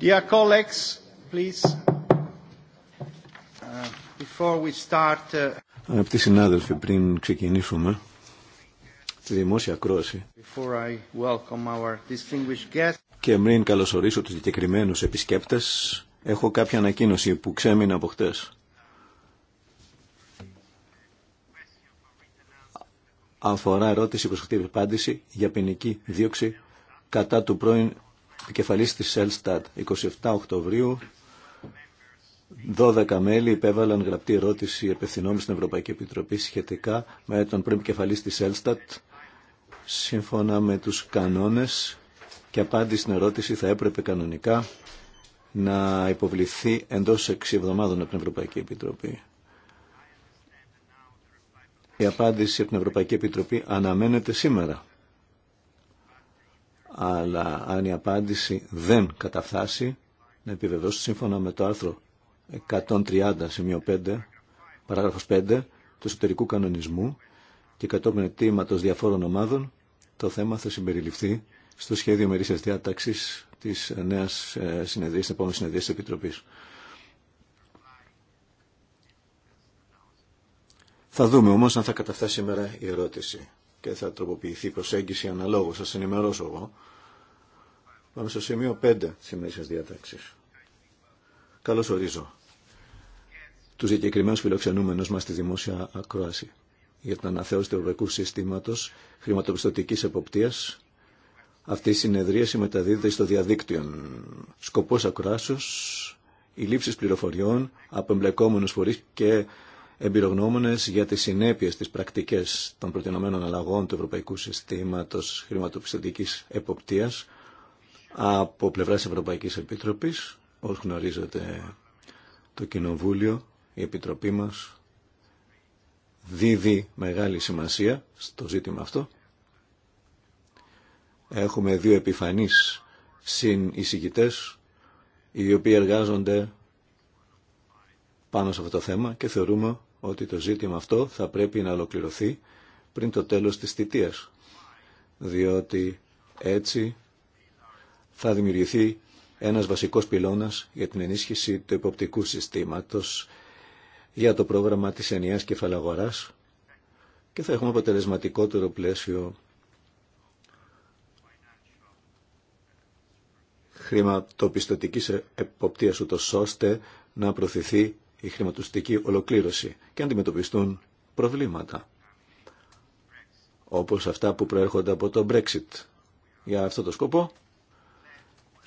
Dear uh, uh, Αγαπητοί συνάδελφοι, πριν ξεκινήσουμε τη δημόσια κρόση και πριν καλωσορίσω τους συγκεκριμένου επισκέπτες, έχω κάποια ανακοίνωση που ξέμεινα από χτες. Αφορά ερώτηση προς απάντηση για ποινική δίωξη κατά του πρώην επικεφαλής της Ελστάτ, 27 Οκτωβρίου, 12 μέλη υπέβαλαν γραπτή ερώτηση επευθυνόμενη στην Ευρωπαϊκή Επιτροπή σχετικά με τον πρώην επικεφαλής της Ελστάτ, σύμφωνα με τους κανόνες και απάντηση στην ερώτηση θα έπρεπε κανονικά να υποβληθεί εντός 6 εβδομάδων από την Ευρωπαϊκή Επιτροπή. Η απάντηση από την Ευρωπαϊκή Επιτροπή αναμένεται σήμερα αλλά αν η απάντηση δεν καταφθάσει να επιβεβαιώσει, σύμφωνα με το άρθρο 130 σημείο 5, παράγραφος 5 του εσωτερικού κανονισμού και κατόπιν αιτήματος διαφόρων ομάδων, το θέμα θα συμπεριληφθεί στο σχέδιο μερίσιας διάταξης της νέας ε, συνεδρίας, της επόμενης συνεδρίας της Επιτροπής. Θα δούμε όμως αν θα καταφτάσει σήμερα η ερώτηση και θα τροποποιηθεί η προσέγγιση αναλόγως, σας ενημερώσω εγώ. Πάμε στο σημείο 5 της διάταξης. Καλώς ορίζω του συγκεκριμένου φιλοξενούμενου μα στη δημόσια ακρόαση για την αναθεώρηση του Ευρωπαϊκού Συστήματο Χρηματοπιστωτική Εποπτεία. Αυτή η συνεδρίαση μεταδίδεται στο διαδίκτυο. Σκοπό ακράσεω, η λήψη πληροφοριών από εμπλεκόμενου φορεί και εμπειρογνώμονε για τι συνέπειε τη πρακτική των προτινόμενων αλλαγών του Ευρωπαϊκού Συστήματο Χρηματοπιστωτική Εποπτεία από πλευράς Ευρωπαϊκής Επιτροπής. Όπως γνωρίζετε το Κοινοβούλιο, η Επιτροπή μας δίδει μεγάλη σημασία στο ζήτημα αυτό. Έχουμε δύο επιφανείς συνεισηγητές οι οποίοι εργάζονται πάνω σε αυτό το θέμα και θεωρούμε ότι το ζήτημα αυτό θα πρέπει να ολοκληρωθεί πριν το τέλος της θητείας διότι έτσι θα δημιουργηθεί ένας βασικός πυλώνας για την ενίσχυση του υποπτικού συστήματος για το πρόγραμμα της ενιαίας κεφαλαγοράς και θα έχουμε αποτελεσματικότερο πλαίσιο χρηματοπιστωτικής εποπτείας ούτως ώστε να προωθηθεί η χρηματοστική ολοκλήρωση και αντιμετωπιστούν προβλήματα όπως αυτά που προέρχονται από το Brexit. Για αυτό το σκοπό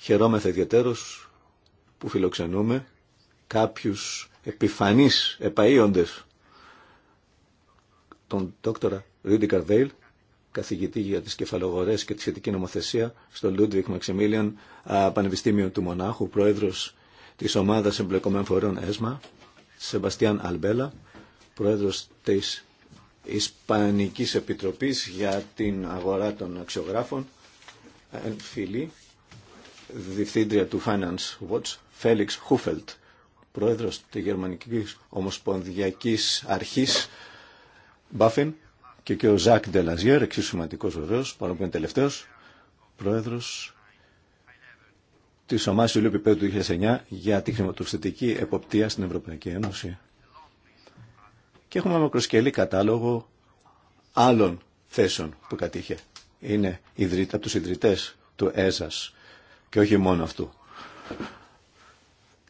Χαιρόμεθα ιδιαίτερος που φιλοξενούμε κάποιους επιφανείς επαΐοντες τον δόκτορα Ρίντι Καρδέιλ, καθηγητή για τις κεφαλογορές και τη σχετική νομοθεσία στο Λούντβικ Μαξιμίλιαν Πανεπιστήμιο του Μονάχου, πρόεδρος της ομάδας εμπλεκομένων φορέων ΕΣΜΑ, Σεμπαστιάν Αλμπέλα, πρόεδρος της Ισπανικής Επιτροπής για την αγορά των αξιογράφων, φιλή διευθύντρια του Finance Watch, Φέλιξ Χούφελτ, πρόεδρος της Γερμανικής Ομοσπονδιακής Αρχής Μπάφιν και και ο Ζακ Ντελαζιέρ, εξίσου σημαντικός βεβαίως, παρόλο που είναι τελευταίος, πρόεδρος της ομάδας του Λιουπιπέδου του 2009 για τη χρηματοπιστωτική εποπτεία στην Ευρωπαϊκή Ένωση. Και έχουμε μακροσκελή κατάλογο άλλων θέσεων που κατήχε. Είναι ιδρύτα, από τους ιδρυτές του ΕΖΑΣ και όχι μόνο αυτό.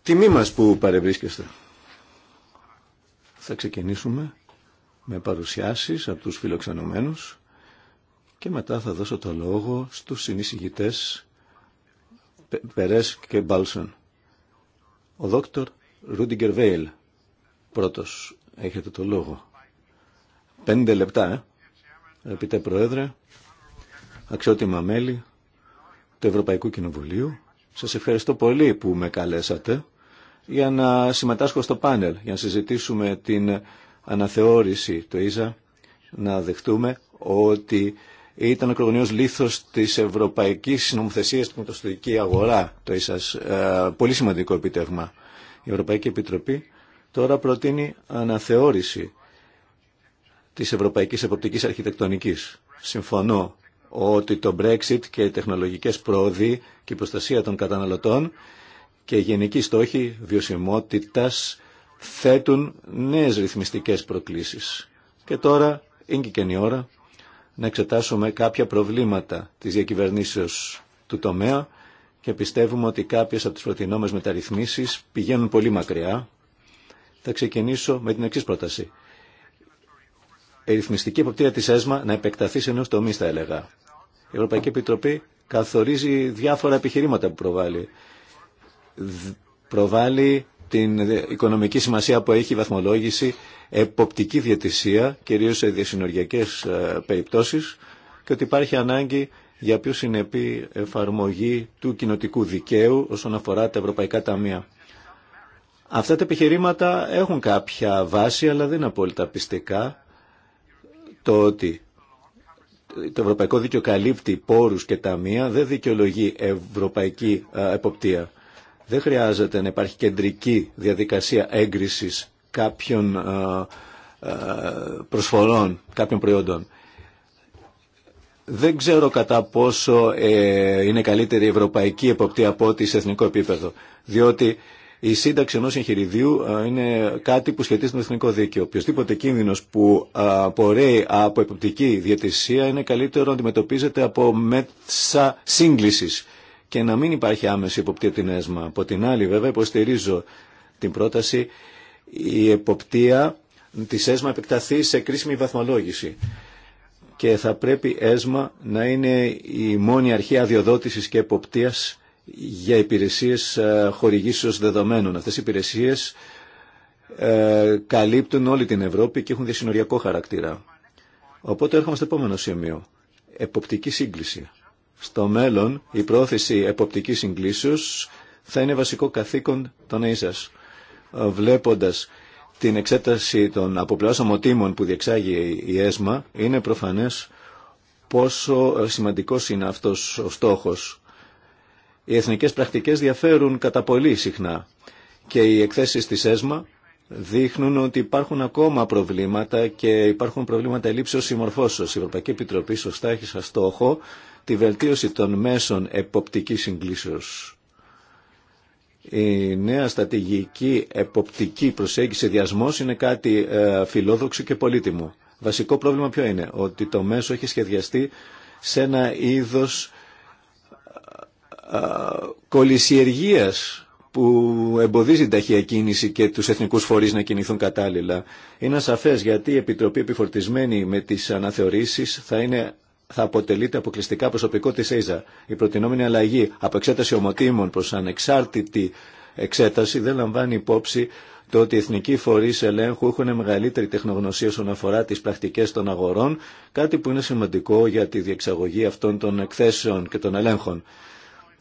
Τιμή μας που παρευρίσκεστε. Θα ξεκινήσουμε με παρουσιάσεις από τους φιλοξενωμένους και μετά θα δώσω το λόγο στους συνεισηγητές Περές και Μπάλσον. Ο δόκτωρ Ρούντιγκερ Βέιλ πρώτος έχετε το λόγο. Πέντε λεπτά, ε. Επίτε Πρόεδρε, αξιότιμα μέλη, του Ευρωπαϊκού Κοινοβουλίου. Σας ευχαριστώ πολύ που με καλέσατε για να συμμετάσχω στο πάνελ, για να συζητήσουμε την αναθεώρηση του ΙΖΑ, να δεχτούμε ότι ήταν ο κρογονιός λήθος της ευρωπαϊκής Συνομοθεσίας του Κοινοβουλίου αγορά, το ΙΣΑΣ, ε, πολύ σημαντικό επιτεύγμα. Η Ευρωπαϊκή Επιτροπή τώρα προτείνει αναθεώρηση της ευρωπαϊκής εποπτικής αρχιτεκτονικής. Συμφωνώ ότι το Brexit και οι τεχνολογικές πρόοδοι και η προστασία των καταναλωτών και οι γενικοί στόχοι βιωσιμότητας θέτουν νέες ρυθμιστικές προκλήσεις. Και τώρα είναι και η ώρα να εξετάσουμε κάποια προβλήματα της διακυβερνήσεως του τομέα και πιστεύουμε ότι κάποιες από τις προτινόμενες μεταρρυθμίσεις πηγαίνουν πολύ μακριά. Θα ξεκινήσω με την εξή πρόταση. Η ρυθμιστική υποπτήρα της ΕΣΜΑ να επεκταθεί σε νέους τομείς, θα έλεγα. Η Ευρωπαϊκή Επιτροπή καθορίζει διάφορα επιχειρήματα που προβάλλει. Προβάλλει την οικονομική σημασία που έχει η βαθμολόγηση, εποπτική διατησία, κυρίως σε διασυνοριακές ε, περιπτώσεις, και ότι υπάρχει ανάγκη για πιο συνεπή εφαρμογή του κοινοτικού δικαίου όσον αφορά τα ευρωπαϊκά ταμεία. Αυτά τα επιχειρήματα έχουν κάποια βάση, αλλά δεν είναι απόλυτα πιστικά. Το ότι το Ευρωπαϊκό Δίκαιο καλύπτει πόρους και ταμεία, δεν δικαιολογεί ευρωπαϊκή εποπτεία. Δεν χρειάζεται να υπάρχει κεντρική διαδικασία έγκρισης κάποιων προσφορών, κάποιων προϊόντων. Δεν ξέρω κατά πόσο ε, είναι καλύτερη η ευρωπαϊκή εποπτεία από ό,τι σε εθνικό επίπεδο. Διότι η σύνταξη ενό εγχειριδίου ε, είναι κάτι που σχετίζεται με το εθνικό δίκαιο. Οποιοδήποτε κίνδυνο που ε, απορρέει από εποπτική διατησία είναι καλύτερο να αντιμετωπίζεται από μέσα σύγκληση και να μην υπάρχει άμεση εποπτεία την ΕΣΜΑ. Από την άλλη, βέβαια, υποστηρίζω την πρόταση η εποπτεία τη ΕΣΜΑ επεκταθεί σε κρίσιμη βαθμολόγηση και θα πρέπει ΕΣΜΑ να είναι η μόνη αρχή αδειοδότηση και εποπτείας για υπηρεσίες ε, χορηγήσεως δεδομένων. Αυτές οι υπηρεσίες ε, καλύπτουν όλη την Ευρώπη και έχουν διασυνοριακό χαρακτήρα. Οπότε έρχομαι στο επόμενο σημείο. Εποπτική σύγκληση. Στο μέλλον η πρόθεση εποπτικής σύγκλησης θα είναι βασικό καθήκον των ΕΙΣΑΣ. Βλέποντας την εξέταση των αποπλευράς που διεξάγει η ΕΣΜΑ, είναι προφανές πόσο σημαντικός είναι αυτός ο στόχος οι εθνικές πρακτικές διαφέρουν κατά πολύ συχνά και οι εκθέσεις της ΕΣΜΑ δείχνουν ότι υπάρχουν ακόμα προβλήματα και υπάρχουν προβλήματα ελλείψεως συμμορφώσεως. Η Ευρωπαϊκή Επιτροπή σωστά έχει σαν στόχο τη βελτίωση των μέσων εποπτικής συγκλήσεως. Η νέα στατηγική εποπτική προσέγγιση διασμός είναι κάτι ε, φιλόδοξο και πολύτιμο. Βασικό πρόβλημα ποιο είναι, ότι το μέσο έχει σχεδιαστεί σε ένα είδος κολυσιεργίας που εμποδίζει την ταχεία κίνηση και τους εθνικούς φορείς να κινηθούν κατάλληλα. Είναι σαφές γιατί η Επιτροπή επιφορτισμένη με τις αναθεωρήσεις θα, είναι, θα αποτελείται αποκλειστικά προσωπικό της ΕΙΖΑ. Η προτινόμενη αλλαγή από εξέταση ομοτήμων προς ανεξάρτητη εξέταση δεν λαμβάνει υπόψη το ότι οι εθνικοί φορείς ελέγχου έχουν μεγαλύτερη τεχνογνωσία όσον αφορά τις πρακτικές των αγορών, κάτι που είναι σημαντικό για τη διεξαγωγή αυτών των εκθέσεων και των ελέγχων.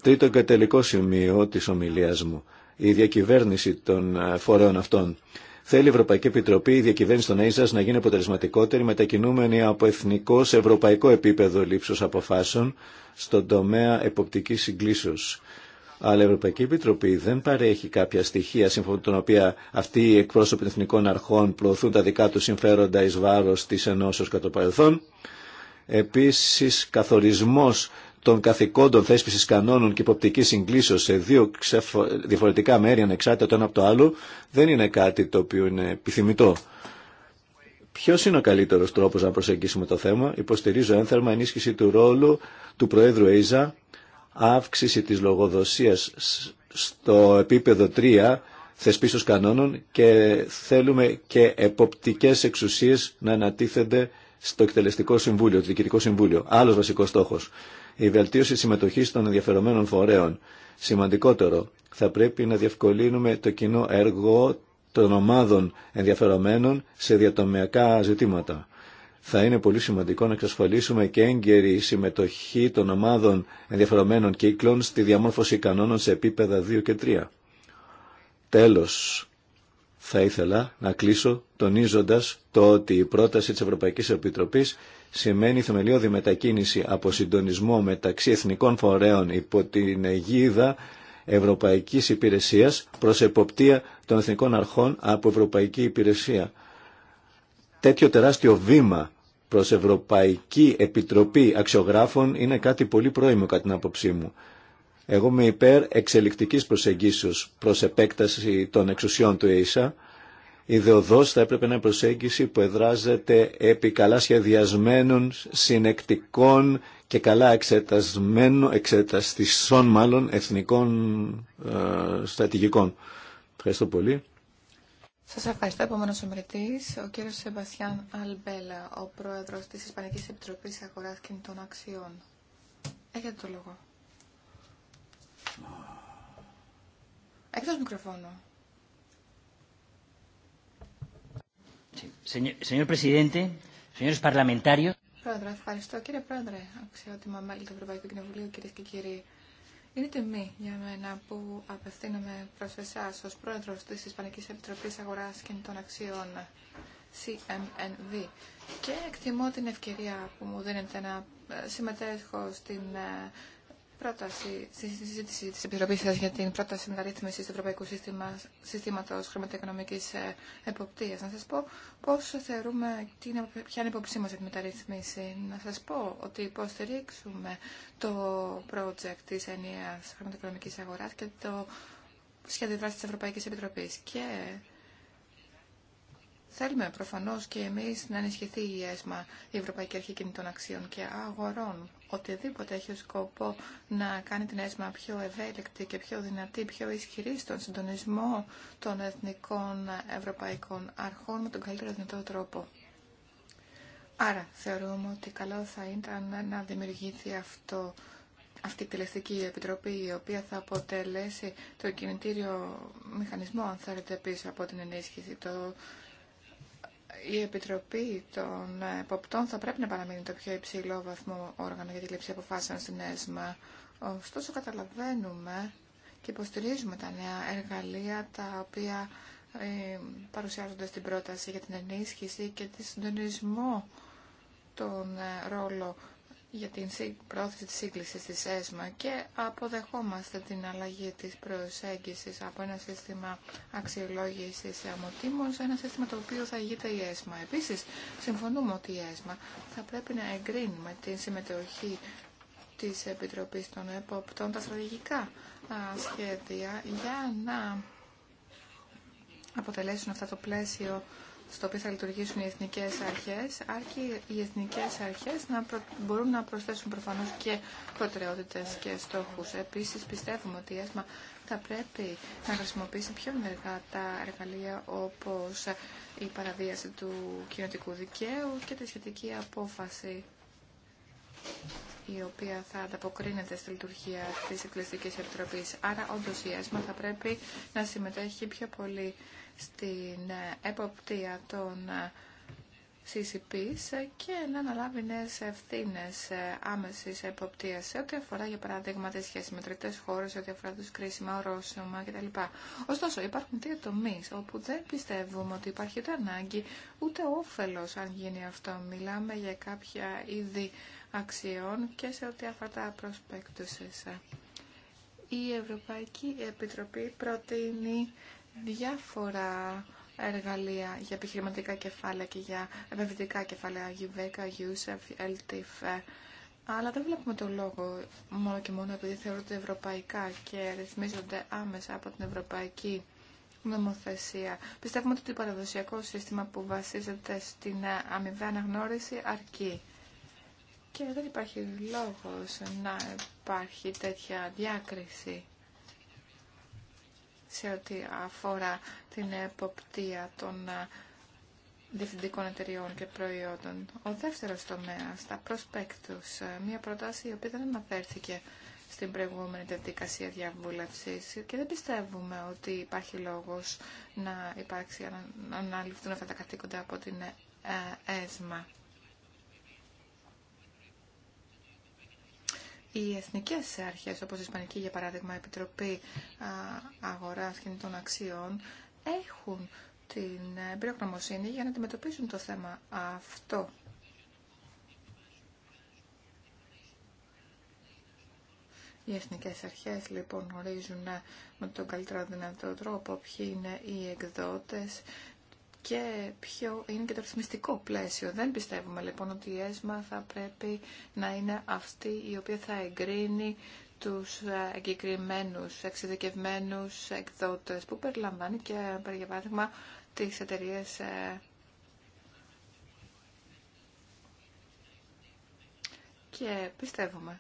Τρίτο και τελικό σημείο της ομιλίας μου, η διακυβέρνηση των ε, φορέων αυτών. Θέλει η Ευρωπαϊκή Επιτροπή η διακυβέρνηση των ΑΕΖΑ να γίνει αποτελεσματικότερη, μετακινούμενη από εθνικό σε ευρωπαϊκό επίπεδο λήψεω αποφάσεων στον τομέα εποπτική συγκλήσεω. Αλλά η Ευρωπαϊκή Επιτροπή δεν παρέχει κάποια στοιχεία σύμφωνα με τον οποία αυτοί οι εκπρόσωποι των εθνικών αρχών προωθούν τα δικά του συμφέροντα ει βάρο τη ενώσεω κατά παρελθόν. Επίση, καθορισμό των καθηκόντων θέσπιση κανόνων και υποπτική συγκλήσεω σε δύο διαφορετικά μέρη ανεξάρτητα το ένα από το άλλο δεν είναι κάτι το οποίο είναι επιθυμητό. Ποιο είναι ο καλύτερο τρόπο να προσεγγίσουμε το θέμα. Υποστηρίζω ένθερμα ενίσχυση του ρόλου του Προέδρου ΕΙΖΑ, αύξηση τη λογοδοσία στο επίπεδο 3 θεσπίσεως κανόνων και θέλουμε και εποπτικές εξουσίες να ανατίθενται στο εκτελεστικό συμβούλιο, το διοικητικό συμβούλιο. Άλλος βασικός στόχος η βελτίωση συμμετοχή των ενδιαφερομένων φορέων. Σημαντικότερο, θα πρέπει να διευκολύνουμε το κοινό έργο των ομάδων ενδιαφερομένων σε διατομιακά ζητήματα. Θα είναι πολύ σημαντικό να εξασφαλίσουμε και έγκαιρη συμμετοχή των ομάδων ενδιαφερομένων κύκλων στη διαμόρφωση κανόνων σε επίπεδα 2 και 3. Τέλος, θα ήθελα να κλείσω τονίζοντας το ότι η πρόταση της Ευρωπαϊκής Επιτροπής σημαίνει θεμελιώδη μετακίνηση από συντονισμό μεταξύ εθνικών φορέων υπό την αιγίδα Ευρωπαϊκής Υπηρεσίας προς εποπτεία των εθνικών αρχών από Ευρωπαϊκή Υπηρεσία. Τέτοιο τεράστιο βήμα προς Ευρωπαϊκή Επιτροπή Αξιογράφων είναι κάτι πολύ πρόημο κατά την άποψή μου. Εγώ είμαι υπέρ εξελικτικής προσεγγίσεως προς επέκταση των εξουσιών του ΕΙΣΑ Ιδεοδός θα έπρεπε να προσέγγιση που εδράζεται επί καλά σχεδιασμένων, συνεκτικών και καλά εξετασμένων, εξεταστησών μάλλον εθνικών ε, στρατηγικών. Ευχαριστώ πολύ. Σας ευχαριστώ. Επόμενος ομιλητής, ο κύριος Σεμπασιάν Αλμπέλα, ο πρόεδρος της Ισπανικής Επιτροπής Αγοράς Κινητών Αξιών. Έχετε το λόγο. το μικροφόνο. Πρόεδρε, ευχαριστώ. Κύριε Πρόεδρε, αξιότιμα μέλη του Ευρωπαϊκού Κοινοβουλίου, κυρίε και κύριοι. Είναι τιμή για μένα που απευθύνομαι προ εσά ω πρόεδρο τη Ισπανική Επιτροπή Αγορά και των Αξιών CMNV και εκτιμώ την ευκαιρία που μου δίνεται να συμμετέχω στην ε, πρόταση, στη συζήτηση τη Επιτροπή σα για την πρόταση μεταρρύθμιση του Ευρωπαϊκού Συστήματο Χρηματοοικονομική ε, Εποπτεία. Να σα πω πώ θεωρούμε, και ποια είναι η υπόψη μα για τη μεταρρύθμιση. Να σα πω ότι υποστηρίξουμε το project τη ενιαία χρηματοοικονομική αγορά και το σχέδιο δράση τη Ευρωπαϊκή Επιτροπή. Και Θέλουμε προφανώ και εμεί να ενισχυθεί η ΕΣΜΑ, η Ευρωπαϊκή Αρχή Κινητών Αξιών και Αγορών, οτιδήποτε έχει ως σκοπό να κάνει την ΕΣΜΑ πιο ευέλικτη και πιο δυνατή, πιο ισχυρή στον συντονισμό των εθνικών ευρωπαϊκών αρχών με τον καλύτερο δυνατό τρόπο. Άρα θεωρούμε ότι καλό θα ήταν να δημιουργηθεί αυτό, αυτή η τελεστική επιτροπή η οποία θα αποτελέσει το κινητήριο μηχανισμό αν θέλετε πίσω από την ενίσχυση. Το η Επιτροπή των Εποπτών θα πρέπει να παραμείνει το πιο υψηλό βαθμό όργανο για τη λήψη αποφάσεων στην ΕΣΜΑ. Ωστόσο καταλαβαίνουμε και υποστηρίζουμε τα νέα εργαλεία τα οποία ε, παρουσιάζονται στην πρόταση για την ενίσχυση και τη συντονισμό των ε, ρόλων για την πρόθεση της σύγκλησης της ΕΣΜΑ και αποδεχόμαστε την αλλαγή της προσέγγισης από ένα σύστημα αξιολόγησης αμοτήμων σε ένα σύστημα το οποίο θα ηγείται η ΕΣΜΑ. Επίσης, συμφωνούμε ότι η ΕΣΜΑ θα πρέπει να εγκρίνει με την συμμετοχή της Επιτροπής των Εποπτών τα στρατηγικά σχέδια για να αποτελέσουν αυτά το πλαίσιο στο οποίο θα λειτουργήσουν οι εθνικές αρχές, αρκεί οι εθνικές αρχές να μπορούν να προσθέσουν προφανώς και προτεραιότητες και στόχους. Επίσης πιστεύουμε ότι η ΕΣΜΑ θα πρέπει να χρησιμοποιήσει πιο ενεργά τα εργαλεία όπως η παραβίαση του κοινωτικού δικαίου και τη σχετική απόφαση η οποία θα ανταποκρίνεται στη λειτουργία της Εκκληστικής Επιτροπής. Άρα, όντως, η ΕΣΜΑ θα πρέπει να συμμετέχει πιο πολύ στην εποπτεία των CCPs και να αναλάβει νέε ευθύνε άμεση εποπτεία σε ό,τι αφορά, για παράδειγμα, τη σχέση με τρίτε χώρε, σε ό,τι αφορά του κρίσιμα ορόσημα κτλ. Ωστόσο, υπάρχουν δύο τομεί όπου δεν πιστεύουμε ότι υπάρχει ούτε ανάγκη ούτε όφελο αν γίνει αυτό. Μιλάμε για κάποια είδη αξιών και σε ό,τι αφορά τα προσπέκτουσες. Η Ευρωπαϊκή Επιτροπή προτείνει διάφορα εργαλεία για επιχειρηματικά κεφάλαια και για επενδυτικά κεφάλαια, UVECA, USEF, LTIF. Αλλά δεν βλέπουμε το λόγο μόνο και μόνο επειδή θεωρούνται ευρωπαϊκά και ρυθμίζονται άμεσα από την ευρωπαϊκή νομοθεσία. Πιστεύουμε ότι το παραδοσιακό σύστημα που βασίζεται στην αμοιβή αναγνώριση αρκεί. Και δεν υπάρχει λόγος να υπάρχει τέτοια διάκριση σε ό,τι αφορά την εποπτεία των ε, διευθυντικών εταιριών και προϊόντων. Ο δεύτερος τομέας, τα προσπέκτους, ε, μια προτάση η οποία δεν αναφέρθηκε στην προηγούμενη διαδικασία διαβούλευσης και δεν πιστεύουμε ότι υπάρχει λόγος να υπάρξει να αναλυφθούν αυτά τα καθήκοντα από την ε, ΕΣΜΑ. οι εθνικές αρχές, όπως η Ισπανική για παράδειγμα Επιτροπή Αγοράς Κινητών Αξιών, έχουν την εμπειρογνωμοσύνη για να αντιμετωπίσουν το θέμα αυτό. Οι εθνικές αρχές λοιπόν γνωρίζουν με τον καλύτερο δυνατό τρόπο ποιοι είναι οι εκδότες, και ποιο είναι και το ρυθμιστικό πλαίσιο. Δεν πιστεύουμε λοιπόν ότι η ΕΣΜΑ θα πρέπει να είναι αυτή η οποία θα εγκρίνει τους ε, εγκεκριμένους, εξειδικευμένους εκδότες που περιλαμβάνει και, για παράδειγμα, τις εταιρείες ε, και πιστεύουμε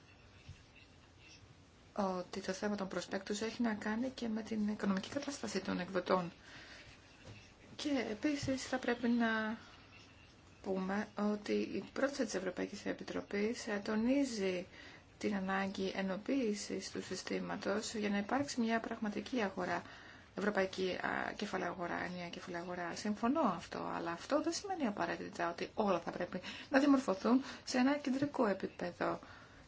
ότι το θέμα των προσπέκτους έχει να κάνει και με την οικονομική κατάσταση των εκδοτών. Και επίσης θα πρέπει να πούμε ότι η πρόταση της Ευρωπαϊκής Επιτροπής ε, τονίζει την ανάγκη ενοποίησης του συστήματος για να υπάρξει μια πραγματική αγορά, ευρωπαϊκή κεφαλαία αγορά, ενιαία κεφαλαία αγορά. Συμφωνώ αυτό, αλλά αυτό δεν σημαίνει απαραίτητα ότι όλα θα πρέπει να δημορφωθούν σε ένα κεντρικό επίπεδο.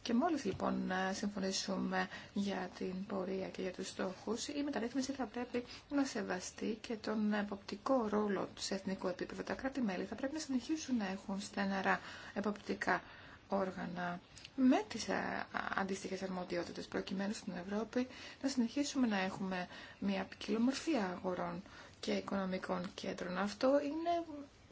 Και μόλις λοιπόν ε, συμφωνήσουμε για την πορεία και για τους στόχους, η μεταρρύθμιση θα πρέπει να σεβαστεί και τον εποπτικό ρόλο του σε εθνικό επίπεδο. Τα κράτη-μέλη θα πρέπει να συνεχίσουν να έχουν στεναρά εποπτικά όργανα με τις ε, αντίστοιχες αρμοδιότητες προκειμένου στην Ευρώπη να συνεχίσουμε να έχουμε μια ποικιλομορφία αγορών και οικονομικών κέντρων. Αυτό είναι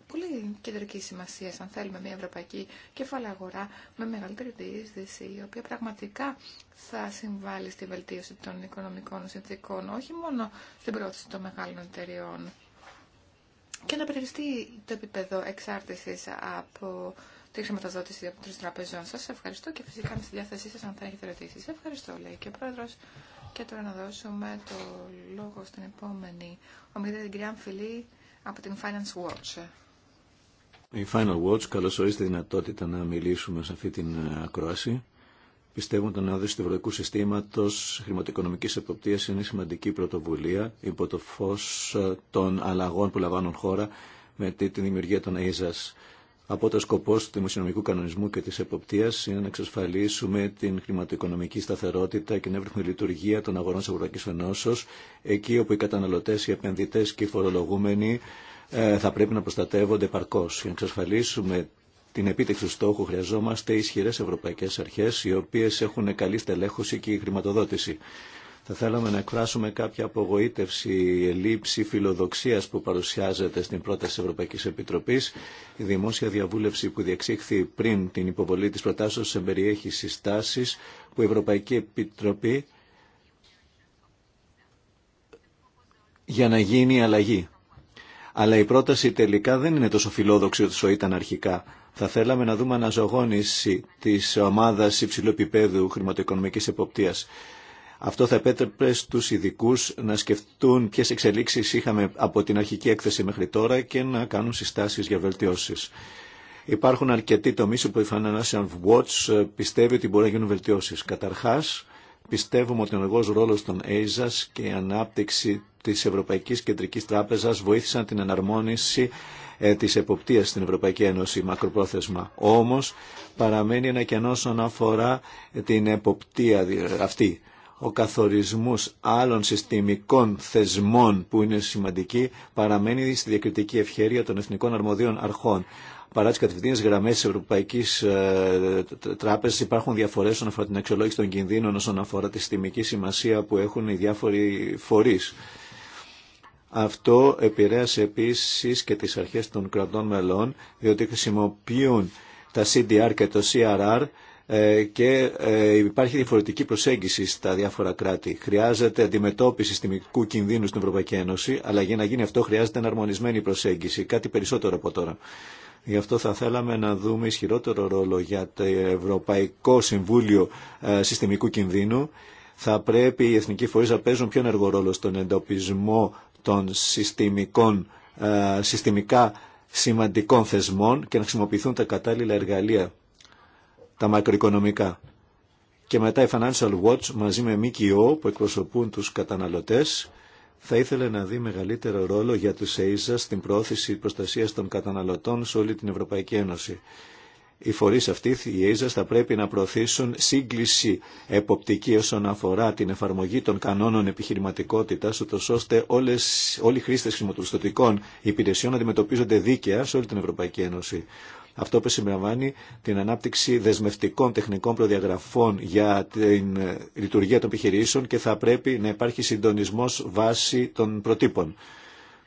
πολύ κεντρική σημασία αν θέλουμε μια ευρωπαϊκή κεφάλαια αγορά με μεγαλύτερη διείσδυση, η οποία πραγματικά θα συμβάλλει στη βελτίωση των οικονομικών συνθήκων, όχι μόνο στην πρόθεση των μεγάλων εταιριών. Και να περιοριστεί το επίπεδο εξάρτηση από τη χρηματοδότηση από τους τραπεζών Σα Ευχαριστώ και φυσικά είμαι στη διάθεσή σα αν θα έχετε ερωτήσει. Ευχαριστώ, λέει και ο πρόεδρο. Και τώρα να δώσουμε το λόγο στην επόμενη ομιλία την κυρία Αμφιλή από την Finance Watch. Η Final Watch καλωσορίζει τη δυνατότητα να μιλήσουμε σε αυτή την ε, ακρόαση. Πιστεύουν ότι ο του Ευρωπαϊκού Συστήματο Χρηματοοικονομική Εποπτεία είναι σημαντική πρωτοβουλία υπό το φω ε, των αλλαγών που λαμβάνουν χώρα με τη δημιουργία των ΑΕΖΑΣ. Από το σκοπό του δημοσιονομικού κανονισμού και τη εποπτεία είναι να εξασφαλίσουμε την χρηματοοικονομική σταθερότητα και την εύρυθμη λειτουργία των αγορών τη Ευρωπαϊκή Ενώσεω, εκεί όπου οι καταναλωτέ, οι επενδυτέ και οι φορολογούμενοι ε, θα πρέπει να προστατεύονται παρκώς. Για να εξασφαλίσουμε την επίτευξη του στόχου χρειαζόμαστε ισχυρέ ευρωπαϊκέ αρχέ, οι οποίε έχουν καλή στελέχωση και χρηματοδότηση. Θα θέλαμε να εκφράσουμε κάποια απογοήτευση, ελλείψη φιλοδοξία που παρουσιάζεται στην πρόταση τη Ευρωπαϊκή Επιτροπή, Η δημόσια διαβούλευση που διεξήχθη πριν την υποβολή της προτάσεως εμπεριέχει συστάσει που η Ευρωπαϊκή Επιτροπή για να γίνει αλλαγή αλλά η πρόταση τελικά δεν είναι τόσο φιλόδοξη όσο ήταν αρχικά. Θα θέλαμε να δούμε αναζωγόνηση της ομάδας υψηλού επίπεδου χρηματοοικονομικής εποπτείας. Αυτό θα επέτρεπε στους ειδικού να σκεφτούν ποιες εξελίξεις είχαμε από την αρχική έκθεση μέχρι τώρα και να κάνουν συστάσεις για βελτιώσεις. Υπάρχουν αρκετοί τομείς που η Financial Watch ε, πιστεύει ότι μπορεί να γίνουν βελτιώσεις. Καταρχάς, Πιστεύουμε ότι ο ενεργός ρόλο των Αιζα και η ανάπτυξη της Ευρωπαϊκής Κεντρικής Τράπεζας βοήθησαν την εναρμόνιση ε, της εποπτείας στην Ευρωπαϊκή Ένωση μακροπρόθεσμα. Όμως παραμένει ένα κενό όσον αφορά την εποπτεία αυτή. Ο καθορισμός άλλων συστημικών θεσμών που είναι σημαντική παραμένει στη διακριτική ευχέρεια των εθνικών αρμοδίων αρχών. Παρά τι κατευθυντήρε γραμμέ τη Ευρωπαϊκή ε, Τράπεζα υπάρχουν διαφορέ όσον αφορά την αξιολόγηση των κινδύνων, όσον αφορά τη συστημική σημασία που έχουν οι διάφοροι φορεί. Αυτό επηρέασε επίση και τι αρχέ των κρατών μελών, διότι χρησιμοποιούν τα CDR και το CRR ε, και ε, υπάρχει διαφορετική προσέγγιση στα διάφορα κράτη. Χρειάζεται αντιμετώπιση συστημικού κινδύνου στην Ευρωπαϊκή Ένωση, αλλά για να γίνει αυτό χρειάζεται εναρμονισμένη προσέγγιση, κάτι περισσότερο από τώρα. Γι' αυτό θα θέλαμε να δούμε ισχυρότερο ρόλο για το Ευρωπαϊκό Συμβούλιο ε, Συστημικού Κινδύνου. Θα πρέπει οι εθνικοί φορείς να παίζουν πιο ενεργό ρόλο στον εντοπισμό των συστημικών, ε, συστημικά σημαντικών θεσμών και να χρησιμοποιηθούν τα κατάλληλα εργαλεία, τα μακροοικονομικά. Και μετά η Financial Watch μαζί με ΜΚΟ που εκπροσωπούν τους καταναλωτές θα ήθελε να δει μεγαλύτερο ρόλο για τους ΕΙΖΑ στην πρόθεση προστασίας των καταναλωτών σε όλη την Ευρωπαϊκή Ένωση. Οι φορεί αυτοί, οι ΕΙΖΑ, θα πρέπει να προωθήσουν σύγκληση εποπτική όσον αφορά την εφαρμογή των κανόνων επιχειρηματικότητα ώστε όλες, όλοι οι χρήστε χρηματοπιστωτικών υπηρεσιών να αντιμετωπίζονται δίκαια σε όλη την Ευρωπαϊκή Ένωση. Αυτό που συμπεριλαμβάνει την ανάπτυξη δεσμευτικών τεχνικών προδιαγραφών για την ε, λειτουργία των επιχειρήσεων και θα πρέπει να υπάρχει συντονισμό βάσει των προτύπων.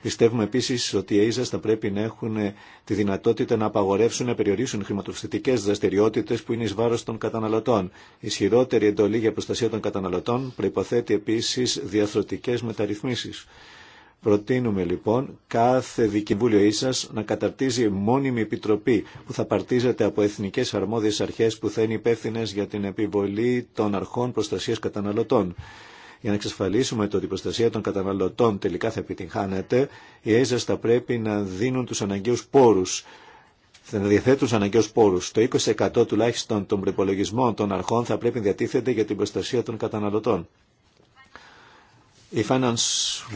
Πιστεύουμε επίση ότι οι ΑΕΖΑ θα πρέπει να έχουν ε, τη δυνατότητα να απαγορεύσουν, να περιορίσουν χρηματοπιστωτικέ δραστηριότητε που είναι ει βάρο των καταναλωτών. Ισχυρότερη εντολή για προστασία των καταναλωτών προποθέτει επίση διαθροτικέ μεταρρυθμίσει. Προτείνουμε λοιπόν κάθε δικημβούλιο ίσας να καταρτίζει μόνιμη επιτροπή που θα παρτίζεται από εθνικές αρμόδιες αρχές που θα είναι υπεύθυνε για την επιβολή των αρχών προστασίας καταναλωτών. Για να εξασφαλίσουμε το ότι η προστασία των καταναλωτών τελικά θα επιτυγχάνεται, οι ΕΖΑΣ θα πρέπει να δίνουν τους αναγκαίους πόρους θα διαθέτουν αναγκαίου πόρου. Το 20% τουλάχιστον των προπολογισμών των αρχών θα πρέπει να διατίθεται για την προστασία των καταναλωτών. Η Finance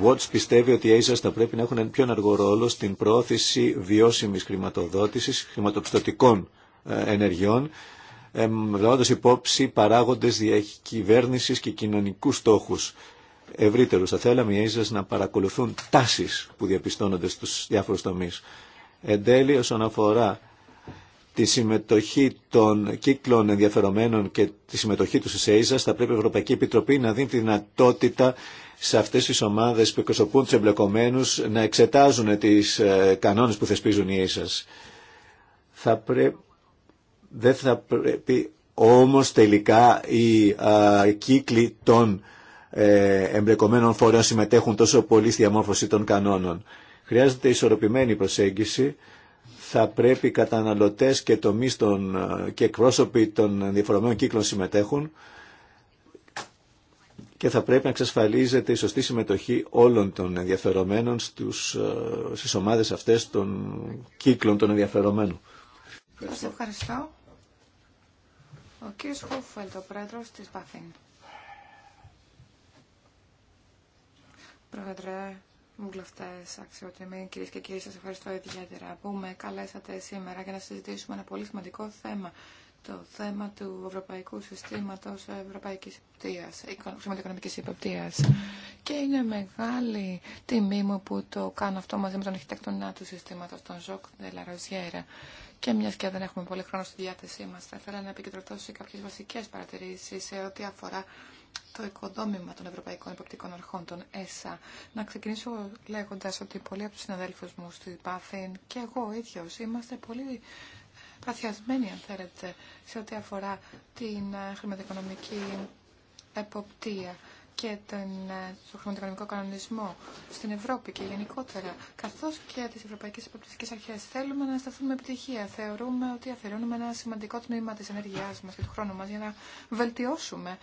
Watch πιστεύει ότι οι ASAS θα πρέπει να έχουν έναν πιο ενεργό ρόλο στην πρόθεση βιώσιμης χρηματοδότησης, χρηματοπιστωτικών ε, ενεργειών, λαμβάνοντα υπόψη παράγοντες διακυβέρνηση και κοινωνικούς στόχους ευρύτερους. Θα θέλαμε οι ASAS να παρακολουθούν τάσεις που διαπιστώνονται στους διάφορους τομείς. Εν τέλει, όσον αφορά τη συμμετοχή των κύκλων ενδιαφερομένων και τη συμμετοχή του στις ASAS, θα πρέπει η Ευρωπαϊκή Επιτροπή να δίνει τη δυνατότητα σε αυτές τις ομάδες που εκπροσωπούν τους εμπλεκομένους να εξετάζουν τις ε, κανόνες που θεσπίζουν οι ίσας. Θα πρέ... Δεν θα πρέπει όμως τελικά οι κύκλοι των ε, εμπλεκομένων φορέων συμμετέχουν τόσο πολύ στη διαμόρφωση των κανόνων. Χρειάζεται ισορροπημένη προσέγγιση. Θα πρέπει καταναλωτές και το των, ε, και εκπρόσωποι των διαφορετικών κύκλων συμμετέχουν και θα πρέπει να εξασφαλίζεται η σωστή συμμετοχή όλων των ενδιαφερομένων στους, ε, στις ομάδες αυτές των κύκλων των ενδιαφερομένων. Σας ευχαριστώ. Ο κ. Χούφελτ, ο πρόεδρος της Παθήν. Πρόεδρε, βουλευτέ, αξιότιμοι κυρίε και κύριοι, σα ευχαριστώ ιδιαίτερα που με καλέσατε σήμερα για να συζητήσουμε ένα πολύ σημαντικό θέμα το θέμα του Ευρωπαϊκού Συστήματος Ευρωπαϊκής Υποπτείας, Χρηματοοικονομικής Υποπτείας. Και είναι μεγάλη τιμή μου που το κάνω αυτό μαζί με τον αρχιτέκτονά του συστήματος, τον Ζοκ Ντελαροζιέρα. Και μια και δεν έχουμε πολύ χρόνο στη διάθεσή μα, θα ήθελα να επικεντρωθώ σε κάποιες βασικές παρατηρήσεις σε ό,τι αφορά το οικοδόμημα των Ευρωπαϊκών Υποπτικών Αρχών, των ΕΣΑ. Να ξεκινήσω λέγοντα ότι πολλοί από του συναδέλφου μου στη ΠΑΦΗΝ και εγώ ίδιο, είμαστε πολύ παθιασμένη, αν θέλετε, σε ό,τι αφορά την ε, χρηματοοικονομική εποπτεία και τον, ε, χρηματοοικονομικό κανονισμό στην Ευρώπη και γενικότερα, καθώς και τις Ευρωπαϊκές Εποπτικές Αρχές. Θέλουμε να σταθούμε επιτυχία. Θεωρούμε ότι αφαιρώνουμε ένα σημαντικό τμήμα της ενέργειάς μας και του χρόνου μας για να βελτιώσουμε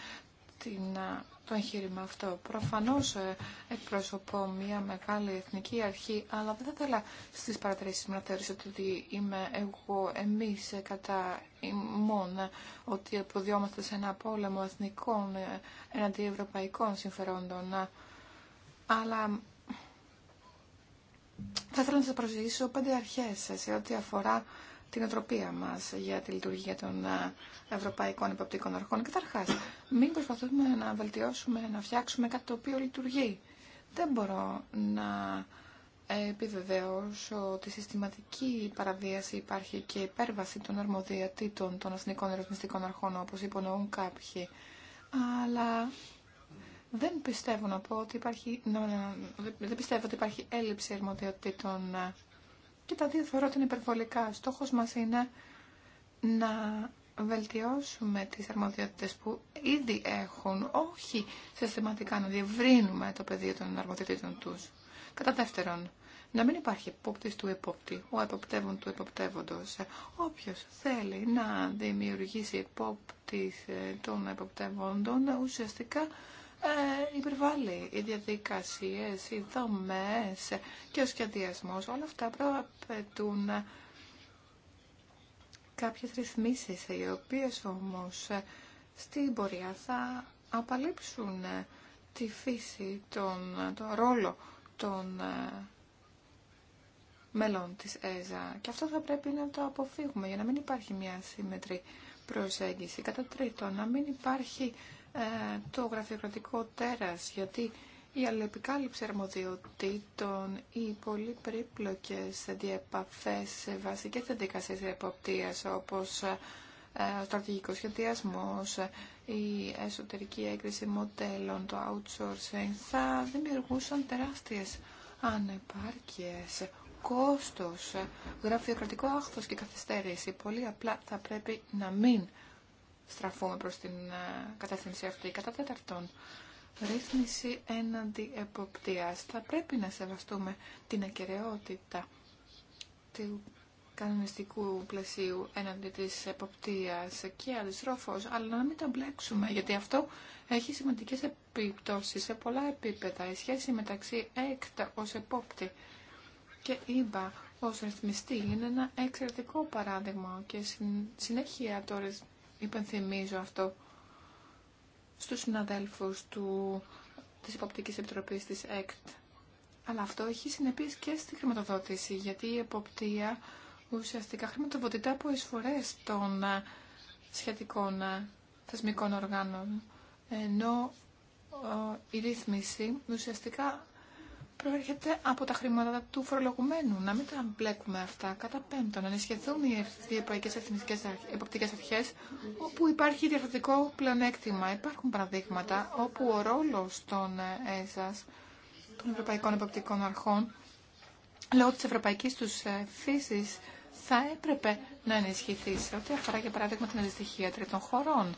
την, το εγχείρημα αυτό. Προφανώς ε, εκπροσωπώ μια μεγάλη εθνική αρχή, αλλά δεν θα ήθελα στις παρατηρήσεις μου να θεωρήσω ότι είμαι εγώ, εμείς ε, κατά ημών, ε, ότι αποδιόμαστε σε ένα πόλεμο εθνικών εναντί ευρωπαϊκών συμφερόντων. Αλλά θα ήθελα να σας προσεγγίσω πέντε αρχές σε ό,τι αφορά την οτροπία μας για τη λειτουργία των ε, Ευρωπαϊκών Υποπτικών Αρχών. Καταρχά, μην προσπαθούμε να βελτιώσουμε, να φτιάξουμε κάτι το οποίο λειτουργεί. Δεν μπορώ να επιβεβαίωσω ότι συστηματική παραβίαση υπάρχει και υπέρβαση των αρμοδιατήτων των εθνικών ρυθμιστικών αρχών, όπως υπονοούν κάποιοι. Αλλά δεν πιστεύω να πω ότι υπάρχει, δεν πιστεύω ότι υπάρχει έλλειψη αρμοδιοτήτων ε, και τα δύο θεωρώ ότι είναι υπερβολικά. Στόχος μας είναι να βελτιώσουμε τις αρμοδιότητες που ήδη έχουν, όχι συστηματικά να διευρύνουμε το πεδίο των αρμοδιότητων τους. Κατά δεύτερον, να μην υπάρχει επόπτης του επόπτη, ο εποπτεύων του υποπτεύοντος. Όποιος θέλει να δημιουργήσει επόπτης ε, των εποπτεύοντων, ουσιαστικά ε, υπερβάλλει, οι διαδικασίες, οι δομές και ο σχεδιασμός, όλα αυτά προαπαιτούν κάποιες ρυθμίσεις, οι οποίες όμως ε, στην πορεία θα απαλείψουν ε, τη φύση, τον, τον ρόλο των ε, μέλων της ΕΖΑ. Και αυτό θα πρέπει να το αποφύγουμε για να μην υπάρχει μια σύμμετρη προσέγγιση. Κατά τρίτο να μην υπάρχει ε, το γραφειοκρατικό τέρας, γιατί η αλληλεπικάλυψη αρμοδιοτήτων, οι πολύ περίπλοκες διεπαφές σε βασικές διαδικασίες εποπτείας, όπως ε, ο στρατηγικός σχεδιασμός, η εσωτερική έγκριση μοντέλων, το outsourcing, θα δημιουργούσαν τεράστιες ανεπάρκειες, κόστος, γραφειοκρατικό άχθος και καθυστέρηση. Πολύ απλά θα πρέπει να μην στραφούμε προς την ε, κατεύθυνση αυτή. Κατά τέταρτον, ρύθμιση έναντι Θα πρέπει να σεβαστούμε την ακαιρεότητα του κανονιστικού πλαισίου έναντι της εποπτείας και αντιστρόφως, αλλά να μην τα μπλέξουμε, γιατί αυτό έχει σημαντικές επιπτώσεις σε πολλά επίπεδα. Η σχέση μεταξύ έκτα ως επόπτη και είπα ως ρυθμιστή είναι ένα εξαιρετικό παράδειγμα και συνέχεια το υπενθυμίζω αυτό στους συναδέλφους του, της Υποπτικής Επιτροπής της ΕΚΤ. Αλλά αυτό έχει συνεπείς και στη χρηματοδότηση, γιατί η εποπτεία ουσιαστικά χρηματοδοτείται από εισφορές των ε, σχετικών ε, θεσμικών οργάνων, ενώ ε, η ρύθμιση ουσιαστικά προέρχεται από τα χρήματα του φορολογουμένου. Να μην τα μπλέκουμε αυτά κατά πέμπτον. Να ενισχυθούν οι ευρωπαϊκέ εποπτικέ αρχέ όπου υπάρχει διαφορετικό πλεονέκτημα. Υπάρχουν παραδείγματα όπου ο ρόλο των ε, εσά, των Ευρωπαϊκών Εποπτικών Αρχών, λόγω τη ευρωπαϊκή του ε, φύση, θα έπρεπε να ενισχυθεί σε ό,τι αφορά για παράδειγμα την αντιστοιχία τρίτων χωρών.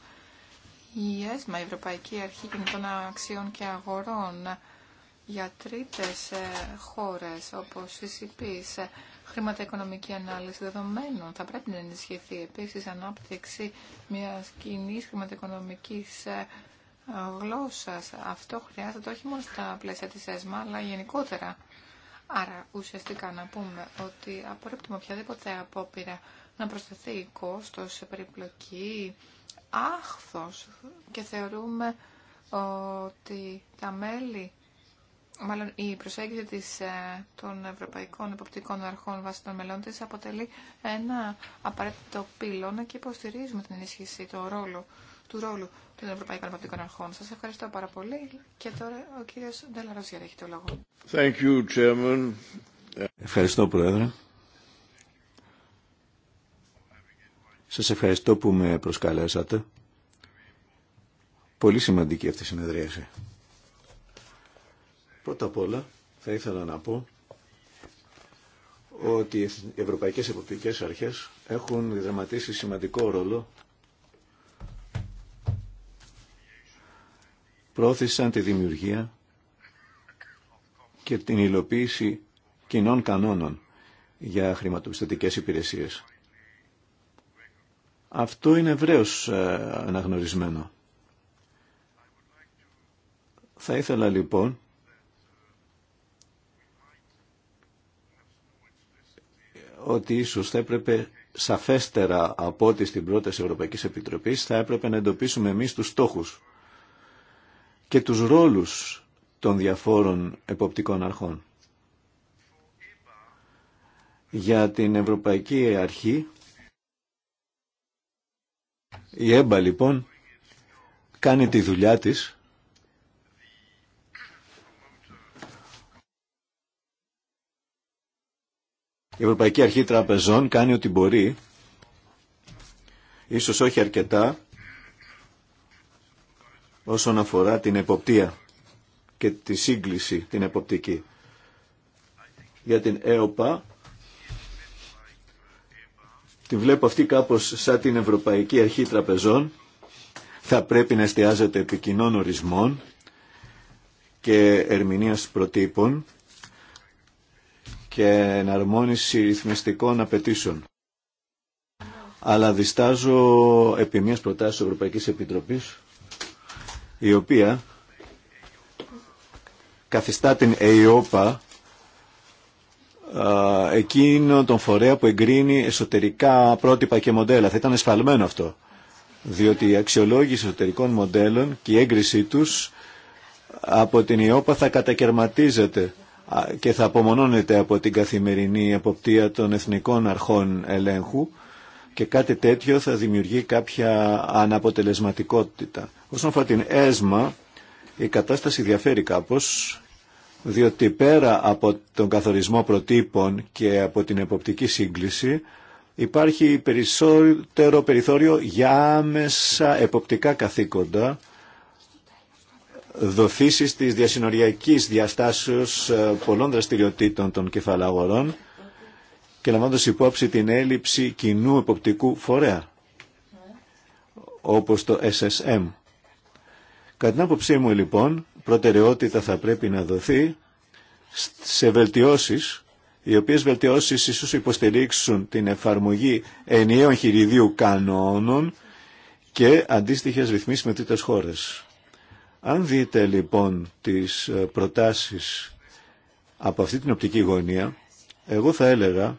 Η ΕΣΜΑ, η Ευρωπαϊκή Αρχή Κινητών Αξιών και Αγορών, για τρίτες ε, χώρες όπως σε χρηματοοικονομική ανάλυση δεδομένων. Θα πρέπει να ενισχυθεί επίσης ανάπτυξη μιας κοινή χρηματοοικονομικής ε, γλώσσας. Αυτό χρειάζεται όχι μόνο στα πλαίσια της ΕΣΜΑ, αλλά γενικότερα. Άρα ουσιαστικά να πούμε ότι απορρίπτουμε οποιαδήποτε απόπειρα να προσθεθεί κόστος, περιπλοκή, άχθος και θεωρούμε ότι τα μέλη μάλλον η προσέγγιση της, ε, των Ευρωπαϊκών Εποπτικών Αρχών βάσει των μελών της αποτελεί ένα απαραίτητο πύλωνα και υποστηρίζουμε την ενίσχυση του ρόλου, του ρόλου των Ευρωπαϊκών Εποπτικών Αρχών. Σας ευχαριστώ πάρα πολύ και τώρα ο κύριος Ντελαροζιέρα έχει το λόγο. Thank you, Chairman. Ευχαριστώ Πρόεδρε. Σας ευχαριστώ που με προσκαλέσατε. Πολύ σημαντική αυτή η συνεδρίαση. Πρώτα απ' όλα θα ήθελα να πω ότι οι Ευρωπαϊκές Εποπτικές Αρχές έχουν διδραματίσει σημαντικό ρόλο πρόθεσαν τη δημιουργία και την υλοποίηση κοινών κανόνων για χρηματοπιστωτικές υπηρεσίες. Αυτό είναι ευρέω ε, αναγνωρισμένο. Θα ήθελα λοιπόν ότι ίσως θα έπρεπε σαφέστερα από ό,τι στην πρόταση Ευρωπαϊκής Επιτροπής θα έπρεπε να εντοπίσουμε εμείς τους στόχους και τους ρόλους των διαφόρων εποπτικών αρχών. Για την Ευρωπαϊκή Αρχή, η ΕΜΠΑ λοιπόν κάνει τη δουλειά της Η Ευρωπαϊκή Αρχή Τραπεζών κάνει ό,τι μπορεί, ίσως όχι αρκετά, όσον αφορά την εποπτεία και τη σύγκληση την εποπτική. Για την ΕΟΠΑ, την βλέπω αυτή κάπως σαν την Ευρωπαϊκή Αρχή Τραπεζών, θα πρέπει να εστιάζεται επί κοινών ορισμών και ερμηνείας προτύπων, και εναρμόνιση ρυθμιστικών απαιτήσεων. Αλλά διστάζω επί μιας προτάσης της Ευρωπαϊκής Επιτροπής, η οποία καθιστά την ΕΙΟΠΑ εκείνο τον φορέα που εγκρίνει εσωτερικά πρότυπα και μοντέλα. Θα ήταν εσφαλμένο αυτό, διότι η αξιολόγηση εσωτερικών μοντέλων και η έγκρισή τους από την ΕΙΟΠΑ θα κατακαιρματίζεται και θα απομονώνεται από την καθημερινή εποπτεία των εθνικών αρχών ελέγχου και κάτι τέτοιο θα δημιουργεί κάποια αναποτελεσματικότητα. Όσον αφορά την ΕΣΜΑ, η κατάσταση διαφέρει κάπως, διότι πέρα από τον καθορισμό προτύπων και από την εποπτική σύγκληση, υπάρχει περισσότερο περιθώριο για άμεσα εποπτικά καθήκοντα, δοθήσεις της διασυνοριακής διαστάσεως ε, πολλών δραστηριοτήτων των κεφαλαγορών και λαμβάνοντας υπόψη την έλλειψη κοινού εποπτικού φορέα, όπως το SSM. Κατά την άποψή μου λοιπόν, προτεραιότητα θα πρέπει να δοθεί σε βελτιώσεις, οι οποίες βελτιώσεις ίσως υποστηρίξουν την εφαρμογή ενιαίων χειριδίου κανόνων και αντίστοιχες ρυθμίσεις με τρίτες χώρες. Αν δείτε λοιπόν τις ε, προτάσεις από αυτή την οπτική γωνία, εγώ θα έλεγα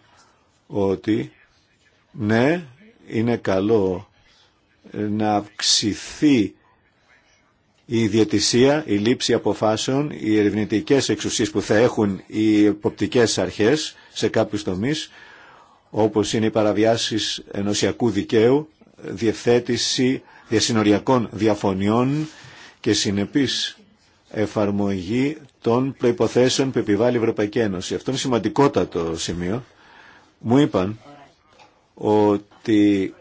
ότι ναι, είναι καλό ε, να αυξηθεί η ιδιαιτησία, η λήψη αποφάσεων, οι ερευνητικές εξουσίες που θα έχουν οι εποπτικές αρχές σε κάποιους τομείς, όπως είναι οι παραβιάσεις ενωσιακού δικαίου, διευθέτηση διασυνοριακών διαφωνιών, και συνεπής εφαρμογή των προϋποθέσεων που επιβάλλει η Ευρωπαϊκή Ένωση. Αυτό είναι σημαντικότατο σημείο. Μου είπαν ότι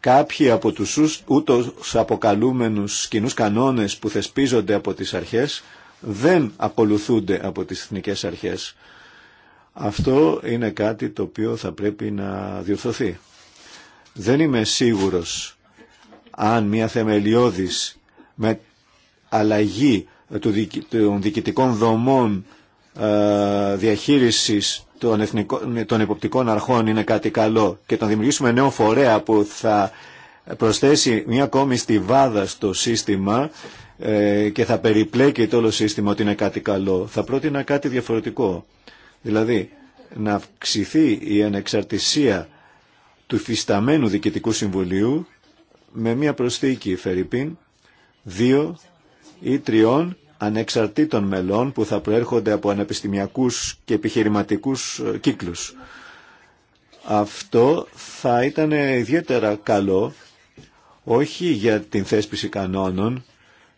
κάποιοι από τους ούτως αποκαλούμενους κοινού κανόνες που θεσπίζονται από τις αρχές δεν ακολουθούνται από τις εθνικές αρχές. Αυτό είναι κάτι το οποίο θα πρέπει να διορθωθεί. Δεν είμαι σίγουρος αν μια θεμελιώδης με αλλαγή των διοικητικών δομών ε, διαχείρισης των, εθνικών, των υποπτικών αρχών είναι κάτι καλό και το να δημιουργήσουμε νέο φορέα που θα προσθέσει μια ακόμη στιβάδα στο σύστημα ε, και θα περιπλέκει το όλο σύστημα ότι είναι κάτι καλό. Θα πρότεινα κάτι διαφορετικό. Δηλαδή, να αυξηθεί η ανεξαρτησία του φυσταμένου Διοικητικού Συμβουλίου με μια προσθήκη, Φερρυπίν, δύο ή τριών ανεξαρτήτων μελών που θα προέρχονται από ανεπιστημιακούς και επιχειρηματικούς ε, κύκλους. Αυτό θα ήταν ιδιαίτερα καλό όχι για την θέσπιση κανόνων,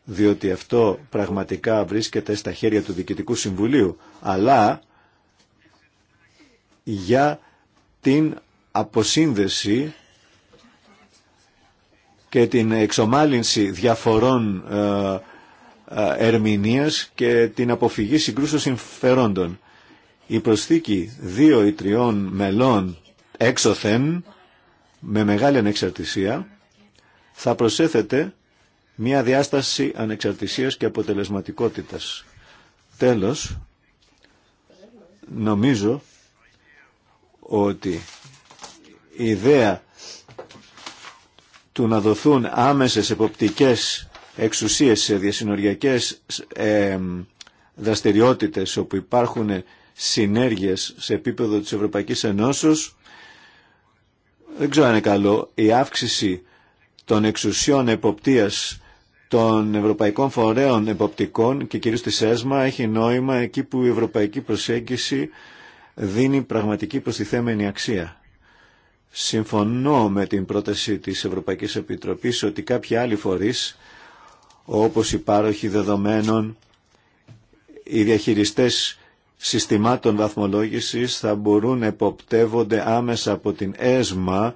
διότι αυτό πραγματικά βρίσκεται στα χέρια του Διοικητικού Συμβουλίου, αλλά για την αποσύνδεση και την εξομάλυνση διαφορών ε, ε, ερμηνείας και την αποφυγή συγκρούσεων συμφερόντων. Η προσθήκη δύο ή τριών μελών έξωθεν με μεγάλη ανεξαρτησία θα προσέθεται μια διάσταση ανεξαρτησίας και αποτελεσματικότητας. Τέλος, νομίζω ότι η ιδέα του να δοθούν άμεσες εποπτικές εξουσίες σε διασυνοριακές ε, δραστηριότητες όπου υπάρχουν συνέργειες σε επίπεδο της Ευρωπαϊκής Ενώσεως δεν ξέρω αν είναι καλό η αύξηση των εξουσιών εποπτείας των ευρωπαϊκών φορέων εποπτικών και κυρίως της ΕΣΜΑ έχει νόημα εκεί που η ευρωπαϊκή προσέγγιση δίνει πραγματική προστιθέμενη αξία. Συμφωνώ με την πρόταση της Ευρωπαϊκής Επιτροπής ότι κάποιοι άλλοι φορείς όπως οι πάροχοι δεδομένων, οι διαχειριστές συστημάτων βαθμολόγησης θα μπορούν να εποπτεύονται άμεσα από την ΕΣΜΑ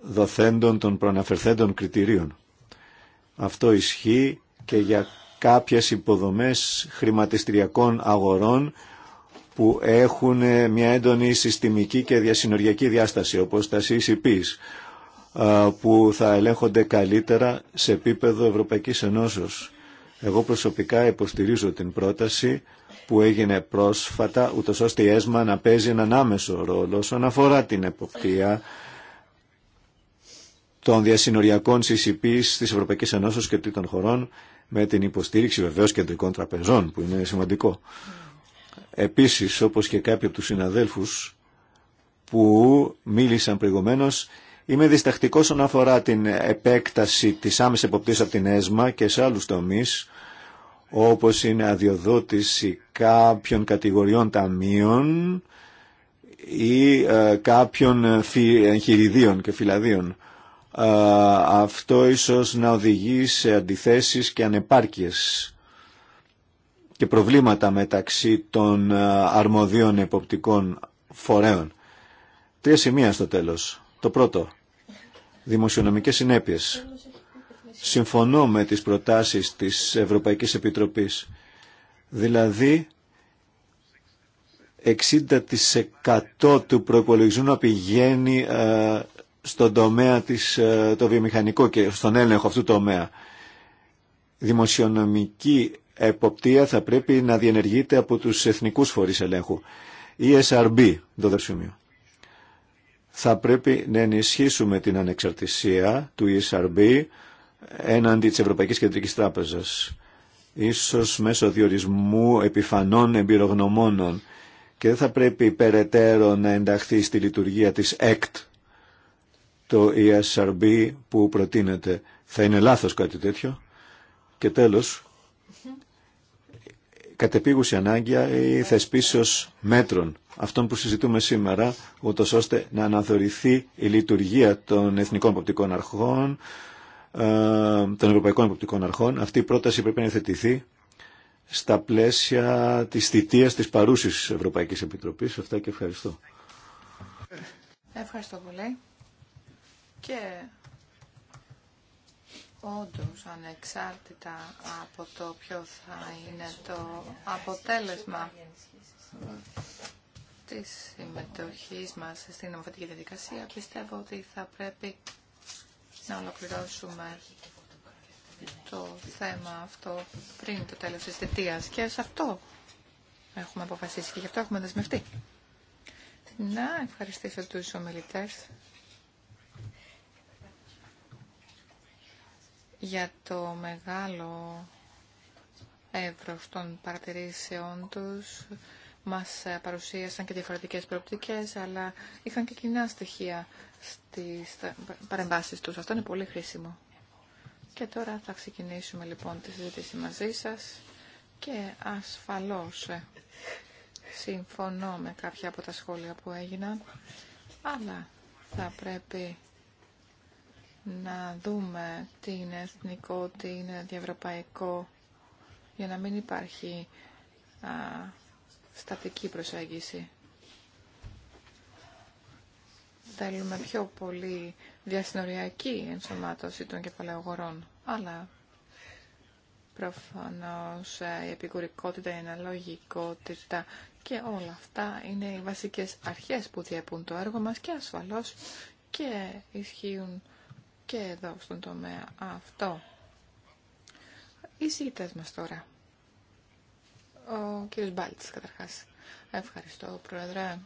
δοθέντων των προναφερθέντων κριτηρίων. Αυτό ισχύει και για κάποιες υποδομές χρηματιστηριακών αγορών που έχουν μια έντονη συστημική και διασυνοριακή διάσταση, όπως τα CCPs που θα ελέγχονται καλύτερα σε επίπεδο Ευρωπαϊκής Ενώσεως. Εγώ προσωπικά υποστηρίζω την πρόταση που έγινε πρόσφατα, ούτως ώστε η ΕΣΜΑ να παίζει έναν άμεσο ρόλο όσον αφορά την εποπτεία των διασυνοριακών CCP της Ευρωπαϊκής Ενώσεως και των χωρών με την υποστήριξη βεβαίως κεντρικών τραπεζών που είναι σημαντικό. Επίσης, όπως και κάποιοι από τους συναδέλφους που μίλησαν προηγουμένως, Είμαι διστακτικός όσον αφορά την επέκταση της άμεσης εποπτείας από την ΕΣΜΑ και σε άλλους τομείς, όπως είναι αδειοδότηση κάποιων κατηγοριών ταμείων ή ε, κάποιων εγχειριδίων και φυλαδίων. Ε, αυτό ίσως να οδηγεί σε αντιθέσεις και ανεπάρκειες και προβλήματα μεταξύ των ε, αρμοδίων εποπτικών φορέων. Τρία σημεία στο τέλος. Το πρώτο, δημοσιονομικές συνέπειες. Συμφωνώ με τις προτάσεις της Ευρωπαϊκής Επιτροπής. Δηλαδή, 60% του προπολογισμού να πηγαίνει ε, στον τομέα της, ε, το βιομηχανικό και στον έλεγχο αυτού του τομέα. Δημοσιονομική εποπτεία θα πρέπει να διενεργείται από τους εθνικούς φορείς ελέγχου. ESRB, το σημείο θα πρέπει να ενισχύσουμε την ανεξαρτησία του ESRB έναντι της Ευρωπαϊκής Κεντρικής Τράπεζας. Ίσως μέσω διορισμού επιφανών εμπειρογνωμόνων και δεν θα πρέπει περαιτέρω να ενταχθεί στη λειτουργία της ΕΚΤ το ESRB που προτείνεται. Θα είναι λάθος κάτι τέτοιο. Και τέλος, κατεπίγουση ανάγκη η θεσπίσεως μέτρων αυτών που συζητούμε σήμερα, ούτω ώστε να αναθεωρηθεί η λειτουργία των εθνικών υποπτικών αρχών, ε, των ευρωπαϊκών υποπτικών αρχών. Αυτή η πρόταση πρέπει να υιοθετηθεί στα πλαίσια της θητείας της παρούσης Ευρωπαϊκής Επιτροπής. Αυτά και ευχαριστώ. Ευχαριστώ πολύ. Και όντως ανεξάρτητα από το ποιο θα είναι το αποτέλεσμα της συμμετοχής μας στην νομοθετική διαδικασία πιστεύω ότι θα πρέπει να ολοκληρώσουμε το θέμα αυτό πριν το τέλος της θητείας και σε αυτό έχουμε αποφασίσει και γι' αυτό έχουμε δεσμευτεί. Να ευχαριστήσω τους ομιλητές για το μεγάλο εύρος των παρατηρήσεών τους μας ε, παρουσίασαν και διαφορετικές προοπτικές, αλλά είχαν και κοινά στοιχεία στις ε, παρεμβάσεις τους. Αυτό είναι πολύ χρήσιμο. Και τώρα θα ξεκινήσουμε λοιπόν τη συζήτηση μαζί σας και ασφαλώς ε, συμφωνώ με κάποια από τα σχόλια που έγιναν, αλλά θα πρέπει να δούμε τι είναι εθνικό, τι είναι διευρωπαϊκό, για να μην υπάρχει στατική προσέγγιση. Θέλουμε πιο πολύ διασυνοριακή ενσωμάτωση των κεφαλαίων αλλά προφανώς ε, η επικουρικότητα, η αναλογικότητα και όλα αυτά είναι οι βασικές αρχές που διέπουν το έργο μας και ασφαλώς και ισχύουν και εδώ στον τομέα αυτό. Οι μας τώρα. Ο κύριος Μπάλτς, καταρχάς. Ευχαριστώ, Πρόεδρε.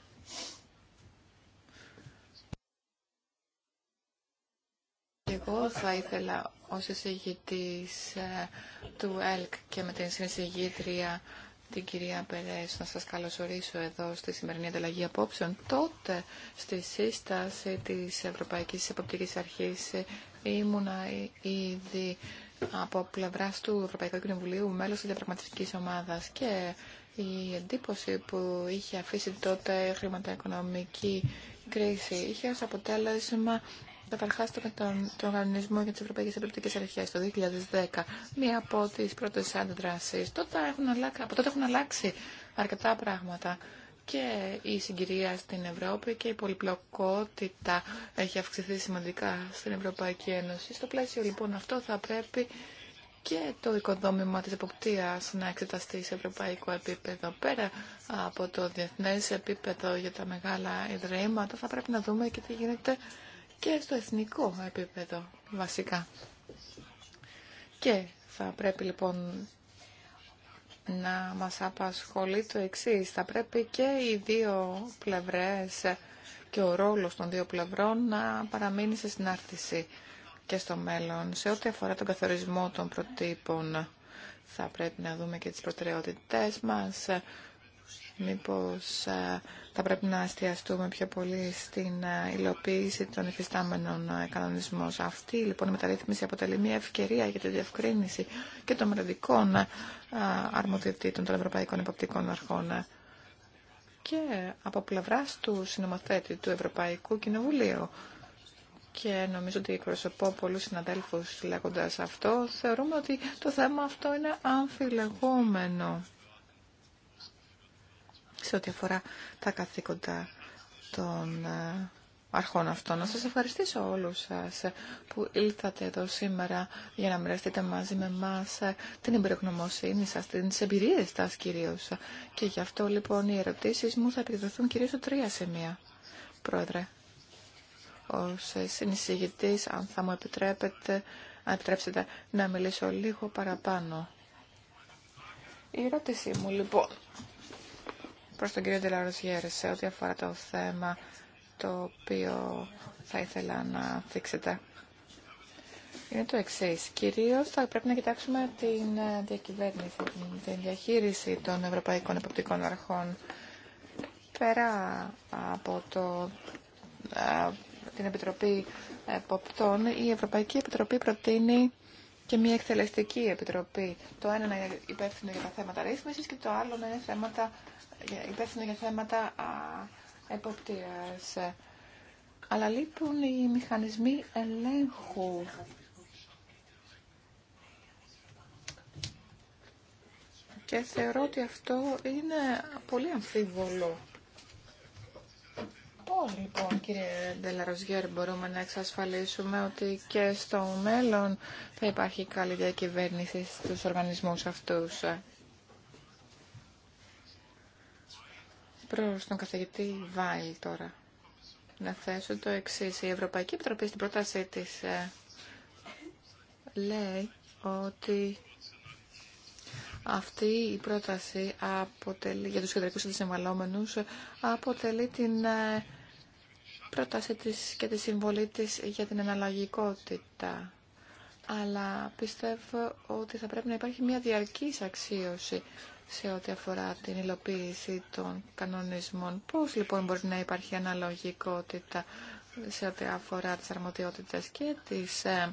Εγώ θα ήθελα ως εισηγητής ε, του ΕΛΚ και με την συνεισηγήτρια την κυρία Περές να σας καλωσορίσω εδώ στη σημερινή ανταλλαγή απόψεων. Τότε στη σύσταση της Ευρωπαϊκής Εποπτικής Αρχής ήμουνα ήδη από πλευρά του Ευρωπαϊκού Κοινοβουλίου μέλος της διαπραγματευτική ομάδας και η εντύπωση που είχε αφήσει τότε η χρηματοοικονομική κρίση είχε ω αποτέλεσμα καταρχάς τον, τον οργανισμό για τι Ευρωπαϊκέ Επιλεκτικές Αρχέ το 2010, μία από τις πρώτες αντιδράσεις. από τότε έχουν αλλάξει αρκετά πράγματα και η συγκυρία στην Ευρώπη και η πολυπλοκότητα έχει αυξηθεί σημαντικά στην Ευρωπαϊκή Ένωση. Στο πλαίσιο λοιπόν αυτό θα πρέπει και το οικοδόμημα της εποπτείας να εξεταστεί σε ευρωπαϊκό επίπεδο. Πέρα από το διεθνές επίπεδο για τα μεγάλα ιδρύματα θα πρέπει να δούμε και τι γίνεται και στο εθνικό επίπεδο βασικά. Και θα πρέπει λοιπόν να μας απασχολεί το εξής. Θα πρέπει και οι δύο πλευρές και ο ρόλος των δύο πλευρών να παραμείνει σε συνάρτηση και στο μέλλον. Σε ό,τι αφορά τον καθορισμό των προτύπων, θα πρέπει να δούμε και τις προτεραιότητές μας Μήπως ε, θα πρέπει να αστιαστούμε πιο πολύ στην ε, υλοποίηση των υφιστάμενων ε, κανονισμών. Αυτή λοιπόν η μεταρρύθμιση αποτελεί μια ευκαιρία για τη διευκρίνηση και των μελλοντικών αρμοδιοτήτων των Ευρωπαϊκών Υποπτικών Αρχών και από πλευρά του συνομοθέτη του Ευρωπαϊκού Κοινοβουλίου. Και νομίζω ότι εκπροσωπώ πολλού συναδέλφου λέγοντα αυτό. Θεωρούμε ότι το θέμα αυτό είναι αμφιλεγόμενο σε ό,τι αφορά τα καθήκοντα των ε, αρχών αυτών. Να σας ευχαριστήσω όλους σας που ήλθατε εδώ σήμερα για να μοιραστείτε μαζί με μας ε, την εμπειρογνωμοσύνη σας, την εμπειρία σας κυρίως. Και γι' αυτό λοιπόν οι ερωτήσεις μου θα επιδοθούν κυρίως σε τρία σημεία. Πρόεδρε, ως συνεισηγητής, αν θα μου επιτρέπετε, επιτρέψετε να μιλήσω λίγο παραπάνω. Η ερώτησή μου λοιπόν προς τον κύριο Ντελαροζιέρ σε ό,τι αφορά το θέμα το οποίο θα ήθελα να θίξετε. Είναι το εξή. Κυρίω θα πρέπει να κοιτάξουμε την ε, διακυβέρνηση, την διαχείριση των Ευρωπαϊκών Εποπτικών Αρχών. Πέρα από το, ε, την Επιτροπή Εποπτών, η Ευρωπαϊκή Επιτροπή προτείνει και μια εκτελεστική επιτροπή. Το ένα να είναι υπεύθυνο για τα θέματα ρύθμιση και το άλλο να είναι θέματα υπεύθυνο για θέματα εποπτείας. Αλλά λείπουν οι μηχανισμοί ελέγχου. Και θεωρώ ότι αυτό είναι πολύ αμφίβολο. Πώς λοιπόν κύριε Ντελαροζιέρ μπορούμε να εξασφαλίσουμε ότι και στο μέλλον θα υπάρχει καλή διακυβέρνηση στους οργανισμούς αυτούς. Προς τον καθηγητή Βάιλ τώρα. Να θέσω το εξή. Η Ευρωπαϊκή Επιτροπή στην πρότασή της ε, λέει ότι αυτή η πρόταση αποτελεί, για τους κεντρικούς αντισυμβαλόμενους αποτελεί την ε, πρόταση της και τη συμβολή της για την εναλλαγικότητα. Αλλά πιστεύω ότι θα πρέπει να υπάρχει μια διαρκής αξίωση σε ό,τι αφορά την υλοποίηση των κανονισμών. Πώς λοιπόν μπορεί να υπάρχει αναλογικότητα σε ό,τι αφορά τις αρμοδιότητες και τις ε,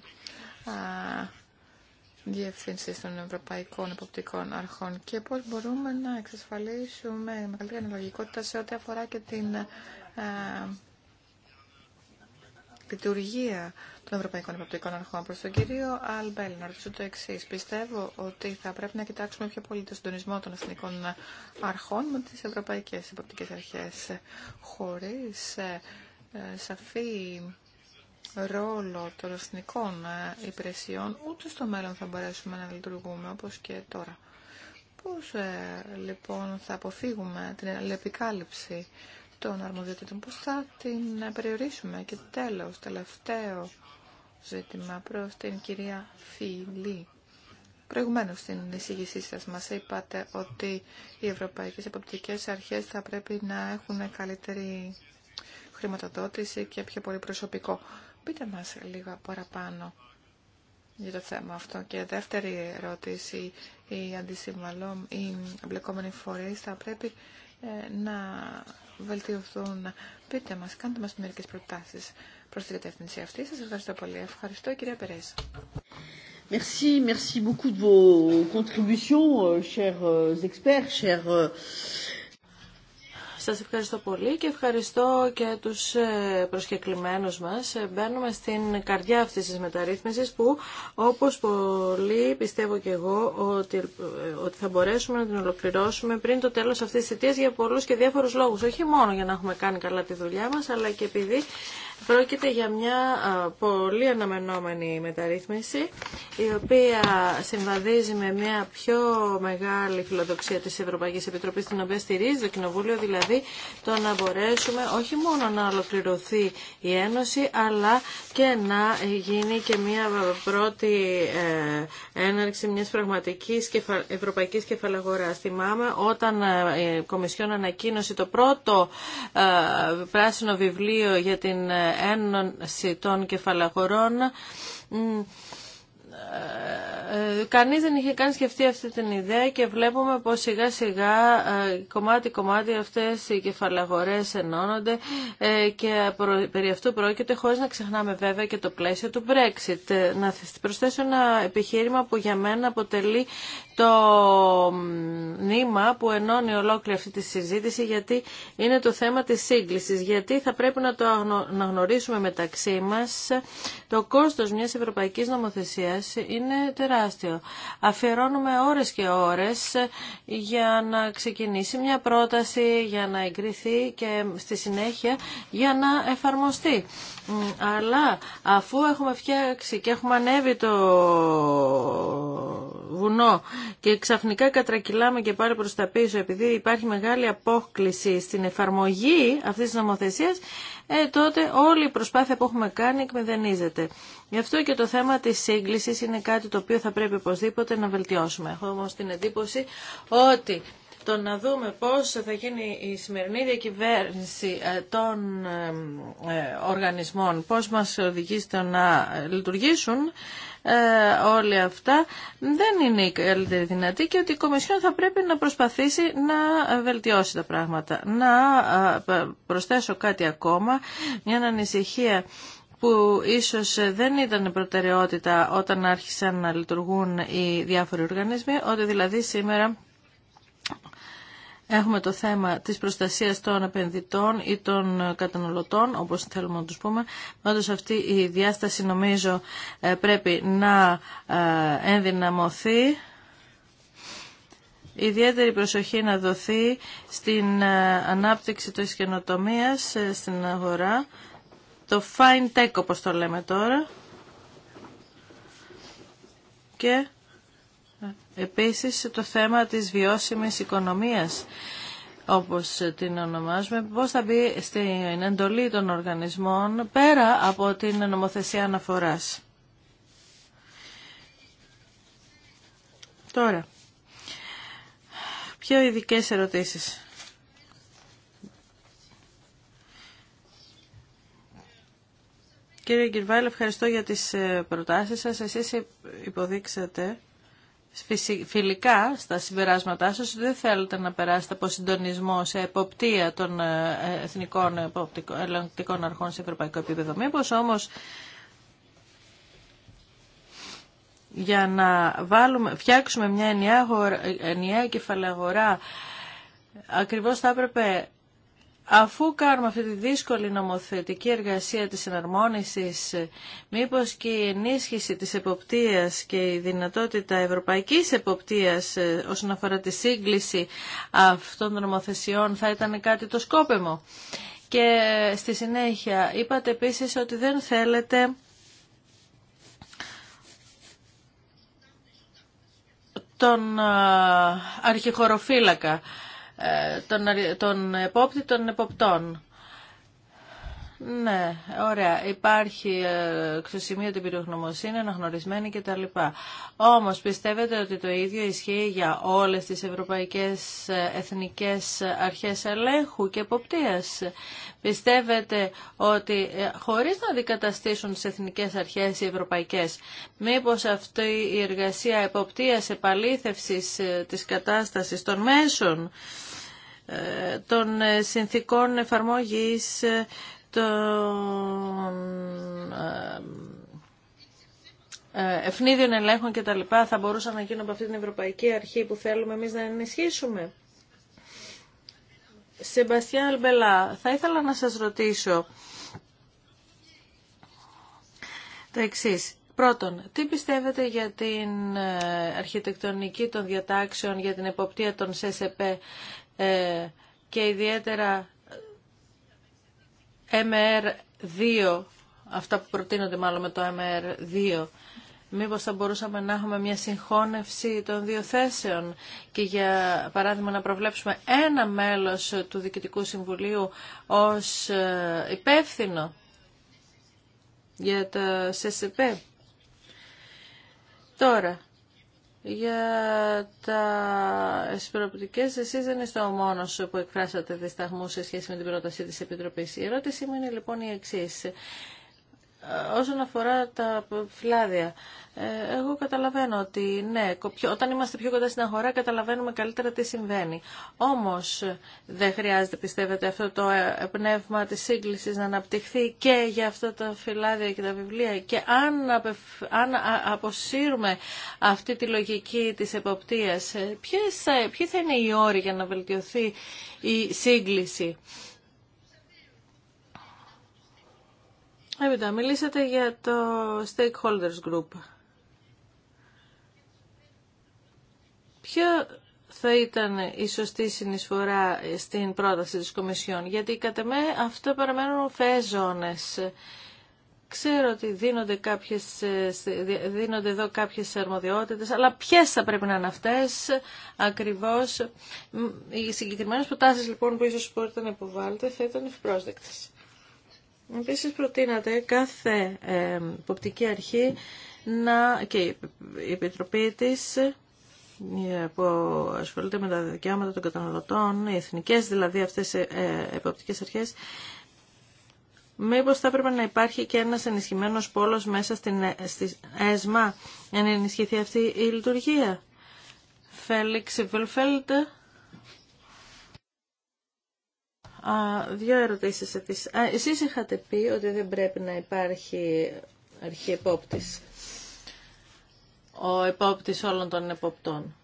διευθύνσεις των Ευρωπαϊκών Εποπτικών Αρχών και πώς μπορούμε να εξασφαλίσουμε μεγαλύτερη αναλογικότητα σε ό,τι αφορά και την ε, λειτουργία των Ευρωπαϊκών Υποπτικών Αρχών προ τον κύριο Αλμπέλ. Να ρωτήσω το εξή. Πιστεύω ότι θα πρέπει να κοιτάξουμε πιο πολύ το συντονισμό των εθνικών αρχών με τις Ευρωπαϊκές Υποπτικές Αρχές χωρίς ε, ε, σαφή ρόλο των εθνικών ε, υπηρεσιών ούτε στο μέλλον θα μπορέσουμε να λειτουργούμε όπω και τώρα. Πώ λοιπόν θα αποφύγουμε την αλληλεπικάλυψη των αρμοδιοτήτων, πώς θα την περιορίσουμε και τέλος, τελευταίο ζήτημα προς την κυρία Φιλή. Προηγουμένως στην εισήγησή σας μας είπατε ότι οι ευρωπαϊκές εποπτικές αρχές θα πρέπει να έχουν καλύτερη χρηματοδότηση και πιο πολύ προσωπικό. Πείτε μας λίγα παραπάνω για το θέμα αυτό. Και δεύτερη ερώτηση, οι αντισυμβαλών, οι εμπλεκόμενοι φορείς θα πρέπει ε, να βελτιωθούν. Πείτε μας, κάντε μας μερικές προτάσεις προς την κατεύθυνση αυτή. Σας ευχαριστώ πολύ. Ευχαριστώ κυρία Περέζα. Merci, merci beaucoup de vos contributions, euh, chers euh, experts, chers... Euh. Σας ευχαριστώ πολύ και ευχαριστώ και τους ε, προσκεκλημένους μας. Ε, μπαίνουμε στην καρδιά αυτής της μεταρρύθμισης που όπως πολύ πιστεύω και εγώ ότι, ε, ότι θα μπορέσουμε να την ολοκληρώσουμε πριν το τέλος αυτής της θητείας για πολλούς και διάφορους λόγους. Όχι μόνο για να έχουμε κάνει καλά τη δουλειά μας αλλά και επειδή Πρόκειται για μια πολύ αναμενόμενη μεταρρύθμιση η οποία συμβαδίζει με μια πιο μεγάλη φιλοδοξία της Ευρωπαϊκής Επιτροπής την οποία στηρίζει το Κοινοβούλιο δηλαδή το να μπορέσουμε όχι μόνο να ολοκληρωθεί η Ένωση αλλά και να γίνει και μια πρώτη ε, έναρξη μιας πραγματικής ευρωπαϊκής κεφαλαγοράς. Θυμάμαι όταν ε, η Κομισιόν ανακοίνωσε το πρώτο ε, πράσινο βιβλίο για την ένωση των κεφαλαγορών ε, ε, κανείς δεν είχε καν σκεφτεί αυτή την ιδέα και βλέπουμε πως σιγά σιγά ε, κομμάτι κομμάτι αυτές οι κεφαλαγορές ενώνονται και περί αυτού πρόκειται χωρίς να ξεχνάμε βέβαια και το πλαίσιο του Brexit. Να προσθέσω ένα επιχείρημα που για μένα αποτελεί το νήμα που ενώνει ολόκληρη αυτή τη συζήτηση γιατί είναι το θέμα της σύγκλησης γιατί θα πρέπει να το να γνωρίσουμε μεταξύ μας το κόστος μιας ευρωπαϊκής νομοθεσίας είναι τεράστιο. Αφιερώνουμε ώρες και ώρες για να ξεκινήσει μια πρόταση, για να εγκριθεί και στη συνέχεια για να εφαρμοστεί. Αλλά αφού έχουμε φτιάξει και έχουμε ανέβει το βουνό και ξαφνικά κατρακυλάμε και πάλι προς τα πίσω επειδή υπάρχει μεγάλη απόκληση στην εφαρμογή αυτής της νομοθεσίας, ε, τότε όλη η προσπάθεια που έχουμε κάνει εκμεδενίζεται. Γι' αυτό και το θέμα της σύγκλησης είναι κάτι το οποίο θα πρέπει οπωσδήποτε να βελτιώσουμε. Έχω όμως την εντύπωση ότι το να δούμε πώς θα γίνει η σημερινή διακυβέρνηση ε, των ε, ε, οργανισμών, πώς μας οδηγεί στο να λειτουργήσουν όλα αυτά, δεν είναι η καλύτερη δυνατή και ότι η Κομισιόν θα πρέπει να προσπαθήσει να βελτιώσει τα πράγματα. Να προσθέσω κάτι ακόμα, μια ανησυχία που ίσως δεν ήταν προτεραιότητα όταν άρχισαν να λειτουργούν οι διάφοροι οργανισμοί, ότι δηλαδή σήμερα Έχουμε το θέμα της προστασίας των επενδυτών ή των καταναλωτών, όπως θέλουμε να τους πούμε. Όντως αυτή η διάσταση νομίζω ε, πρέπει να ε, ενδυναμωθεί. Ιδιαίτερη προσοχή να δοθεί στην ε, ανάπτυξη της καινοτομίας στην αγορά. Το fine tech όπως το λέμε τώρα. Και Επίσης το θέμα της βιώσιμης οικονομίας όπως την ονομάζουμε, πώς θα μπει στην εντολή των οργανισμών πέρα από την νομοθεσία αναφοράς. Τώρα, πιο ειδικέ ερωτήσεις. Κύριε Κυρβάλη, ευχαριστώ για τις ε, προτάσεις σας. Εσείς υποδείξατε φιλικά στα συμπεράσματά σας ότι δεν θέλετε να περάσετε από συντονισμό σε εποπτεία των ε, εθνικών ελεγκτικών αρχών σε ευρωπαϊκό επίπεδο. Μήπως όμως για να βάλουμε, φτιάξουμε μια ενιαία, ενιαία κεφαλαγορά ακριβώς θα έπρεπε Αφού κάνουμε αυτή τη δύσκολη νομοθετική εργασία της εναρμόνισης, μήπως και η ενίσχυση της εποπτείας και η δυνατότητα ευρωπαϊκής εποπτείας ε, όσον αφορά τη σύγκληση αυτών των νομοθεσιών θα ήταν κάτι το σκόπεμο. Και ε, στη συνέχεια είπατε επίσης ότι δεν θέλετε τον ε, αρχιχωροφύλακα τον, τον επόπτη των εποπτών. Ναι, ωραία. Υπάρχει εξωσημείωτη πυρογνωμοσύνη, αναγνωρισμένη κτλ. Όμως πιστεύετε ότι το ίδιο ισχύει για όλες τις ευρωπαϊκές ε, εθνικές αρχές ελέγχου και εποπτείας. Πιστεύετε ότι ε, χωρίς να δικαταστήσουν τις εθνικές αρχές οι ευρωπαϊκές, μήπως αυτή η εργασία εποπτείας επαλήθευσης ε, της κατάστασης των μέσων των συνθήκων εφαρμόγης των ε, ευνίδιων ελέγχων και τα λοιπά θα μπορούσαν να γίνουν από αυτή την Ευρωπαϊκή Αρχή που θέλουμε εμείς να ενισχύσουμε. Σεμπαστιάν Αλμπελά, θα ήθελα να σας ρωτήσω το εξής. Πρώτον, τι πιστεύετε για την ε, αρχιτεκτονική των διατάξεων για την εποπτεία των ΣΕΣΕΠΕ ε, και ιδιαίτερα MR2, ε, αυτά που προτείνονται μάλλον με το MR2, Μήπως θα μπορούσαμε να έχουμε μια συγχώνευση των δύο θέσεων και για παράδειγμα να προβλέψουμε ένα μέλος του Διοικητικού Συμβουλίου ως ε, υπεύθυνο για το ΣΣΠ. Τώρα, για τα σε εσεί δεν είστε ο μόνος που εκφράσατε δισταγμού σε σχέση με την πρόταση τη Επιτροπή. Η ερώτησή μου είναι λοιπόν η εξή. Ε, όσον αφορά τα φυλάδια, ε, εγώ καταλαβαίνω ότι ναι, όταν είμαστε πιο κοντά στην αγορά καταλαβαίνουμε καλύτερα τι συμβαίνει. Όμως δεν χρειάζεται πιστεύετε αυτό το ε, πνεύμα της σύγκλησης να αναπτυχθεί και για αυτά τα φυλάδια και τα βιβλία και αν, αποσύρουμε αυτή τη λογική της εποπτείας, ποιοι θα είναι οι όροι για να βελτιωθεί η σύγκληση. Έπειτα, μιλήσατε για το stakeholders group. Ποιο θα ήταν η σωστή συνεισφορά στην πρόταση της Κομισιόν, γιατί κατά με αυτό παραμένουν φέζονες. Ξέρω ότι δίνονται, κάποιες, δίνονται εδώ κάποιες αρμοδιότητες, αλλά ποιες θα πρέπει να είναι αυτές ακριβώς. Οι συγκεκριμένες προτάσεις λοιπόν που ίσως μπορείτε να υποβάλλετε θα ήταν ευπρόσδεκτες. Επίσης προτείνατε κάθε ε, υποπτική αρχή να, και η Επιτροπή της ε, που ασχολείται με τα δικαιώματα των καταναλωτών, οι εθνικές δηλαδή αυτές οι ε, εποπτικές αρχές, μήπως θα έπρεπε να υπάρχει και ένας ενισχυμένος πόλος μέσα στην, ε, στη ΕΣΜΑ για να ενισχυθεί αυτή η λειτουργία. Φέλιξ Βελφέλτε δύο ερωτήσεις επίσης. εσείς είχατε πει ότι δεν πρέπει να υπάρχει αρχή επόπτης. Ο επόπτης όλων των εποπτών.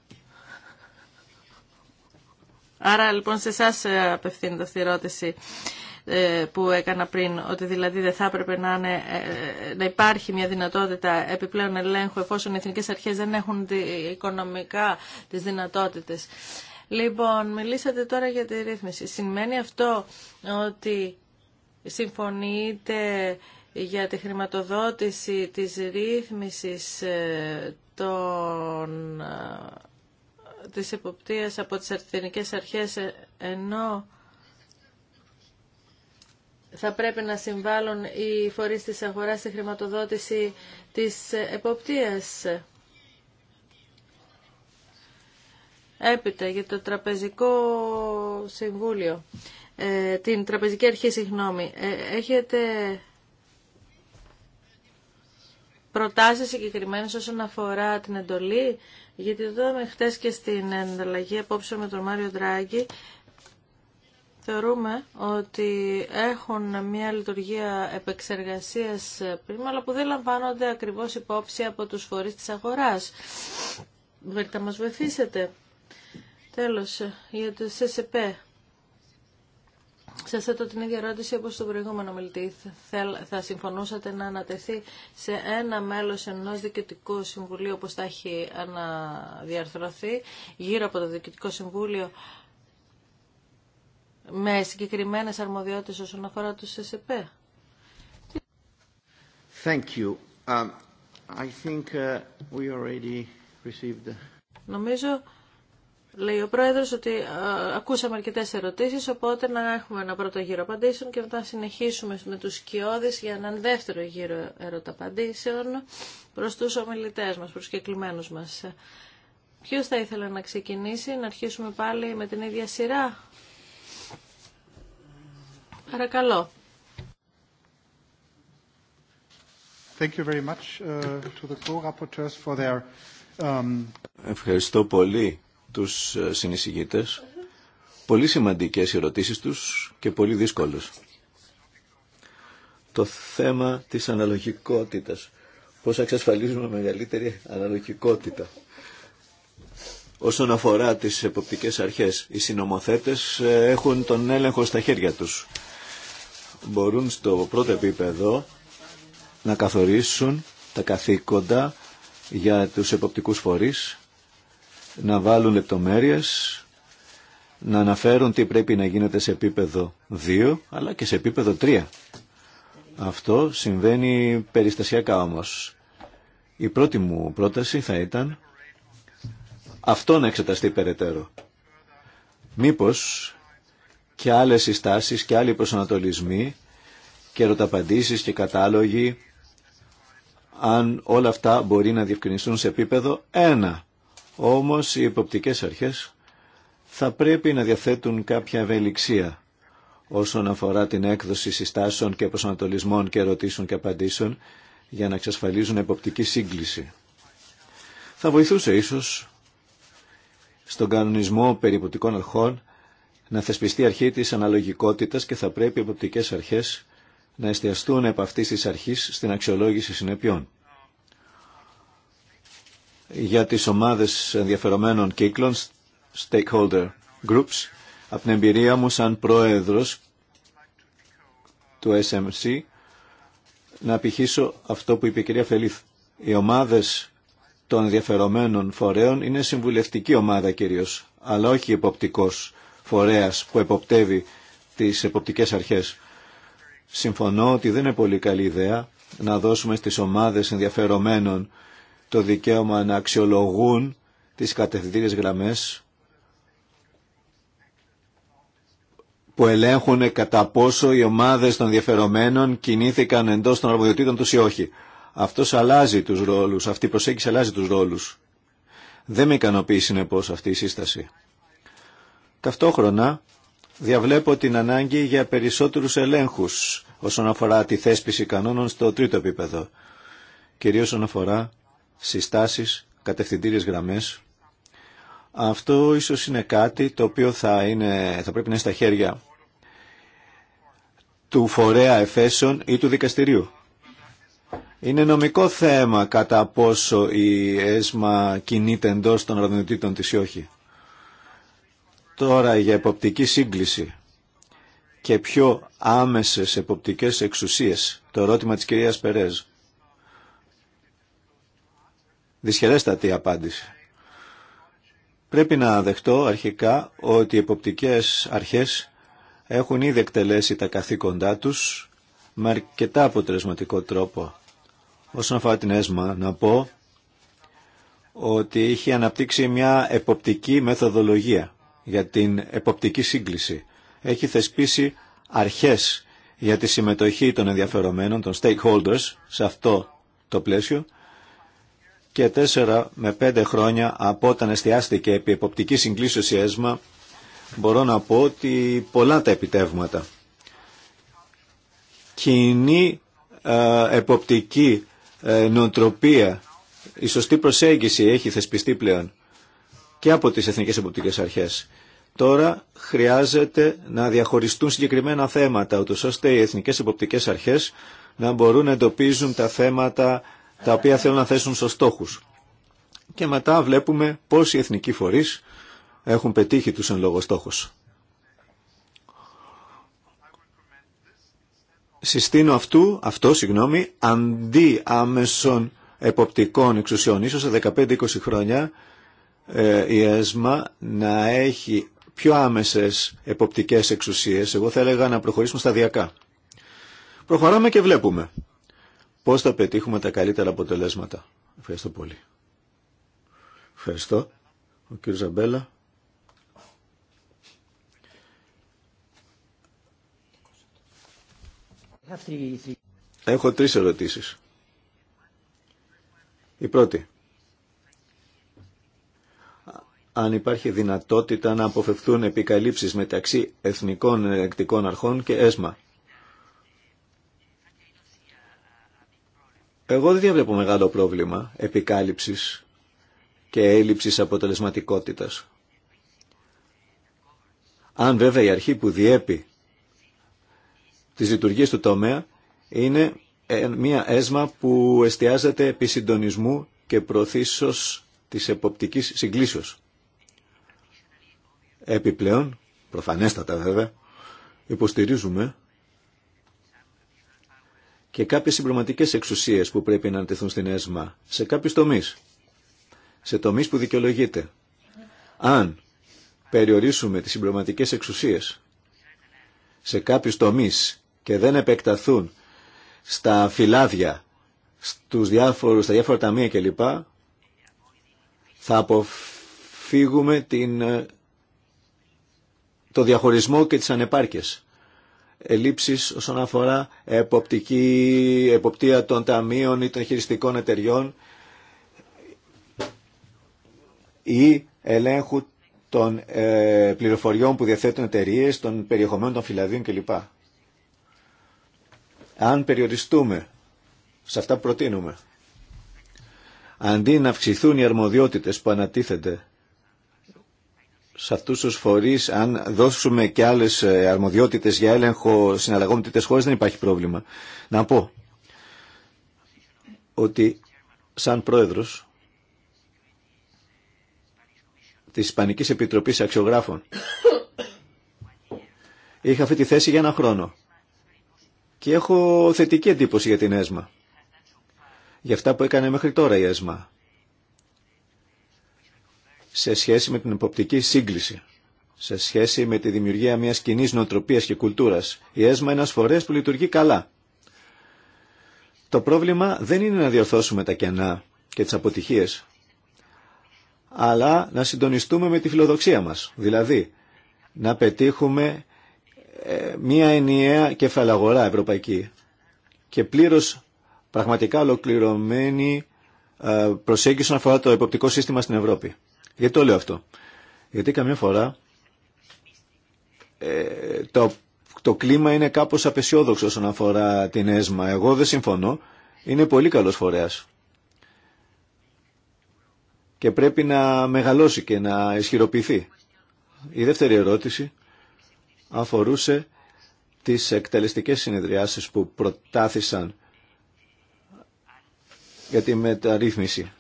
Άρα λοιπόν σε εσά ε, απευθύνεται αυτή η ερώτηση ε, που έκανα πριν, ότι δηλαδή δεν θα έπρεπε να, ε, να υπάρχει μια δυνατότητα επιπλέον ελέγχου εφόσον οι εθνικές αρχές δεν έχουν οικονομικά τις δυνατότητες. Λοιπόν, μιλήσατε τώρα για τη ρύθμιση. Σημαίνει αυτό ότι συμφωνείτε για τη χρηματοδότηση της ρύθμισης ε, των, ε, της εποπτείας από τις αρθενικές αρχές ε, ενώ θα πρέπει να συμβάλλουν οι φορείς της αγοράς στη χρηματοδότηση της εποπτείας. Έπειτα για το τραπεζικό συμβούλιο, ε, την τραπεζική αρχή, συγγνώμη, ε, έχετε προτάσεις συγκεκριμένες όσον αφορά την εντολή, γιατί το είδαμε χτες και στην ενταλλαγή απόψε με τον Μάριο Ντράγκη, θεωρούμε ότι έχουν μια λειτουργία επεξεργασίας πριν, αλλά που δεν λαμβάνονται ακριβώς υπόψη από τους φορείς της αγοράς. Μπορείτε να μας βοηθήσετε. Τέλος, για το ΣΣΠ, Σας θέτω την ίδια ερώτηση όπως στον προηγούμενο μιλητή. Θα συμφωνούσατε να ανατεθεί σε ένα μέλος ενός διοικητικού συμβουλίου όπως θα έχει αναδιαρθρωθεί γύρω από το διοικητικό συμβούλιο με συγκεκριμένες αρμοδιότητες όσον αφορά το ΣΣΠ. Thank you. Um, I think uh, we already received... Νομίζω Λέει ο Πρόεδρο ότι ε, ακούσαμε αρκετέ ερωτήσει, οπότε να έχουμε ένα πρώτο γύρο απαντήσεων και μετά συνεχίσουμε με τους σκιώδει για έναν δεύτερο γύρο ερωταπαντήσεων προς τους ομιλητές μας, προς μα. μας. Ποιος θα ήθελε να ξεκινήσει, να αρχίσουμε πάλι με την ίδια σειρά. Παρακαλώ. Thank you very much uh, to the um, Ευχαριστώ πολύ τους συνεισηγητές. Πολύ σημαντικές οι ερωτήσεις τους και πολύ δύσκολες. Το θέμα της αναλογικότητας. Πώς εξασφαλίζουμε μεγαλύτερη αναλογικότητα. Όσον αφορά τις εποπτικές αρχές, οι συνομοθέτες ε, έχουν τον έλεγχο στα χέρια τους. Μπορούν στο πρώτο επίπεδο να καθορίσουν τα καθήκοντα για τους εποπτικούς φορείς να βάλουν λεπτομέρειες, να αναφέρουν τι πρέπει να γίνεται σε επίπεδο 2 αλλά και σε επίπεδο 3. Αυτό συμβαίνει περιστασιακά όμως. Η πρώτη μου πρόταση θα ήταν αυτό να εξεταστεί περαιτέρω. Μήπως και άλλες συστάσεις και άλλοι προσανατολισμοί και ερωταπαντήσεις και κατάλογοι αν όλα αυτά μπορεί να διευκρινιστούν σε επίπεδο 1 όμως οι εποπτικές αρχές θα πρέπει να διαθέτουν κάποια ευελιξία όσον αφορά την έκδοση συστάσεων και προσανατολισμών και ερωτήσεων και απαντήσεων για να εξασφαλίζουν εποπτική σύγκληση. Θα βοηθούσε ίσως στον κανονισμό περιποτικών αρχών να θεσπιστεί αρχή της αναλογικότητας και θα πρέπει οι εποπτικές αρχές να εστιαστούν επ' αυτής της αρχής στην αξιολόγηση συνεπειών για τις ομάδες ενδιαφερομένων κύκλων, stakeholder groups, από την εμπειρία μου σαν πρόεδρος του SMC, να επιχείσω αυτό που είπε η κυρία Φελίθ. Οι ομάδες των ενδιαφερομένων φορέων είναι συμβουλευτική ομάδα κυρίως, αλλά όχι εποπτικός φορέας που εποπτεύει τις εποπτικές αρχές. Συμφωνώ ότι δεν είναι πολύ καλή ιδέα να δώσουμε στις ομάδες ενδιαφερομένων το δικαίωμα να αξιολογούν τις κατευθυντήριες γραμμές που ελέγχουν κατά πόσο οι ομάδες των διαφερομένων κινήθηκαν εντός των αρμοδιοτήτων τους ή όχι. Αυτός αλλάζει τους ρόλους, αυτή η προσέγγιση αλλάζει τους ρόλους. Δεν με ικανοποιεί συνεπώ αυτή η σύσταση. Ταυτόχρονα διαβλέπω την ανάγκη για περισσότερους ελέγχους όσον αφορά τη θέσπιση κανόνων στο τρίτο επίπεδο. Κυρίως όσον αφορά συστάσεις, κατευθυντήριες γραμμές. Αυτό ίσως είναι κάτι το οποίο θα, είναι, θα πρέπει να είναι στα χέρια του φορέα εφέσεων ή του δικαστηρίου. Είναι νομικό θέμα κατά πόσο η ΕΣΜΑ κινείται εντός των αρνητήτων της ή όχι. Τώρα για εποπτική σύγκληση και πιο άμεσες εποπτικές εξουσίες. Το ερώτημα της κυρίας Περέζ. Δυσχερέστατη απάντηση. Πρέπει να δεχτώ αρχικά ότι οι εποπτικές αρχές έχουν ήδη εκτελέσει τα καθήκοντά τους με αρκετά αποτελεσματικό τρόπο. Όσον αφορά την ΕΣΜΑ, να πω ότι είχε αναπτύξει μια εποπτική μεθοδολογία για την εποπτική σύγκληση. Έχει θεσπίσει αρχές για τη συμμετοχή των ενδιαφερομένων, των stakeholders, σε αυτό το πλαίσιο και τέσσερα με πέντε χρόνια από όταν εστιάστηκε επί εποπτική συγκλήσεως η ΕΣΜΑ μπορώ να πω ότι πολλά τα επιτεύγματα. Κοινή ε, εποπτική ε, νοοτροπία, η σωστή προσέγγιση έχει θεσπιστεί πλέον και από τις Εθνικές Εποπτικές Αρχές. Τώρα χρειάζεται να διαχωριστούν συγκεκριμένα θέματα, ούτως ώστε οι Εθνικές Εποπτικές Αρχές να μπορούν να εντοπίζουν τα θέματα τα οποία θέλουν να θέσουν στους στόχους. Και μετά βλέπουμε πώς οι εθνικοί φορείς έχουν πετύχει τους εν λόγω στόχους. Συστήνω αυτού, αυτό συγγνώμη, αντί άμεσων εποπτικών εξουσιών, ίσως σε 15-20 χρόνια ε, η ΕΣΜΑ να έχει πιο άμεσες εποπτικές εξουσίες. Εγώ θα έλεγα να προχωρήσουμε σταδιακά. Προχωράμε και βλέπουμε πώς θα πετύχουμε τα καλύτερα αποτελέσματα. Ευχαριστώ πολύ. Ευχαριστώ. Ο κύριος Ζαμπέλα. Έχω τρεις ερωτήσεις. Η πρώτη. Αν υπάρχει δυνατότητα να αποφευθούν επικαλύψεις μεταξύ εθνικών ελεκτικών αρχών και ΕΣΜΑ. Εγώ δεν διαβλέπω μεγάλο πρόβλημα επικάλυψης και έλλειψης αποτελεσματικότητας. Αν βέβαια η αρχή που διέπει τις λειτουργίες του τομέα είναι μια έσμα που εστιάζεται επί συντονισμού και προθήσεως της εποπτικής συγκλήσεως. Επιπλέον, προφανέστατα βέβαια, υποστηρίζουμε και κάποιες συμπληρωματικές εξουσίες που πρέπει να αντιθούν στην ΕΣΜΑ σε κάποιους τομείς, σε τομείς που δικαιολογείται. Αν περιορίσουμε τις συμπληρωματικές εξουσίες σε κάποιους τομείς και δεν επεκταθούν στα φυλάδια, στους διάφορους, στα διάφορα ταμεία κλπ, θα αποφύγουμε την, ε, το διαχωρισμό και τις ανεπάρκειες ελλείψεις όσον αφορά εποπτική, εποπτεία των ταμείων ή των χειριστικών εταιριών ή ελέγχου των ε, πληροφοριών που διαθέτουν εταιρείε, των περιεχομένων των φυλαδίων κλπ. Αν περιοριστούμε σε αυτά που προτείνουμε, αντί να αυξηθούν οι αρμοδιότητες που ανατίθεται σε αυτούς τους φορείς αν δώσουμε και άλλες ε, αρμοδιότητες για έλεγχο συναλλαγών με χώρες δεν υπάρχει πρόβλημα. Να πω ότι σαν πρόεδρος της Ισπανικής Επιτροπής Αξιογράφων είχα αυτή τη θέση για ένα χρόνο και έχω θετική εντύπωση για την ΕΣΜΑ για αυτά που έκανε μέχρι τώρα η ΕΣΜΑ σε σχέση με την εποπτική σύγκληση, σε σχέση με τη δημιουργία μιας κοινή νοοτροπία και κουλτούρας. Η ΕΣΜΑ είναι ένα φορέα που λειτουργεί καλά. Το πρόβλημα δεν είναι να διορθώσουμε τα κενά και τις αποτυχίες, αλλά να συντονιστούμε με τη φιλοδοξία μας, δηλαδή να πετύχουμε ε, μια ενιαία κεφαλαγορά ευρωπαϊκή και πλήρω πραγματικά ολοκληρωμένη ε, προσέγγιση όσον αφορά το εποπτικό σύστημα στην Ευρώπη. Γιατί το λέω αυτό. Γιατί καμιά φορά ε, το, κλίμα είναι κάπως απεσιόδοξο όσον αφορά την ΕΣΜΑ. Εγώ δεν συμφωνώ. Είναι πολύ καλός φορέας. Και πρέπει να μεγαλώσει και να ισχυροποιηθεί. Η δεύτερη ερώτηση αφορούσε τις εκτελεστικές συνεδριάσεις που προτάθησαν για τη μεταρρύθμιση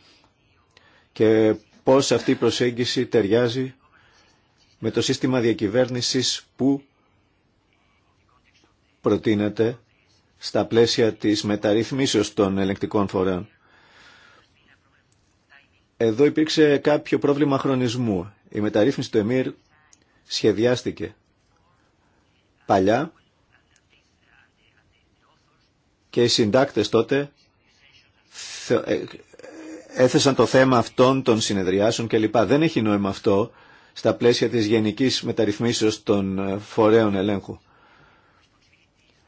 και πώς αυτή η προσέγγιση ταιριάζει με το σύστημα διακυβέρνησης που προτείνεται στα πλαίσια της μεταρρυθμίσεως των ελεκτικών φορέων. Εδώ υπήρξε κάποιο πρόβλημα χρονισμού. Η μεταρρύθμιση του ΕΜΙΡ σχεδιάστηκε παλιά και οι συντάκτες τότε ε, έθεσαν το θέμα αυτών των συνεδριάσεων κλπ. Δεν έχει νόημα αυτό στα πλαίσια της γενικής μεταρρυθμίσεως των ε, φορέων ελέγχου.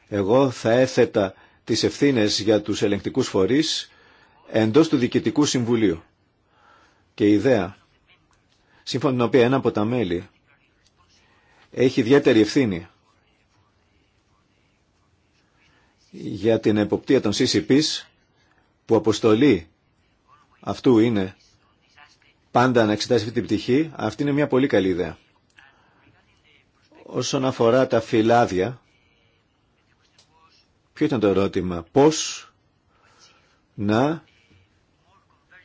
Εγώ θα έθετα τις ευθύνες για τους ελεγκτικούς φορείς εντός του Διοικητικού Συμβουλίου. Και η ιδέα, σύμφωνα την οποία ένα από τα μέλη έχει ιδιαίτερη ευθύνη για την εποπτεία των CCPs που αποστολεί αυτού είναι πάντα να εξετάσει αυτή την πτυχή, αυτή είναι μια πολύ καλή ιδέα. Όσον αφορά τα φυλάδια, ποιο ήταν το ερώτημα, πώς να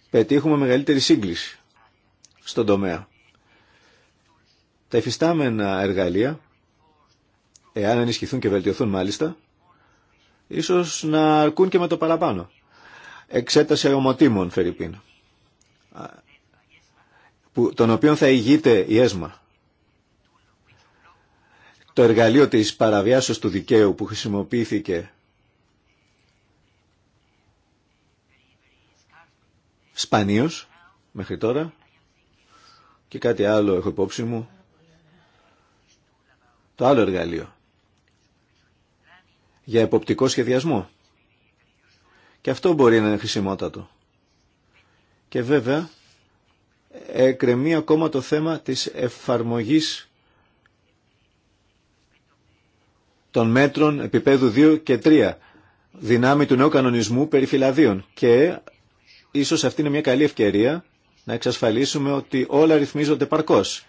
πετύχουμε μεγαλύτερη σύγκληση στον τομέα. Τα εφιστάμενα εργαλεία, εάν ενισχυθούν και βελτιωθούν μάλιστα, ίσως να αρκούν και με το παραπάνω εξέταση ομοτήμων, Φερρυπίν, τον οποίο θα ηγείται η ΕΣΜΑ. Το εργαλείο της παραβιάσεως του δικαίου που χρησιμοποιήθηκε σπανίως μέχρι τώρα και κάτι άλλο έχω υπόψη μου το άλλο εργαλείο για εποπτικό σχεδιασμό και αυτό μπορεί να είναι χρησιμότατο. Και βέβαια, εκρεμεί ακόμα το θέμα της εφαρμογής των μέτρων επίπεδου 2 και 3, δυνάμει του νέου κανονισμού περί φυλαδίων. Και ίσως αυτή είναι μια καλή ευκαιρία να εξασφαλίσουμε ότι όλα ρυθμίζονται παρκώς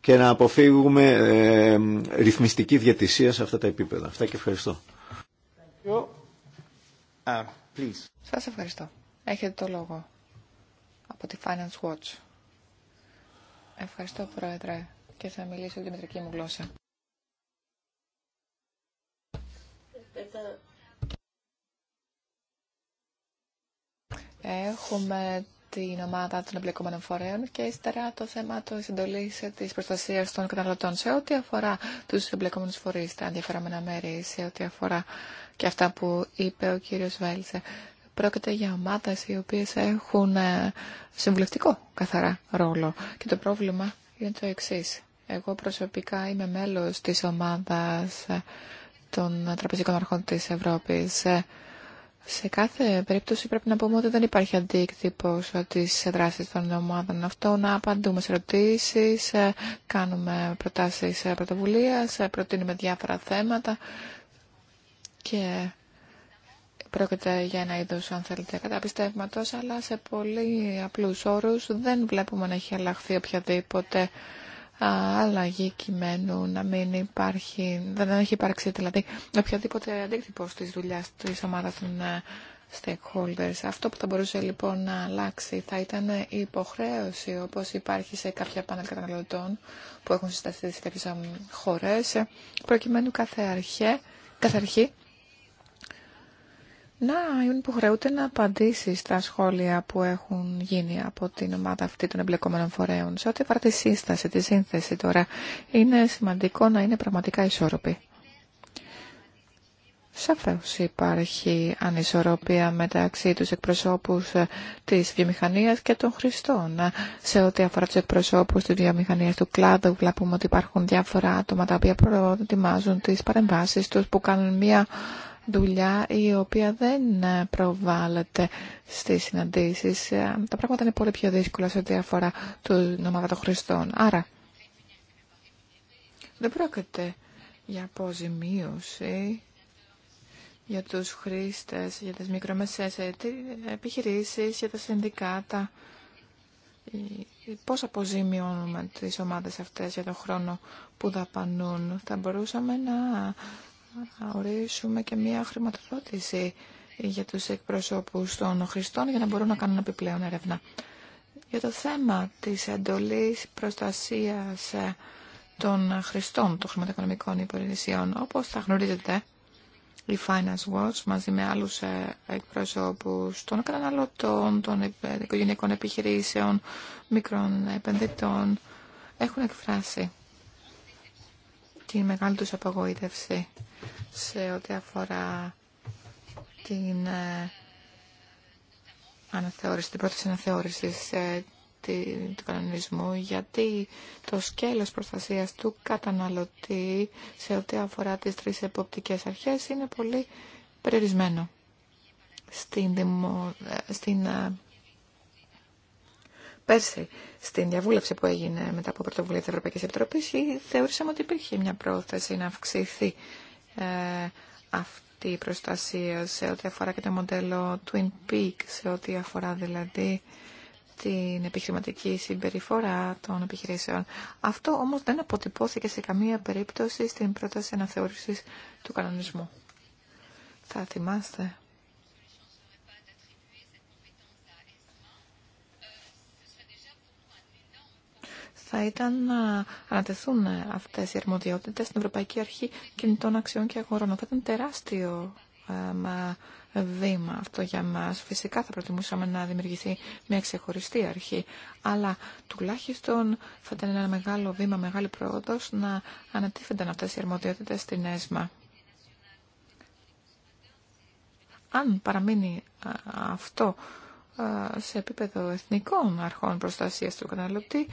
και να αποφύγουμε ε, ρυθμιστική διατησία σε αυτά τα επίπεδα. Αυτά και ευχαριστώ. Uh, Σας ευχαριστώ. Έχετε το λόγο από τη Finance Watch. Ευχαριστώ, Πρόεδρε, και θα μιλήσω τη μετρική μου γλώσσα. Έχουμε την ομάδα των εμπλεκόμενων φορέων και ύστερα το θέμα τη εντολή τη προστασία των καταναλωτών σε ό,τι αφορά του εμπλεκόμενου φορεί, τα ενδιαφεραμένα μέρη, σε ό,τι αφορά και αυτά που είπε ο κύριος Βέλτσε. Πρόκειται για ομάδες οι οποίες έχουν ε, συμβουλευτικό καθαρά ρόλο και το πρόβλημα είναι το εξής. Εγώ προσωπικά είμαι μέλος της ομάδας ε, των τραπεζικών αρχών της Ευρώπης. Ε, σε κάθε περίπτωση πρέπει να πούμε ότι δεν υπάρχει αντίκτυπος τη δράση των ομάδων αυτών. Να απαντούμε σε ερωτήσεις, κάνουμε προτάσει πρωτοβουλία, προτείνουμε διάφορα θέματα και πρόκειται για ένα είδος, αν θέλετε, καταπιστεύματος, αλλά σε πολύ απλούς όρους δεν βλέπουμε να έχει αλλάχθει οποιαδήποτε αλλαγή κειμένου, να μην υπάρχει, δεν έχει υπάρξει δηλαδή οποιαδήποτε αντίκτυπο τη δουλειά της ομάδας των ε, stakeholders. Αυτό που θα μπορούσε λοιπόν να αλλάξει θα ήταν η υποχρέωση όπως υπάρχει σε κάποια πάνελ καταναλωτών που έχουν συσταθεί σε κάποιες χώρες προκειμένου κάθε, κάθε αρχή να υποχρεούται να απαντήσει στα σχόλια που έχουν γίνει από την ομάδα αυτή των εμπλεκόμενων φορέων. Σε ό,τι αφορά τη σύσταση, τη σύνθεση τώρα, είναι σημαντικό να είναι πραγματικά ισόρροπη. Σαφώς υπάρχει ανισορροπία μεταξύ τους εκπροσώπους ε, της βιομηχανίας και των χρηστών. Ε, σε ό,τι αφορά τους εκπροσώπους της βιομηχανίας του κλάδου βλέπουμε ότι υπάρχουν διάφορα άτομα τα οποία προετοιμάζουν τις παρεμβάσει του που κάνουν μια δουλειά η οποία δεν ε, προβάλλεται στις συναντήσεις. Ε, τα πράγματα είναι πολύ πιο δύσκολα σε ό,τι αφορά την ομάδα των χρηστών. Άρα, δεν πρόκειται για αποζημίωση για τους χρήστες, για τις μικρομεσαίες ε, επιχειρήσεις, για τα συνδικάτα. Πώς αποζημιώνουμε τις ομάδες αυτές για τον χρόνο που δαπανούν. Θα μπορούσαμε να θα ορίσουμε και μία χρηματοδότηση για τους εκπροσώπους των χρηστών για να μπορούν να κάνουν επιπλέον έρευνα. Για το θέμα της εντολής προστασίας ε, των χρηστών των χρηματοοικονομικών υπηρεσιών, όπως θα γνωρίζετε, η Finance Watch μαζί με άλλους ε, εκπροσώπους των καταναλωτών, των ε, οικογενειακών επιχειρήσεων, μικρών επενδυτών έχουν εκφράσει η μεγάλη τους απογοήτευση σε ό,τι αφορά την ε, αναθεώρηση, την πρόταση αναθεώρησης ε, του κανονισμού, γιατί το σκέλος προστασίας του καταναλωτή σε ό,τι αφορά τις τρεις εποπτικές αρχές είναι πολύ περιορισμένο στην, δημο... Ε, στην Πέρσι, στην διαβούλευση που έγινε μετά από πρωτοβουλία της Ευρωπαϊκής Επιτροπής, θεωρήσαμε ότι υπήρχε μια πρόθεση να αυξηθεί ε, αυτή η προστασία σε ό,τι αφορά και το μοντέλο Twin Peak, σε ό,τι αφορά δηλαδή την επιχειρηματική συμπεριφορά των επιχειρήσεων. Αυτό όμως δεν αποτυπώθηκε σε καμία περίπτωση στην πρόταση αναθεώρησης του κανονισμού. Θα θυμάστε θα ήταν να ανατεθούν ε, αυτές οι αρμοδιότητες στην Ευρωπαϊκή Αρχή Κινητών Αξιών και Αγορών. Θα ήταν τεράστιο μα, βήμα αυτό για μας. Φυσικά θα προτιμούσαμε να δημιουργηθεί μια ξεχωριστή αρχή, αλλά τουλάχιστον θα ήταν ένα μεγάλο βήμα, μεγάλη πρόοδος να ανατίθενταν αυτές οι αρμοδιότητες στην ΕΣΜΑ. Αν παραμείνει αυτό σε επίπεδο εθνικών αρχών προστασίας του καταναλωτή,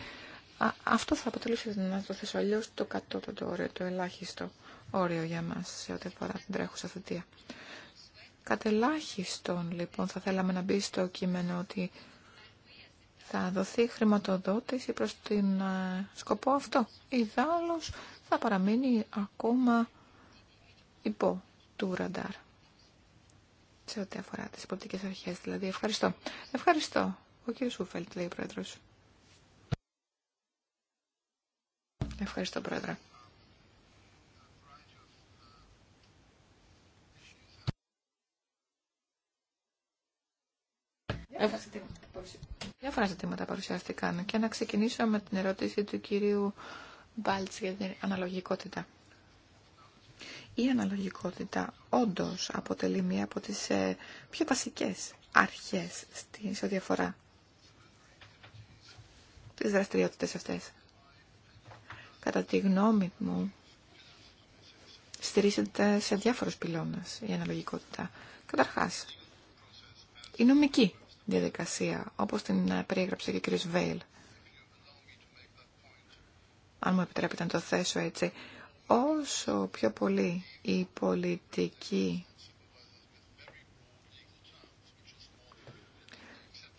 αυτό θα αποτελούσε, να το θέσω αλλιώ, το κατώτατο όριο, το ελάχιστο όριο για μα, σε ό,τι αφορά την τρέχουσα θετία. Κατ' ελάχιστον, λοιπόν, θα θέλαμε να μπει στο κείμενο ότι θα δοθεί χρηματοδότηση προς τον ε, σκοπό αυτό. Ιδάλλως θα παραμείνει ακόμα υπό του ραντάρ. Σε ό,τι αφορά τις υποπτικές αρχές, δηλαδή. Ευχαριστώ. Ευχαριστώ. Ο κ. Σούφελτ λέει ο πρόεδρος. Ευχαριστώ, Πρόεδρε. Διάφορα ζητήματα παρουσιάστηκαν και να ξεκινήσω με την ερώτηση του κυρίου Μπάλτς για την αναλογικότητα. Η αναλογικότητα όντως αποτελεί μία από τις ε, πιο βασικές αρχές σε διαφορά τις δραστηριότητες αυτές κατά τη γνώμη μου, στηρίζεται σε διάφορους πυλώνες η αναλογικότητα. Καταρχάς, η νομική διαδικασία, όπως την περιέγραψε και ο κ. Βέιλ. Αν μου επιτρέπετε να το θέσω έτσι, όσο πιο πολύ η πολιτική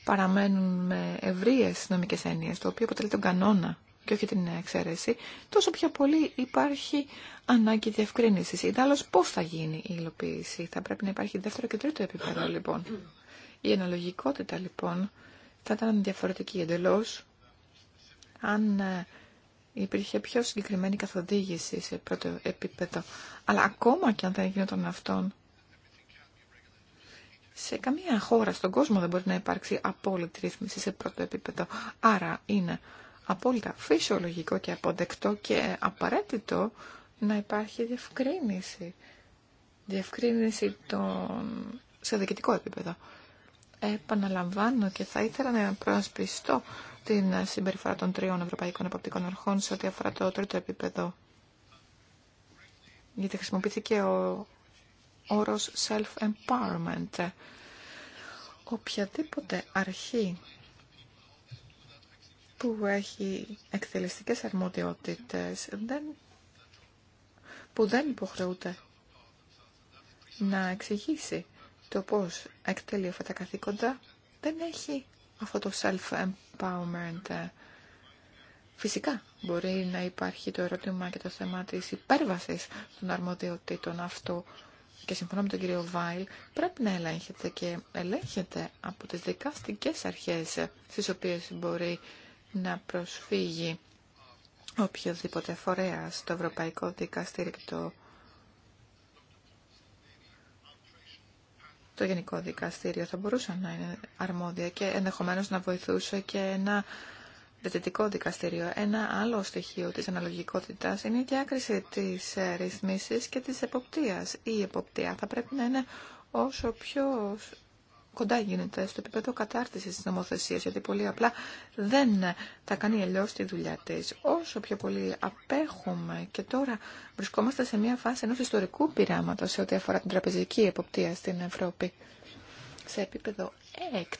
παραμένουν με ευρείες νομικές έννοιες, το οποίο αποτελεί τον κανόνα και όχι την εξαίρεση, τόσο πιο πολύ υπάρχει ανάγκη διευκρίνηση. Ιδάλω, πώ θα γίνει η υλοποίηση. Θα πρέπει να υπάρχει δεύτερο και τρίτο επίπεδο, λοιπόν. Η αναλογικότητα, λοιπόν, θα ήταν διαφορετική εντελώ αν ε, υπήρχε πιο συγκεκριμένη καθοδήγηση σε πρώτο επίπεδο. Αλλά ακόμα και αν δεν γινόταν αυτόν, σε καμία χώρα στον κόσμο δεν μπορεί να υπάρξει απόλυτη ρύθμιση σε πρώτο επίπεδο. Άρα είναι απόλυτα φυσιολογικό και αποδεκτό και απαραίτητο να υπάρχει διευκρίνηση. Διευκρίνηση των... σε διοικητικό επίπεδο. Επαναλαμβάνω και θα ήθελα να προασπιστώ την συμπεριφορά των τριών ευρωπαϊκών εποπτικών αρχών σε ό,τι αφορά το τρίτο επίπεδο. Γιατί χρησιμοποιήθηκε ο όρος self-empowerment. Οποιαδήποτε αρχή που έχει εκτελεστικές αρμοδιότητες δεν, που δεν υποχρεούται να εξηγήσει το πώς εκτελεί αυτά τα καθήκοντα δεν έχει αυτό το self-empowerment. Φυσικά μπορεί να υπάρχει το ερώτημα και το θέμα της υπέρβασης των αρμοδιοτήτων αυτού και συμφωνώ με τον κύριο Βάιλ, πρέπει να ελέγχεται και ελέγχεται από τις δικαστικές αρχές στις οποίες μπορεί να προσφύγει οποιοδήποτε φορέα στο Ευρωπαϊκό Δικαστήριο το, Γενικό Δικαστήριο θα μπορούσαν να είναι αρμόδια και ενδεχομένως να βοηθούσε και ένα Δυτικό δικαστήριο. Ένα άλλο στοιχείο της αναλογικότητας είναι η διάκριση της ρυθμίσης και της εποπτείας. Η εποπτεία θα πρέπει να είναι όσο πιο κοντά γίνεται στο επίπεδο κατάρτιση τη νομοθεσία, γιατί πολύ απλά δεν θα κάνει αλλιώ τη δουλειά τη. Όσο πιο πολύ απέχουμε και τώρα βρισκόμαστε σε μια φάση ενό ιστορικού πειράματο σε ό,τι αφορά την τραπεζική εποπτεία στην Ευρώπη. Σε επίπεδο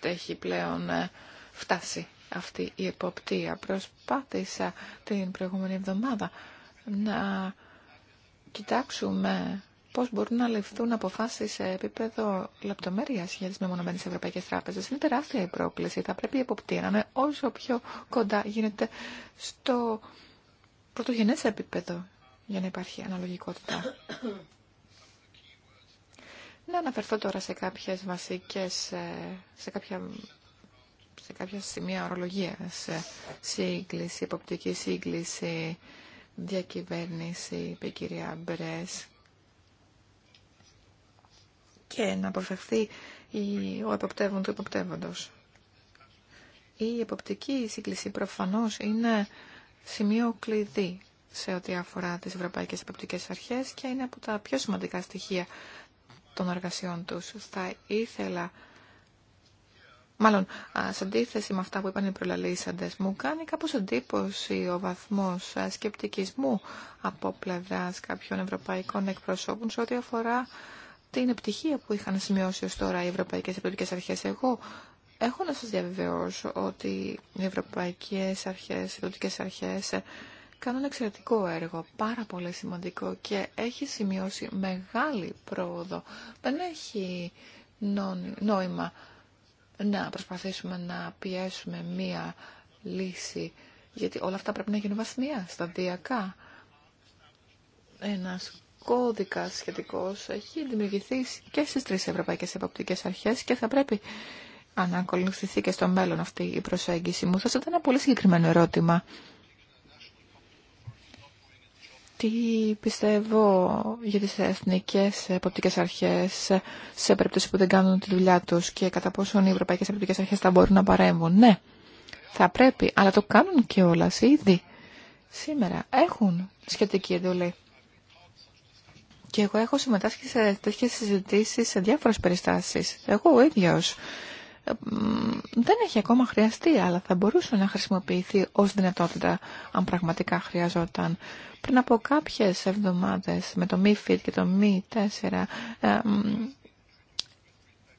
έχει πλέον ε, φτάσει αυτή η εποπτεία. Προσπάθησα την προηγούμενη εβδομάδα να κοιτάξουμε πώς μπορούν να ληφθούν αποφάσεις σε επίπεδο λεπτομέρειας για τις μεμονωμένες ευρωπαϊκές τράπεζες. Είναι τεράστια η πρόκληση. Θα πρέπει η εποπτεία να είναι όσο πιο κοντά γίνεται στο πρωτογενές επίπεδο για να υπάρχει αναλογικότητα. Να αναφερθώ τώρα σε κάποιες βασικές, ε, σε κάποια, σε κάποια σημεία ορολογίας. Ε, σύγκληση, υποπτική σύγκληση, διακυβέρνηση, είπε η και να αποφευθεί ο εποπτεύον του εποπτεύοντος. Η εποπτική σύγκληση προφανώς είναι σημείο κλειδί σε ό,τι αφορά τις Ευρωπαϊκές Εποπτικές Αρχές και είναι από τα πιο σημαντικά στοιχεία των εργασιών τους. Θα ήθελα, μάλλον σε αντίθεση με αυτά που είπαν οι προλαλήσαντες, μου κάνει κάπως εντύπωση ο βαθμός σκεπτικισμού από πλευράς κάποιων ευρωπαϊκών εκπροσώπων σε ό,τι αφορά την επιτυχία που είχαν σημειώσει ως τώρα οι Ευρωπαϊκές Επιτροπικές Αρχές. Εγώ έχω να σας διαβεβαιώσω ότι οι Ευρωπαϊκές Αρχές, οι Επιτροπικές Αρχές κάνουν εξαιρετικό έργο, πάρα πολύ σημαντικό και έχει σημειώσει μεγάλη πρόοδο. Δεν έχει νόημα να προσπαθήσουμε να πιέσουμε μία λύση, γιατί όλα αυτά πρέπει να γίνουν βασμία, σταδιακά. Ένας κώδικα σχετικό έχει δημιουργηθεί και στις τρεις ευρωπαϊκές εποπτικές αρχές και θα πρέπει να ακολουθηθεί και στο μέλλον αυτή η προσέγγιση μου. Θέσατε ένα πολύ συγκεκριμένο ερώτημα. Τι πιστεύω για τις εθνικές εποπτικές αρχές σε περίπτωση που δεν κάνουν τη δουλειά τους και κατά πόσον οι ευρωπαϊκές εποπτικές αρχές θα μπορούν να παρέμβουν. Ναι, θα πρέπει, αλλά το κάνουν και όλα ήδη. Σήμερα έχουν σχετική εντολή. Και εγώ έχω συμμετάσχει σε τέτοιε συζητήσει σε διάφορες περιστάσεις. Εγώ ο ίδιο δεν έχει ακόμα χρειαστεί, αλλά θα μπορούσε να χρησιμοποιηθεί ως δυνατότητα αν πραγματικά χρειαζόταν. Πριν από κάποιες εβδομάδες με το MIFID και το MI4 ε,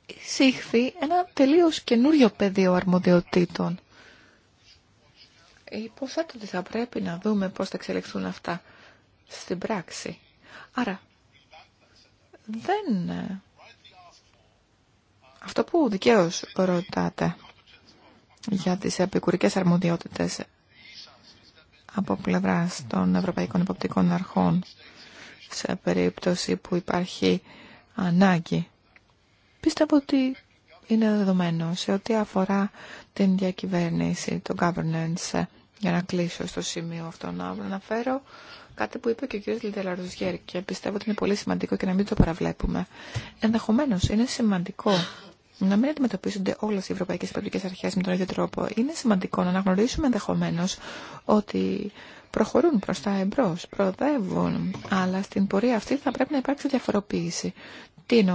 εισήχθη ένα τελείως καινούριο πεδίο αρμοδιοτήτων. Υποθέτω ότι θα πρέπει να δούμε πώς θα εξελιχθούν αυτά στην πράξη. Άρα δεν... Ε, αυτό που δικαίως ρωτάτε για τις επικουρικές αρμοδιότητες από πλευράς των Ευρωπαϊκών Υποπτικών Αρχών σε περίπτωση που υπάρχει ανάγκη. Πιστεύω ότι είναι δεδομένο σε ό,τι αφορά την διακυβέρνηση, το governance. Ε, για να κλείσω στο σημείο αυτό να αναφέρω Κάτι που είπε και ο κ. Λιντελαρουζιέρ και πιστεύω ότι είναι πολύ σημαντικό και να μην το παραβλέπουμε. Ενδεχομένω είναι σημαντικό να μην αντιμετωπίζονται όλε οι ευρωπαϊκέ υπηρετικέ αρχέ με τον ίδιο τρόπο. Είναι σημαντικό να αναγνωρίσουμε ενδεχομένω ότι προχωρούν προ τα εμπρό, προοδεύουν, αλλά στην πορεία αυτή θα πρέπει να υπάρξει διαφοροποίηση. Τι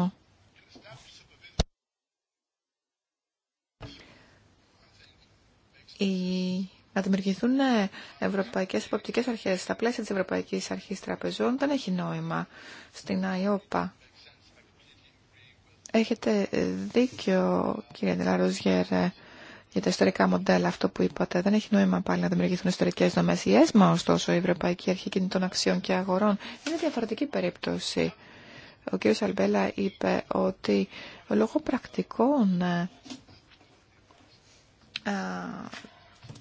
να δημιουργηθούν ε, ευρωπαϊκές υποπτικές αρχές στα πλαίσια της Ευρωπαϊκής Αρχής Τραπεζών δεν έχει νόημα στην ΑΙΟΠΑ. Έχετε ε, δίκιο, κύριε Ντελαροζιέρ, ε, για τα ιστορικά μοντέλα, αυτό που είπατε. Δεν έχει νόημα πάλι να δημιουργηθούν ιστορικέ δομέ. Η ΕΣΜΑ, ωστόσο, η Ευρωπαϊκή Αρχή Κινητών Αξιών και Αγορών, είναι διαφορετική περίπτωση. Ο κ. Αλμπέλα είπε ότι λόγω πρακτικών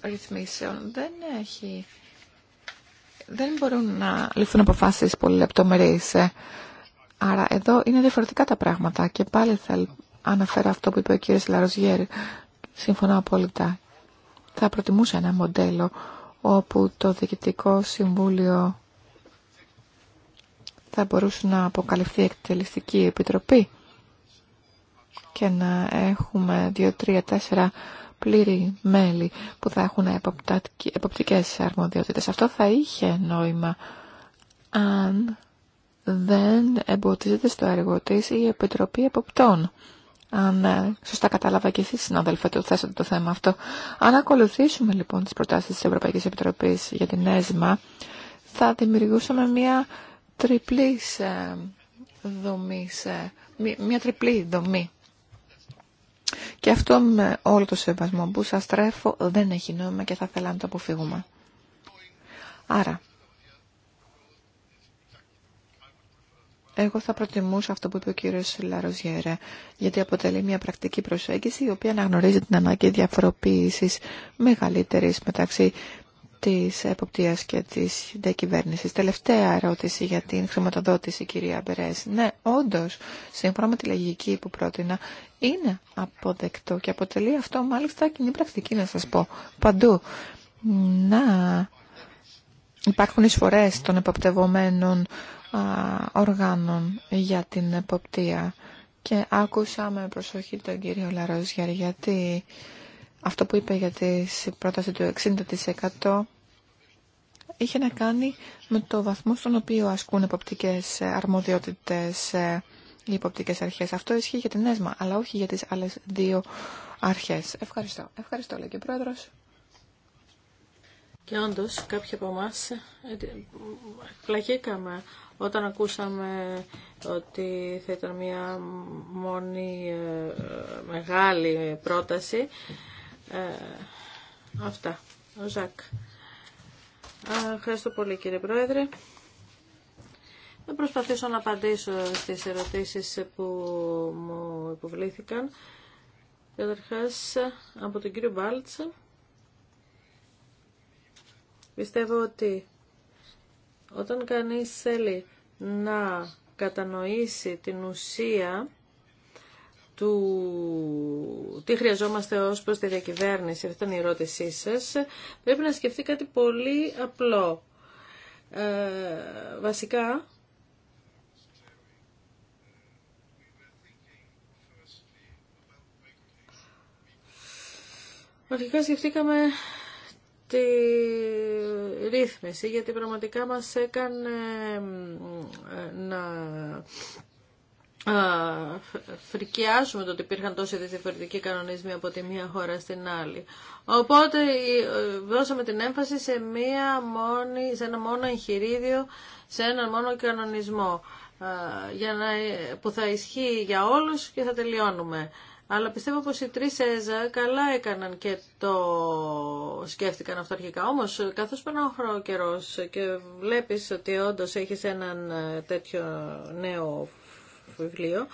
ρυθμίσεων δεν έχει... Δεν μπορούν να ληφθούν αποφάσεις πολύ λεπτομερείς. Ε. Άρα εδώ είναι διαφορετικά τα πράγματα και πάλι θα αναφέρω αυτό που είπε ο κύριος Λαροζιέρ. Συμφωνώ απόλυτα. Θα προτιμούσα ένα μοντέλο όπου το Διοικητικό Συμβούλιο θα μπορούσε να αποκαλυφθεί εκτελεστική επιτροπή και να έχουμε δύο, τρία, τέσσερα πλήρη μέλη που θα έχουν εποπτικές αρμοδιότητες. Αυτό θα είχε νόημα αν δεν εμποτίζεται στο έργο της η Επιτροπή Εποπτών. Αν ε, σωστά κατάλαβα και εσείς συνάδελφε το θέσατε το θέμα αυτό. Αν ακολουθήσουμε λοιπόν τις προτάσεις της Ευρωπαϊκής Επιτροπής για την ΕΣΜΑ θα δημιουργούσαμε μια τριπλή ε, δομή μια τριπλή δομή και αυτό με όλο το σεβασμό που σας τρέφω δεν έχει νόημα και θα ήθελα να το αποφύγουμε. Άρα, εγώ θα προτιμούσα αυτό που είπε ο κύριος Λαροζιέρε, γιατί αποτελεί μια πρακτική προσέγγιση η οποία αναγνωρίζει την ανάγκη διαφοροποίησης μεγαλύτερης μεταξύ της εποπτείας και της διακυβέρνησης. Τελευταία ερώτηση για την χρηματοδότηση, κυρία Μπερές. Ναι, όντως, σύμφωνα με τη λογική που πρότεινα, είναι αποδεκτό και αποτελεί αυτό μάλιστα κοινή πρακτική, να σας πω, παντού. Να υπάρχουν εισφορές των εποπτευομένων οργάνων για την εποπτεία. Και άκουσα με προσοχή τον κύριο Λαροζιαρ γιατί αυτό που είπε για τη πρόταση του 60% είχε να κάνει με το βαθμό στον οποίο ασκούν υποπτικές αρμοδιότητες ε, οι υποπτικές αρχές. Αυτό ισχύει για την ΕΣΜΑ, αλλά όχι για τις άλλες δύο αρχές. Ευχαριστώ. Ευχαριστώ, λέει και ο Πρόεδρος. Και όντω, κάποιοι από εμά ε, ε, πλαγήκαμε όταν ακούσαμε ότι θα ήταν μια μόνη μεγάλη πρόταση. Ε, αυτά. Ο Ζακ. Ευχαριστώ πολύ κύριε Πρόεδρε. Θα προσπαθήσω να απαντήσω στις ερωτήσεις που μου υποβλήθηκαν. Καταρχάς από τον κύριο Μπάλτσα. Πιστεύω ότι όταν κανείς θέλει να κατανοήσει την ουσία του τι χρειαζόμαστε ως προς τη διακυβέρνηση, αυτή ήταν η ερώτησή σας, πρέπει να σκεφτεί κάτι πολύ απλό. Ε, βασικά, αρχικά σκεφτήκαμε τη ρύθμιση, γιατί πραγματικά μας έκανε ε, να φρικιάσουμε το ότι υπήρχαν τόσοι διαφορετικοί κανονισμοί από τη μία χώρα στην άλλη. Οπότε ε, δώσαμε την έμφαση σε, μία μόνη, σε ένα μόνο εγχειρίδιο, σε έναν μόνο κανονισμό για να, που θα ισχύει για όλους και θα τελειώνουμε. Αλλά πιστεύω πως οι τρεις ΕΖΑ καλά έκαναν και το σκέφτηκαν αυτό αρχικά. Όμως καθώς περνά ο καιρός και βλέπεις ότι όντως έχεις έναν ε, τέτοιο νέο βιβλίο,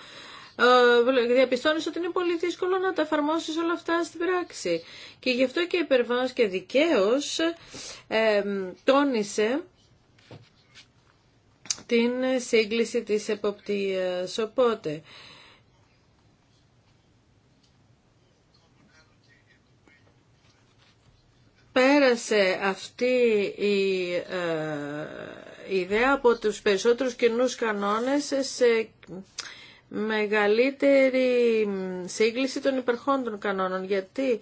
ε, διαπιστώνεις ότι είναι πολύ δύσκολο να τα εφαρμόσεις όλα αυτά στην πράξη. Και γι' αυτό και υπερβάνω και δικαίως ε, τόνισε την σύγκληση της εποπτείας. Οπότε, πέρασε αυτή η ε, ιδέα από τους περισσότερους κοινού κανόνες σε μεγαλύτερη σύγκληση των υπερχόντων κανόνων. Γιατί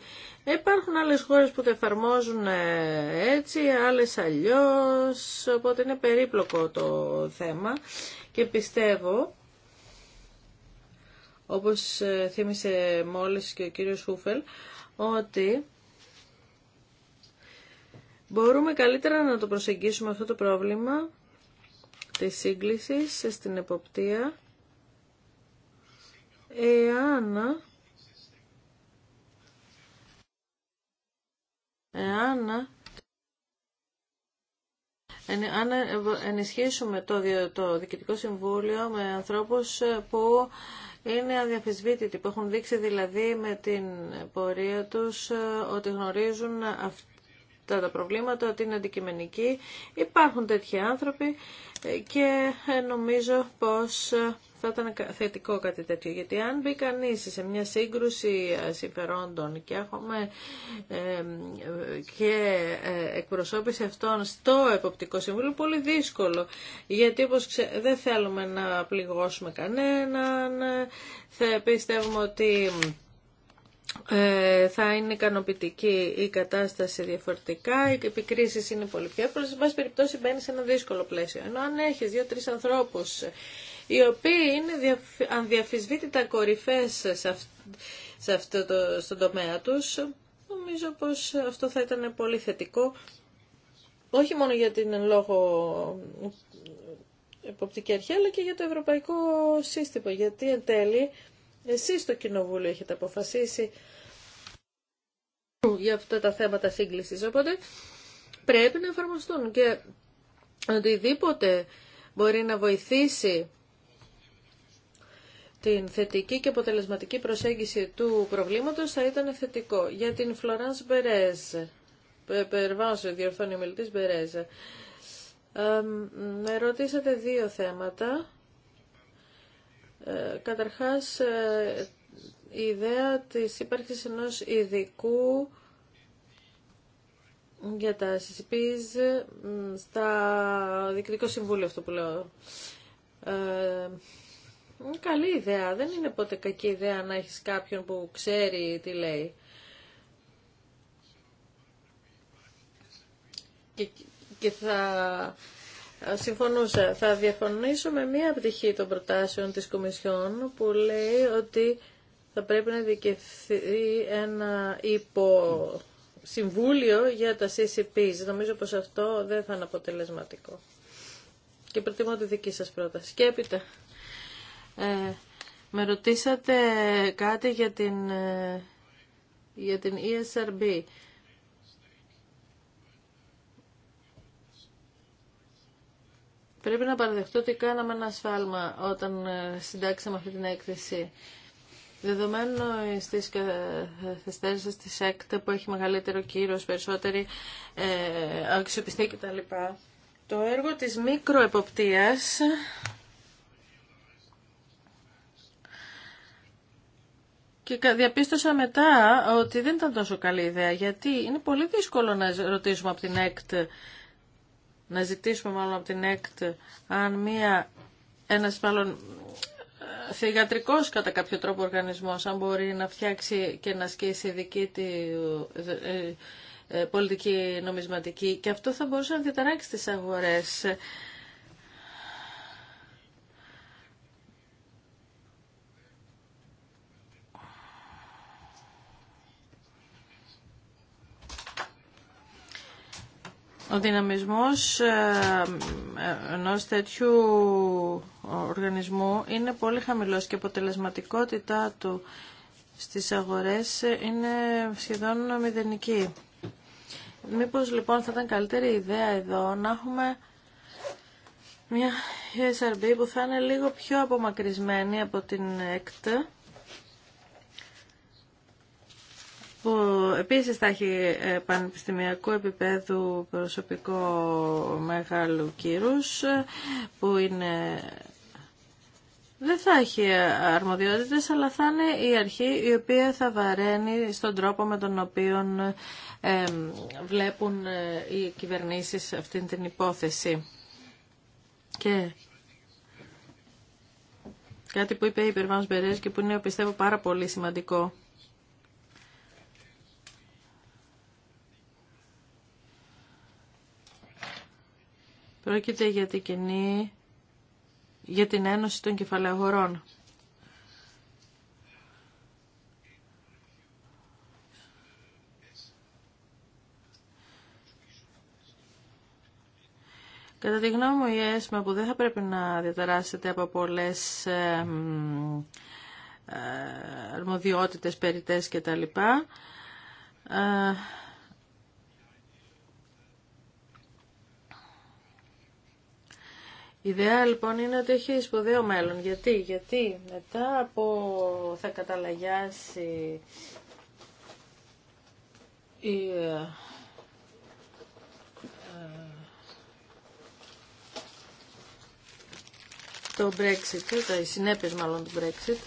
υπάρχουν άλλες χώρες που το εφαρμόζουν ε, έτσι, άλλες αλλιώς, οπότε είναι περίπλοκο το θέμα και πιστεύω, όπως ε, θύμισε μόλις και ο κύριος Χούφελ, ότι Μπορούμε καλύτερα να το προσεγγίσουμε αυτό το πρόβλημα της σύγκλησης στην εποπτεία εάν εάν αν ενισχύσουμε το, το Διοικητικό Συμβούλιο με ανθρώπους που είναι αδιαφεσβήτητοι, που έχουν δείξει δηλαδή με την πορεία τους ότι γνωρίζουν αυτό αυτά τα προβλήματα, ότι είναι αντικειμενικοί. Υπάρχουν τέτοιοι άνθρωποι ε, και ε, νομίζω πως ε, θα ήταν θετικό κάτι τέτοιο. Γιατί αν μπει κανεί σε μια σύγκρουση συμφερόντων και έχουμε και εκπροσώπηση αυτών στο Εποπτικό Συμβούλιο, πολύ δύσκολο. Γιατί όπως δεν θέλουμε να πληγώσουμε κανέναν, θα πιστεύουμε ότι ε, θα είναι ικανοποιητική η κατάσταση διαφορετικά, οι επικρίσει είναι πολύ πιο εύκολε. σε πάση περιπτώσει μπαίνει σε ένα δύσκολο πλαίσιο. Ενώ αν έχεις δύο-τρει ανθρώπους οι οποίοι είναι ανδιαφυσβήτητα κορυφές σε αυτό το, στον τομέα τους, νομίζω πω αυτό θα ήταν πολύ θετικό, όχι μόνο για την λόγο εποπτική αρχή, αλλά και για το ευρωπαϊκό σύστημα, γιατί εν τέλει εσείς στο Κοινοβούλιο έχετε αποφασίσει για αυτά τα θέματα σύγκλησης. Οπότε πρέπει να εφαρμοστούν και οτιδήποτε μπορεί να βοηθήσει την θετική και αποτελεσματική προσέγγιση του προβλήματος θα ήταν θετικό. Για την Φλωράνς Μπερέζ, ε, περβάζω διορθώνει ο μιλητής Μπερέζ, ε, ρωτήσατε δύο θέματα. Ε, καταρχάς, ε, η ιδέα της ύπαρξης ενός ειδικού για τα CCPs στα Διοικητικό Συμβούλιο, αυτό που λέω. Ε, καλή ιδέα. Δεν είναι ποτέ κακή ιδέα να έχεις κάποιον που ξέρει τι λέει. και θα συμφωνούσα. Θα διαφωνήσω με μία πτυχή των προτάσεων της Κομισιόν που λέει ότι θα πρέπει να δικαιωθεί ένα υποσυμβούλιο για τα CCPs. Νομίζω πως αυτό δεν θα είναι αποτελεσματικό. Και προτιμώ τη δική σας πρόταση. Και έπειτα, ε, με ρωτήσατε κάτι για την, ε, για την ESRB. Πρέπει να παραδεχτώ ότι κάναμε ένα ασφάλμα όταν ε, συντάξαμε αυτή την έκθεση. Δεδομένου στις καθεστέρες τη ΕΚΤ που έχει μεγαλύτερο κύρος, περισσότερη ε, αξιοπιστία κτλ. Το έργο της μικροεποπτείας Και διαπίστωσα μετά ότι δεν ήταν τόσο καλή ιδέα, γιατί είναι πολύ δύσκολο να ρωτήσουμε από την ΕΚΤ να ζητήσουμε μάλλον από την ΕΚΤ αν μία, ένας μάλλον ε, κατά κάποιο τρόπο οργανισμός, αν μπορεί να φτιάξει και να ασκήσει δική τη ε, ε, πολιτική νομισματική και αυτό θα μπορούσε να διαταράξει τις αγορές Ο δυναμισμός ε, ε, ενό τέτοιου οργανισμού είναι πολύ χαμηλός και η αποτελεσματικότητά του στις αγορές ε, είναι σχεδόν μηδενική. Μήπως λοιπόν θα ήταν καλύτερη ιδέα εδώ να έχουμε μια SRB που θα είναι λίγο πιο απομακρυσμένη από την ΕΚΤ που επίσης θα έχει ε, πανεπιστημιακού επίπεδου προσωπικό μεγάλου κύρους ε, που είναι δεν θα έχει αρμοδιότητες, αλλά θα είναι η αρχή η οποία θα βαραίνει στον τρόπο με τον οποίο βλέπουν ε, οι κυβερνήσεις αυτήν την υπόθεση. Και κάτι που είπε η Περβάνος και που είναι, πιστεύω, πάρα πολύ σημαντικό. Πρόκειται για την για την Ένωση των Κεφαλαίων Κατά τη γνώμη μου η ΕΣΜΑ που δεν θα πρέπει να διαταράσσεται από πολλές ε, ε, αρμοδιότητες, περιτές κτλ. Ε, Η ιδέα λοιπόν είναι ότι έχει σπουδαίο μέλλον. Γιατί, γιατί μετά από θα καταλαγιάσει η, ε, ε, το Brexit, ε, τα, οι συνέπειες μάλλον του Brexit,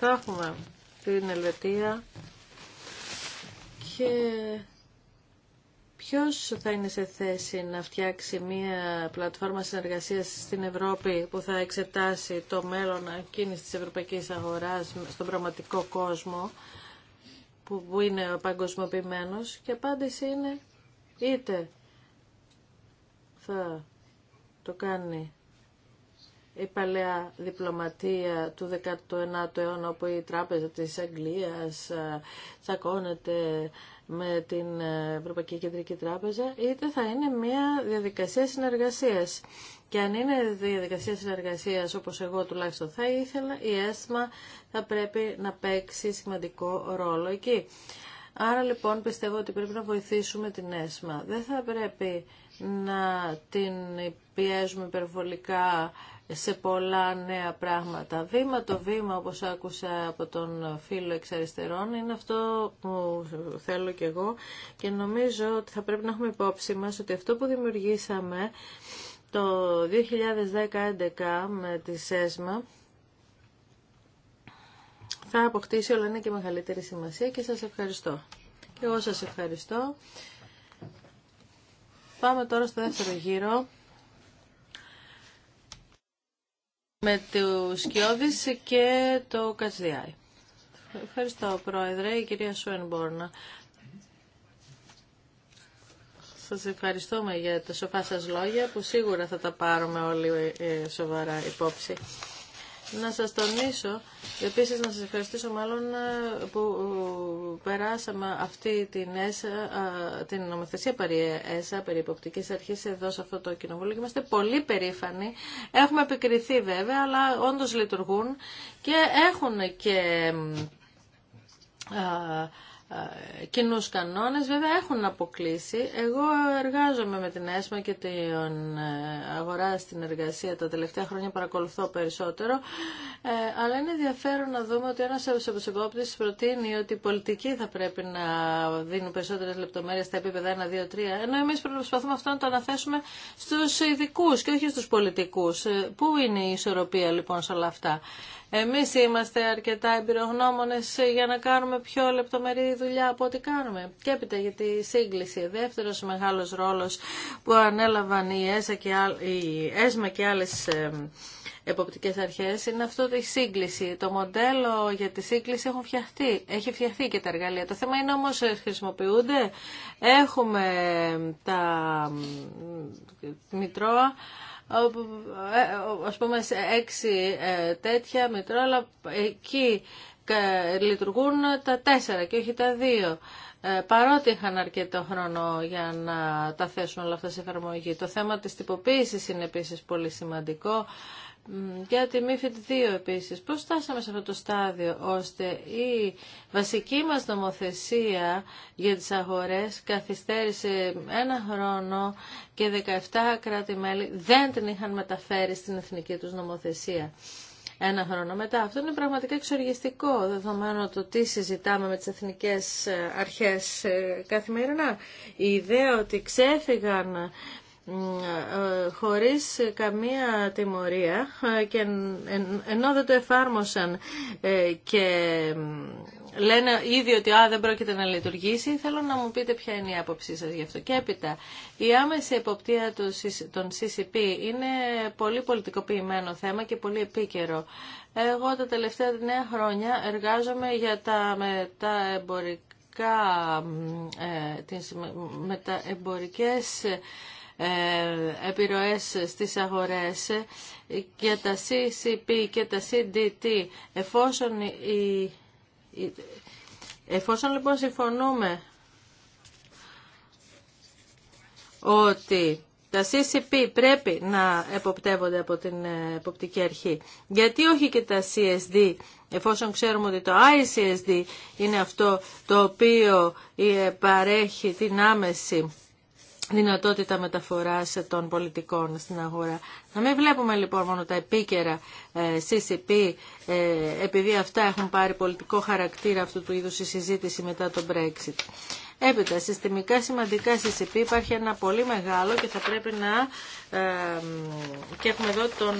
θα έχουμε την Ελβετία και Ποιος θα είναι σε θέση να φτιάξει μία πλατφόρμα συνεργασίας στην Ευρώπη που θα εξετάσει το μέλλον εκείνης της ευρωπαϊκής αγοράς στον πραγματικό κόσμο που είναι παγκοσμιοποιημένος και απάντηση είναι είτε θα το κάνει η παλαιά διπλωματία του 19ου αιώνα όπου η τράπεζα της Αγγλίας ε, τσακώνεται με την ε, Ευρωπαϊκή Κεντρική Τράπεζα, είτε θα είναι μια διαδικασία συνεργασίας. Και αν είναι διαδικασία συνεργασίας, όπως εγώ τουλάχιστον θα ήθελα, η ΕΣΜΑ θα πρέπει να παίξει σημαντικό ρόλο εκεί. Άρα λοιπόν πιστεύω ότι πρέπει να βοηθήσουμε την ΕΣΜΑ. Δεν θα πρέπει να την πιέζουμε υπερβολικά σε πολλά νέα πράγματα. Βήμα το βήμα, όπως άκουσα από τον φίλο εξ αριστερών, είναι αυτό που θέλω κι εγώ και νομίζω ότι θα πρέπει να έχουμε υπόψη μας ότι αυτό που δημιουργήσαμε το 2010-2011 με τη ΣΕΣΜΑ θα αποκτήσει όλα ένα και μεγαλύτερη σημασία και σας ευχαριστώ. Και εγώ σας ευχαριστώ. Πάμε τώρα στο δεύτερο γύρο. με του Σκιώδης και το Κατζιάη. Ευχαριστώ, Πρόεδρε, η κυρία Σουενμπόρνα. Σας ευχαριστούμε για τα σοφά σας λόγια που σίγουρα θα τα πάρουμε όλοι ε, σοβαρά υπόψη. Να σας τονίσω, επίση να σας ευχαριστήσω μάλλον ε, που ε, περάσαμε αυτή την, ΕΣΑ, ε, την νομοθεσία περί ΕΣΑ, περί υποπτικής αρχής εδώ σε αυτό το κοινοβούλιο είμαστε πολύ περήφανοι. Έχουμε επικριθεί βέβαια, αλλά όντως λειτουργούν και έχουν και ε, Κοινού κανόνε Βέβαια έχουν αποκλείσει. Εγώ εργάζομαι με την ΕΣΜΑ και την ε, αγορά στην εργασία τα τελευταία χρόνια παρακολουθώ περισσότερο. Ε, αλλά είναι ενδιαφέρον να δούμε ότι ένα από τους προτείνει ότι οι πολιτικοί θα πρέπει να δίνουν περισσότερε λεπτομέρειε στα επίπεδα 1, 2, 3. Ενώ εμείς προσπαθούμε αυτό να το αναθέσουμε στου ειδικού και όχι στους πολιτικούς. Ε, πού είναι η ισορροπία λοιπόν σε όλα αυτά. Εμείς είμαστε αρκετά εμπειρογνώμονες για να κάνουμε πιο λεπτομερή δουλειά από ό,τι κάνουμε. Και έπειτα για τη σύγκληση. Δεύτερος μεγάλος ρόλος που ανέλαβαν η ΕΣΜΑ και άλλες εποπτικές αρχές είναι αυτό τη σύγκληση. Το μοντέλο για τη σύγκληση έχουν φτιαχτεί. έχει φτιαχτεί και τα εργαλεία. Το θέμα είναι όμως ε, χρησιμοποιούνται. Έχουμε τα μητρώα ε, ε, ας πούμε σε έξι ε, τέτοια μητρώλα εκεί λειτουργούν τα τέσσερα και όχι τα δύο. παρότι είχαν αρκετό χρόνο για να τα θέσουν όλα αυτά σε εφαρμογή. Το θέμα της τυποποίησης είναι επίσης πολύ σημαντικό. Για τη ΜΥΦΙΤ 2 επίσης, πώς στάσαμε σε αυτό το στάδιο ώστε η βασική μας νομοθεσία για τις αγορές καθυστέρησε ένα χρόνο και 17 κράτη-μέλη δεν την είχαν μεταφέρει στην εθνική τους νομοθεσία. Ένα χρόνο μετά. Αυτό είναι πραγματικά εξοργιστικό, δεδομένου το τι συζητάμε με τις εθνικές αρχές ε, καθημερινά. Η ιδέα ότι ξέφυγαν ε, ε, χωρίς καμία τιμωρία και ενώ δεν το εφάρμοσαν ε, και λένε ήδη ότι α, δεν πρόκειται να λειτουργήσει, θέλω να μου πείτε ποια είναι η άποψή σας γι' αυτό. Και έπειτα, η άμεση εποπτεία των CCP είναι πολύ πολιτικοποιημένο θέμα και πολύ επίκαιρο. Εγώ τα τελευταία νέα χρόνια εργάζομαι για τα, με, εμπορικά, με τα ε, επιρροές στις αγορές και τα CCP και τα CDT εφόσον, η, εφόσον λοιπόν συμφωνούμε ότι τα CCP πρέπει να εποπτεύονται από την ε, εποπτική αρχή. Γιατί όχι και τα CSD, εφόσον ξέρουμε ότι το ICSD είναι αυτό το οποίο ε, παρέχει την άμεση δυνατότητα μεταφοράς των πολιτικών στην αγορά. Να μην βλέπουμε λοιπόν μόνο τα επίκαιρα ε, CCP, ε, επειδή αυτά έχουν πάρει πολιτικό χαρακτήρα αυτού του είδους η συζήτηση μετά το Brexit. Έπειτα, συστημικά σημαντικά CCP υπάρχει ένα πολύ μεγάλο και θα πρέπει να... Ε, και έχουμε εδώ τον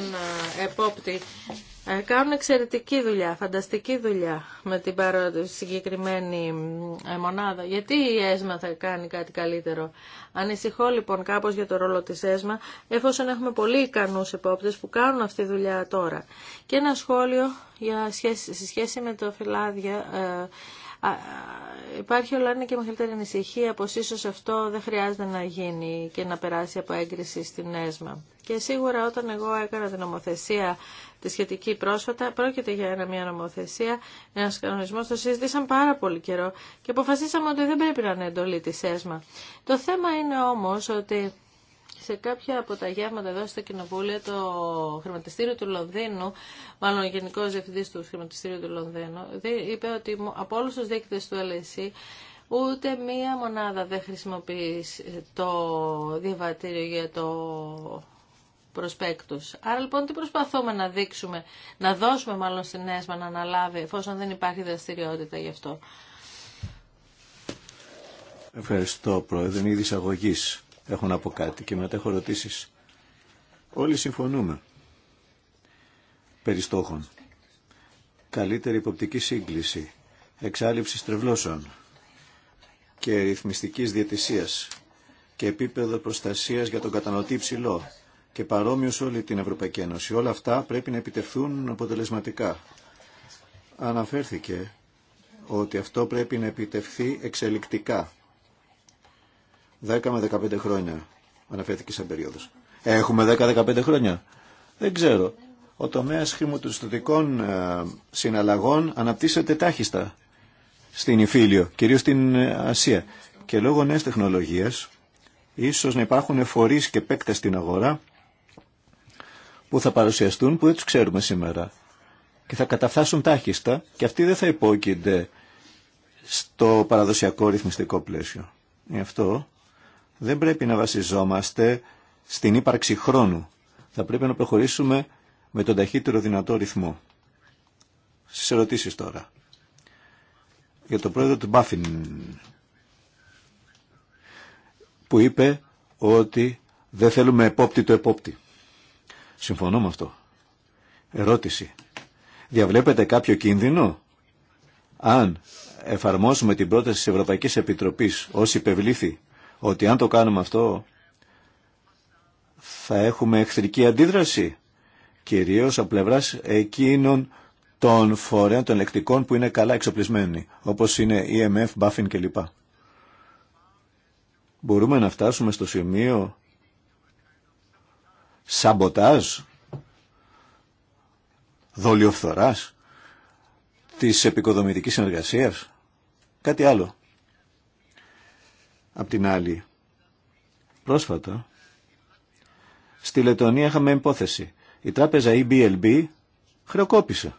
επόπτη ε, κάνουν εξαιρετική δουλειά, φανταστική δουλειά με την συγκεκριμένη ε, μονάδα. Γιατί η ΕΣΜΑ θα κάνει κάτι καλύτερο. Ανησυχώ λοιπόν κάπως για το ρόλο της ΕΣΜΑ, εφόσον έχουμε πολύ ικανούς υπόπτες που κάνουν αυτή τη δουλειά τώρα. Και ένα σχόλιο για σχέση, σε σχέση με το φυλάδια ε, Υπάρχει όλα είναι και μεγαλύτερη ανησυχία πως ίσως αυτό δεν χρειάζεται να γίνει και να περάσει από έγκριση στην ΕΣΜΑ. Και σίγουρα όταν εγώ έκανα την νομοθεσία τη σχετική πρόσφατα, πρόκειται για ένα, μια νομοθεσία, ένα κανονισμό, το συζητήσαμε πάρα πολύ καιρό και αποφασίσαμε ότι δεν πρέπει να είναι εντολή τη ΕΣΜΑ. Το θέμα είναι όμω ότι σε κάποια από τα γεύματα εδώ στα κοινοβούλια το χρηματιστήριο του Λονδίνου, μάλλον ο γενικό διευθυντή του Χρηματιστήριου του Λονδίνου, είπε ότι από όλου του δείκτε του LSE ούτε μία μονάδα δεν χρησιμοποιεί το διαβατήριο για το προσπέκτους. Άρα λοιπόν τι προσπαθούμε να δείξουμε, να δώσουμε μάλλον στην ΕΣΜΑ να αναλάβει εφόσον δεν υπάρχει δραστηριότητα γι' αυτό. Ευχαριστώ Πρόεδρε, είναι αγωγής έχω να πω κάτι και μετά έχω ρωτήσεις. Όλοι συμφωνούμε περιστόχων, Καλύτερη υποπτική σύγκληση, εξάλληψη τρευλώσεων και ρυθμιστικής διατησίας και επίπεδο προστασίας για τον κατανοτή ψηλό και παρόμοιο σε όλη την Ευρωπαϊκή Ένωση. Όλα αυτά πρέπει να επιτευχθούν αποτελεσματικά. Αναφέρθηκε ότι αυτό πρέπει να επιτευχθεί εξελικτικά 10 με 15 χρόνια αναφέρθηκε σαν περιοδο εχουμε Έχουμε 10-15 χρόνια. Δεν ξέρω. Ο τομέας χρηματοστατικών ε, συναλλαγών αναπτύσσεται τάχιστα στην Ιφίλιο, κυρίω στην ε, Ασία. Και λόγω νέα τεχνολογία ίσω να υπάρχουν φορεί και παίκτε στην αγορά που θα παρουσιαστούν που δεν του ξέρουμε σήμερα. Και θα καταφτάσουν τάχιστα και αυτοί δεν θα υπόκεινται στο παραδοσιακό ρυθμιστικό πλαίσιο. Γι' αυτό δεν πρέπει να βασιζόμαστε στην ύπαρξη χρόνου. Θα πρέπει να προχωρήσουμε με τον ταχύτερο δυνατό ρυθμό. Στις ερωτήσεις τώρα. Για το πρόεδρο του Μπάφιν που είπε ότι δεν θέλουμε επόπτη το επόπτη. Συμφωνώ με αυτό. Ερώτηση. Διαβλέπετε κάποιο κίνδυνο αν εφαρμόσουμε την πρόταση της Ευρωπαϊκής Επιτροπής ως υπευλήθη ότι αν το κάνουμε αυτό θα έχουμε εχθρική αντίδραση κυρίως από πλευράς εκείνων των φορέων των ελεκτικών που είναι καλά εξοπλισμένοι όπως είναι EMF, Buffin κλπ. Μπορούμε να φτάσουμε στο σημείο σαμποτάζ, δολιοφθοράς της επικοδομητικής συνεργασίας, κάτι άλλο. Απ' την άλλη, πρόσφατα, στη Λετωνία είχαμε υπόθεση. Η τράπεζα EBLB χρεοκόπησε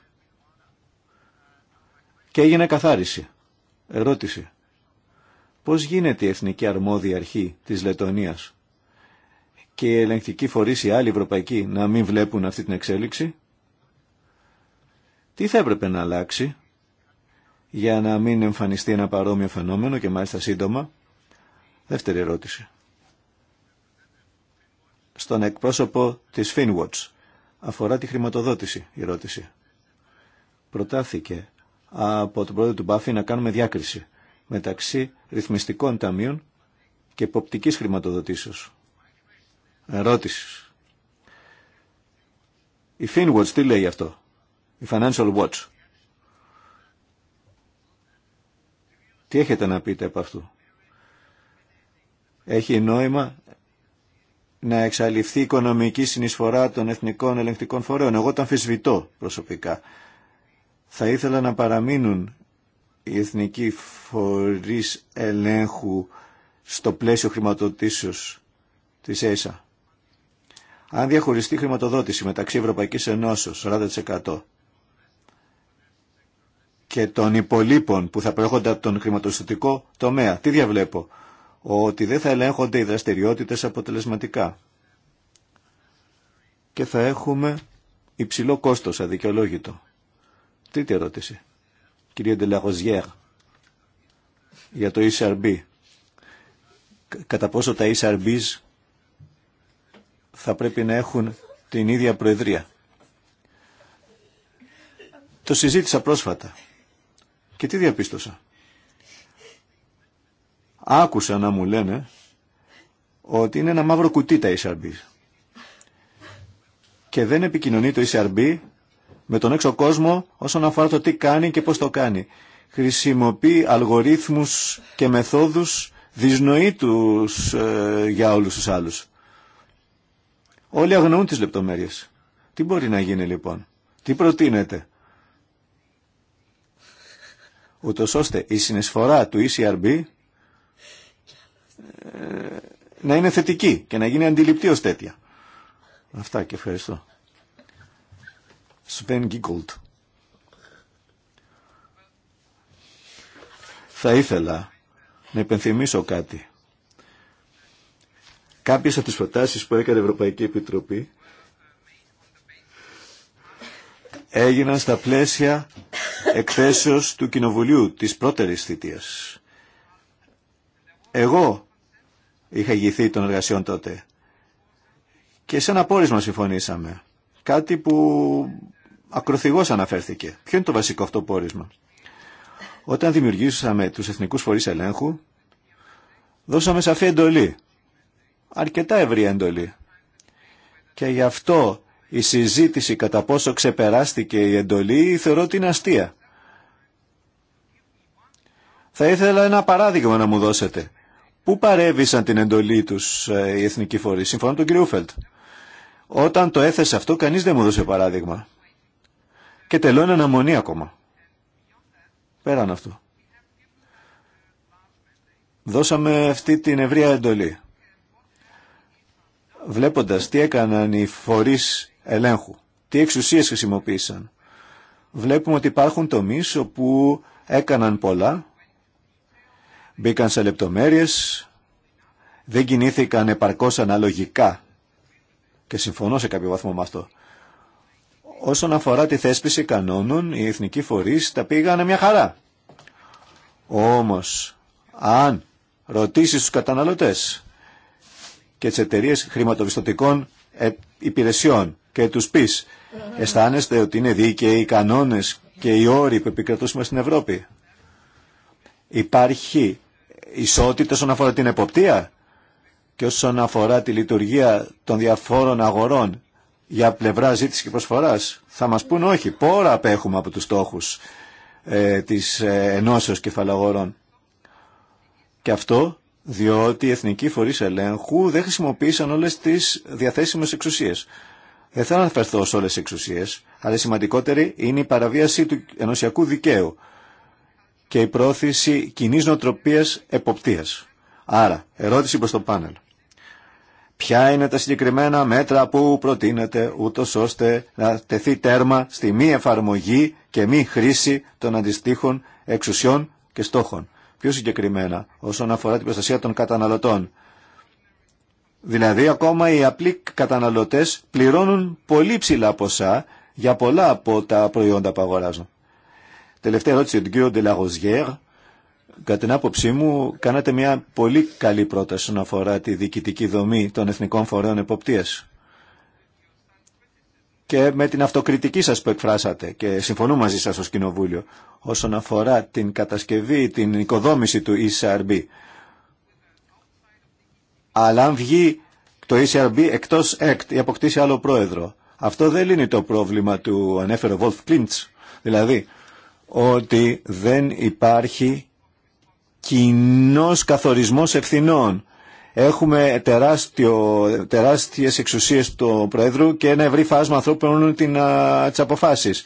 και έγινε καθάριση. Ερώτηση. Πώς γίνεται η Εθνική Αρμόδια Αρχή της Λετωνίας και οι ελεγκτικοί φορείς οι άλλοι ευρωπαϊκοί να μην βλέπουν αυτή την εξέλιξη. Τι θα έπρεπε να αλλάξει για να μην εμφανιστεί ένα παρόμοιο φαινόμενο και μάλιστα σύντομα. Δεύτερη ερώτηση. Στον εκπρόσωπο της Finwatch. Αφορά τη χρηματοδότηση η ερώτηση. Προτάθηκε από τον πρόεδρο του Μπάφη να κάνουμε διάκριση μεταξύ ρυθμιστικών ταμείων και ποπτικής χρηματοδοτήσεως. Ερώτηση. Η Finwatch τι λέει αυτό. Η Financial Watch. Τι έχετε να πείτε από αυτού. Έχει νόημα να εξαλειφθεί η οικονομική συνεισφορά των εθνικών ελεγκτικών φορέων. Εγώ το αμφισβητώ προσωπικά. Θα ήθελα να παραμείνουν οι εθνικοί φορείς ελέγχου στο πλαίσιο χρηματοδοτήσεως της ΕΣΑ. Αν διαχωριστεί χρηματοδότηση μεταξύ Ευρωπαϊκής Ενώσεως 40% και των υπολείπων που θα προέρχονται από τον χρηματοδοτικό τομέα, τι διαβλέπω, ότι δεν θα ελέγχονται οι δραστηριότητες αποτελεσματικά και θα έχουμε υψηλό κόστος αδικαιολόγητο. Τρίτη ερώτηση. Κύριε Ντελαγοζιέρ, για το ESRB. Κατά πόσο τα ESRBs θα πρέπει να έχουν την ίδια προεδρία. Το συζήτησα πρόσφατα. Και τι διαπίστωσα άκουσα να μου λένε ότι είναι ένα μαύρο κουτί τα ECRB. Και δεν επικοινωνεί το ECRB με τον έξω κόσμο όσον αφορά το τι κάνει και πώς το κάνει. Χρησιμοποιεί αλγορίθμους και μεθόδους δυσνοήτους ε, για όλους τους άλλους. Όλοι αγνοούν τις λεπτομέρειες. Τι μπορεί να γίνει λοιπόν. Τι προτείνεται. Ούτως ώστε η συνεισφορά του ECRB ε, να είναι θετική και να γίνει αντιληπτή ως τέτοια. Αυτά και ευχαριστώ. Σπεν Γκίγκολτ. Θα ήθελα να υπενθυμίσω κάτι. Κάποιες από τις προτάσεις που έκανε η Ευρωπαϊκή Επιτροπή έγιναν στα πλαίσια εκθέσεως του Κοινοβουλίου της πρώτερης θητείας. Εγώ είχα γηθεί των εργασιών τότε. Και σε ένα πόρισμα συμφωνήσαμε. Κάτι που ακροθυγώς αναφέρθηκε. Ποιο είναι το βασικό αυτό πόρισμα. Όταν δημιουργήσαμε τους Εθνικούς Φορείς Ελέγχου, δώσαμε σαφή εντολή. Αρκετά ευρία εντολή. Και γι' αυτό η συζήτηση κατά πόσο ξεπεράστηκε η εντολή θεωρώ ότι είναι αστεία. Θα ήθελα ένα παράδειγμα να μου δώσετε. Πού παρέβησαν την εντολή τους ε, οι εθνικοί φορεί. σύμφωνα με τον κύριο Ούφελτ. Όταν το έθεσε αυτό, κανείς δεν μου έδωσε παράδειγμα. Και τελώνει αναμονή ακόμα. Πέραν αυτό. Δώσαμε αυτή την ευρεία εντολή. Βλέποντας τι έκαναν οι φορείς ελέγχου, τι εξουσίες χρησιμοποίησαν, βλέπουμε ότι υπάρχουν τομείς όπου έκαναν πολλά μπήκαν σε λεπτομέρειες, δεν κινήθηκαν επαρκώς αναλογικά και συμφωνώ σε κάποιο βαθμό με αυτό. Όσον αφορά τη θέσπιση κανόνων, οι εθνικοί φορείς τα πήγανε μια χαρά. Όμως, αν ρωτήσεις τους καταναλωτές και τις εταιρείε χρηματοπιστωτικών ε, υπηρεσιών και τους πεις αισθάνεστε ότι είναι δίκαιοι οι κανόνες και οι όροι που επικρατούσαμε στην Ευρώπη. Υπάρχει ισότητα όσον αφορά την εποπτεία και όσον αφορά τη λειτουργία των διαφόρων αγορών για πλευρά ζήτηση και προσφοράς. Θα μας πούν όχι, πόρα απέχουμε από τους στόχους ε, της ε, ενώσεως κεφαλαγορών. Και αυτό διότι οι εθνικοί φορείς ελέγχου δεν χρησιμοποίησαν όλες τις διαθέσιμες εξουσίες. Δεν θέλω να αναφερθώ σε όλες τις εξουσίες, αλλά σημαντικότερη είναι η παραβίαση του ενωσιακού δικαίου και η πρόθεση κοινή νοοτροπία εποπτεία. Άρα, ερώτηση προ το πάνελ. Ποια είναι τα συγκεκριμένα μέτρα που προτείνετε ούτω ώστε να τεθεί τέρμα στη μη εφαρμογή και μη χρήση των αντιστοίχων εξουσιών και στόχων. Πιο συγκεκριμένα όσον αφορά την προστασία των καταναλωτών. Δηλαδή ακόμα οι απλοί καταναλωτές πληρώνουν πολύ ψηλά ποσά για πολλά από τα προϊόντα που αγοράζουν. Τελευταία ερώτηση του κ. Ντελαροζιέρ. Κατά την άποψή μου, κάνατε μια πολύ καλή πρόταση όσον αφορά τη διοικητική δομή των εθνικών φορέων εποπτεία. Και με την αυτοκριτική σας που εκφράσατε και συμφωνώ μαζί σας ως Κοινοβούλιο όσον αφορά την κατασκευή, την οικοδόμηση του ECRB. Αλλά αν βγει το ECRB εκτός ΕΚΤ ή αποκτήσει άλλο πρόεδρο, αυτό δεν λύνει το πρόβλημα του ανέφερε Βόλφ Δηλαδή, ότι δεν υπάρχει κοινός καθορισμός ευθυνών. Έχουμε τεράστιο, τεράστιες εξουσίες του Προέδρου και ένα ευρύ φάσμα ανθρώπων την, α, αποφάσεις.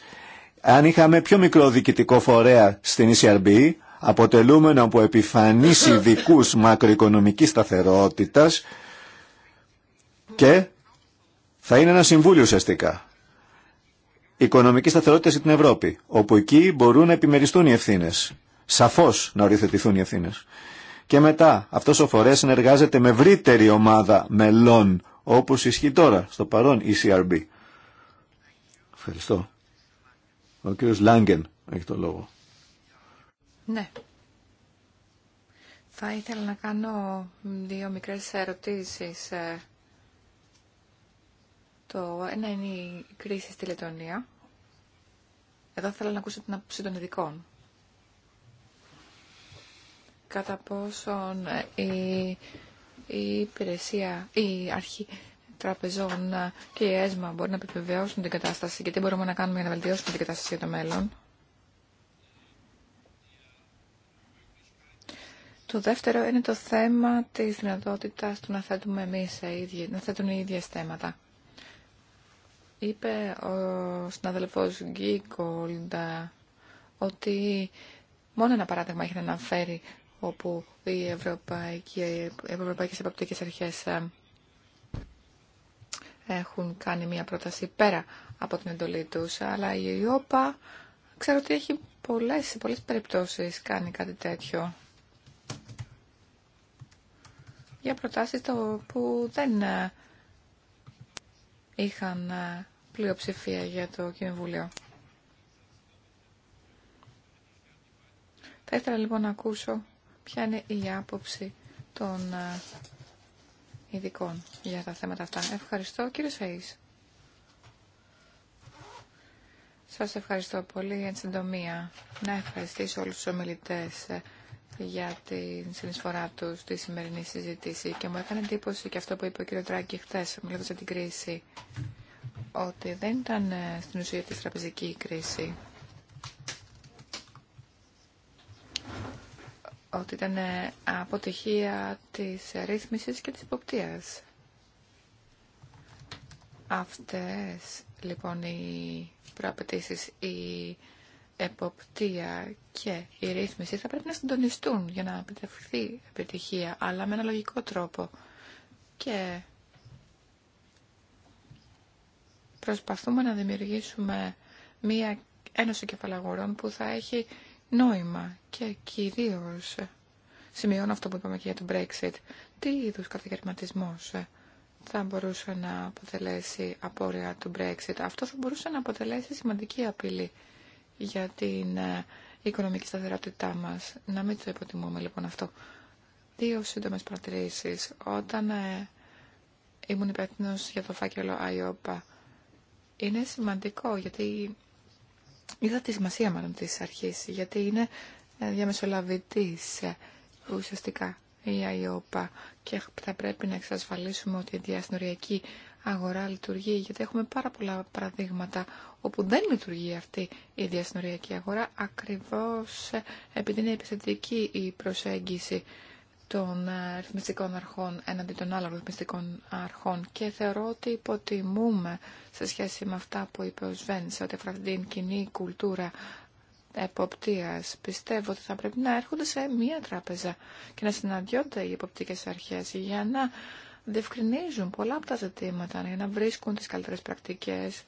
Αν είχαμε πιο μικρό διοικητικό φορέα στην ECRB, αποτελούμενο από επιφανείς ειδικού μακροοικονομικής σταθερότητας και θα είναι ένα συμβούλιο ουσιαστικά οικονομική σταθερότητα στην Ευρώπη, όπου εκεί μπορούν να επιμεριστούν οι ευθύνε. Σαφώ να οριοθετηθούν οι ευθύνε. Και μετά, αυτό ο φορέα συνεργάζεται με ευρύτερη ομάδα μελών, όπω ισχύει τώρα, στο παρόν η CRB. Ευχαριστώ. Ο κύριο Λάγκεν έχει το λόγο. Ναι. Θα ήθελα να κάνω δύο μικρές ερωτήσεις ε, το ένα είναι η κρίση στη Λετωνία. Εδώ θέλω να ακούσω την άποψη των ειδικών. Κατά πόσον ε, η, υπηρεσία, η αρχή τραπεζών και η ΕΣΜΑ μπορεί να επιβεβαιώσουν την κατάσταση και τι μπορούμε να κάνουμε για να βελτιώσουμε την κατάσταση για το μέλλον. Το δεύτερο είναι το θέμα της δυνατότητας του να θέτουμε εμείς, ε, να θέτουν οι ίδιες θέματα είπε ο συνάδελφος Γκίκολντα ότι μόνο ένα παράδειγμα έχει να αναφέρει όπου οι, Ευρωπαϊκέ επαπτικέ Ευρωπαϊκές Αρχές ε, έχουν κάνει μια πρόταση πέρα από την εντολή τους, αλλά η ΙΟΠΑ ξέρω ότι έχει πολλές, σε πολλές περιπτώσεις κάνει κάτι τέτοιο. Για προτάσεις το που δεν ε, είχαν ε, πλειοψηφία για το Κοινοβούλιο. Θα ήθελα λοιπόν να ακούσω ποια είναι η άποψη των ε, ειδικών για τα θέματα αυτά. Ευχαριστώ κύριε Σαΐς. Σας ευχαριστώ πολύ για την συντομία. Να ευχαριστήσω όλους τους ομιλητές ε, για την συνεισφορά του στη σημερινή συζήτηση και μου έκανε εντύπωση και αυτό που είπε ο κ. Τράκη χθε, μιλώντα για την κρίση, ότι δεν ήταν ε, στην ουσία τη τραπεζική κρίση. Ότι ήταν ε, αποτυχία της ρύθμισης και της υποπτίας. Αυτές λοιπόν οι προαπαιτήσεις, οι εποπτεία και η ρύθμιση θα πρέπει να συντονιστούν για να επιτευχθεί επιτυχία, αλλά με ένα λογικό τρόπο. Και προσπαθούμε να δημιουργήσουμε μία ένωση κεφαλαγορών που θα έχει νόημα και κυρίω. Σημειώνω αυτό που είπαμε και για το Brexit. Τι είδου καταγερματισμό θα μπορούσε να αποτελέσει απόρρια του Brexit. Αυτό θα μπορούσε να αποτελέσει σημαντική απειλή για την ε, οικονομική σταθερότητά μας. Να μην το υποτιμούμε λοιπόν αυτό. Δύο σύντομες παρατηρήσεις. Όταν ε, ήμουν υπεύθυνο για το φάκελο ΑΙΟΠΑ, είναι σημαντικό γιατί είδα τη σημασία μάλλον της αρχής, γιατί είναι ε, διαμεσολαβητής ε, ουσιαστικά η ΑΙΟΠΑ και θα πρέπει να εξασφαλίσουμε ότι η διασυνοριακή αγορά λειτουργεί, γιατί έχουμε πάρα πολλά παραδείγματα όπου δεν λειτουργεί αυτή η διασυνοριακή αγορά, ακριβώς ε, επειδή είναι επιθετική η προσέγγιση των ε, ρυθμιστικών αρχών έναντι των άλλων ρυθμιστικών αρχών και θεωρώ ότι υποτιμούμε σε σχέση με αυτά που είπε ο Σβέν σε ό,τι αφορά την κοινή κουλτούρα εποπτείας. Πιστεύω ότι θα πρέπει να έρχονται σε μία τράπεζα και να συναντιόνται οι εποπτικές αρχές για να διευκρινίζουν πολλά από τα ζητήματα για να βρίσκουν τις καλύτερες πρακτικές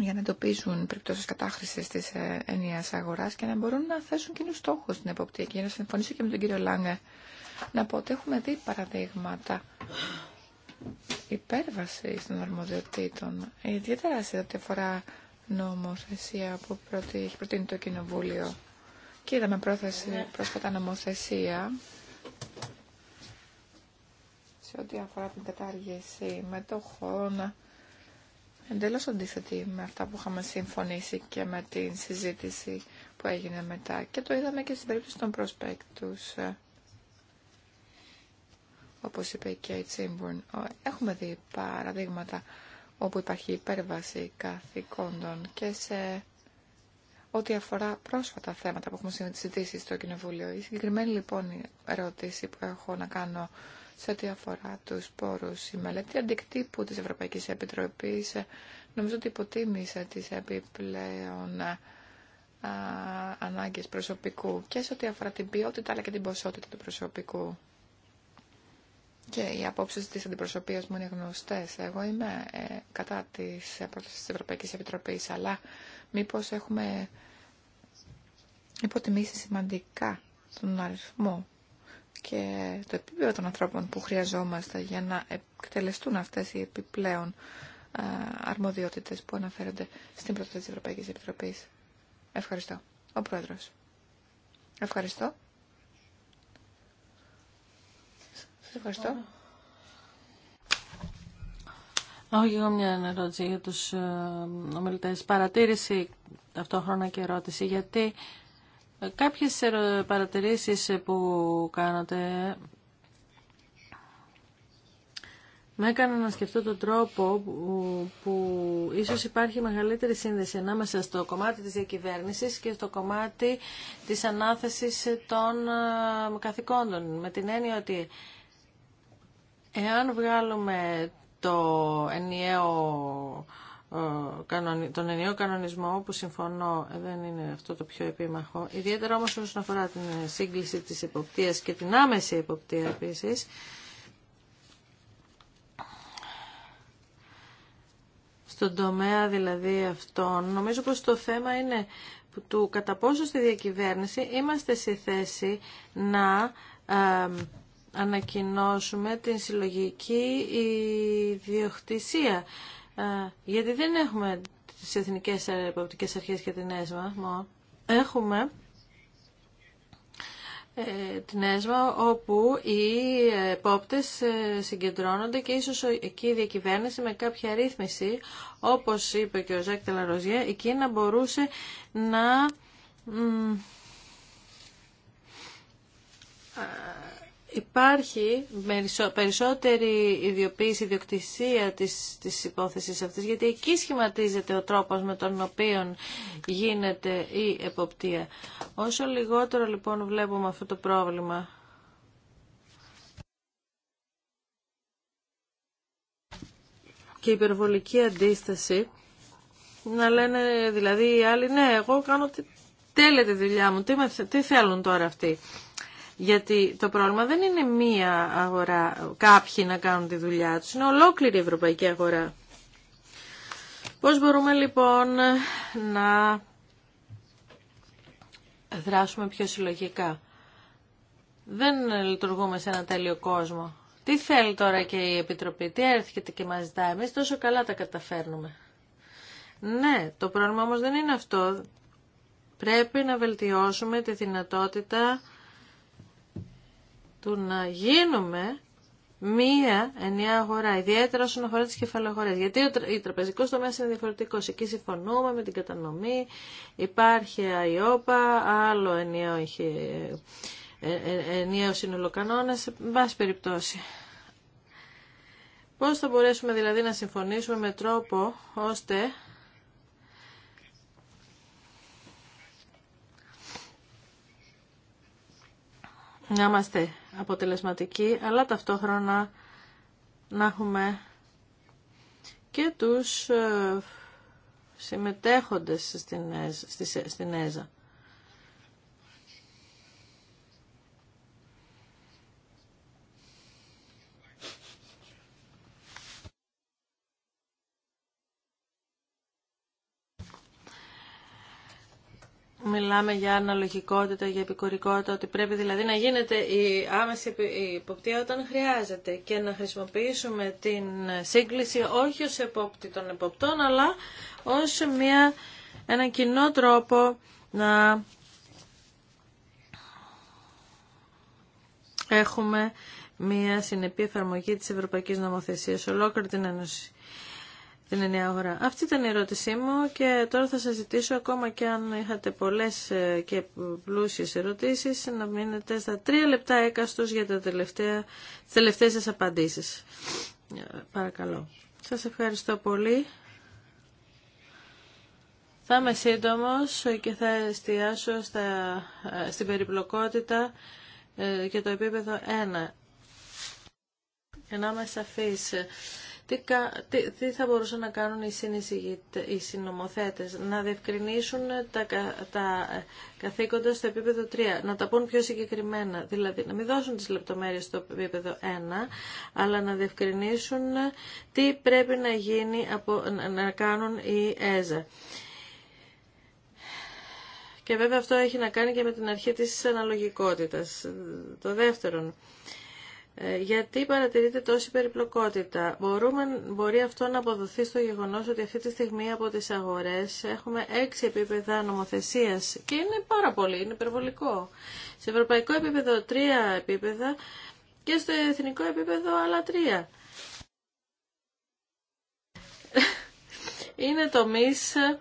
για να εντοπίσουν περιπτώσει κατάχρηση τη ε, ενιαία αγορά και να μπορούν να θέσουν κοινού στόχου στην εποπτεία. Και για να συμφωνήσω και με τον κύριο Λάγκε, να πω ότι έχουμε δει παραδείγματα υπέρβαση των αρμοδιοτήτων, ιδιαίτερα σε ό,τι αφορά νομοθεσία που έχει προτείνει το Κοινοβούλιο. Και είδαμε πρόθεση ναι. πρόσφατα νομοθεσία σε ό,τι αφορά την κατάργηση με το χώρο εντελώς αντίθετη με αυτά που είχαμε συμφωνήσει και με την συζήτηση που έγινε μετά. Και το είδαμε και στην περίπτωση των προσπέκτους. Ε, όπως είπε η Κέιτ έχουμε δει παραδείγματα όπου υπάρχει υπέρβαση καθηκόντων και σε ό,τι αφορά πρόσφατα θέματα που έχουμε συζητήσει στο Κοινοβούλιο. Η συγκεκριμένη λοιπόν ερώτηση που έχω να κάνω σε ό,τι αφορά τους πόρους. Η μελέτη αντικτύπου της Ευρωπαϊκής Επιτροπής ε, νομίζω ότι υποτίμησε τις επιπλέον ανάγκε ανάγκες προσωπικού και σε ό,τι αφορά την ποιότητα αλλά και την ποσότητα του προσωπικού. Και οι απόψεις της αντιπροσωπείας μου είναι γνωστές. Εγώ είμαι ε, κατά τη πρότασης της Ευρωπαϊκής Επιτροπής, αλλά μήπως έχουμε υποτιμήσει σημαντικά τον αριθμό και το επίπεδο των ανθρώπων που χρειαζόμαστε για να εκτελεστούν αυτές οι επιπλέον ε, αρμοδιότητες που αναφέρονται στην πρόταση της Ευρωπαϊκής Επιτροπής. Ευχαριστώ. Ο Πρόεδρος. Ευχαριστώ. Σας ευχαριστώ. Έχω και εγώ μια ερώτηση για τους ε, ομιλητές. Παρατήρηση ταυτόχρονα και ερώτηση γιατί Κάποιες παρατηρήσεις που κάνατε με έκαναν να σκεφτώ τον τρόπο που, που ίσως υπάρχει μεγαλύτερη σύνδεση ανάμεσα στο κομμάτι της διακυβέρνησης και στο κομμάτι της ανάθεσης των καθηκόντων. Με την έννοια ότι εάν βγάλουμε το ενιαίο τον ενιαίο κανονισμό που συμφωνώ ε, δεν είναι αυτό το πιο επίμαχο ιδιαίτερα όμως όσον αφορά την σύγκληση της εποπτείας και την άμεση εποπτεία επίσης στον τομέα δηλαδή αυτών νομίζω πως το θέμα είναι του κατά πόσο στη διακυβέρνηση είμαστε σε θέση να ανακοινώσουμε την συλλογική ιδιοκτησία γιατί δεν έχουμε τις εθνικές εποπτικές αρχές και την ΕΣΜΑ Έχουμε ε, την ΕΣΜΑ όπου οι επόπτες ε, συγκεντρώνονται και ίσως εκεί η διακυβέρνηση με κάποια ρύθμιση όπως είπε και ο Ζακ Τελαροζιέ εκεί να μπορούσε να υπάρχει περισσότερη ιδιοποίηση, ιδιοκτησία της, της υπόθεσης αυτής, γιατί εκεί σχηματίζεται ο τρόπος με τον οποίο γίνεται η εποπτεία. Όσο λιγότερο λοιπόν βλέπουμε αυτό το πρόβλημα, και υπερβολική αντίσταση, να λένε δηλαδή οι άλλοι, ναι, εγώ κάνω τι, δουλειά μου, τι, τι θέλουν τώρα αυτοί. Γιατί το πρόβλημα δεν είναι μία αγορά, κάποιοι να κάνουν τη δουλειά τους, είναι ολόκληρη η ευρωπαϊκή αγορά. Πώς μπορούμε λοιπόν να δράσουμε πιο συλλογικά. Δεν λειτουργούμε σε ένα τέλειο κόσμο. Τι θέλει τώρα και η Επιτροπή, τι έρχεται και μας ζητάει. Εμείς τόσο καλά τα καταφέρνουμε. Ναι, το πρόβλημα όμως δεν είναι αυτό. Πρέπει να βελτιώσουμε τη δυνατότητα του να γίνουμε μία ενιαία αγορά, ιδιαίτερα όσον αφορά τι κεφαλαγορέ. Γιατί ο τραπεζικό τομέα είναι διαφορετικό. Εκεί συμφωνούμε με την κατανομή. Υπάρχει ΑΙΟΠΑ, άλλο ενιαίο, είχε, ε, ε, ενιαίο σύνολο κανόνα. περιπτώσει. Πώς θα μπορέσουμε δηλαδή να συμφωνήσουμε με τρόπο ώστε να είμαστε αποτελεσματική, αλλά ταυτόχρονα να έχουμε και τους ε, συμμετέχοντες στην ε- ε- ΕΖΑ. Μιλάμε για αναλογικότητα, για επικορικότητα, ότι πρέπει δηλαδή να γίνεται η άμεση υποπτία όταν χρειάζεται και να χρησιμοποιήσουμε την σύγκληση όχι ως επόπτη των εποπτών, αλλά ως μια, ένα κοινό τρόπο να έχουμε μια συνεπή εφαρμογή της Ευρωπαϊκής Νομοθεσίας ολόκληρη την Ένωση την Αυτή ήταν η ερώτησή μου και τώρα θα σας ζητήσω ακόμα και αν είχατε πολλές ε, και πλούσιες ερωτήσεις να μείνετε στα τρία λεπτά έκαστος για τα τελευταία, τις τελευταίες σας απαντήσεις. Ε, παρακαλώ. Σας ευχαριστώ πολύ. Θα είμαι σύντομος και θα εστιάσω στα, ε, στην περιπλοκότητα και το επίπεδο 1. Για να είμαι σαφής. Τι, θα μπορούσαν να κάνουν οι, οι συνομοθέτες, να διευκρινίσουν τα, τα ε, καθήκοντα στο επίπεδο 3, να τα πούν πιο συγκεκριμένα, δηλαδή να μην δώσουν τις λεπτομέρειες στο επίπεδο 1, αλλά να διευκρινίσουν ε, τι πρέπει να, γίνει από, να κάνουν οι ΕΖΑ. Και βέβαια αυτό έχει να κάνει και με την αρχή της αναλογικότητας. Το δεύτερον, ε, γιατί παρατηρείται τόση περιπλοκότητα. Μπορούμε, μπορεί αυτό να αποδοθεί στο γεγονός ότι αυτή τη στιγμή από τις αγορές έχουμε έξι επίπεδα νομοθεσίας και είναι πάρα πολύ, είναι υπερβολικό. Σε ευρωπαϊκό επίπεδο τρία επίπεδα και στο εθνικό επίπεδο άλλα τρία. Είναι το τομείς ε,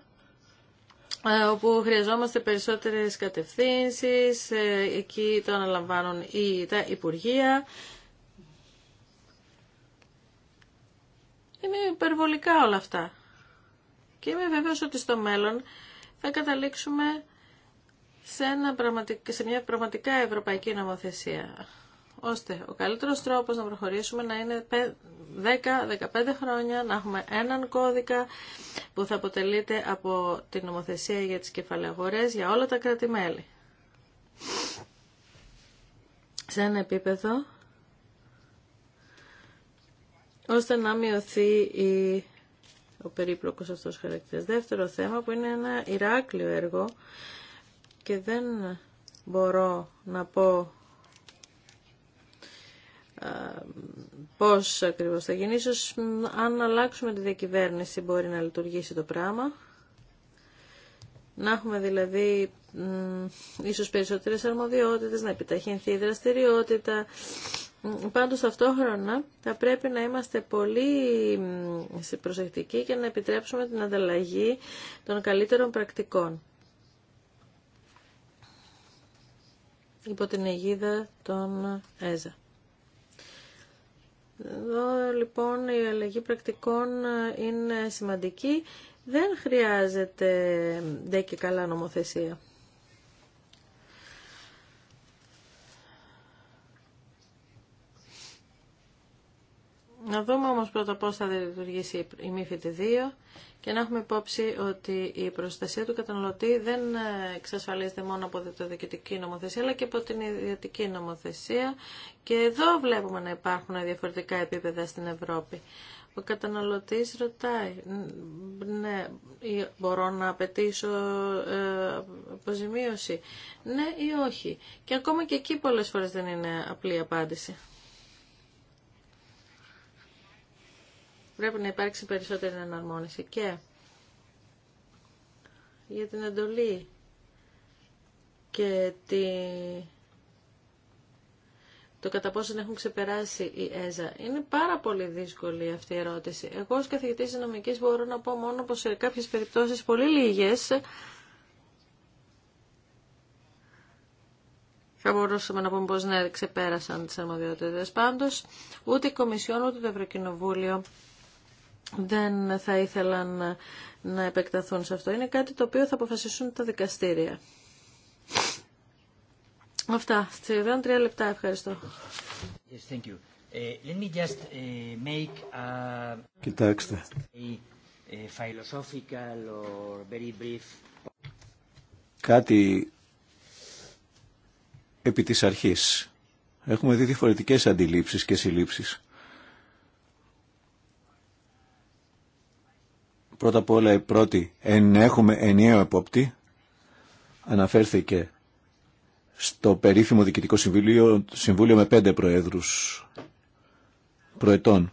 όπου χρειαζόμαστε περισσότερες κατευθύνσεις, ε, εκεί το αναλαμβάνουν τα Υπουργεία Είναι υπερβολικά όλα αυτά. Και είμαι βέβαιος ότι στο μέλλον θα καταλήξουμε σε, ένα πραγματικ... σε μια πραγματικά ευρωπαϊκή νομοθεσία. Ώστε ο καλύτερος τρόπος να προχωρήσουμε να είναι 10-15 χρόνια, να έχουμε έναν κώδικα που θα αποτελείται από την νομοθεσία για τις κεφαλαγορές για όλα τα κράτη-μέλη. Σε ένα επίπεδο ώστε να μειωθεί ο περίπλοκος αυτός χαρακτήρας. Δεύτερο θέμα που είναι ένα Ηράκλειο έργο και δεν μπορώ να πω πώς ακριβώς θα γίνει. Ίσως αν αλλάξουμε τη διακυβέρνηση μπορεί να λειτουργήσει το πράγμα. Να έχουμε δηλαδή ίσως περισσότερες αρμοδιότητες, να επιταχυνθεί η δραστηριότητα, Πάντως ταυτόχρονα θα πρέπει να είμαστε πολύ προσεκτικοί και να επιτρέψουμε την ανταλλαγή των καλύτερων πρακτικών. Υπό την αιγίδα των ΕΖΑ. Εδώ λοιπόν η αλλαγή πρακτικών είναι σημαντική. Δεν χρειάζεται δέ και καλά νομοθεσία. Να δούμε όμως πρώτα πώς θα λειτουργήσει η MIFID 2 και να έχουμε υπόψη ότι η προστασία του καταναλωτή δεν εξασφαλίζεται μόνο από την διοικητική νομοθεσία αλλά και από την ιδιωτική νομοθεσία και εδώ βλέπουμε να υπάρχουν διαφορετικά επίπεδα στην Ευρώπη. Ο καταναλωτής ρωτάει, ναι, μπορώ να απαιτήσω ε, αποζημίωση, ναι ή όχι. Και ακόμα και εκεί πολλές φορές δεν είναι απλή απάντηση. Πρέπει να υπάρξει περισσότερη εναρμόνιση και για την εντολή και τη... το κατά πόσον έχουν ξεπεράσει η ΕΖΑ. Είναι πάρα πολύ δύσκολη αυτή η ερώτηση. Εγώ ως καθηγητής νομικής μπορώ να πω μόνο πως σε κάποιες περιπτώσεις πολύ λίγες θα μπορούσαμε να πούμε πως ναι, ξεπέρασαν τις αρμοδιότητες. Πάντως, ούτε η Κομισιόν, ούτε το Ευρωκοινοβούλιο δεν θα ήθελαν να επεκταθούν σε αυτό. Είναι κάτι το οποίο θα αποφασίσουν τα δικαστήρια. Αυτά. Σχεδόν τρία λεπτά. Ευχαριστώ. Yes, Κοιτάξτε. Κάτι επί της αρχής. Έχουμε δει διαφορετικές αντιλήψεις και συλλήψεις. Πρώτα απ' όλα η πρώτη, εν έχουμε ενιαίο επόπτη, αναφέρθηκε στο περίφημο Διοικητικό Συμβούλιο, συμβούλιο με πέντε προέδρους προετών.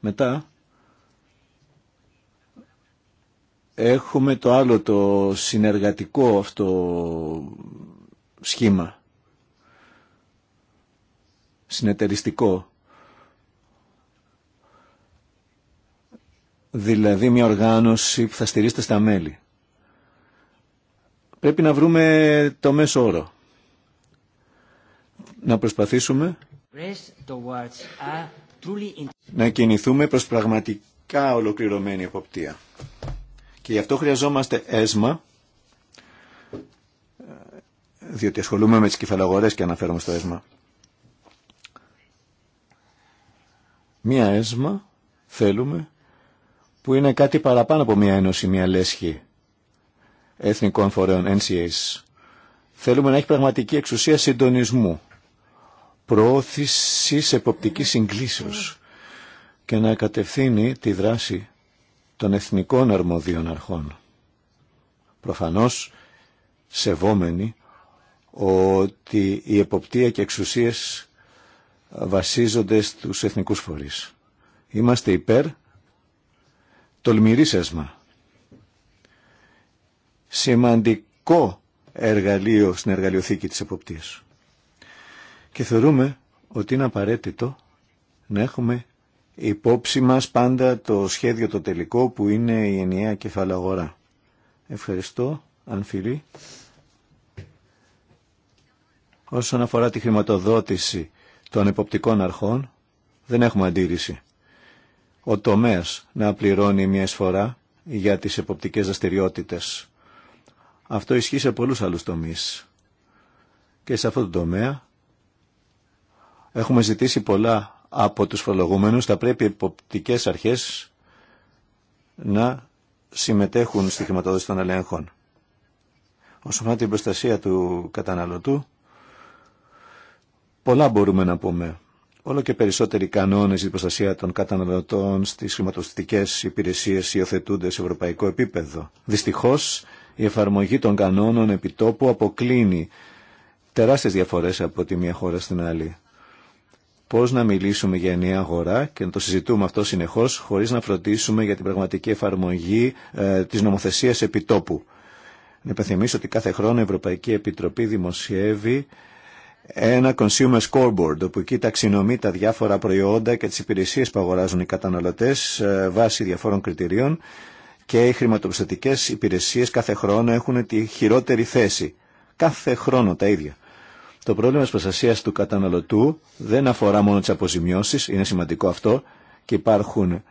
Μετά έχουμε το άλλο το συνεργατικό αυτό σχήμα, συνεταιριστικό δηλαδή μια οργάνωση που θα στηρίζεται στα μέλη. Πρέπει να βρούμε το μέσο όρο. Να προσπαθήσουμε να κινηθούμε προς πραγματικά ολοκληρωμένη εποπτεία. Και γι' αυτό χρειαζόμαστε έσμα, διότι ασχολούμαι με τις κεφαλαγορές και αναφέρομαι στο έσμα. Μία έσμα θέλουμε που είναι κάτι παραπάνω από μια ένωση, μια λέσχη εθνικών φορέων, NCAs. Θέλουμε να έχει πραγματική εξουσία συντονισμού, προώθηση εποπτική συγκλήσεω και να κατευθύνει τη δράση των εθνικών αρμοδίων αρχών. Προφανώς σεβόμενοι ότι η εποπτεία και εξουσίες βασίζονται στους εθνικούς φορείς. Είμαστε υπέρ σέσμα, Σημαντικό εργαλείο στην εργαλειοθήκη της εποπτείας. Και θεωρούμε ότι είναι απαραίτητο να έχουμε υπόψη μας πάντα το σχέδιο το τελικό που είναι η ενιαία κεφαλαγορά. Ευχαριστώ, Ανφιλή. Όσον αφορά τη χρηματοδότηση των εποπτικών αρχών, δεν έχουμε αντίρρηση ο τομέας να πληρώνει μια εισφορά για τις εποπτικές δραστηριότητε. Αυτό ισχύει σε πολλούς άλλους τομείς. Και σε αυτό το τομέα έχουμε ζητήσει πολλά από τους φορολογούμενους. Θα πρέπει οι εποπτικές αρχές να συμμετέχουν στη χρηματοδότηση των ελέγχων. Όσον αφορά την προστασία του καταναλωτού, πολλά μπορούμε να πούμε. Όλο και περισσότεροι κανόνες για την προστασία των καταναλωτών στις χρηματοστατικές υπηρεσίες υιοθετούνται σε ευρωπαϊκό επίπεδο. Δυστυχώς, η εφαρμογή των κανόνων επιτόπου αποκλίνει τεράστιες διαφορές από τη μία χώρα στην άλλη. Πώς να μιλήσουμε για ενιαία αγορά και να το συζητούμε αυτό συνεχώς χωρίς να φροντίσουμε για την πραγματική εφαρμογή ε, της νομοθεσίας επιτόπου. Να υπενθυμίσω ότι κάθε χρόνο η Ευρωπαϊκή Επιτροπή δημοσιεύει ένα consumer scoreboard όπου εκεί ταξινομεί τα διάφορα προϊόντα και τις υπηρεσίες που αγοράζουν οι καταναλωτές ε, βάσει διαφόρων κριτηρίων και οι χρηματοπιστωτικές υπηρεσίες κάθε χρόνο έχουν τη χειρότερη θέση. Κάθε χρόνο τα ίδια. Το πρόβλημα της προστασίας του καταναλωτού δεν αφορά μόνο τις αποζημιώσεις, είναι σημαντικό αυτό και υπάρχουν,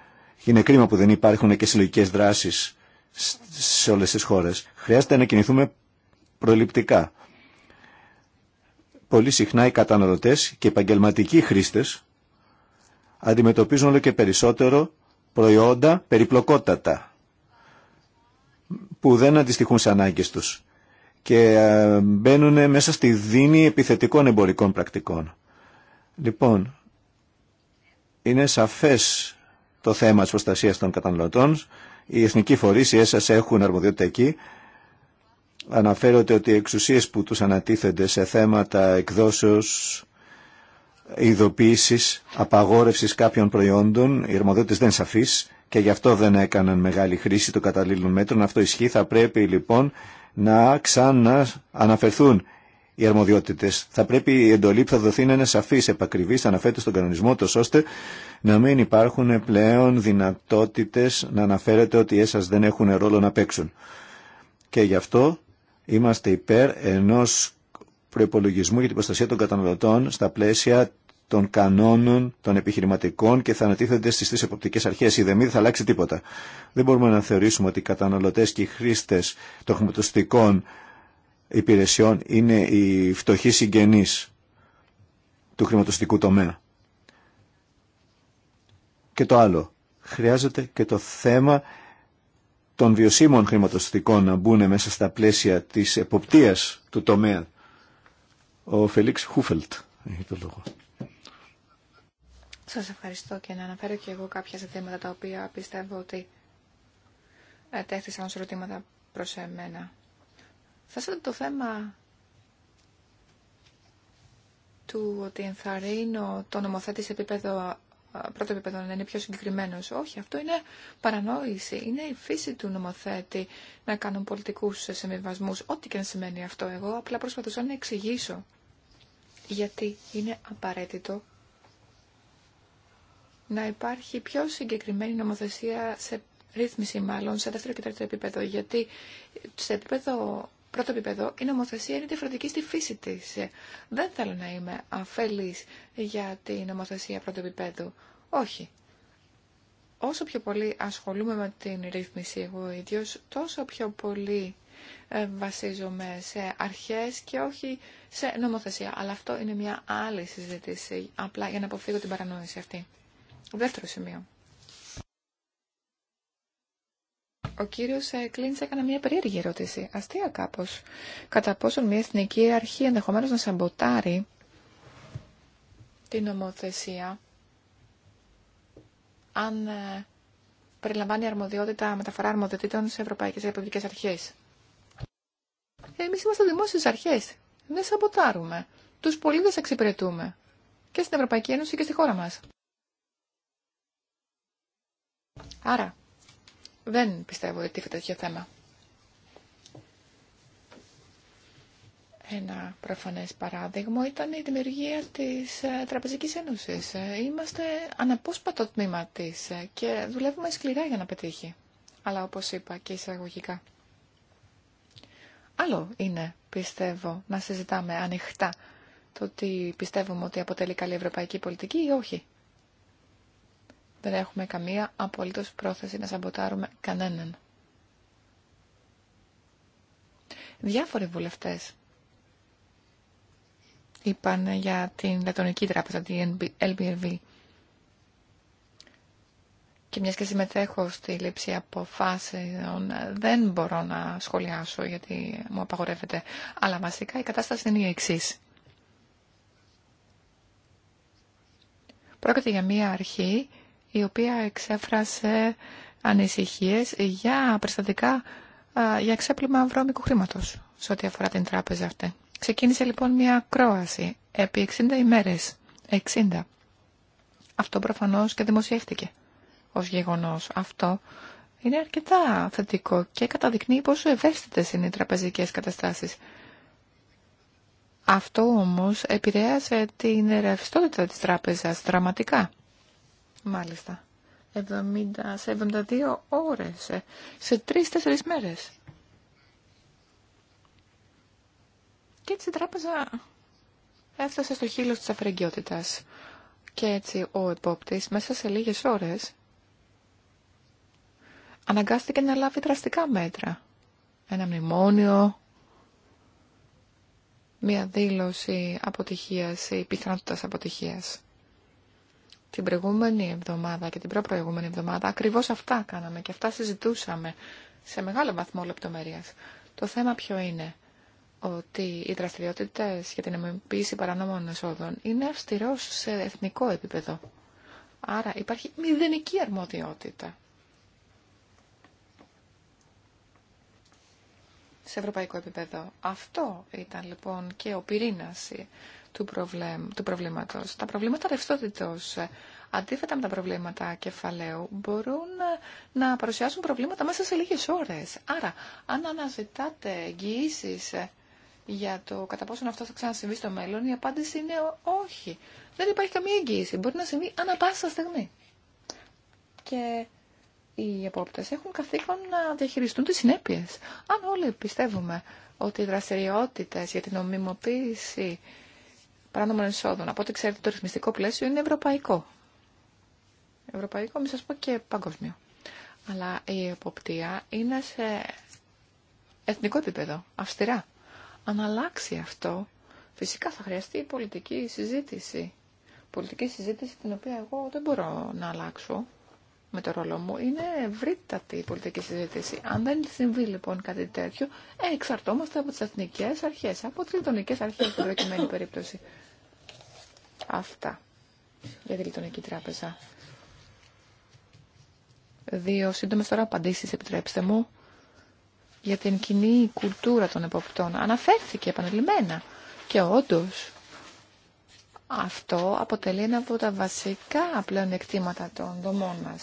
είναι κρίμα που δεν υπάρχουν και συλλογικέ δράσεις σε όλες τις χώρες. Χρειάζεται να κινηθούμε προληπτικά πολύ συχνά οι καταναλωτές και οι επαγγελματικοί χρήστες αντιμετωπίζουν όλο και περισσότερο προϊόντα περιπλοκότατα που δεν αντιστοιχούν σε ανάγκες τους και ε, μπαίνουν μέσα στη δίνη επιθετικών εμπορικών πρακτικών. Λοιπόν, είναι σαφές το θέμα της προστασίας των καταναλωτών. Οι εθνικοί φορείς, οι ΕΣΑΣ έχουν αρμοδιότητα εκεί αναφέρονται ότι οι εξουσίες που τους ανατίθενται σε θέματα εκδόσεως, ειδοποίηση, απαγόρευσης κάποιων προϊόντων, οι αρμοδιότητε δεν είναι σαφείς και γι' αυτό δεν έκαναν μεγάλη χρήση των καταλήλων μέτρων. Αυτό ισχύει, θα πρέπει λοιπόν να ξανά αναφερθούν οι αρμοδιότητε. Θα πρέπει η εντολή που θα δοθεί να είναι σαφή, επακριβή, θα αναφέρεται στον κανονισμό, τόσο ώστε να μην υπάρχουν πλέον δυνατότητε να αναφέρεται ότι εσά δεν έχουν ρόλο να παίξουν. Και γι' αυτό Είμαστε υπέρ ενός προϋπολογισμού για την προστασία των καταναλωτών στα πλαίσια των κανόνων των επιχειρηματικών και θα ανατίθενται στι τρει εποπτικέ αρχέ. Η ΔΕΜΗ δεν θα αλλάξει τίποτα. Δεν μπορούμε να θεωρήσουμε ότι οι καταναλωτέ και οι χρήστε των χρηματοστικών υπηρεσιών είναι οι φτωχοί συγγενεί του χρηματοστικού τομέα. Και το άλλο. Χρειάζεται και το θέμα των βιωσίμων χρηματοστικών να μπουν μέσα στα πλαίσια της εποπτείας του τομέα. Ο Φελίξ Χούφελτ έχει το λόγο. Σας ευχαριστώ και να αναφέρω και εγώ κάποια ζητήματα τα οποία πιστεύω ότι τέθησαν ως ερωτήματα προς εμένα. σας το θέμα του ότι ενθαρρύνω το νομοθέτη σε επίπεδο πρώτο επίπεδο να είναι πιο συγκεκριμένο. Όχι, αυτό είναι παρανόηση. Είναι η φύση του νομοθέτη να κάνουν πολιτικούς συμβιβασμού. Ό,τι και να σημαίνει αυτό εγώ, απλά προσπαθούσα να εξηγήσω. Γιατί είναι απαραίτητο να υπάρχει πιο συγκεκριμένη νομοθεσία σε ρύθμιση μάλλον σε δεύτερο και τρίτο επίπεδο. Γιατί σε επίπεδο Πρώτο επίπεδο, η νομοθεσία είναι διαφορετική στη φύση τη. Δεν θέλω να είμαι αφελή για την νομοθεσία πρώτο επίπεδου. Όχι. Όσο πιο πολύ ασχολούμαι με την ρύθμιση εγώ ίδιο, τόσο πιο πολύ ε, βασίζομαι σε αρχές και όχι σε νομοθεσία. Αλλά αυτό είναι μια άλλη συζήτηση, απλά για να αποφύγω την παρανόηση αυτή. Δεύτερο σημείο. Ο κύριος ε, Κλίντ έκανε μια περίεργη ερώτηση, αστεία κάπως. Κατά πόσον μια εθνική αρχή ενδεχομένω να σαμποτάρει την νομοθεσία αν ε, περιλαμβάνει αρμοδιότητα, μεταφορά αρμοδιοτήτων σε ευρωπαϊκές και ευρωπαϊκέ αρχές. Εμείς είμαστε δημόσιε αρχές. Δεν σαμποτάρουμε. Τους πολίτε εξυπηρετούμε. Και στην Ευρωπαϊκή Ένωση και στη χώρα μα. Άρα, δεν πιστεύω ότι τίθεται τέτοιο θέμα. Ένα προφανές παράδειγμα ήταν η δημιουργία της ε, Τραπεζικής Ένωσης. Ε, είμαστε αναπόσπατο τμήμα της ε, και δουλεύουμε σκληρά για να πετύχει. Αλλά όπως είπα και εισαγωγικά. Άλλο είναι, πιστεύω, να συζητάμε ανοιχτά το ότι πιστεύουμε ότι αποτελεί καλή ευρωπαϊκή πολιτική ή όχι. Δεν έχουμε καμία απολύτως πρόθεση να σαμποτάρουμε κανέναν. Διάφοροι βουλευτές είπαν για την Λετωνική Τράπεζα, την LBRV. Και μιας και συμμετέχω στη λήψη αποφάσεων, δεν μπορώ να σχολιάσω γιατί μου απαγορεύεται. Αλλά βασικά η κατάσταση είναι η εξή. Πρόκειται για μία αρχή η οποία εξέφρασε ανησυχίες για περιστατικά για εξέπλυμα βρώμικου χρήματος σε ό,τι αφορά την τράπεζα αυτή. Ξεκίνησε λοιπόν μια κρόαση επί 60 ημέρες. 60. Αυτό προφανώς και δημοσιεύτηκε ως γεγονός. Αυτό είναι αρκετά θετικό και καταδεικνύει πόσο ευαίσθητες είναι οι τραπεζικές καταστάσεις. Αυτό όμως επηρέασε την ρευστότητα της τράπεζας δραματικά. Μάλιστα. 70, σε 72 ώρες, ε, σε 3-4 μέρες. Και έτσι η τράπεζα έφτασε στο χείλος της αφαιρεγγιότητας. Και έτσι ο επόπτης μέσα σε λίγες ώρες αναγκάστηκε να λάβει δραστικά μέτρα. Ένα μνημόνιο, μία δήλωση αποτυχίας ή πιθανότητας αποτυχίας την προηγούμενη εβδομάδα και την προπροηγούμενη εβδομάδα ακριβώς αυτά κάναμε και αυτά συζητούσαμε σε μεγάλο βαθμό λεπτομέρεια. Το θέμα ποιο είναι ότι οι δραστηριότητε για την αιμοποίηση παρανόμων εσόδων είναι αυστηρός σε εθνικό επίπεδο. Άρα υπάρχει μηδενική αρμοδιότητα. Σε ευρωπαϊκό επίπεδο. Αυτό ήταν λοιπόν και ο πυρήνας του, προβλέμ, του προβλήματος. Τα προβλήματα ρευστότητος, ε, αντίθετα με τα προβλήματα κεφαλαίου, μπορούν ε, να παρουσιάσουν προβλήματα μέσα σε λίγες ώρες. Άρα, αν αναζητάτε εγγυήσει ε, για το κατά πόσο αυτό θα ξανασυμβεί στο μέλλον, η απάντηση είναι όχι. Δεν υπάρχει καμία εγγύηση. Μπορεί να συμβεί ανά πάσα στιγμή. Και οι επόπτες έχουν καθήκον να διαχειριστούν τι συνέπειε. Αν όλοι πιστεύουμε ότι οι δραστηριότητε για την ομιμοποίηση παράνομων εισόδων. Από ό,τι ξέρετε το ρυθμιστικό πλαίσιο είναι ευρωπαϊκό. Ευρωπαϊκό, μην σα πω και παγκόσμιο. Αλλά η εποπτεία είναι σε εθνικό επίπεδο, αυστηρά. Αν αλλάξει αυτό, φυσικά θα χρειαστεί πολιτική συζήτηση. Πολιτική συζήτηση την οποία εγώ δεν μπορώ να αλλάξω με το ρόλο μου. Είναι ευρύτατη η πολιτική συζήτηση. Αν δεν συμβεί λοιπόν κάτι τέτοιο, εξαρτώμαστε από τις εθνικές αρχές, από τις λιτονικές αρχές στην προκειμένη περίπτωση. Αυτά για τη Λιτωνική Τράπεζα. Δύο σύντομες τώρα απαντήσει επιτρέψτε μου, για την κοινή κουλτούρα των εποπτών. Αναφέρθηκε επανελειμμένα και όντω, αυτό αποτελεί ένα από τα βασικά πλέον εκτήματα των δομών μα.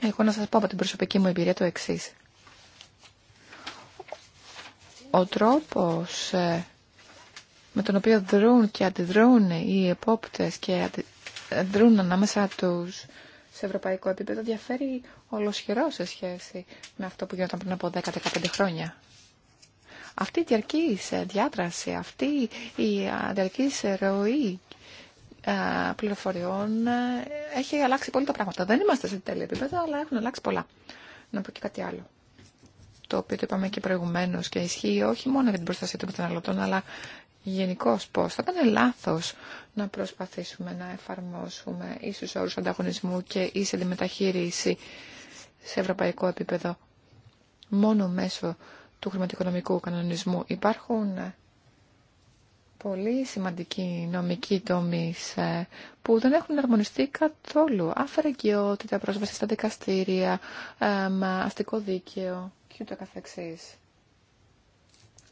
Εγώ να σας πω από την προσωπική μου εμπειρία το εξής. Ο τρόπος ε, με τον οποίο δρούν και αντιδρούν οι επόπτες και δρούν ανάμεσα τους σε ευρωπαϊκό επίπεδο διαφέρει ολοσχερό σε σχέση με αυτό που γινόταν πριν από 10-15 χρόνια. Αυτή η διαρκής ε, διάδραση, αυτή η ε, διαρκής ροή ε, πληροφοριών έχει αλλάξει πολύ τα πράγματα. Δεν είμαστε σε τέλειο επίπεδο, αλλά έχουν αλλάξει πολλά. Να πω και κάτι άλλο. Το οποίο το είπαμε και προηγουμένω και ισχύει όχι μόνο για την προστασία των καταναλωτών, αλλά γενικώ πώ, θα ήταν λάθο να προσπαθήσουμε να εφαρμόσουμε ίσους όρους ανταγωνισμού και ίση αντιμεταχείριση σε ευρωπαϊκό επίπεδο μόνο μέσω του χρηματοοικονομικού κανονισμού. Υπάρχουν πολύ σημαντικοί νομικοί τομεί ε, που δεν έχουν αρμονιστεί καθόλου. Αφαιρεγγιότητα, πρόσβαση στα δικαστήρια, ε, αστικό δίκαιο και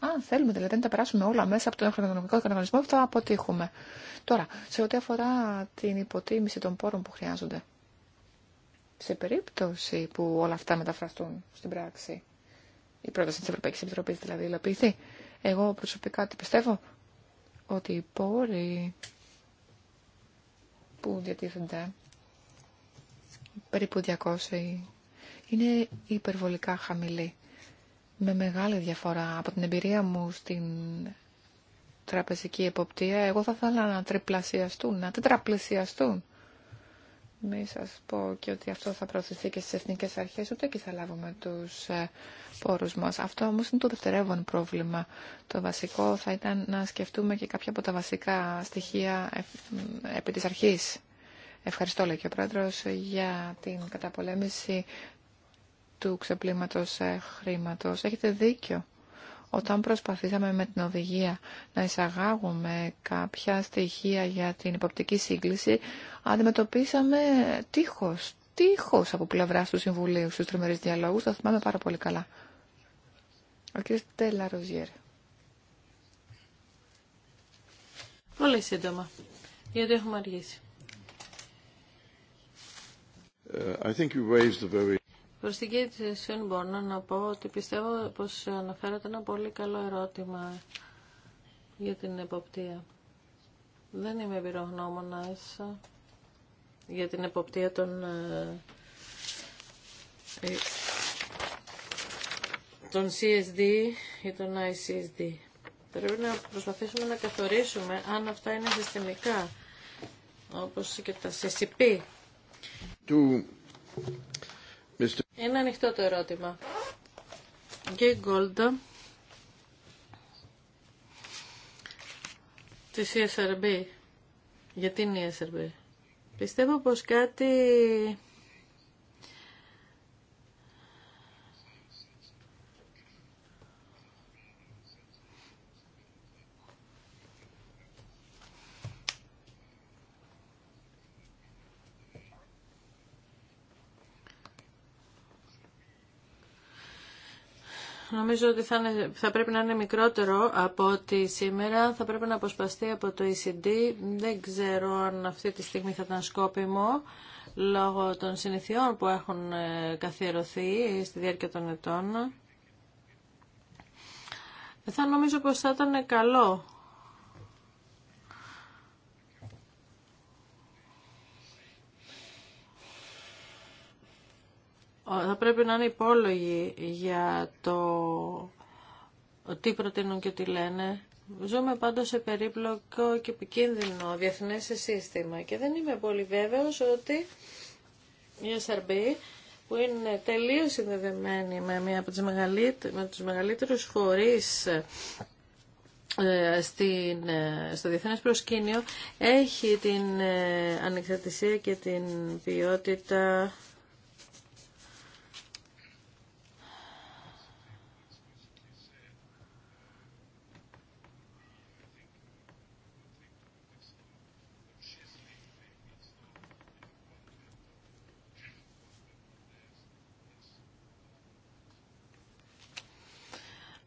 αν θέλουμε δηλαδή να τα περάσουμε όλα μέσα από τον χρηματονομικό κανονισμό, θα αποτύχουμε. Τώρα, σε ό,τι αφορά την υποτίμηση των πόρων που χρειάζονται, σε περίπτωση που όλα αυτά μεταφραστούν στην πράξη, η πρόταση τη Ευρωπαϊκή Επιτροπή δηλαδή υλοποιηθεί, εγώ προσωπικά τι πιστεύω, ότι οι πόροι που διατίθενται, περίπου 200, είναι υπερβολικά χαμηλοί με μεγάλη διαφορά από την εμπειρία μου στην τραπεζική εποπτεία. Εγώ θα ήθελα να τριπλασιαστούν, να τετραπλησιαστούν. Μη σα πω και ότι αυτό θα προωθηθεί και στι εθνικέ αρχές, ούτε και θα λάβουμε του ε, πόρους μας. Αυτό όμως είναι το δευτερεύον πρόβλημα. Το βασικό θα ήταν να σκεφτούμε και κάποια από τα βασικά στοιχεία ε, ε, επί τη αρχή. Ευχαριστώ, λέει και ο για την καταπολέμηση του ξεπλήματος ε, χρήματος. Έχετε δίκιο. Όταν προσπαθήσαμε με την οδηγία να εισαγάγουμε κάποια στοιχεία για την υποπτική σύγκληση, αντιμετωπίσαμε τείχος, τείχος από πλευρά του Συμβουλίου στους τριμερείς διαλόγους. Το θυμάμαι πάρα πολύ καλά. Ο κ. Τέλα Ροζιέρ. Πολύ σύντομα, γιατί έχουμε αργήσει. Ε, I think you raised a very... Προς την κύριε μπορώ να πω ότι πιστεύω πως αναφέρατε ένα πολύ καλό ερώτημα για την εποπτεία. Δεν είμαι εμπειρογνώμονας για την εποπτεία των, ε, ε, των CSD ή των ICSD. Πρέπει να προσπαθήσουμε να καθορίσουμε αν αυτά είναι συστημικά, όπως και τα CCP ένα ανοιχτό το ερώτημα. Και η Γκόλντα ESRB. Γιατί είναι η ESRB. Πιστεύω πως κάτι νομίζω ότι θα, θα πρέπει να είναι μικρότερο από ότι σήμερα. Θα πρέπει να αποσπαστεί από το ECD. Δεν ξέρω αν αυτή τη στιγμή θα ήταν σκόπιμο λόγω των συνηθιών που έχουν ε, καθιερωθεί στη διάρκεια των ετών. Θα νομίζω πως θα ήταν καλό θα πρέπει να είναι υπόλογοι για το τι προτείνουν και τι λένε. Ζούμε πάντως σε περίπλοκο και επικίνδυνο διεθνές σύστημα και δεν είμαι πολύ βέβαιος ότι η SRB που είναι τελείως συνδεδεμένη με, μια από τις με τους μεγαλύτερους φορείς ε, στην, ε, στο διεθνές προσκήνιο έχει την ε, ανεξαρτησία και την ποιότητα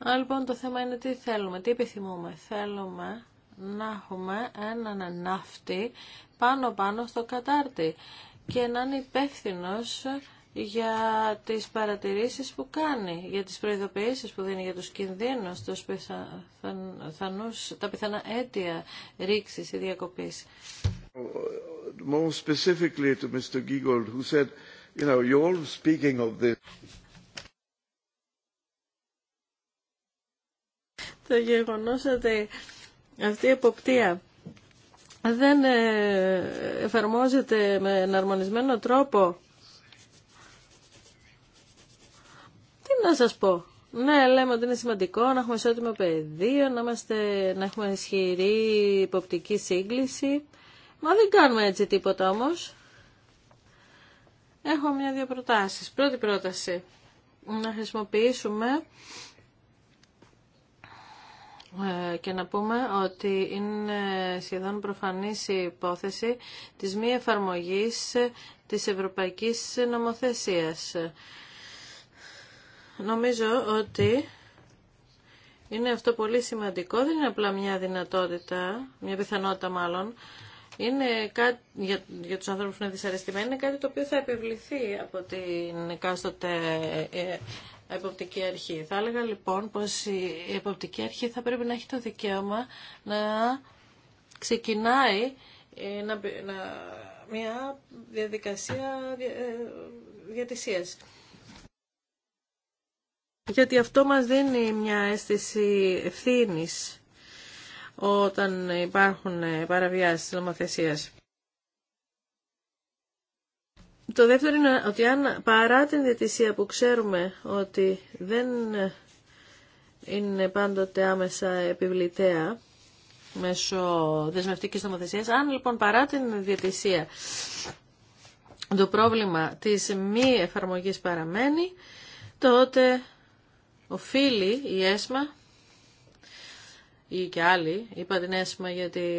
Άρα λοιπόν το θέμα είναι τι θέλουμε, τι επιθυμούμε. Θέλουμε να έχουμε έναν ναύτη πάνω πάνω στο κατάρτι και να είναι υπεύθυνο για τις παρατηρήσεις που κάνει, για τις προειδοποιήσεις που δίνει, για τους κινδύνους, τους πιθα... τα πιθανά αίτια ρήξης ή διακοπής. More specifically to Mr. Giegold, who said, you know, you're all speaking of το γεγονός ότι αυτή η εποπτεία δεν ε, εφαρμόζεται με εναρμονισμένο τρόπο. Τι να σας πω. Ναι, λέμε ότι είναι σημαντικό να έχουμε ισότιμο πεδίο, να, είμαστε, να έχουμε ισχυρή υποπτική σύγκληση. Μα δεν κάνουμε έτσι τίποτα όμως. Έχω μια-δύο προτάσεις. Πρώτη πρόταση. Να χρησιμοποιήσουμε ε, και να πούμε ότι είναι σχεδόν προφανής η υπόθεση της μη εφαρμογής της ευρωπαϊκής νομοθεσίας. Νομίζω ότι είναι αυτό πολύ σημαντικό, δεν είναι απλά μια δυνατότητα, μια πιθανότητα μάλλον, είναι κάτι, για, για τους ανθρώπους που είναι δυσαρεστημένοι, είναι κάτι το οποίο θα επιβληθεί από την εκάστοτε ε, εποπτική αρχή. Θα έλεγα λοιπόν πως η εποπτική αρχή θα πρέπει να έχει το δικαίωμα να ξεκινάει ε, να, μια διαδικασία δια, ε, διατησίας. Γιατί αυτό μας δίνει μια αίσθηση ευθύνης όταν υπάρχουν παραβιάσεις της νομοθεσίας. Το δεύτερο είναι ότι αν παρά την διατησία που ξέρουμε ότι δεν είναι πάντοτε άμεσα επιβλητέα μέσω δεσμευτικής νομοθεσίας, αν λοιπόν παρά την διατησία το πρόβλημα της μη εφαρμογής παραμένει, τότε οφείλει η ΕΣΜΑ ή και άλλοι, είπα την ΕΣΜΑ γιατί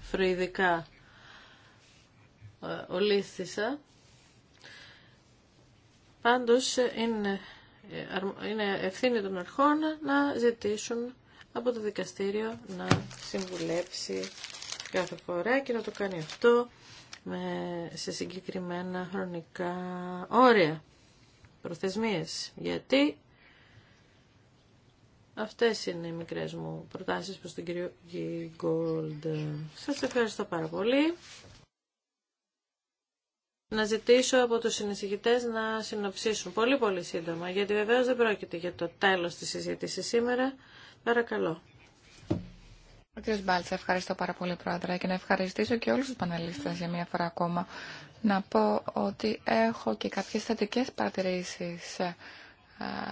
φροηδικά ε, ολίθισα Πάντως ε, είναι, ε, είναι ευθύνη των αρχών να ζητήσουν από το δικαστήριο να συμβουλέψει κάθε φορά και να το κάνει αυτό με, σε συγκεκριμένα χρονικά όρια, προθεσμίες. Γιατί αυτές είναι οι μικρές μου προτάσεις προς τον κύριο Γκόλντ. Σας ευχαριστώ πάρα πολύ να ζητήσω από τους συνεισηγητές να συνοψίσουν πολύ πολύ σύντομα, γιατί βεβαίως δεν πρόκειται για το τέλος της συζήτησης σήμερα. Παρακαλώ. Ο κ. Μπάλτσα, ευχαριστώ πάρα πολύ, Πρόεδρε, και να ευχαριστήσω και όλους τους πανελίστες για μια φορά ακόμα. Να πω ότι έχω και κάποιες θετικές παρατηρήσεις ε,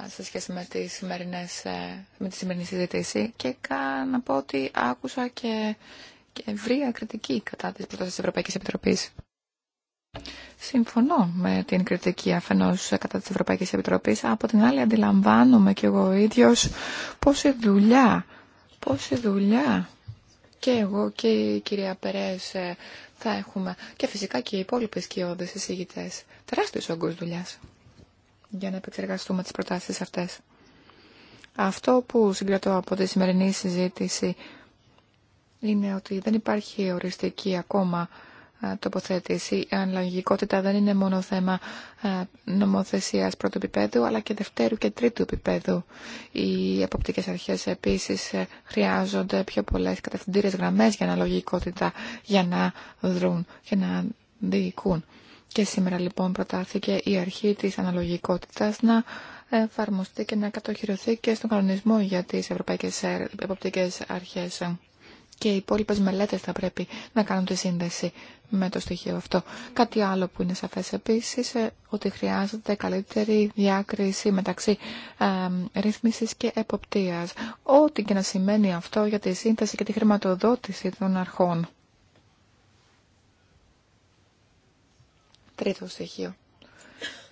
σε σχέση με, σημερινές, ε, με τη σημερινή συζήτηση και να πω ότι άκουσα και, και ευρία κριτική κατά της πρότασης της Ευρωπαϊκής Επιτροπής. Συμφωνώ με την κριτική αφενός κατά της Ευρωπαϊκής Επιτροπής. Από την άλλη αντιλαμβάνομαι κι εγώ ίδιος πόση δουλειά, πόση δουλειά και εγώ και η κυρία Περές ε, θα έχουμε και φυσικά και οι υπόλοιπε κοιόδες εισηγητές. Τεράστιος όγκος δουλειάς για να επεξεργαστούμε τις προτάσεις αυτές. Αυτό που συγκρατώ από τη σημερινή συζήτηση είναι ότι δεν υπάρχει οριστική ακόμα ε, τοποθέτηση. Η αναλογικότητα δεν είναι μόνο θέμα ε, νομοθεσίας πρώτου επίπεδου, αλλά και δευτέρου και τρίτου επίπεδου. Οι αποπτικές αρχές επίσης ε, χρειάζονται πιο πολλές κατευθυντήριες γραμμές για αναλογικότητα, για να δρουν, και να διοικούν. Και σήμερα λοιπόν προτάθηκε η αρχή της αναλογικότητας να εφαρμοστεί και να κατοχυρωθεί και στον κανονισμό για τις ευρωπαϊκές εποπτικές αρχές και οι υπόλοιπε μελέτες θα πρέπει να κάνουν τη σύνδεση με το στοιχείο αυτό. Κάτι άλλο που είναι σαφές επίσης, ε, ότι χρειάζεται καλύτερη διάκριση μεταξύ ε, ρύθμισης και εποπτείας. Ό,τι και να σημαίνει αυτό για τη σύνθεση και τη χρηματοδότηση των αρχών. Τρίτο στοιχείο.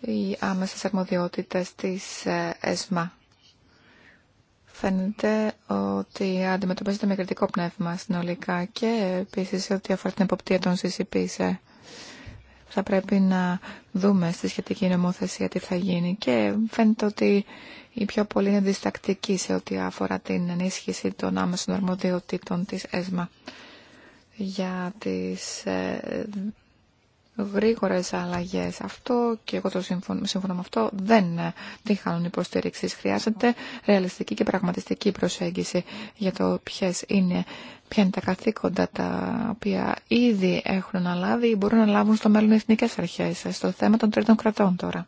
Οι άμεσες αρμοδιότητες της ε, ΕΣΜΑ φαίνεται ότι αντιμετωπίζεται με κριτικό πνεύμα συνολικά και επίσης ό,τι αφορά την εποπτεία των σε θα πρέπει να δούμε στη σχετική νομοθεσία τι θα γίνει και φαίνεται ότι η πιο πολύ είναι διστακτική σε ό,τι αφορά την ενίσχυση των άμεσων αρμοδιοτήτων της ΕΣΜΑ για τις ε, Γρήγορε αλλαγέ Αυτό και εγώ το σύμφωνο, με αυτό δεν την χάνουν υποστήριξη. Χρειάζεται ρεαλιστική και πραγματιστική προσέγγιση για το ποιε είναι, ποια είναι τα καθήκοντα τα οποία ήδη έχουν αναλάβει ή μπορούν να λάβουν στο μέλλον οι εθνικές αρχές, στο θέμα των τρίτων κρατών τώρα.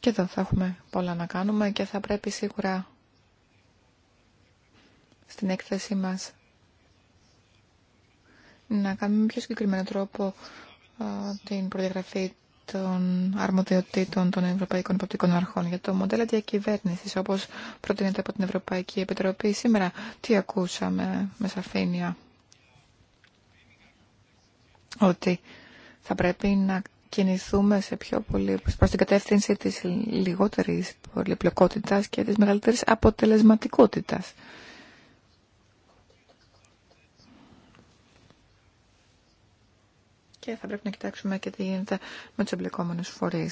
Και εδώ θα έχουμε πολλά να κάνουμε και θα πρέπει σίγουρα στην έκθεσή μας να κάνουμε με πιο συγκεκριμένο τρόπο την προδιαγραφή των αρμοδιοτήτων των Ευρωπαϊκών Υποπτικών Αρχών για το μοντέλο διακυβέρνηση, όπω προτείνεται από την Ευρωπαϊκή Επιτροπή σήμερα. Τι ακούσαμε με σαφήνεια, ότι θα πρέπει να κινηθούμε σε πιο πολύ προς την κατεύθυνση της λιγότερης πολυπλοκότητας και της μεγαλύτερης αποτελεσματικότητας. και θα πρέπει να κοιτάξουμε και τι γίνεται με τους εμπλεκόμενους φορεί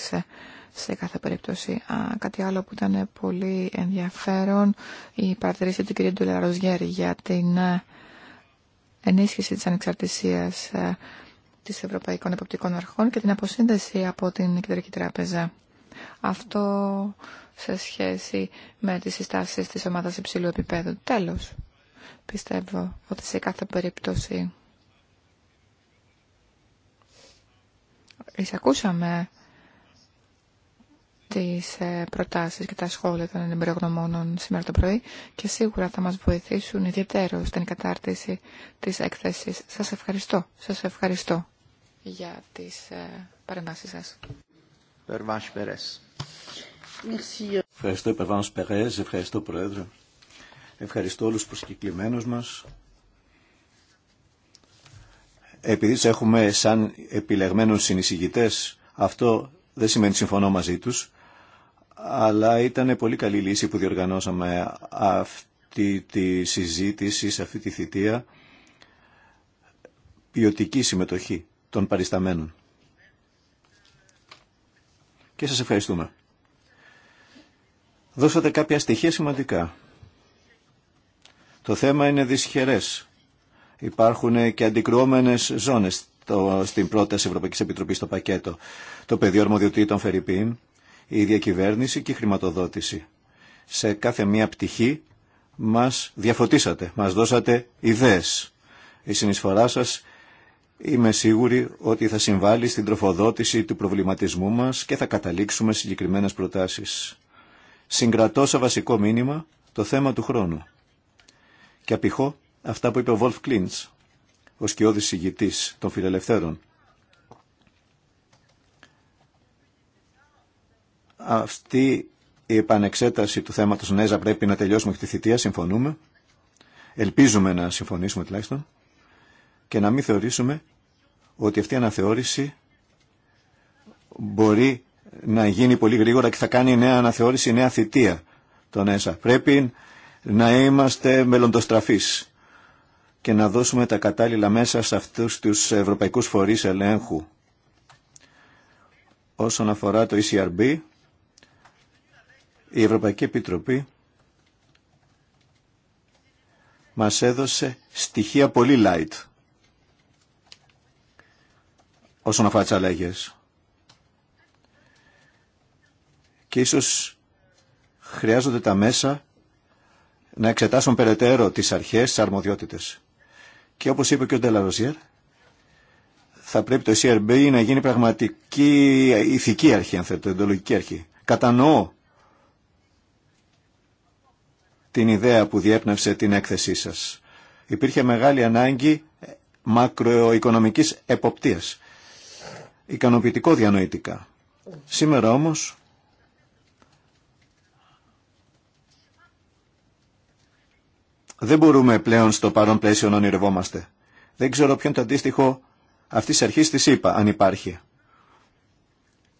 σε κάθε περίπτωση. Α, κάτι άλλο που ήταν πολύ ενδιαφέρον, η παρατηρήση του κ. Ντουλαροζιέρη για την ε, ενίσχυση της ανεξαρτησίας ε, της Ευρωπαϊκών Εποπτικών Αρχών και την αποσύνδεση από την Κεντρική Τράπεζα. Αυτό σε σχέση με τις συστάσεις της ομάδας υψηλού επίπεδου. Τέλος, πιστεύω ότι σε κάθε περίπτωση εισακούσαμε τις ε, προτάσεις και τα σχόλια των εμπειρογνωμόνων σήμερα το πρωί και σίγουρα θα μας βοηθήσουν ιδιαίτερο στην κατάρτιση της έκθεσης. Σας ευχαριστώ. Σας ευχαριστώ για τις ε, παρεμβάσεις σας. Ευχαριστώ Περβάνος Περές, ευχαριστώ Πρόεδρε. Ευχαριστώ όλους τους προσκεκλημένους μας. Επειδή τους έχουμε σαν επιλεγμένους συνεισηγητές, αυτό δεν σημαίνει συμφωνώ μαζί τους, αλλά ήταν πολύ καλή λύση που διοργανώσαμε αυτή τη συζήτηση, σε αυτή τη θητεία, ποιοτική συμμετοχή των παρισταμένων. Και σας ευχαριστούμε. Δώσατε κάποια στοιχεία σημαντικά. Το θέμα είναι δυσχερές υπάρχουν και αντικρουόμενε ζώνες στην πρόταση Ευρωπαϊκή Επιτροπή στο πακέτο. Το πεδίο αρμοδιοτήτων Φερρυπίν, η διακυβέρνηση και η χρηματοδότηση. Σε κάθε μία πτυχή μας διαφωτίσατε, μας δώσατε ιδέες. Η συνεισφορά σα. είμαι σίγουρη ότι θα συμβάλλει στην τροφοδότηση του προβληματισμού μας και θα καταλήξουμε συγκεκριμένε προτάσει. Συγκρατώ σε βασικό μήνυμα το θέμα του χρόνου. Και αυτά που είπε ο Βολφ Κλίντς, ο σκιώδης ηγητής των φιλελευθέρων. Αυτή η επανεξέταση του θέματος ΝΕΖΑ πρέπει να τελειώσουμε και τη θητεία, συμφωνούμε. Ελπίζουμε να συμφωνήσουμε τουλάχιστον και να μην θεωρήσουμε ότι αυτή η αναθεώρηση μπορεί να γίνει πολύ γρήγορα και θα κάνει νέα αναθεώρηση, νέα θητεία των ΕΣΑ. Πρέπει να είμαστε μελλοντοστραφείς και να δώσουμε τα κατάλληλα μέσα σε αυτούς τους ευρωπαϊκούς φορείς ελέγχου. Όσον αφορά το ECRB, η Ευρωπαϊκή Επιτροπή μας έδωσε στοιχεία πολύ light όσον αφορά τις αλλαγές. Και ίσως χρειάζονται τα μέσα να εξετάσουν περαιτέρω τις αρχές, τις αρμοδιότητες. Και όπως είπε και ο Ντελαροζιέρ, θα πρέπει το CRB να γίνει πραγματική ηθική αρχή, αν θέλετε, εντολογική αρχή. Κατανοώ την ιδέα που διέπνευσε την έκθεσή σας. Υπήρχε μεγάλη ανάγκη μακροοικονομικής εποπτείας. Ικανοποιητικό διανοητικά. Σήμερα όμως δεν μπορούμε πλέον στο παρόν πλαίσιο να ονειρευόμαστε. Δεν ξέρω ποιον το αντίστοιχο αυτής αρχής της είπα, ΕΕ, αν υπάρχει.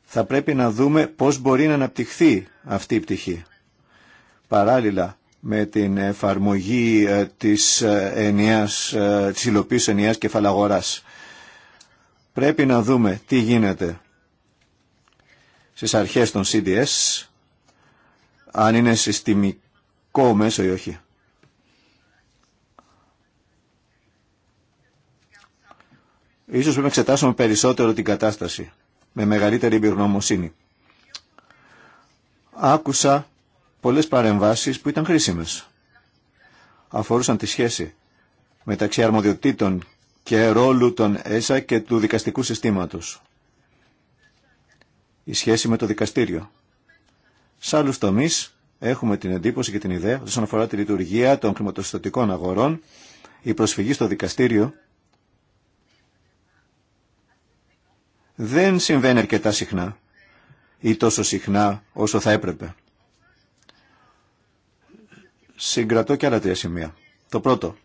Θα πρέπει να δούμε πώς μπορεί να αναπτυχθεί αυτή η πτυχή. Παράλληλα με την εφαρμογή ε, της, ε, ενιαίας, ε, της υλοποίησης ενιαίας κεφαλαγοράς. Πρέπει να δούμε τι γίνεται στις αρχές των CDS, αν είναι συστημικό μέσο ή όχι. Ίσως πρέπει να εξετάσουμε περισσότερο την κατάσταση με μεγαλύτερη εμπειρογνωμοσύνη. Άκουσα πολλές παρεμβάσεις που ήταν χρήσιμες. Αφορούσαν τη σχέση μεταξύ αρμοδιοτήτων και ρόλου των ΕΣΑ και του δικαστικού συστήματος. Η σχέση με το δικαστήριο. Σε άλλους τομείς έχουμε την εντύπωση και την ιδέα όσον αφορά τη λειτουργία των χρηματοστατικών αγορών, η προσφυγή στο δικαστήριο δεν συμβαίνει αρκετά συχνά ή τόσο συχνά όσο θα έπρεπε. Συγκρατώ και άλλα τρία σημεία. Το πρώτο.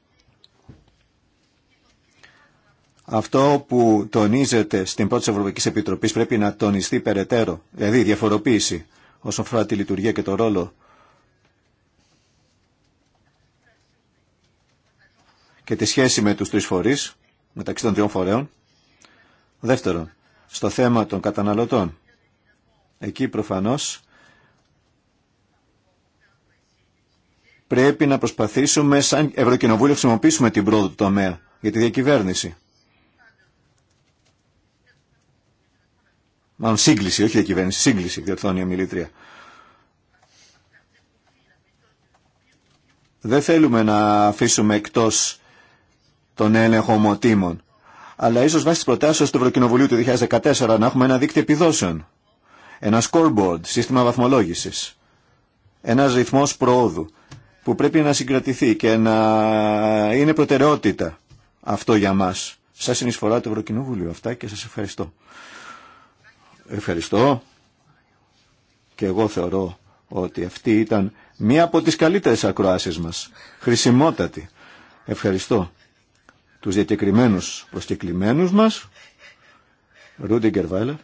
Αυτό που τονίζεται στην πρώτη Ευρωπαϊκή Επιτροπή πρέπει να τονιστεί περαιτέρω, δηλαδή διαφοροποίηση όσον αφορά τη λειτουργία και το ρόλο και τη σχέση με τους τρεις φορείς, μεταξύ των τριών φορέων. Δεύτερον, στο θέμα των καταναλωτών. Εκεί προφανώς πρέπει να προσπαθήσουμε σαν Ευρωκοινοβούλιο να χρησιμοποιήσουμε την πρόοδο του τομέα για τη διακυβέρνηση. Μάλλον σύγκληση, όχι διακυβέρνηση, σύγκληση, διορθώνει η ομιλήτρια. Δεν θέλουμε να αφήσουμε εκτός τον έλεγχο ομοτήμων αλλά ίσως βάσει της προτάσεως του Ευρωκοινοβουλίου του 2014 να έχουμε ένα δίκτυο επιδόσεων, ένα scoreboard, σύστημα βαθμολόγησης, ένας ρυθμός προόδου που πρέπει να συγκρατηθεί και να είναι προτεραιότητα αυτό για μας. Σας συνεισφορά το Ευρωκοινοβούλιο αυτά και σας ευχαριστώ. Ευχαριστώ και εγώ θεωρώ ότι αυτή ήταν μία από τις καλύτερες ακροάσεις μας. Χρησιμότατη. Ευχαριστώ τους διατεκριμένους, προσκεκλημένους μας, Ρούντι Γκερβάλλα,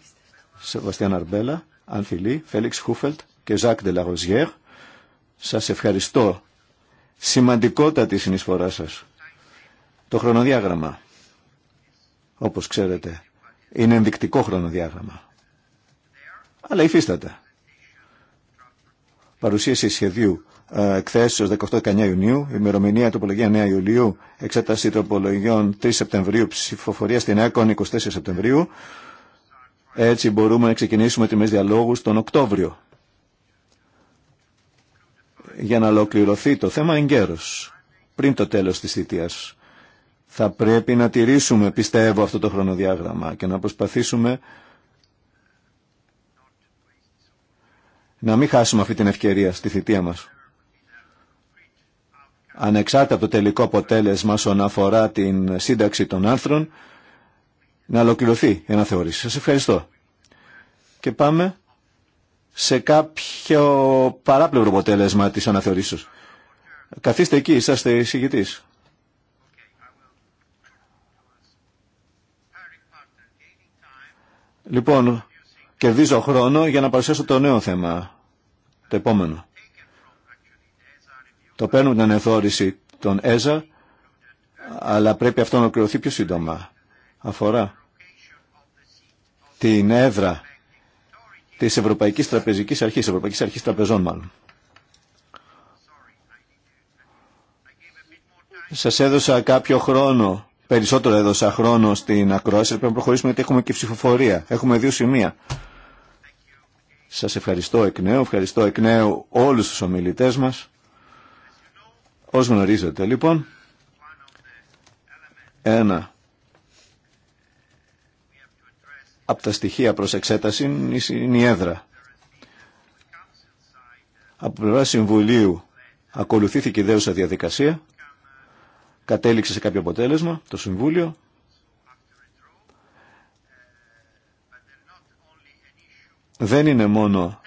Σεβαστιάν Αρμπέλα, Ανθιλή, Φέλιξ Χούφελτ και Ζακ Ντελαγοζιέρ, Σας ευχαριστώ. Σημαντικότατη συνεισφορά σας. Το χρονοδιάγραμμα, όπως ξέρετε, είναι ενδεικτικό χρονοδιάγραμμα. Αλλά υφίσταται. Παρουσίαση σχεδίου εκθέσεως 18-19 Ιουνίου, ημερομηνία τροπολογία 9 Ιουλίου, εξέταση τροπολογιών 3 Σεπτεμβρίου, ψηφοφορία στην ΕΚΟΝ 24 Σεπτεμβρίου. Έτσι μπορούμε να ξεκινήσουμε τιμέ διαλόγου τον Οκτώβριο. Για να ολοκληρωθεί το θέμα εγκαίρως, πριν το τέλος της θητείας. Θα πρέπει να τηρήσουμε, πιστεύω, αυτό το χρονοδιάγραμμα και να προσπαθήσουμε να μην χάσουμε αυτή την ευκαιρία στη θητεία μας ανεξάρτητα από το τελικό αποτέλεσμα όσον αφορά την σύνταξη των άρθρων, να ολοκληρωθεί η αναθεώρηση. Σας ευχαριστώ. Και πάμε σε κάποιο παράπλευρο αποτέλεσμα της αναθεωρήσεως. Καθίστε εκεί, είσαστε εισηγητής. Λοιπόν, κερδίζω χρόνο για να παρουσιάσω το νέο θέμα, το επόμενο. Το παίρνουν την εθόρυση των ΕΖΑ, αλλά πρέπει αυτό να ολοκληρωθεί πιο σύντομα. Αφορά την έδρα της Ευρωπαϊκής Τραπεζικής Αρχής, Ευρωπαϊκής Αρχής Τραπεζών μάλλον. Σας έδωσα κάποιο χρόνο, περισσότερο έδωσα χρόνο στην ακρόαση, πρέπει να προχωρήσουμε γιατί έχουμε και ψηφοφορία. Έχουμε δύο σημεία. Σας ευχαριστώ εκ νέου, ευχαριστώ εκ νέου όλους τους ομιλητές μας. Ως γνωρίζετε λοιπόν, ένα από τα στοιχεία προς εξέταση είναι η έδρα. Από πλευρά Συμβουλίου ακολουθήθηκε η δέουσα διαδικασία, κατέληξε σε κάποιο αποτέλεσμα το Συμβούλιο, δεν είναι μόνο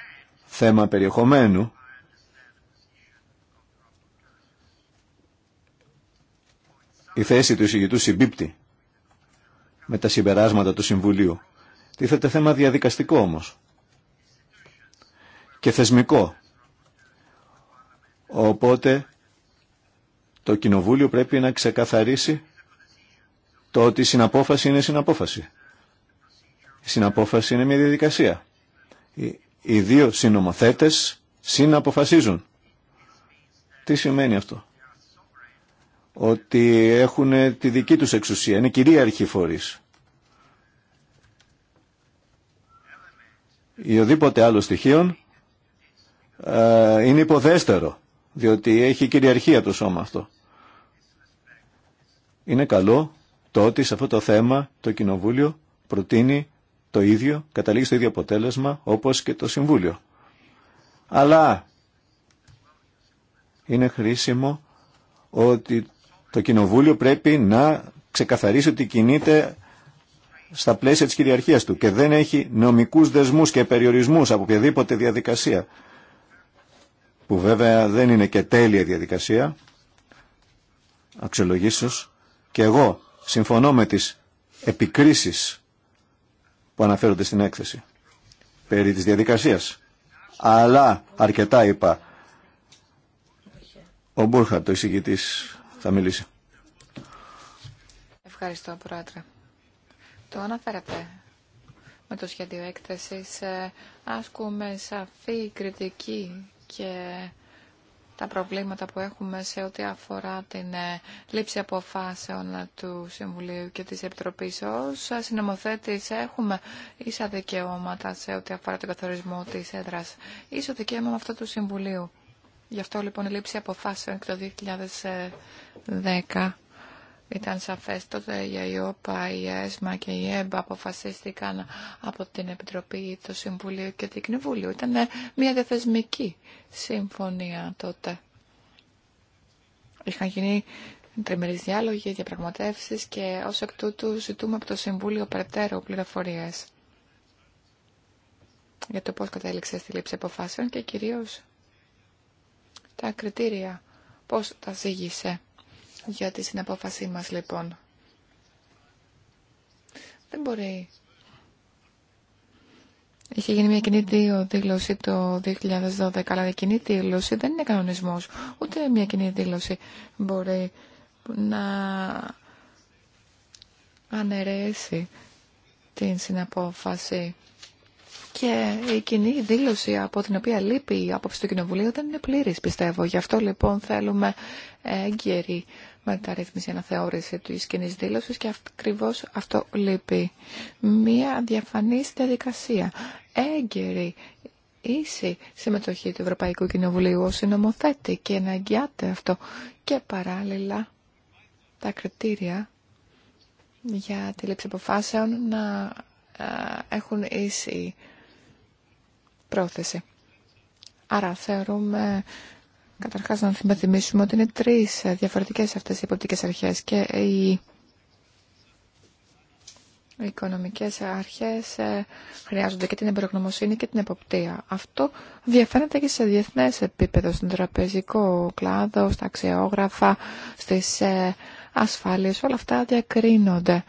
θέμα περιεχομένου, Η θέση του εισηγητού συμπίπτει με τα συμπεράσματα του Συμβουλίου. Τίθεται θέμα διαδικαστικό όμως και θεσμικό. Οπότε το Κοινοβούλιο πρέπει να ξεκαθαρίσει το ότι η συναπόφαση είναι συναπόφαση. Η συναπόφαση είναι μια διαδικασία. Οι, δύο συνομοθέτες συναποφασίζουν. Τι σημαίνει αυτό ότι έχουν τη δική τους εξουσία, είναι κυρίαρχοι φορείς. Ή οδήποτε άλλο στοιχείο ε, είναι υποδέστερο, διότι έχει κυριαρχία το σώμα αυτό. Είναι καλό το ότι σε αυτό το θέμα το Κοινοβούλιο προτείνει το ίδιο, καταλήγει στο ίδιο αποτέλεσμα όπως και το Συμβούλιο. Αλλά είναι χρήσιμο ότι το Κοινοβούλιο πρέπει να ξεκαθαρίσει ότι κινείται στα πλαίσια της κυριαρχίας του και δεν έχει νομικούς δεσμούς και περιορισμούς από οποιαδήποτε διαδικασία που βέβαια δεν είναι και τέλεια διαδικασία αξιολογήσεως και εγώ συμφωνώ με τις επικρίσεις που αναφέρονται στην έκθεση περί της διαδικασίας αλλά αρκετά είπα ο Μπούρχα το εισηγητής Ευχαριστώ, Πρόεδρε. Το αναφέρατε με το σχέδιο έκθεσης. Άσκουμε ε, σαφή κριτική και τα προβλήματα που έχουμε σε ό,τι αφορά την ε, λήψη αποφάσεων του Συμβουλίου και της Επιτροπής. Ως συνομοθέτης έχουμε ίσα δικαιώματα σε ό,τι αφορά τον καθορισμό της έδρας. Ίσο δικαίωμα με αυτό του Συμβουλίου. Γι' αυτό λοιπόν η λήψη αποφάσεων και το 2010 ήταν σαφές τότε για η ΟΠΑ, η ΕΣΜΑ και η ΕΜΠΑ αποφασίστηκαν από την Επιτροπή, το Συμβουλίο και την Κοινοβούλιο. Ήταν μια διαθεσμική συμφωνία τότε. Είχαν γίνει τριμερείς διάλογοι, διαπραγματεύσεις και ως εκ τούτου ζητούμε από το Συμβούλιο περαιτέρω πληροφορίες για το πώς κατέληξε στη λήψη αποφάσεων και κυρίως τα κριτήρια, πώς τα ζήγησε για τη συναπόφασή μας λοιπόν. Δεν μπορεί. Είχε γίνει μια κοινή δήλωση το 2012, αλλά η κοινή δήλωση δεν είναι κανονισμός. Ούτε μια κοινή δήλωση μπορεί να αναιρέσει την συναπόφαση και η κοινή δήλωση από την οποία λείπει η άποψη του Κοινοβουλίου δεν είναι πλήρης, πιστεύω. Γι' αυτό λοιπόν θέλουμε έγκαιρη μεταρρύθμιση αναθεώρηση τη κοινή δήλωση και ακριβώ αυτό λείπει. Μία διαφανή διαδικασία. Έγκαιρη ίση συμμετοχή του Ευρωπαϊκού Κοινοβουλίου ως συνομοθέτη και να εγγυάται αυτό και παράλληλα τα κριτήρια για τη λήψη αποφάσεων να ε, έχουν ίση πρόθεση. Άρα θεωρούμε, καταρχάς να θυμηθυμίσουμε ότι είναι τρεις διαφορετικές αυτές οι υποπτικές αρχές και οι οι οικονομικές αρχές ε, χρειάζονται και την εμπειρογνωμοσύνη και την εποπτεία. Αυτό διαφαίνεται και σε διεθνές επίπεδο, στον τραπεζικό κλάδο, στα αξιόγραφα, στις ε, ασφάλειες. Όλα αυτά διακρίνονται.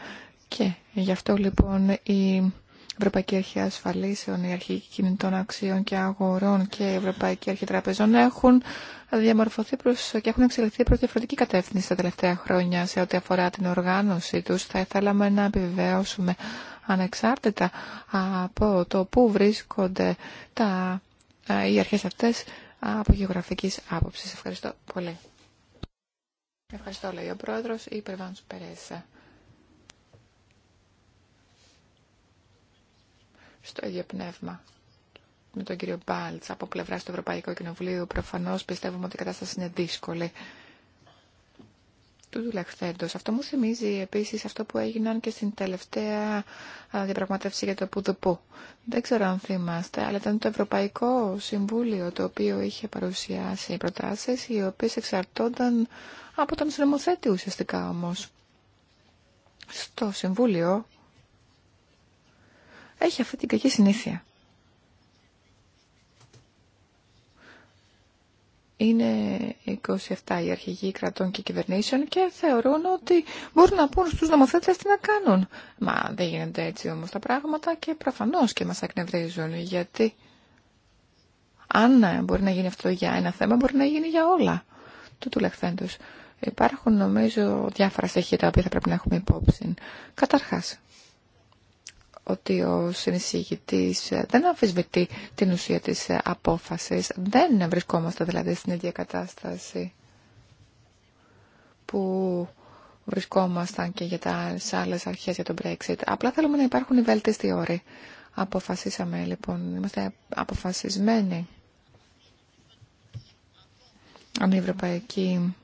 Και γι' αυτό λοιπόν η Ευρωπαϊκή Αρχή Ασφαλίσεων, η Αρχή Κινητών Αξιών και Αγορών και η Ευρωπαϊκή Αρχή Τραπεζών έχουν διαμορφωθεί προς, και έχουν εξελιχθεί προς διαφορετική κατεύθυνση τα τελευταία χρόνια σε ό,τι αφορά την οργάνωση τους. Θα ήθελαμε να επιβεβαιώσουμε ανεξάρτητα από το πού βρίσκονται τα, οι αρχές αυτές από γεωγραφική άποψης. Ευχαριστώ πολύ. Ευχαριστώ, λέει ο Πρόεδρος, η Περβάνος στο ίδιο πνεύμα με τον κύριο Μπάλτς από πλευράς του Ευρωπαϊκού Κοινοβουλίου. Προφανώς πιστεύουμε ότι η κατάσταση είναι δύσκολη. Του τουλαχθέντος. Αυτό μου θυμίζει επίσης αυτό που έγιναν και στην τελευταία διαπραγματεύση για το που Δεν ξέρω αν θυμάστε, αλλά ήταν το Ευρωπαϊκό Συμβούλιο το οποίο είχε παρουσιάσει προτάσεις οι οποίες εξαρτώνταν από τον συνομοθέτη ουσιαστικά όμως. Στο Συμβούλιο έχει αυτή την κακή συνήθεια. Είναι 27 οι αρχηγοί κρατών και κυβερνήσεων και θεωρούν ότι μπορούν να πούν στους νομοθέτες τι να κάνουν. Μα δεν γίνονται έτσι όμως τα πράγματα και προφανώς και μας ακνευρίζουν γιατί αν μπορεί να γίνει αυτό για ένα θέμα μπορεί να γίνει για όλα του τουλεχθέντος. Υπάρχουν νομίζω διάφορα στοιχεία τα οποία θα πρέπει να έχουμε υπόψη. Καταρχάς, ότι ο συνεισηγητής ε, δεν αμφισβητεί την ουσία της ε, απόφασης. Δεν βρισκόμαστε δηλαδή στην ίδια κατάσταση που βρισκόμασταν και για τα άλλες αρχές για τον Brexit. Απλά θέλουμε να υπάρχουν οι βέλτιστοι όροι. Αποφασίσαμε λοιπόν, είμαστε αποφασισμένοι. Αν η Ευρωπαϊκή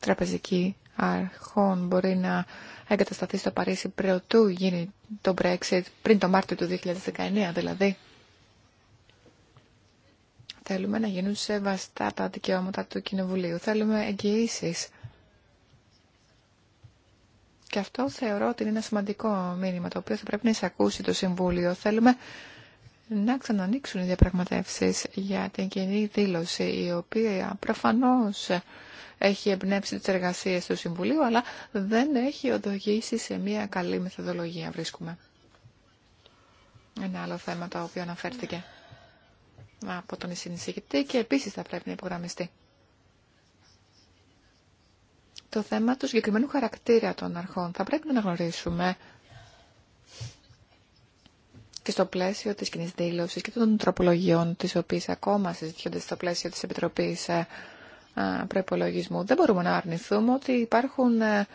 Τραπεζική αρχών μπορεί να εγκατασταθεί στο Παρίσι πρωτού γίνει το Brexit, πριν το Μάρτιο του 2019 δηλαδή. Θέλουμε να γίνουν σεβαστά τα δικαιώματα του Κοινοβουλίου. Θέλουμε εγγυήσει. Και αυτό θεωρώ ότι είναι ένα σημαντικό μήνυμα το οποίο θα πρέπει να εισακούσει το Συμβούλιο. Θέλουμε να ξανανοίξουν οι διαπραγματεύσεις για την κοινή δήλωση, η οποία προφανώς έχει εμπνεύσει τις εργασίες του Συμβουλίου, αλλά δεν έχει οδηγήσει σε μια καλή μεθοδολογία, βρίσκουμε. Ένα άλλο θέμα το οποίο αναφέρθηκε από τον συνεισηγητή και επίσης θα πρέπει να υπογραμμιστεί. Το θέμα του συγκεκριμένου χαρακτήρα των αρχών θα πρέπει να γνωρίσουμε και στο πλαίσιο της κοινή δήλωση και των τροπολογιών τις οποίες ακόμα συζητιούνται στο πλαίσιο της Επιτροπής ε, προπολογισμού. Δεν μπορούμε να αρνηθούμε ότι υπάρχουν ε,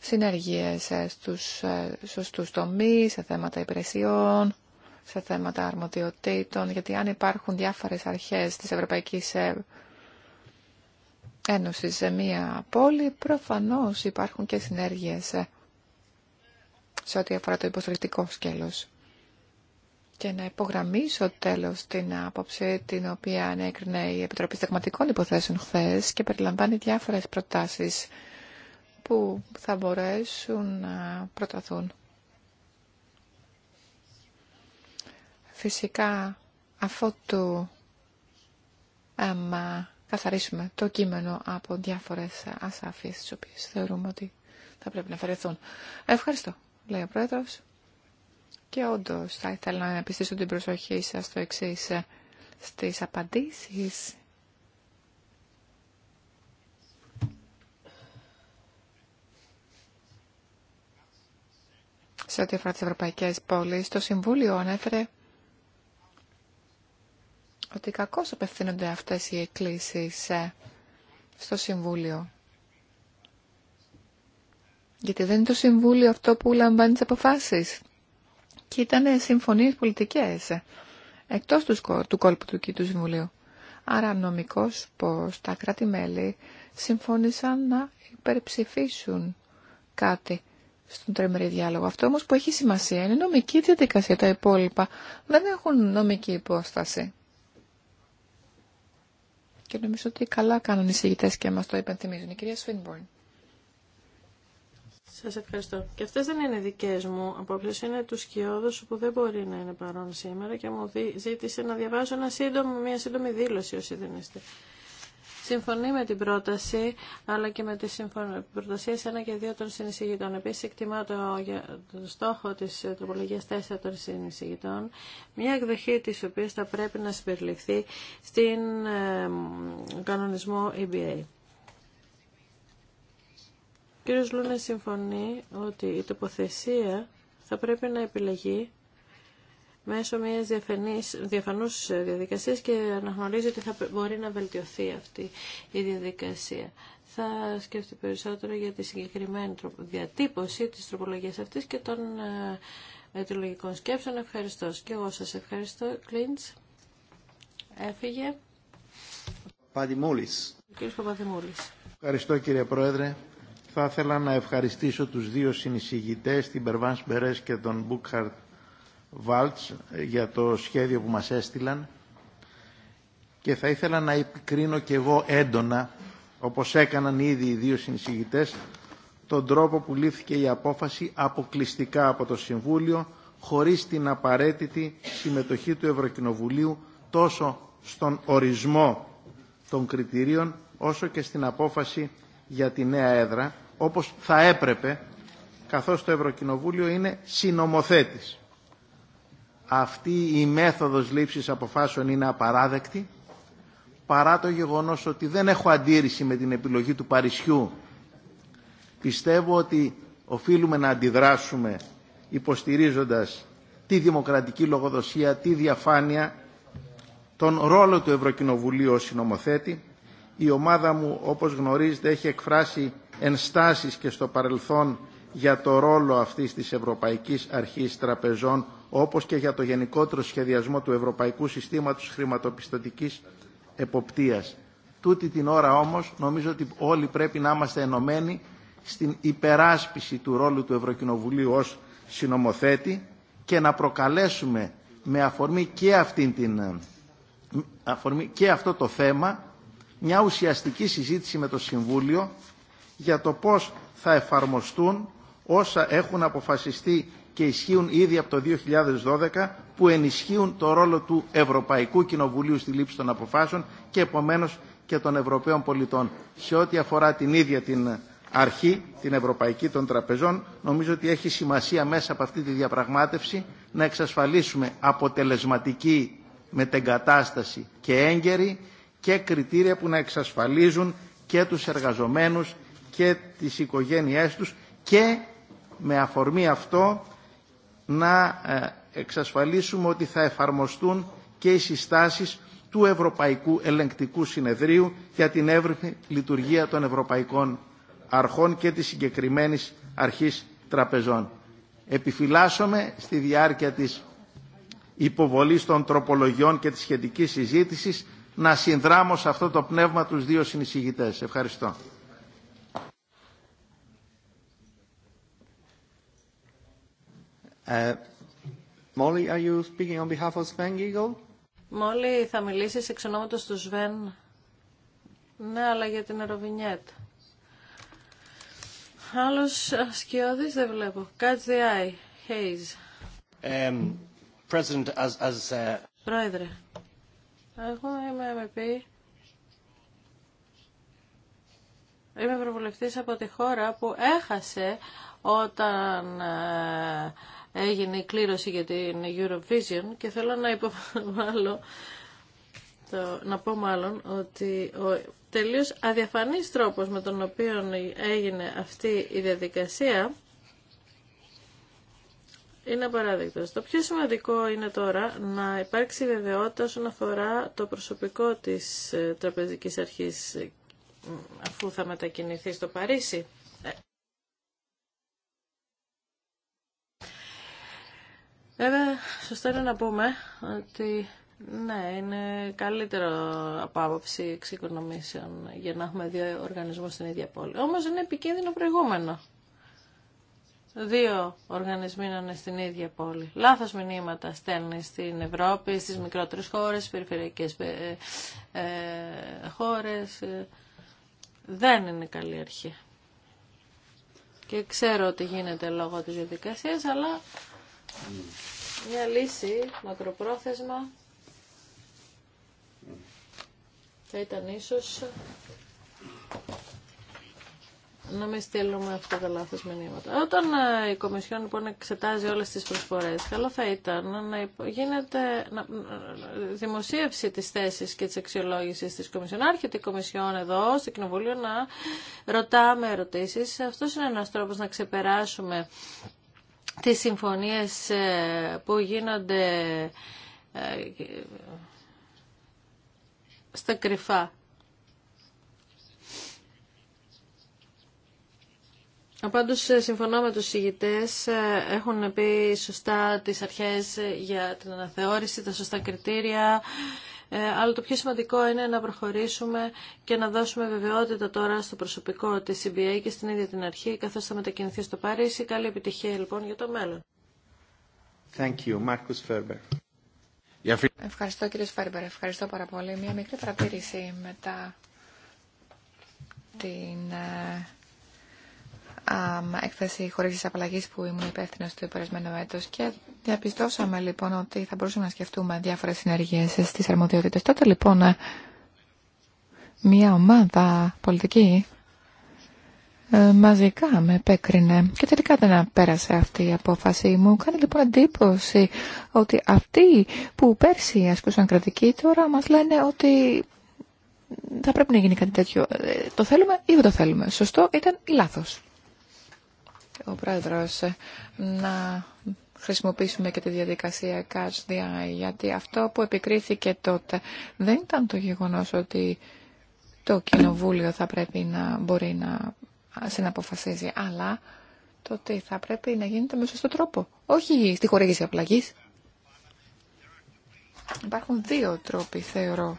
συνεργίες ε, στους ε, σωστούς τομείς, σε θέματα υπηρεσιών, σε θέματα αρμοδιοτήτων, γιατί αν υπάρχουν διάφορες αρχές της Ευρωπαϊκής Ένωσης σε μία πόλη, προφανώς υπάρχουν και συνέργειες σε ό,τι αφορά το υποστηρικτικό σκέλος και να υπογραμμίσω τέλος την άποψη την οποία ανέκρινε η Επιτροπή Σταγματικών Υποθέσεων χθε και περιλαμβάνει διάφορες προτάσεις που θα μπορέσουν να προταθούν. Φυσικά, αφότου εμ, καθαρίσουμε το κείμενο από διάφορες ασάφειες τις οποίες θεωρούμε ότι θα πρέπει να αφαιρεθούν. Ευχαριστώ, λέει ο Πρόεδρος. Και όντω θα ήθελα να επιστήσω την προσοχή σας στο εξή ε, στις απαντήσεις. Σε ό,τι αφορά τι ευρωπαϊκέ πόλει, το Συμβούλιο ανέφερε ότι κακώ απευθύνονται αυτέ οι εκκλήσει ε, στο Συμβούλιο. Γιατί δεν είναι το Συμβούλιο αυτό που λαμβάνει τι αποφάσει και ήταν συμφωνίες πολιτικές εκτός του κόλπου του Κήτου Συμβουλίου. Άρα νομικός πως τα κράτη-μέλη συμφώνησαν να υπερψηφίσουν κάτι στον τρέμερη διάλογο. Αυτό όμως που έχει σημασία είναι νομική διαδικασία. Τα υπόλοιπα δεν έχουν νομική υπόσταση. Και νομίζω ότι καλά κάνουν οι συγητές και μας το υπενθυμίζουν. Η κυρία Σφίνμπορν. Σα ευχαριστώ. Και αυτέ δεν είναι δικέ μου απόψεις, είναι του σκιώδου που δεν μπορεί να είναι παρόν σήμερα και μου ζήτησε να διαβάσω ένα σύντομο, μια σύντομη δήλωση όσοι δεν είστε. Συμφωνεί με την πρόταση, αλλά και με τι πρότασίε ένα και 2 των συνεισηγητών. επίση εκτιμά το, το στόχο τη τροπολογία 4 των συνεισηγητών, μια εκδοχή τη οποία θα πρέπει να συμπεριληφθεί στην κανονισμό EBA κύριος Λούνε συμφωνεί ότι η τοποθεσία θα πρέπει να επιλεγεί μέσω μιας διαφανής, διαφανούς διαδικασίας και αναγνωρίζει ότι θα μπορεί να βελτιωθεί αυτή η διαδικασία. Θα σκέφτεται περισσότερο για τη συγκεκριμένη διατύπωση της τροπολογίας αυτής και των ε, αιτιολογικών σκέψεων. Ευχαριστώ. Και εγώ σας ευχαριστώ. Κλίντς έφυγε. Ο κύριος Παπαδημούλης. Ευχαριστώ κύριε Πρόεδρε. Θα ήθελα να ευχαριστήσω τους δύο συνεισηγητές, την Περβάν Μπερές και τον Μπούκχαρτ Βάλτς, για το σχέδιο που μας έστειλαν. Και θα ήθελα να επικρίνω και εγώ έντονα, όπως έκαναν ήδη οι δύο συνεισηγητές, τον τρόπο που λήφθηκε η απόφαση αποκλειστικά από το Συμβούλιο, χωρίς την απαραίτητη συμμετοχή του Ευρωκοινοβουλίου τόσο στον ορισμό των κριτηρίων, όσο και στην απόφαση για τη νέα έδρα όπως θα έπρεπε, καθώς το Ευρωκοινοβούλιο είναι συνομοθέτης. Αυτή η μέθοδος λήψης αποφάσεων είναι απαράδεκτη, παρά το γεγονός ότι δεν έχω αντίρρηση με την επιλογή του Παρισιού. Πιστεύω ότι οφείλουμε να αντιδράσουμε υποστηρίζοντας τη δημοκρατική λογοδοσία, τη διαφάνεια, τον ρόλο του Ευρωκοινοβουλίου ως συνομοθέτη. Η ομάδα μου, όπως γνωρίζετε, έχει εκφράσει ενστάσεις και στο παρελθόν για το ρόλο αυτής της Ευρωπαϊκής Αρχής Τραπεζών όπως και για το γενικότερο σχεδιασμό του Ευρωπαϊκού Συστήματος Χρηματοπιστωτικής Εποπτείας. Τούτη την ώρα όμως νομίζω ότι όλοι πρέπει να είμαστε ενωμένοι στην υπεράσπιση του ρόλου του Ευρωκοινοβουλίου ως συνομοθέτη και να προκαλέσουμε με αφορμή και, ε, αφορμή και αυτό το θέμα μια ουσιαστική συζήτηση με το Συμβούλιο για το πώς θα εφαρμοστούν όσα έχουν αποφασιστεί και ισχύουν ήδη από το 2012 που ενισχύουν το ρόλο του Ευρωπαϊκού Κοινοβουλίου στη λήψη των αποφάσεων και επομένως και των Ευρωπαίων πολιτών. Σε ό,τι αφορά την ίδια την αρχή, την Ευρωπαϊκή των Τραπεζών, νομίζω ότι έχει σημασία μέσα από αυτή τη διαπραγμάτευση να εξασφαλίσουμε αποτελεσματική μετεγκατάσταση και έγκαιρη και κριτήρια που να εξασφαλίζουν και τους εργαζομένους και τις οικογένειές τους και με αφορμή αυτό να ε, εξασφαλίσουμε ότι θα εφαρμοστούν και οι συστάσεις του Ευρωπαϊκού Ελεγκτικού Συνεδρίου για την εύρυθμη λειτουργία των Ευρωπαϊκών Αρχών και της συγκεκριμένη Αρχής Τραπεζών. Επιφυλάσσομαι στη διάρκεια της υποβολής των τροπολογιών και της σχετικής συζήτησης να συνδράμω σε αυτό το πνεύμα τους δύο συνεισηγητές. Ευχαριστώ. Uh, Molly, are you speaking on behalf of Sven Giegel? Molly, θα μιλήσεις εξ ονόματος του Σβέν. Ναι, αλλά για την Ευρωβινιέτ. Άλλος σκιώδης δεν βλέπω. Catch the eye. Hayes. Um, president, as, as, uh... Πρόεδρε, εγώ είμαι MP. Είμαι προβουλευτής από τη χώρα που έχασε όταν uh, έγινε η κλήρωση για την Eurovision και θέλω να υποβάλω το, να πω μάλλον ότι ο τελείως αδιαφανής τρόπος με τον οποίο έγινε αυτή η διαδικασία είναι απαράδεκτος. Το πιο σημαντικό είναι τώρα να υπάρξει βεβαιότητα όσον αφορά το προσωπικό της ε, τραπεζικής αρχής αφού θα μετακινηθεί στο Παρίσι. Βέβαια, σωστό είναι να πούμε ότι ναι, είναι καλύτερο από άποψη εξοικονομήσεων για να έχουμε δύο οργανισμούς στην ίδια πόλη. Όμω είναι επικίνδυνο προηγούμενο. Δύο οργανισμοί να είναι στην ίδια πόλη. Λάθος μηνύματα στέλνει στην Ευρώπη, στις μικρότερε χώρες, στι περιφερειακές ε, ε χώρες. Ε, δεν είναι καλή αρχή. Και ξέρω ότι γίνεται λόγω της διαδικασία, αλλά μια λύση μακροπρόθεσμα θα ήταν ίσως να μην στείλουμε αυτά τα λάθος μηνύματα. Όταν ε, η Κομισιόν λοιπόν εξετάζει όλες τις προσφορές, καλό θα ήταν να γίνεται να, δημοσίευση της θέσης και της αξιολόγησης της Κομισιόν. Άρχεται η Κομισιόν εδώ στο Κοινοβούλιο να ρωτάμε ερωτήσεις. Αυτός είναι ένας τρόπος να ξεπεράσουμε τις συμφωνίες ε, που γίνονται ε, στα κρυφά. Πάντως ε, συμφωνώ με τους συγητές, έχουν πει σωστά τις αρχές για την αναθεώρηση, τα σωστά κριτήρια αλλά ε, το πιο σημαντικό είναι να προχωρήσουμε και να δώσουμε βεβαιότητα τώρα στο προσωπικό τη CBA και στην ίδια την αρχή, καθώς θα μετακινηθεί στο Παρίσι. Καλή επιτυχία λοιπόν για το μέλλον. Thank you. Marcus Ferber. Ευχαριστώ κύριε Σφέρμπερ, ευχαριστώ πάρα πολύ. Μια μικρή παρατήρηση μετά την ε, έκθεση χωρίς απαλλαγή που ήμουν υπεύθυνο του περασμένο έτος και διαπιστώσαμε λοιπόν ότι θα μπορούσαμε να σκεφτούμε διάφορες συνεργίες στις αρμοδιότητες. Τότε λοιπόν ε, μια ομάδα πολιτική ε, μαζικά με επέκρινε και τελικά δεν πέρασε αυτή η απόφαση μου. Κάνει λοιπόν εντύπωση ότι αυτοί που πέρσι ασκούσαν κρατική τώρα μας λένε ότι θα πρέπει να γίνει κάτι τέτοιο. Ε, το θέλουμε ή δεν το θέλουμε. Σωστό ήταν ή λάθος ο Πρόεδρος να χρησιμοποιήσουμε και τη διαδικασία Catch the Eye, γιατί αυτό που επικρίθηκε τότε δεν ήταν το γεγονός ότι το Κοινοβούλιο θα πρέπει να μπορεί να συναποφασίζει, αλλά το ότι θα πρέπει να γίνεται με σωστό τρόπο, όχι στη χορήγηση απλαγής. Υπάρχουν δύο τρόποι, θεωρώ.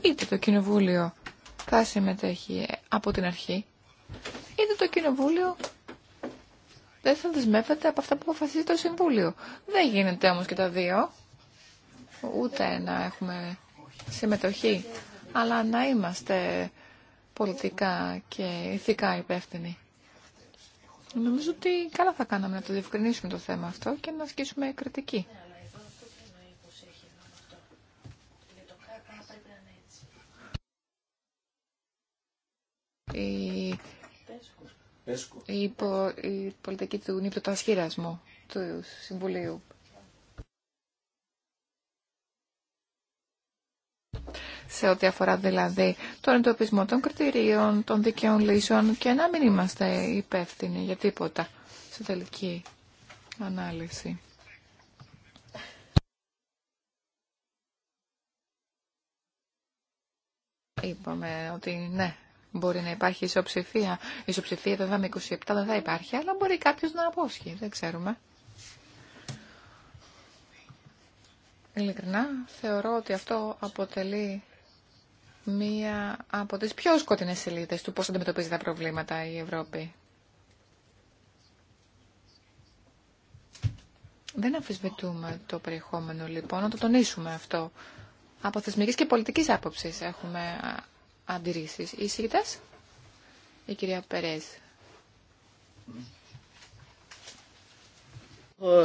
Είτε το Κοινοβούλιο θα συμμετέχει από την αρχή, είτε το Κοινοβούλιο δεν θα δεσμεύεται από αυτά που αποφασίζει το Συμβούλιο. Δεν γίνεται όμως και τα δύο, ούτε να έχουμε συμμετοχή, αλλά να είμαστε πολιτικά και ηθικά υπεύθυνοι. Νομίζω ότι καλά θα κάναμε να το διευκρινίσουμε το θέμα αυτό και να ασκήσουμε κριτική. Η η, πολιτική του νύπτου του Συμβουλίου. σε ό,τι αφορά δηλαδή τον εντοπισμό των κριτηρίων, των δικαίων λύσεων και να μην είμαστε υπεύθυνοι για τίποτα σε τελική ανάλυση. Είπαμε ότι ναι, Μπορεί να υπάρχει ισοψηφία. Ισοψηφία βέβαια με 27 δεν θα υπάρχει, αλλά μπορεί κάποιος να απόσχει. Δεν ξέρουμε. Ειλικρινά θεωρώ ότι αυτό αποτελεί μία από τις πιο σκοτεινές σελίδες του πώς αντιμετωπίζει τα προβλήματα η Ευρώπη. Δεν αμφισβητούμε το περιεχόμενο λοιπόν, να το τονίσουμε αυτό. Από θεσμικής και πολιτικής άποψης έχουμε αντιρρήσεις. Οι η κυρία Περέζ. Ε,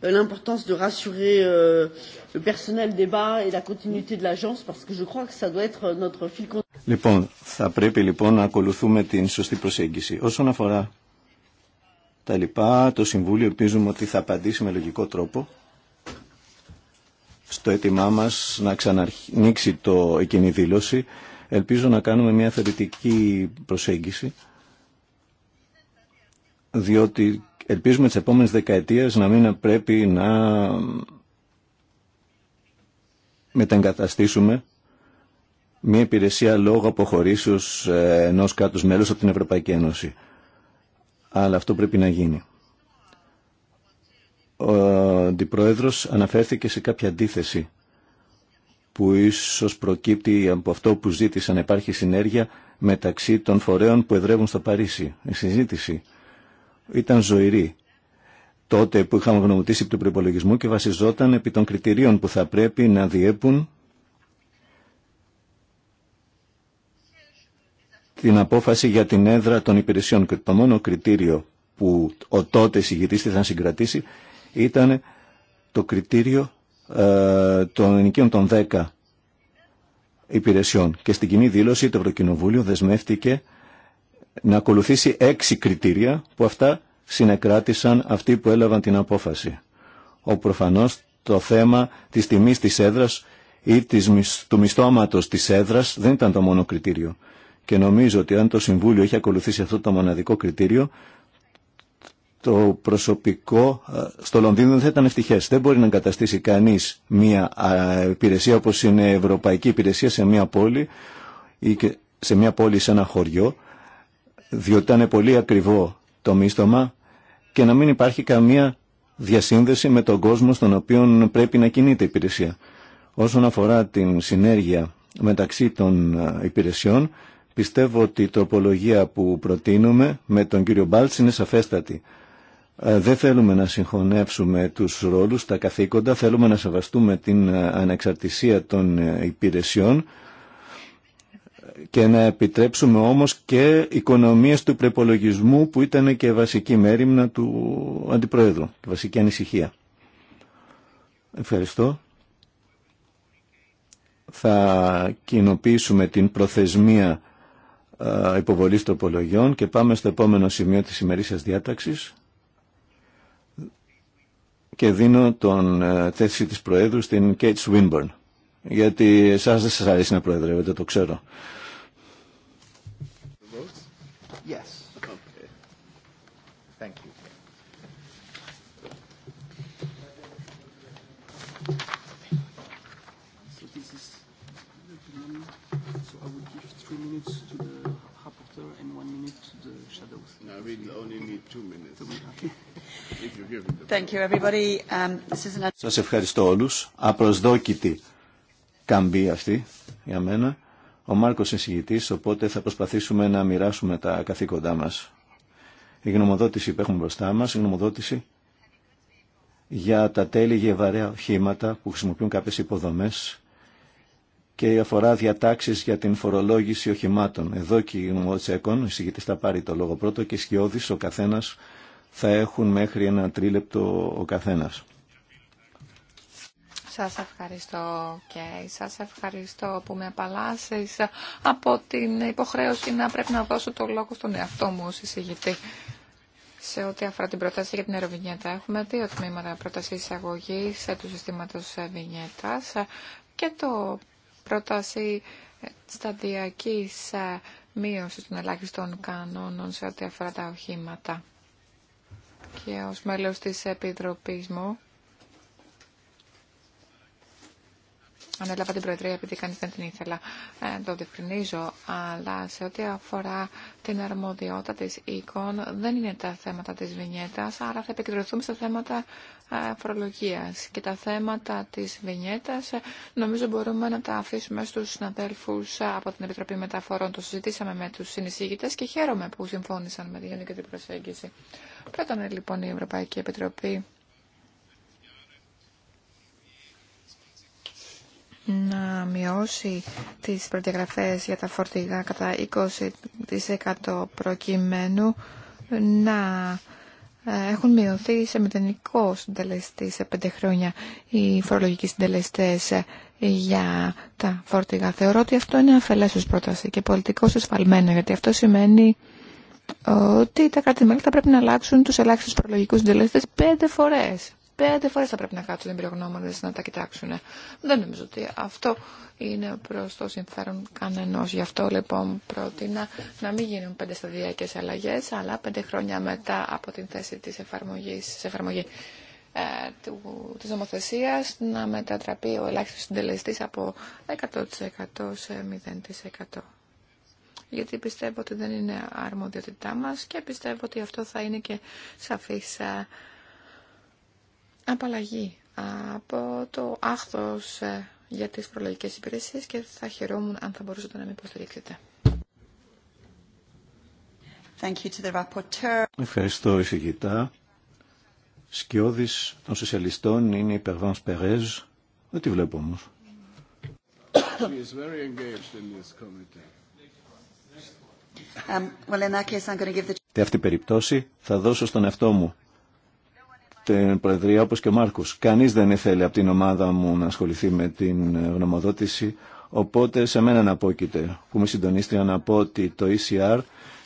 ε, l'importance de rassurer euh, le personnel des débat et la continuité de l'agence parce que je crois que ça doit être euh, notre fil conducteur. Λοιπόν, θα πρέπει λοιπόν να ακολουθούμε την σωστή προσέγγιση. Όσον αφορά τα λοιπά, το Συμβούλιο ελπίζουμε ότι θα απαντήσει με λογικό τρόπο στο αίτημά μας να ξανανοίξει το εκείνη δήλωση Ελπίζω να κάνουμε μια θεωρητική προσέγγιση, διότι ελπίζουμε τις επόμενες δεκαετίες να μην πρέπει να μεταγκαταστήσουμε μια υπηρεσία λόγω αποχωρήσεως ε, ενός κάτους μέλους από την Ευρωπαϊκή Ένωση. Αλλά αυτό πρέπει να γίνει. Ο αντιπρόεδρος αναφέρθηκε σε κάποια αντίθεση που ίσως προκύπτει από αυτό που ζήτησαν να υπάρχει συνέργεια μεταξύ των φορέων που εδρεύουν στο Παρίσι. Η συζήτηση ήταν ζωηρή τότε που είχαμε γνωμοτήσει του προπολογισμού και βασιζόταν επί των κριτηρίων που θα πρέπει να διέπουν την απόφαση για την έδρα των υπηρεσιών. Και το μόνο κριτήριο που ο τότε συγκριτής θα συγκρατήσει ήταν το κριτήριο ε, των ενοικίων των 10 υπηρεσιών. Και στην κοινή δήλωση το Ευρωκοινοβούλιο δεσμεύτηκε να ακολουθήσει έξι κριτήρια που αυτά συνεκράτησαν αυτοί που έλαβαν την απόφαση. Ο προφανώς το θέμα της τιμής της έδρας ή του μισθώματος της έδρας δεν ήταν το μόνο κριτήριο. Και νομίζω ότι αν το Συμβούλιο είχε ακολουθήσει αυτό το μοναδικό κριτήριο το προσωπικό ε, στο Λονδίνο δεν θα ήταν ευτυχέ. Δεν μπορεί να εγκαταστήσει κανεί μια υπηρεσία όπω είναι ευρωπαϊκή υπηρεσία σε μια πόλη ή σε μια πόλη σε ένα χωριό, διότι είναι πολύ ακριβό το μίστομα και να μην υπάρχει καμία διασύνδεση με τον κόσμο στον οποίο πρέπει να κινείται η υπηρεσία. Όσον αφορά την συνέργεια μεταξύ των ε, υπηρεσιών, πιστεύω ότι η τροπολογία που προτείνουμε με τον κύριο Μπάλτς είναι σαφέστατη. Ε, δεν θέλουμε να συγχωνεύσουμε τους ρόλους, τα καθήκοντα, θέλουμε να σεβαστούμε την ε, ανεξαρτησία των ε, υπηρεσιών και να επιτρέψουμε όμως και οικονομίες του προπολογισμού που ήταν και βασική μέρημνα του Αντιπρόεδρου βασική ανησυχία. Ευχαριστώ. Θα κοινοποιήσουμε την προθεσμία υποβολής τροπολογιών και πάμε στο επόμενο σημείο της ημερήσιας διάταξης και δίνω τον ε, θέση της Προέδρου στην Κέιτ Σουίνμπορν. Γιατί εσάς δεν σας αρέσει να προεδρεύετε, το ξέρω. Yes. Okay. Thank you. Um, Σας ευχαριστώ όλους. Απροσδόκητη καμπή αυτή για μένα. Ο Μάρκος είναι οπότε θα προσπαθήσουμε να μοιράσουμε τα καθήκοντά μας. Η γνωμοδότηση που έχουμε μπροστά μας, η γνωμοδότηση για τα τέλη για οχήματα που χρησιμοποιούν κάποιες υποδομές και αφορά διατάξεις για την φορολόγηση οχημάτων. Εδώ και η γνωμοδότηση ΕΚΟΝ, η θα πάρει το λόγο πρώτο και σκιώδης ο καθένας θα έχουν μέχρι ένα τρίλεπτο ο καθένας. Σας ευχαριστώ και σας ευχαριστώ που με απαλλάσσεις από την υποχρέωση να πρέπει να δώσω το λόγο στον εαυτό μου εισηγητή. Σε ό,τι αφορά την πρόταση για την αεροβινιέτα, έχουμε δύο τμήματα πρόταση εισαγωγή του συστήματο βινιέτα και το πρόταση σταδιακή μείωση των ελάχιστων κανόνων σε ό,τι αφορά τα οχήματα και ως μέλος της Επιτροπής μου ανέλαβα την Προεδρία επειδή κανεί δεν την ήθελα. Ε, το διευκρινίζω. Αλλά σε ό,τι αφορά την αρμοδιότητα τη οίκων, δεν είναι τα θέματα τη βινιέτα, άρα θα επικεντρωθούμε στα θέματα ε, φορολογία. Και τα θέματα τη βινιέτα ε, νομίζω μπορούμε να τα αφήσουμε στου συναδέλφου ε, από την Επιτροπή Μεταφορών. Το συζητήσαμε με του συνεισήγητε και χαίρομαι που συμφώνησαν με τη γενική προσέγγιση. Πρώτα λοιπόν η Ευρωπαϊκή Επιτροπή να μειώσει τις προδιαγραφές για τα φορτηγά κατά 20% προκειμένου να ε, έχουν μειωθεί σε μηδενικό συντελεστή σε πέντε χρόνια οι φορολογικοί συντελεστές ε, για τα φορτηγά. Θεωρώ ότι αυτό είναι αφελές πρόταση και πολιτικό εσφαλμένο, γιατί αυτό σημαίνει ότι τα κράτη-μέλη θα πρέπει να αλλάξουν τους ελάχιστους φορολογικούς συντελεστές πέντε φορές πέντε φορές θα πρέπει να κάτσουν οι εμπειρογνώμονες να τα κοιτάξουν. Δεν νομίζω ότι αυτό είναι προς το συμφέρον κανενός. Γι' αυτό λοιπόν πρότεινα να μην γίνουν πέντε σταδιακές αλλαγές, αλλά πέντε χρόνια μετά από την θέση της εφαρμογής, της εφαρμογή ε, του, νομοθεσίας να μετατραπεί ο ελάχιστος συντελεστής από 100% σε 0% γιατί πιστεύω ότι δεν είναι αρμοδιότητά μας και πιστεύω ότι αυτό θα είναι και σαφής ε, απαλλαγή από το άχθος ε, για τις προλογικές υπηρεσίες και θα χαιρόμουν αν θα μπορούσατε να με υποστηρίξετε. Ευχαριστώ εισηγητά. Σκιώδης των σοσιαλιστών είναι η Περβάνς Περέζ. Δεν τη βλέπω όμως. Σε αυτή την περίπτωση θα δώσω στον εαυτό μου την Προεδρία όπως και ο Μάρκος. Κανείς δεν ήθελε από την ομάδα μου να ασχοληθεί με την γνωμοδότηση, οπότε σε μένα να απόκειται, που με συντονίστηκα να πω ότι το ECR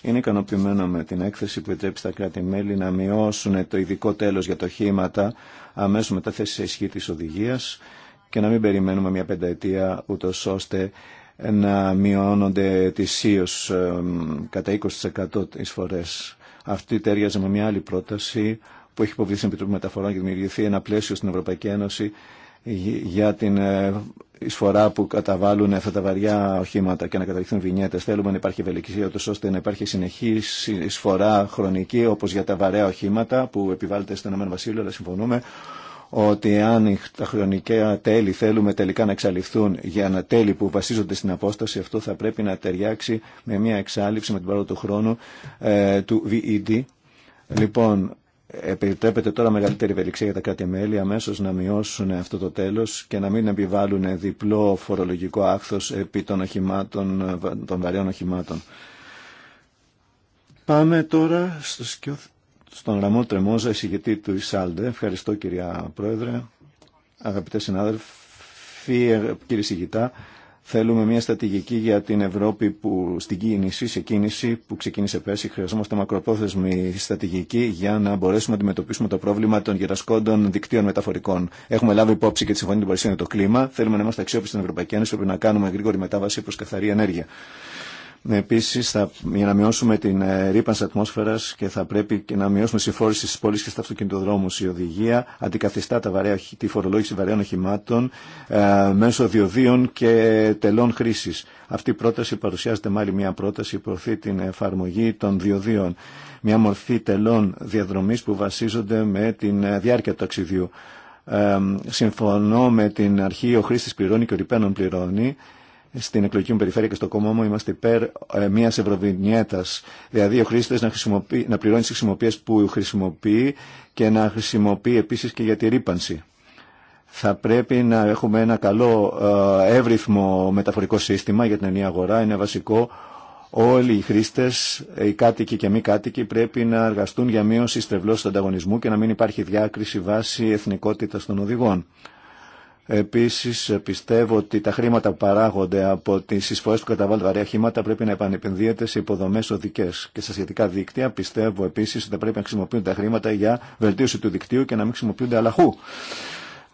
είναι ικανοποιημένο με την έκθεση που επιτρέπει στα κράτη-μέλη να μειώσουν το ειδικό τέλος για τα οχήματα αμέσως μετά θέση σε ισχύ της οδηγίας και να μην περιμένουμε μια πενταετία ούτω ώστε να μειώνονται ετησίως ε, κατά 20% τις φορές. Αυτή τέριαζε με μια άλλη πρόταση που έχει υποβληθεί στην Επιτροπή Μεταφορών και δημιουργηθεί ένα πλαίσιο στην Ευρωπαϊκή Ένωση για την ε, εισφορά που καταβάλουν αυτά τα βαριά οχήματα και να καταληφθούν βινιέτε. Θέλουμε να υπάρχει ευελιξία, ώστε να υπάρχει συνεχή εισφορά χρονική, όπω για τα βαρέα οχήματα που επιβάλλεται στον ΕΒ, αλλά συμφωνούμε ότι αν τα χρονικά τέλη θέλουμε τελικά να εξαλειφθούν για ένα τέλη που βασίζονται στην απόσταση, αυτό θα πρέπει να ταιριάξει με μια εξάλληψη με την παρόλο του χρόνου ε, του VED. Λοιπόν, Επιτρέπεται τώρα μεγαλύτερη ευελιξία για τα κράτη-μέλη αμέσως να μειώσουν αυτό το τέλος και να μην επιβάλλουν διπλό φορολογικό άκθο επί των, οχημάτων, των βαριών οχημάτων. Πάμε τώρα στο στον Ραμό Τρεμόζα, εισηγητή του Ισάλντε. Ευχαριστώ κυρία Πρόεδρε, αγαπητέ συνάδελφοι, ε, κύριε συγητά. Θέλουμε μια στρατηγική για την Ευρώπη που στην κίνηση, σε κίνηση που ξεκίνησε πέρσι. Χρειαζόμαστε μακροπρόθεσμη στρατηγική για να μπορέσουμε να αντιμετωπίσουμε το πρόβλημα των γερασκόντων δικτύων μεταφορικών. Έχουμε λάβει υπόψη και τη Συμφωνία του Παρισίου το κλίμα. Θέλουμε να είμαστε αξιόπιστοι στην Ευρωπαϊκή Ένωση. Πρέπει να κάνουμε γρήγορη μετάβαση προ καθαρή ενέργεια. Ναι, Επίση, για να μειώσουμε την ε, ρήπανση ατμόσφαιρα και θα πρέπει και να μειώσουμε συμφόρηση στι πόλει και στα αυτοκινητοδρόμου. Η οδηγία αντικαθιστά τα βαρέα, τη φορολόγηση βαρέων οχημάτων ε, μέσω διοδίων και τελών χρήση. Αυτή η πρόταση παρουσιάζεται μάλλον μια πρόταση που προωθεί την εφαρμογή των διοδίων. Μια μορφή τελών διαδρομή που βασίζονται με τη ε, διάρκεια του ταξιδιού. συμφωνώ με την αρχή ο χρήστη πληρώνει και ο ρηπαίνων πληρώνει στην εκλογική μου περιφέρεια και στο κόμμα μου είμαστε υπέρ ε, μια ευρωβινιέτα. Δηλαδή ο χρήστη να, να πληρώνει τι χρησιμοποιίε που χρησιμοποιεί και να χρησιμοποιεί επίση και για τη ρήπανση. Θα πρέπει να έχουμε ένα καλό ε, εύρυθμο μεταφορικό σύστημα για την ενιαία αγορά. Είναι βασικό όλοι οι χρήστε, ε, οι κάτοικοι και μη κάτοικοι, πρέπει να εργαστούν για μείωση στρεβλώσεω του ανταγωνισμού και να μην υπάρχει διάκριση βάσει εθνικότητα των οδηγών. Επίσης πιστεύω ότι τα χρήματα που παράγονται από τις εισφορές που καταβάλλουν βαρέα χήματα πρέπει να επανεπενδύεται σε υποδομές οδικές και στα σχετικά δίκτυα. Πιστεύω επίσης ότι θα πρέπει να χρησιμοποιούν τα χρήματα για βελτίωση του δικτύου και να μην χρησιμοποιούνται αλλαχού.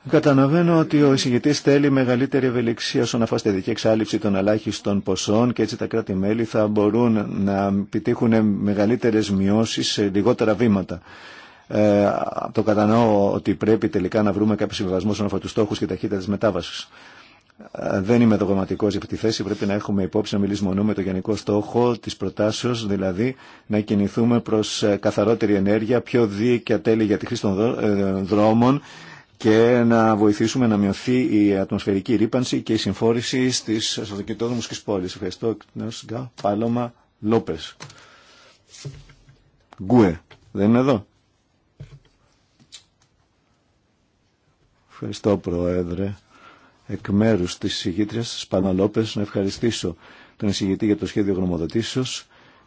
Καταλαβαίνω ότι ο εισηγητή θέλει μεγαλύτερη ευελιξία όσον αφορά στη δική εξάλληψη των ελάχιστων ποσών και έτσι τα κράτη-μέλη θα μπορούν να επιτύχουν μεγαλύτερε μειώσει σε λιγότερα βήματα. Ε, το κατανοώ ότι πρέπει τελικά να βρούμε κάποιο συμβιβασμό όσον αφορά του στόχου και ταχύτητα τη μετάβαση. Ε, δεν είμαι δογματικό για αυτή τη θέση. Πρέπει να έχουμε υπόψη να μιλήσουμε μόνο με το γενικό στόχο τη προτάσεω, δηλαδή να κινηθούμε προ ε, καθαρότερη ενέργεια, πιο δίκαια τέλη για τη χρήση των ε, δρόμων και να βοηθήσουμε να μειωθεί η ατμοσφαιρική ρήπανση και η συμφόρηση στι αυτοκινητόδρομου και πόλη. Ευχαριστώ. Παλώμα Λόπε. Γκουε. Δεν είναι εδώ. Ευχαριστώ Πρόεδρε. Εκ μέρους της τη Σπαναλόπες να ευχαριστήσω τον εισηγητή για το σχέδιο γνωμοδοτήσεω.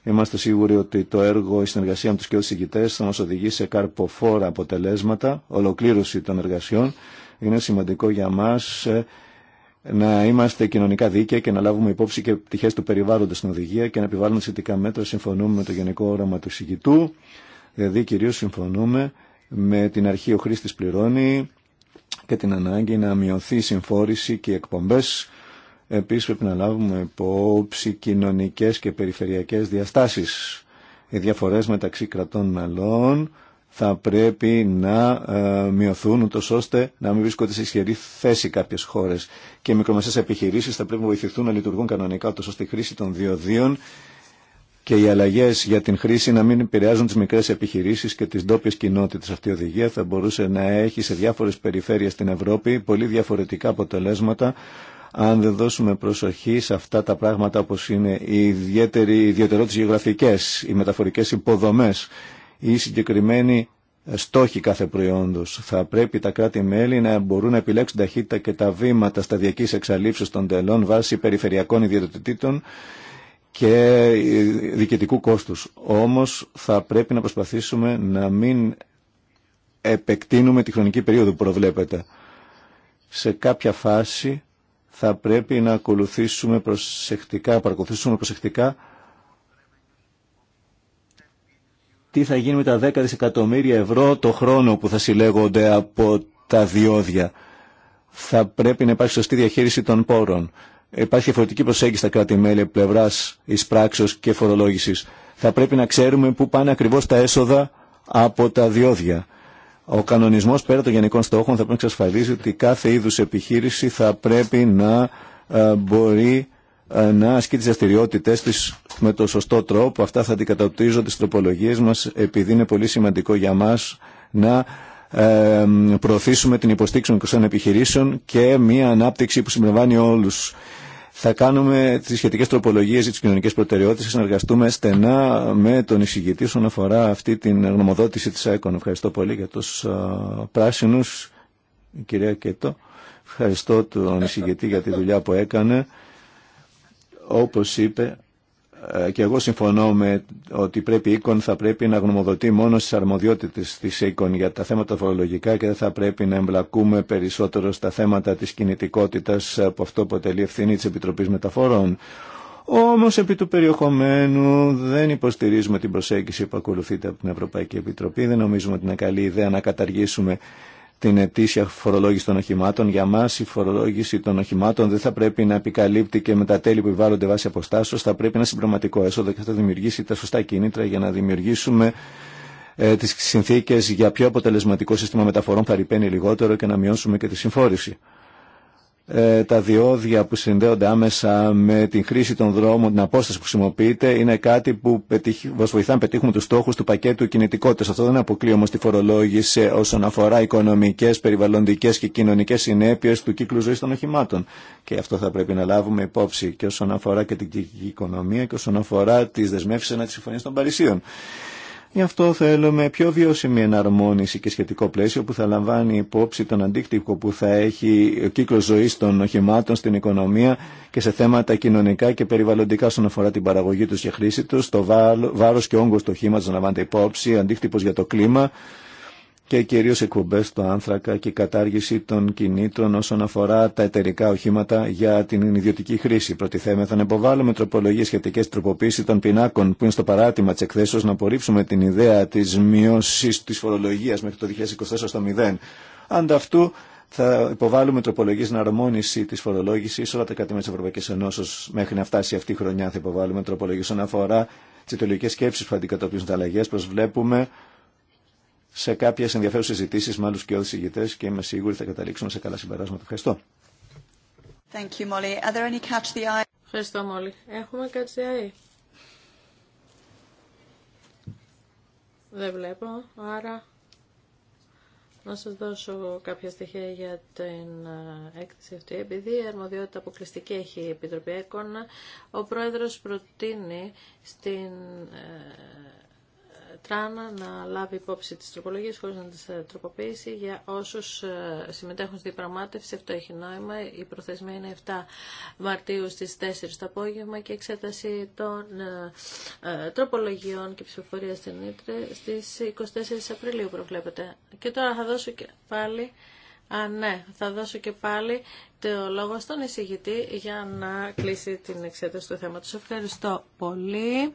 Είμαστε σίγουροι ότι το έργο, η συνεργασία με του και τους θα μα οδηγήσει σε καρποφόρα αποτελέσματα, ολοκλήρωση των εργασιών. Είναι σημαντικό για μα ε, να είμαστε κοινωνικά δίκαια και να λάβουμε υπόψη και πτυχέ του περιβάλλοντο στην οδηγία και να επιβάλλουμε σχετικά μέτρα. Συμφωνούμε με το γενικό όραμα του εισηγητού, δηλαδή κυρίω συμφωνούμε με την αρχή ο Χρήστη πληρώνει, και την ανάγκη να μειωθεί η συμφόρηση και οι εκπομπές. Επίσης πρέπει να λάβουμε υπόψη κοινωνικέ και περιφερειακές διαστάσεις. Οι διαφορές μεταξύ κρατών μελών θα πρέπει να ε, μειωθούν ούτως ώστε να μην βρίσκονται σε ισχυρή θέση κάποιες χώρες. Και οι μικρομεσαίες επιχειρήσεις θα πρέπει να βοηθηθούν να λειτουργούν κανονικά ούτως ώστε η χρήση των διοδίων και οι αλλαγέ για την χρήση να μην επηρεάζουν τι μικρέ επιχειρήσει και τι ντόπιε κοινότητε. Αυτή η οδηγία θα μπορούσε να έχει σε διάφορε περιφέρειες στην Ευρώπη πολύ διαφορετικά αποτελέσματα αν δεν δώσουμε προσοχή σε αυτά τα πράγματα όπω είναι οι ιδιαιτερότητε γεωγραφικέ, οι μεταφορικέ υποδομέ, ή οι συγκεκριμένοι στόχοι κάθε προϊόντο. Θα πρέπει τα κράτη-μέλη να μπορούν να επιλέξουν ταχύτητα και τα βήματα σταδιακή εξαλείψη των τελών βάσει περιφερειακών ιδιαιτερότητων και διοικητικού κόστους. Όμως θα πρέπει να προσπαθήσουμε να μην επεκτείνουμε τη χρονική περίοδο που προβλέπετε. Σε κάποια φάση θα πρέπει να ακολουθήσουμε προσεκτικά, παρακολουθήσουμε προσεκτικά τι θα γίνει με τα 10 δισεκατομμύρια ευρώ το χρόνο που θα συλλέγονται από τα διόδια. Θα πρέπει να υπάρχει σωστή διαχείριση των πόρων. Υπάρχει διαφορετική προσέγγιση στα κράτη-μέλη πλευρά εισπράξεω και φορολόγηση. Θα πρέπει να ξέρουμε πού πάνε ακριβώ τα έσοδα από τα διόδια. Ο κανονισμό πέρα των γενικών στόχων θα πρέπει να εξασφαλίζει ότι κάθε είδου επιχείρηση θα πρέπει να ε, μπορεί ε, να ασκεί τι δραστηριότητέ τη με το σωστό τρόπο. Αυτά θα αντικατοπτρίζονται στι τροπολογίε μα, επειδή είναι πολύ σημαντικό για μα να ε, προωθήσουμε την υποστήριξη των επιχειρήσεων και μια ανάπτυξη που συμπεριλαμβάνει όλου. Θα κάνουμε τις σχετικές τροπολογίες ή τις κοινωνικές προτεραιότητες και συνεργαστούμε στενά με τον εισηγητή όσον αφορά αυτή την γνωμοδότηση της ΑΕΚΟΝ. Ευχαριστώ πολύ για τους πράσινους, κυρία Κετό. Ευχαριστώ τον εισηγητή για τη δουλειά που έκανε. Όπως είπε, ε, και εγώ συμφωνώ με ότι πρέπει η ΕΚΟΝ θα πρέπει να γνωμοδοτεί μόνο στις αρμοδιότητες της ΕΚΟΝ για τα θέματα φορολογικά και δεν θα πρέπει να εμπλακούμε περισσότερο στα θέματα της κινητικότητας από αυτό αποτελεί ευθύνη της Επιτροπής Μεταφορών. Όμως επί του περιεχομένου δεν υποστηρίζουμε την προσέγγιση που ακολουθείται από την Ευρωπαϊκή Επιτροπή. Δεν νομίζουμε ότι είναι καλή ιδέα να καταργήσουμε την ετήσια φορολόγηση των οχημάτων. Για μα η φορολόγηση των οχημάτων δεν θα πρέπει να επικαλύπτει και με τα τέλη που επιβάλλονται βάσει αποστάσεω, θα πρέπει να συμπρωματικό συμπληρωματικό έσοδο και θα δημιουργήσει τα σωστά κίνητρα για να δημιουργήσουμε ε, τι συνθήκε για πιο αποτελεσματικό σύστημα μεταφορών θα ρηπαίνει λιγότερο και να μειώσουμε και τη συμφόρηση. Ε, τα διόδια που συνδέονται άμεσα με την χρήση των δρόμων, την απόσταση που χρησιμοποιείται, είναι κάτι που μα βοηθά να πετύχουμε του στόχου του πακέτου κινητικότητα. Αυτό δεν αποκλεί όμω τη φορολόγηση όσον αφορά οικονομικέ, περιβαλλοντικέ και κοινωνικέ συνέπειε του κύκλου ζωή των οχημάτων. Και αυτό θα πρέπει να λάβουμε υπόψη και όσον αφορά και την οικονομία και όσον αφορά τι δεσμεύσει ανά τη Συμφωνία των Παρισίων. Γι' αυτό θέλουμε πιο βιώσιμη εναρμόνιση και σχετικό πλαίσιο που θα λαμβάνει υπόψη τον αντίκτυπο που θα έχει ο κύκλο ζωή των οχημάτων στην οικονομία και σε θέματα κοινωνικά και περιβαλλοντικά όσον αφορά την παραγωγή του και χρήση του, το βάρο και όγκο του οχήματο να λαμβάνεται υπόψη, αντίκτυπο για το κλίμα και κυρίως εκπομπές στο άνθρακα και κατάργηση των κινήτρων όσον αφορά τα εταιρικά οχήματα για την ιδιωτική χρήση. Προτιθέμεθα να υποβάλουμε τροπολογίες σχετικές τροποποίηση των πινάκων που είναι στο παράτημα της εκθέσεως να απορρίψουμε την ιδέα της μειώσης της φορολογίας μέχρι το 2024 στο 0. Ανταυτού θα υποβάλουμε τροπολογίε στην αρμόνιση τη φορολόγηση όλα τα κράτη τη Ευρωπαϊκή Ενώσεω μέχρι να φτάσει αυτή η χρονιά. Θα υποβάλουμε τροπολογίε όσον αφορά τι ιδεολογικέ σκέψει που τα αλλαγέ. Προσβλέπουμε σε κάποιε ενδιαφέρουσε συζητήσει με άλλου και όλου και είμαι σίγουρη θα καταλήξουμε σε καλά συμπεράσματα. Ευχαριστώ. Ευχαριστώ, Μόλι. Έχουμε κάτι the eye. Δεν βλέπω, άρα να σας δώσω κάποια στοιχεία για την ε, έκθεση αυτή. Επειδή η αρμοδιότητα αποκλειστική έχει η Επιτροπή Έκονα, ο Πρόεδρος προτείνει στην ε, τράνα να λάβει υπόψη τις τροπολογίες χωρίς να τις ε, τροποποιήσει για όσους ε, συμμετέχουν στη διαπραγμάτευση. Αυτό έχει νόημα. Η προθεσμία είναι 7 Μαρτίου στις 4 το απόγευμα και εξέταση των ε, τροπολογιών και ψηφοφορία στην Ήτρε στις 24 Απριλίου προβλέπεται. Και τώρα θα δώσω και πάλι... Α, ναι, θα δώσω και πάλι το λόγο στον εισηγητή για να κλείσει την εξέταση του θέματος. Ευχαριστώ πολύ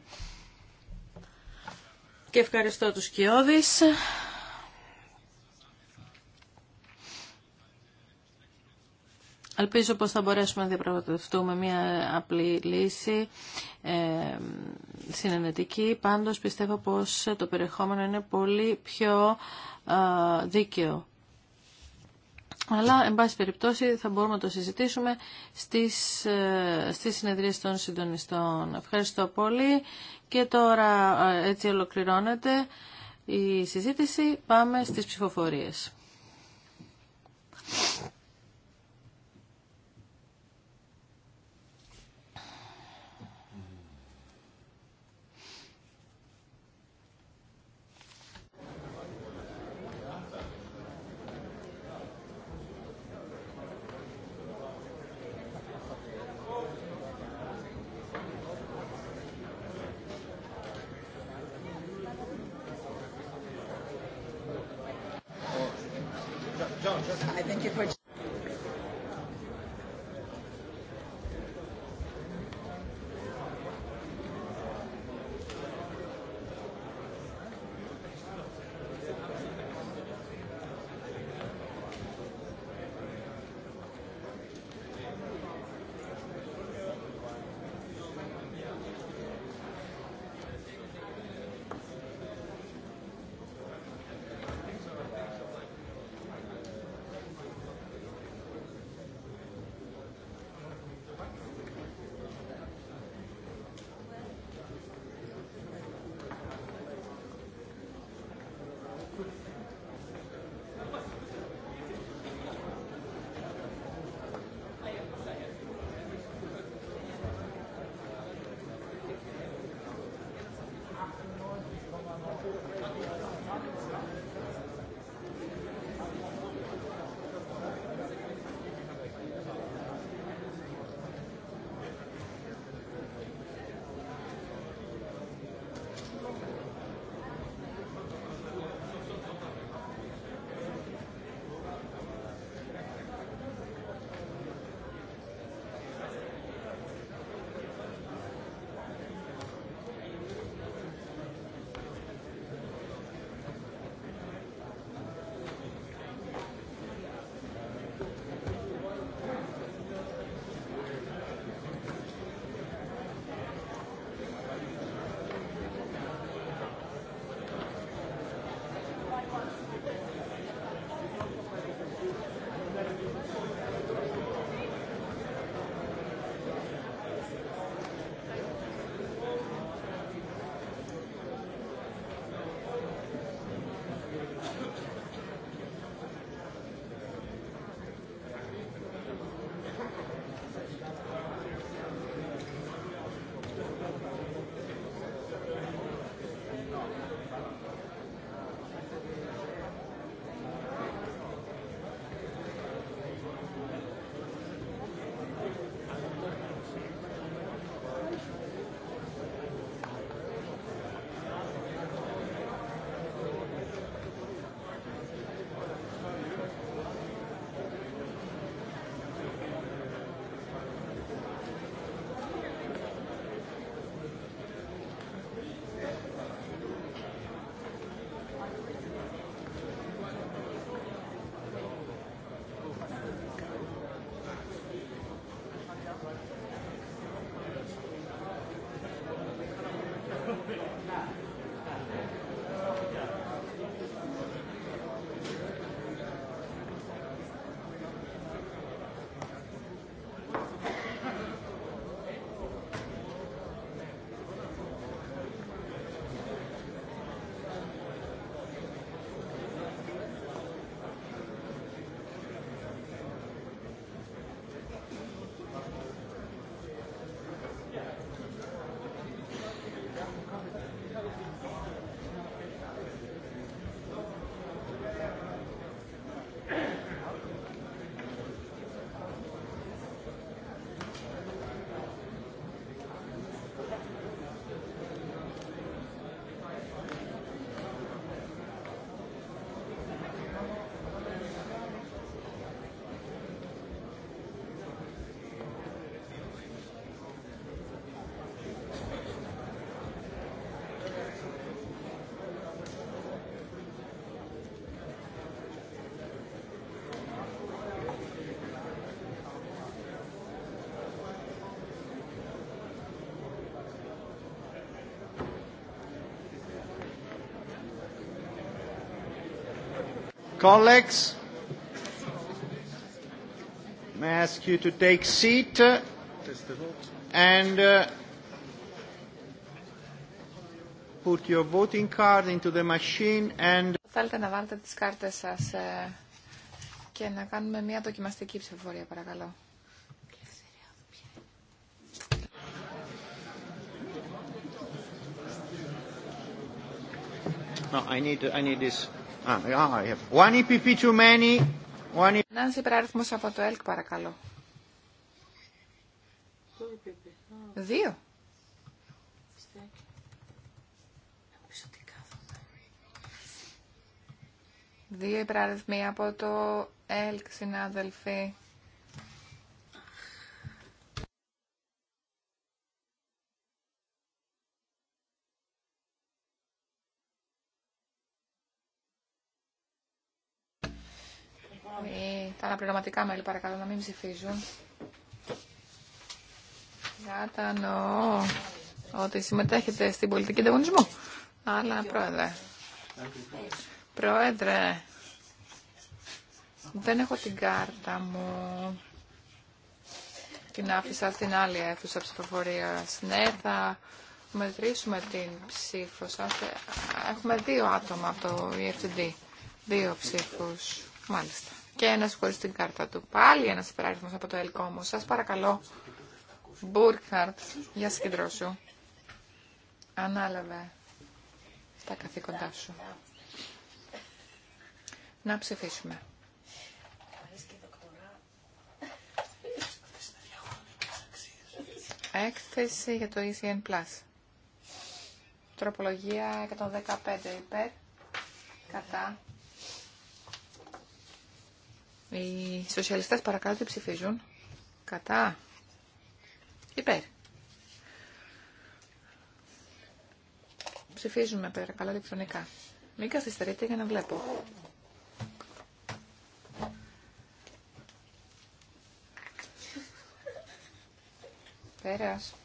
και ευχαριστώ τους Κιώδης. Ελπίζω πως θα μπορέσουμε να διαπραγματευτούμε μια απλή λύση ε, συνενετική. Πάντως πιστεύω πως το περιεχόμενο είναι πολύ πιο ε, δίκαιο. Αλλά, εν πάση περιπτώσει, θα μπορούμε να το συζητήσουμε στις, ε, στις συνεδρίες των συντονιστών. Ευχαριστώ πολύ. Και τώρα ε, έτσι ολοκληρώνεται η συζήτηση. Πάμε στις ψηφοφορίες. Colleagues, may I ask you to take seat and uh, put your voting card into the machine and Θέλετε να βάλετε τις κάρτες σας και να κάνουμε μια δοκιμαστική ψηφοφορία, παρακαλώ. No, I need I need this. One EPP e από το ΕΛΚ παρακαλώ. Δύο. Δύο υπεράριθμοι από το ΕΛΚ, συνάδελφοι. πραγματικά μέλη παρακαλώ να μην ψηφίζουν. Κατανοώ ότι συμμετέχετε στην πολιτική ανταγωνισμό. Αλλά πρόεδρε. Πρόεδρε. Δεν έχω την κάρτα μου. Την άφησα στην άλλη αίθουσα ψηφοφορία. Ναι, θα μετρήσουμε την ψήφο σα. Ε, έχουμε δύο άτομα από το EFTD. Δύο ψήφου. Μάλιστα και ένας χωρίς την κάρτα του. Πάλι ένας υπεράριθμος από το ΕΛΚ Σας παρακαλώ, Μπούρκχαρτ, για σου. Ανάλαβε τα καθήκοντά σου. Να ψηφίσουμε. Έκθεση για το ECN Plus. Τροπολογία 115 υπέρ, κατά, οι σοσιαλιστές παρακαλώ ψηφίζουν. Κατά. Υπέρ. Ψηφίζουμε παρακαλώ ηλεκτρονικά. Μην καθυστερείτε για να βλέπω. Πέρας.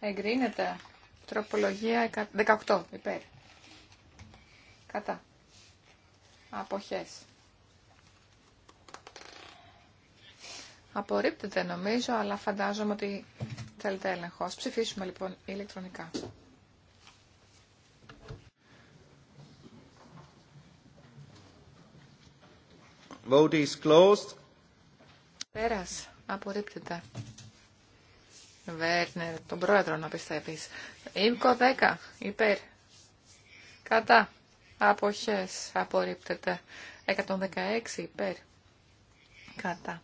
Εγκρίνεται. Τροπολογία 18. Υπέρ. Κατά. Αποχές. Απορρίπτεται νομίζω, αλλά φαντάζομαι ότι θέλετε έλεγχο. Ας ψηφίσουμε λοιπόν ηλεκτρονικά. Vote is closed. Πέρας. Απορρίπτεται. Βέρνερ, τον πρόεδρο να πιστεύεις. Ήμκο 10. Υπέρ. Κατά. Αποχές. Απορρίπτεται. 116. Υπέρ. Κατά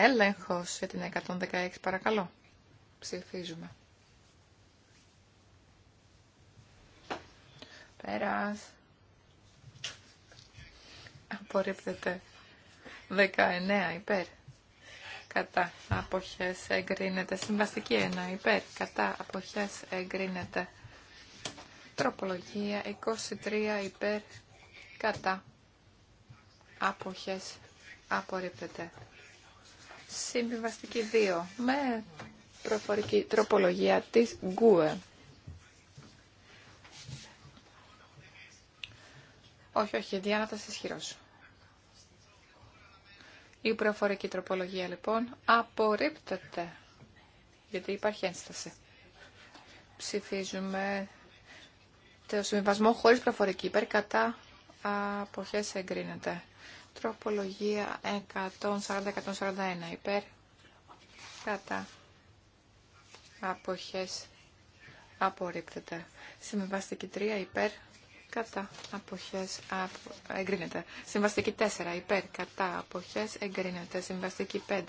Έλεγχος για την 116 παρακαλώ. Ψηφίζουμε. Πέρας. Απορρίπτεται. 19 υπέρ. Κατά αποχές εγκρίνεται. Συμβαστική 1 υπέρ. Κατά αποχές εγκρίνεται. Τροπολογία 23 υπέρ. Κατά αποχές απορρίπτεται. Συμβιβαστική 2 με προφορική τροπολογία της ΓΚΟΕ. Όχι, όχι, σε ισχυρός. Η προφορική τροπολογία λοιπόν απορρίπτεται, γιατί υπάρχει ένσταση. Ψηφίζουμε το συμβιβασμό χωρίς προφορική υπέρ κατά αποχές εγκρίνεται. Τροπολογία 140-141 υπέρ. Κατά. Αποχές. Απορρίπτεται. Συμβαστική 3 υπέρ. Κατά. Αποχές. Απο... Εγκρίνεται. Συμβαστική 4 υπέρ. Κατά. Αποχές. Εγκρίνεται. Συμβαστική 5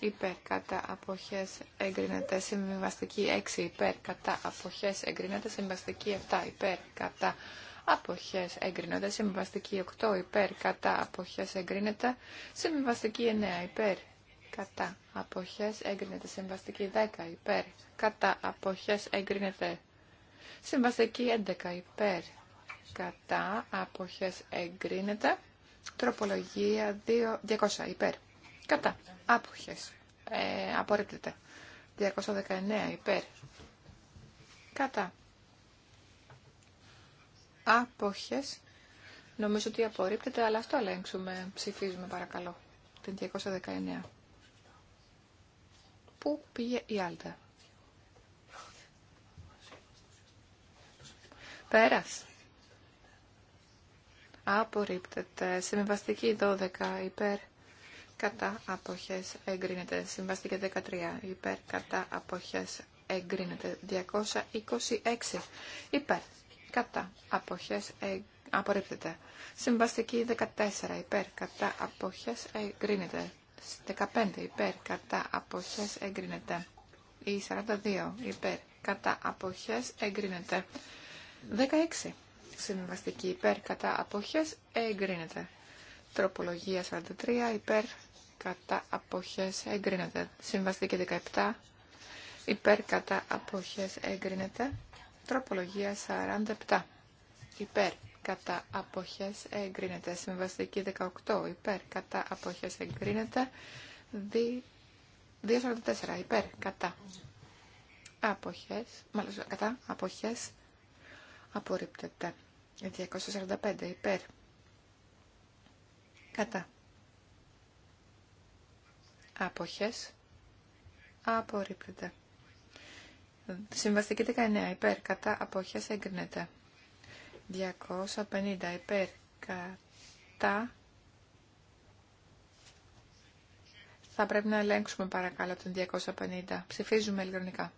υπέρ κατά αποχές εγκρίνεται συμβαστική 6 υπέρ κατά αποχές εγκρίνεται συμβαστική 7 υπέρ κατά αποχές εγκρίνονται. Συμβαστική 8 υπέρ κατά αποχές εγκρίνεται. Συμβαστική 9 υπέρ κατά αποχές εγκρίνεται. Συμβαστική 10 υπέρ κατά αποχές εγκρίνεται. Συμβαστική 11 υπέρ κατά αποχές εγκρίνεται. Τροπολογία 2, 200 υπέρ. Κατά. Άποχες. Ε, απορρίπτεται. 219 υπέρ. Κατά. Άποχες. Νομίζω ότι απορρίπτεται, αλλά αυτό ελέγξουμε. Ψηφίζουμε παρακαλώ. Την 219. Πού πήγε η Άλτα. Πέρας. Απορρίπτεται. Συμβαστική 12 υπέρ κατά αποχές εγκρίνεται. Συμβαστική 13 υπέρ κατά αποχές εγκρίνεται. 226 υπέρ κατά αποχές ε, απορρίπτεται. Συμβαστική 14 υπέρ κατά αποχές ε, εγκρίνεται. 15 υπέρ κατά αποχές εγκρίνεται. Η 42 υπέρ κατά αποχές εγκρίνεται. 16 συμβαστική υπέρ κατά αποχές εγκρίνεται. Τροπολογία 43 υπέρ κατά αποχές εγκρίνεται. Συμβαστική 17 υπέρ κατά αποχές εγκρίνεται. Τροπολογία 47. Υπέρ. Κατά αποχές εγκρίνεται. Συμβαστική 18. Υπέρ. Κατά αποχές εγκρίνεται. 2.44. Υπέρ. Κατά. Αποχές. Μάλλον κατά. Αποχές. Απορρίπτεται. 245. Υπέρ. Κατά. Αποχές. Απορρίπτεται. Συμβαστική 19 υπέρ κατά αποχές εγκρίνεται. 250 υπέρ κατά Θα πρέπει να ελέγξουμε παρακαλώ τον 250. Ψηφίζουμε ηλεκτρονικά.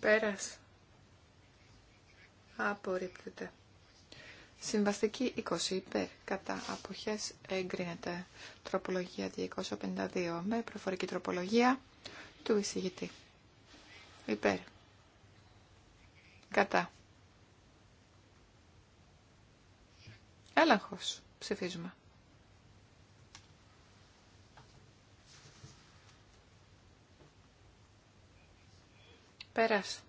Πέρας. Απορρίπτεται. Συμβαστική 20 υπέρ κατά αποχές εγκρίνεται. Τροπολογία 252 με προφορική τροπολογία του εισηγητή. Υπέρ. Κατά. Έλεγχος. Ψηφίζουμε. Πέρασε.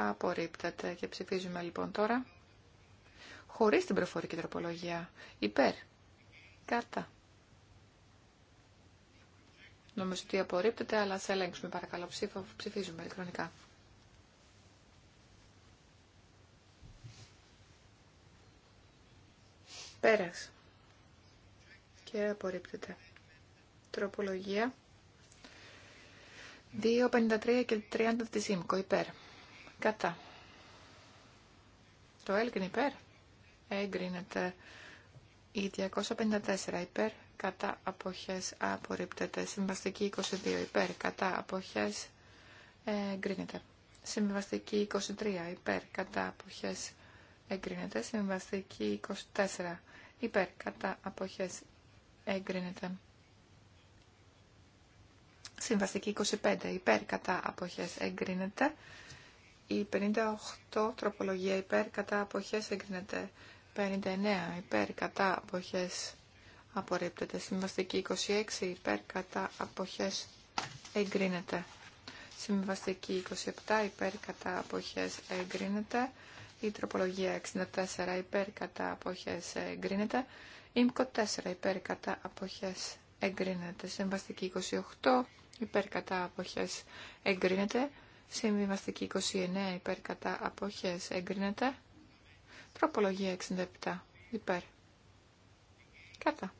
Απορρίπτεται και ψηφίζουμε λοιπόν τώρα. Χωρίς την προφορική τροπολογία. Υπέρ. Κατά. Νομίζω ότι απορρίπτεται, αλλά σε ελέγξουμε παρακαλώ. ψηφίζουμε ηλεκτρονικά. Πέρας. Και απορρίπτεται. Τροπολογία. 2.53 και 30 της σύμκο Υπέρ. Κατά. Το έλκυν υπέρ. Εγκρίνεται. Η 254 υπέρ. Κατά αποχές απορρίπτεται. Συμβαστική 22 υπέρ. Κατά αποχές εγκρίνεται. Συμβαστική 23 υπέρ. Κατά αποχές εγκρίνεται. Συμβαστική 24 υπέρ. Κατά αποχές εγκρίνεται. Συμβαστική 25 υπέρ. Κατά αποχές εγκρίνεται. Η 58 τροπολογία υπέρ κατά αποχές εγκρίνεται. 59 υπέρ κατά αποχές απορρίπτεται. Συμβαστική 26 υπέρ κατά αποχές εγκρίνεται. Συμβαστική 27 υπέρ κατά αποχές εγκρίνεται. Η τροπολογία 64 υπέρ κατά αποχές εγκρίνεται. Ήμκο 4 υπέρ κατά αποχές εγκρίνεται. Συμβαστική 28 υπέρ κατά αποχές εγκρίνεται. Συμβιβαστική 29 υπέρ κατά αποχές εγκρίνεται. Τροπολογία 67 υπέρ. Κατά.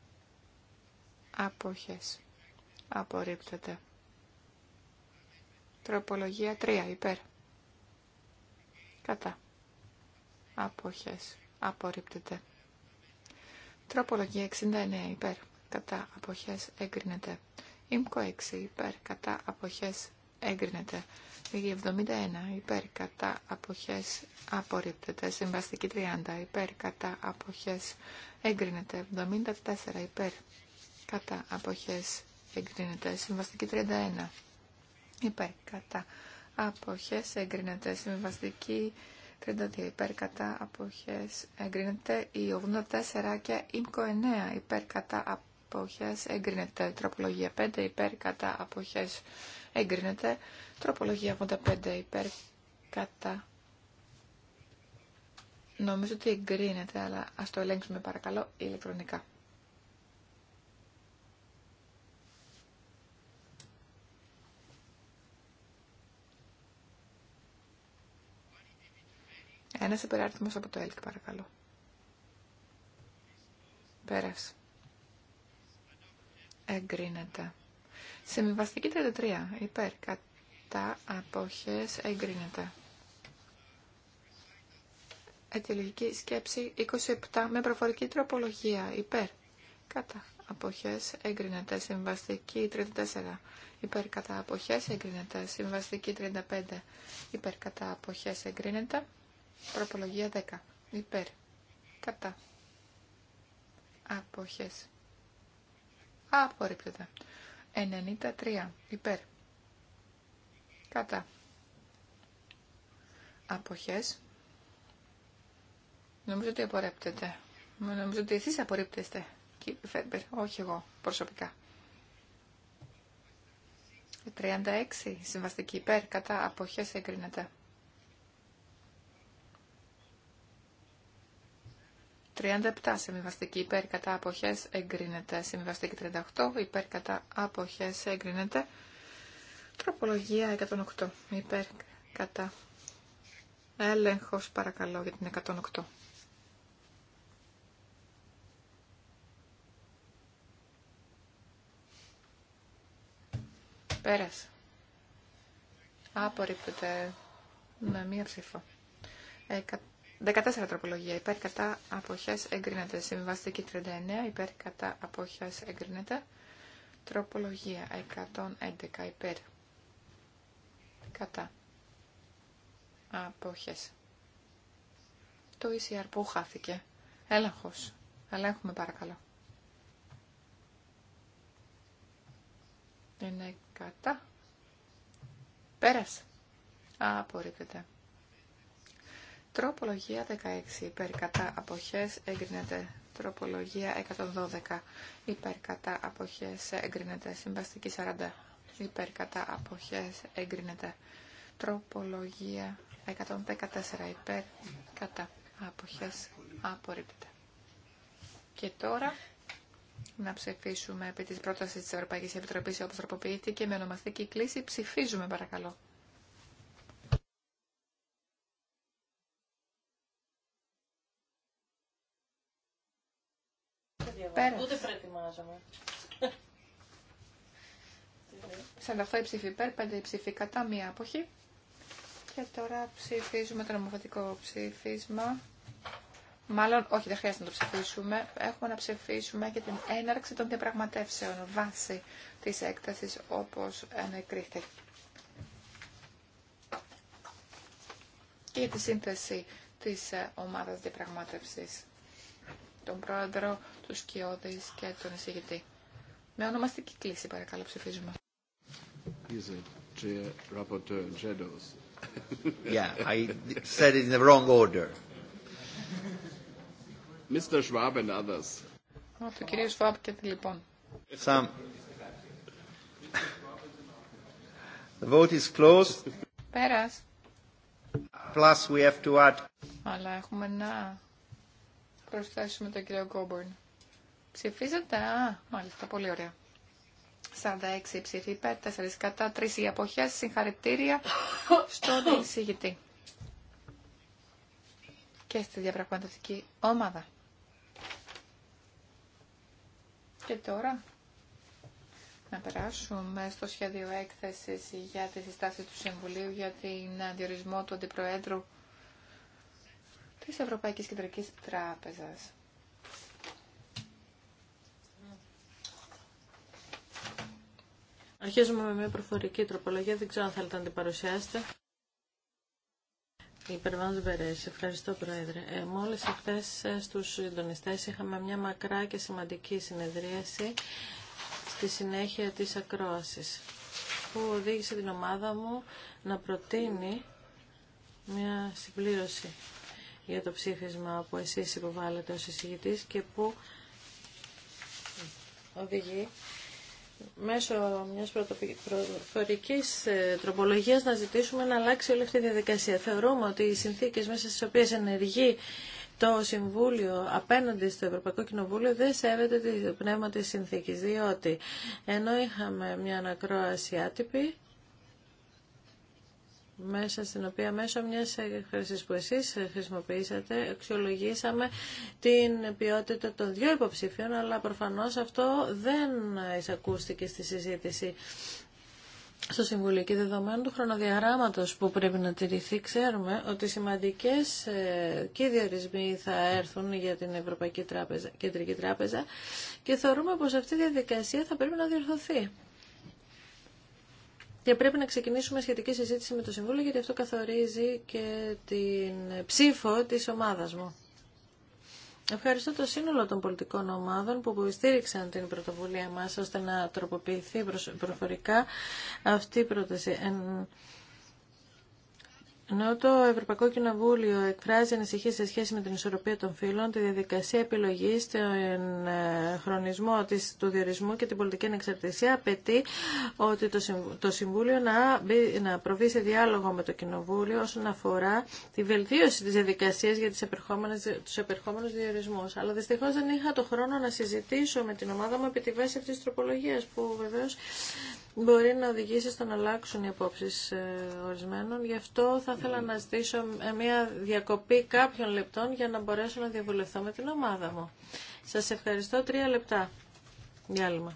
Αποχές. Απορρίπτεται. Τροπολογία 3 υπέρ. Κατά. Αποχές. Απορρίπτεται. Τροπολογία 69 υπέρ. Κατά. Αποχές εγκρίνεται. Ήμκο 6 υπέρ. Κατά. Αποχές εγκρίνεται. Η 71 υπέρ κατά αποχές απορρίπτεται. Συμβαστική 30 υπέρ κατά αποχές εγκρίνεται. 74 υπέρ κατά αποχές εγκρίνεται. Συμβαστική 31 υπέρ κατά αποχές εγκρίνεται. Συμβαστική 32 υπέρ κατά αποχές εγκρίνεται. Η 84 και η 9 υπέρ κατά αποχές εγκρίνεται. Τροπολογία 5 υπέρ κατά αποχές εγκρίνεται. Τροπολογία 85 υπέρ κατά. Νομίζω ότι εγκρίνεται, αλλά ας το ελέγξουμε παρακαλώ ηλεκτρονικά. Ένας υπεράριθμος από το ΕΛΚ, παρακαλώ. Πέρασε εγκρίνεται. Συμβιβαστική 33 υπέρ κατά αποχές εγκρίνεται. Αιτιολογική σκέψη 27 με προφορική τροπολογία υπέρ κατά αποχές εγκρίνεται. Συμβαστική 34 υπέρ κατά αποχές εγκρίνεται. Συμβαστική 35 υπέρ κατά αποχές εγκρίνεται. Τροπολογία 10 υπέρ κατά αποχές Απορρίπτεται. 93 υπέρ. Κατά. Αποχές. Νομίζω ότι απορρίπτεται. Νομίζω ότι εσείς απορρίπτεστε. Κύριε όχι εγώ προσωπικά. 36 συμβαστική υπέρ. Κατά. Αποχές εγκρίνεται. 37 συμβιβαστική υπέρ κατά αποχές εγκρίνεται. Συμβιβαστική 38 υπέρ κατά αποχές εγκρίνεται. Τροπολογία 108 υπέρ κατά έλεγχος παρακαλώ για την 108. Πέρασε. Απορρίπτεται με μία ψήφο. 14 τροπολογία υπέρ κατά αποχές εγκρίνεται. Συμβαστική 39 υπέρ κατά αποχές εγκρίνεται. Τροπολογία 111 υπέρ κατά Απόχε. Το ECR που χάθηκε. Έλεγχο. Ελέγχουμε παρακαλώ. Είναι κατά. Πέρασε. απορρίπτεται. Τροπολογία 16 υπέρ κατά αποχές εγκρίνεται. Τροπολογία 112 υπέρ κατά αποχές εγκρίνεται. Συμβαστική 40 υπέρ κατά αποχές εγκρίνεται. Τροπολογία 114 υπέρ κατά αποχές απορρίπτεται. Και τώρα να ψηφίσουμε επί της πρότασης της Ευρωπαϊκής Επιτροπής όπως τροποποιήθηκε με ονομαστική κλίση. Ψηφίζουμε παρακαλώ. η ψήφη υπέρ, η ψήφη κατά, μία αποχή. Και τώρα ψηφίζουμε το νομοθετικό ψήφισμα. Μάλλον, όχι, δεν χρειάζεται να το ψηφίσουμε. Έχουμε να ψηφίσουμε και την έναρξη των διαπραγματεύσεων βάσει της έκτασης όπως ανακρίθηκε. Και για τη σύνθεση της ε, ομάδας διαπραγμάτευσης. Τον πρόεδρο, του Σκιώδης και τον εισηγητή. Με ονομαστική κλίση, παρακαλώ, ψηφίζουμε a rapporteur yeah, I said in the wrong order. Mr. others. Το κύριο και λοιπόν. Πέρας. Plus we have to Αλλά έχουμε να προσθέσουμε τον κύριο Κόμπορν. Ψηφίζετε. Α, μάλιστα, πολύ ωραία. 46 ψήφοι υπέρ, 4 κατά, 3 οι Συγχαρητήρια στον εισηγητή και στη διαπραγματευτική ομάδα. Και τώρα να περάσουμε στο σχέδιο έκθεσης για τη συστάση του Συμβουλίου για την διορισμό του Αντιπροέδρου της Ευρωπαϊκής Κεντρικής Τράπεζας. Αρχίζουμε με μια προφορική τροπολογία. Δεν ξέρω αν θέλετε να την παρουσιάσετε. Υπερβάνω Μπερές. Ευχαριστώ, Πρόεδρε. Ε, μόλις αυτές ε, στους συντονιστές είχαμε μια μακρά και σημαντική συνεδρίαση στη συνέχεια της ακρόασης που οδήγησε την ομάδα μου να προτείνει μια συμπλήρωση για το ψήφισμα που εσείς υποβάλλετε ως εισηγητής και που οδηγεί μέσω μιας προφορική ε, τροπολογίας να ζητήσουμε να αλλάξει όλη αυτή η διαδικασία. Θεωρούμε ότι οι συνθήκες μέσα στις οποίες ενεργεί το Συμβούλιο απέναντι στο Ευρωπαϊκό Κοινοβούλιο δεν σέβεται το πνεύμα της συνθήκης, διότι ενώ είχαμε μια ανακρόαση άτυπη, μέσα στην οποία μέσω μιας έκφραση που εσείς χρησιμοποιήσατε αξιολογήσαμε την ποιότητα των δύο υποψηφίων αλλά προφανώς αυτό δεν εισακούστηκε στη συζήτηση στο Συμβουλίο και δεδομένου του χρονοδιαγράμματος που πρέπει να τηρηθεί, ξέρουμε ότι σημαντικές ε, και διορισμοί θα έρθουν για την Ευρωπαϊκή Τράπεζα, Κεντρική Τράπεζα και θεωρούμε πως αυτή η διαδικασία θα πρέπει να διορθωθεί και πρέπει να ξεκινήσουμε σχετική συζήτηση με το Συμβούλιο γιατί αυτό καθορίζει και την ψήφο της ομάδας μου. Ευχαριστώ το σύνολο των πολιτικών ομάδων που υποστήριξαν την πρωτοβουλία μας ώστε να τροποποιηθεί προφορικά αυτή η πρόταση. Ενώ το Ευρωπαϊκό Κοινοβούλιο εκφράζει ανησυχία σε σχέση με την ισορροπία των φύλων, τη διαδικασία επιλογή, τον ε, χρονισμό της, του διορισμού και την πολιτική ανεξαρτησία, απαιτεί ότι το Συμβούλιο να, μπει, να προβεί σε διάλογο με το Κοινοβούλιο όσον αφορά τη βελτίωση τη διαδικασία για του επερχόμενου διορισμού. Αλλά δυστυχώ δεν είχα το χρόνο να συζητήσω με την ομάδα μου επί τη βάση αυτή τη τροπολογία, που βεβαίω μπορεί να οδηγήσει στο να αλλάξουν οι απόψεις ε, ορισμένων. Γι' αυτό θα ήθελα να ζητήσω ε, μια διακοπή κάποιων λεπτών για να μπορέσω να διαβουλευθώ με την ομάδα μου. Σας ευχαριστώ. Τρία λεπτά. Διάλειμμα.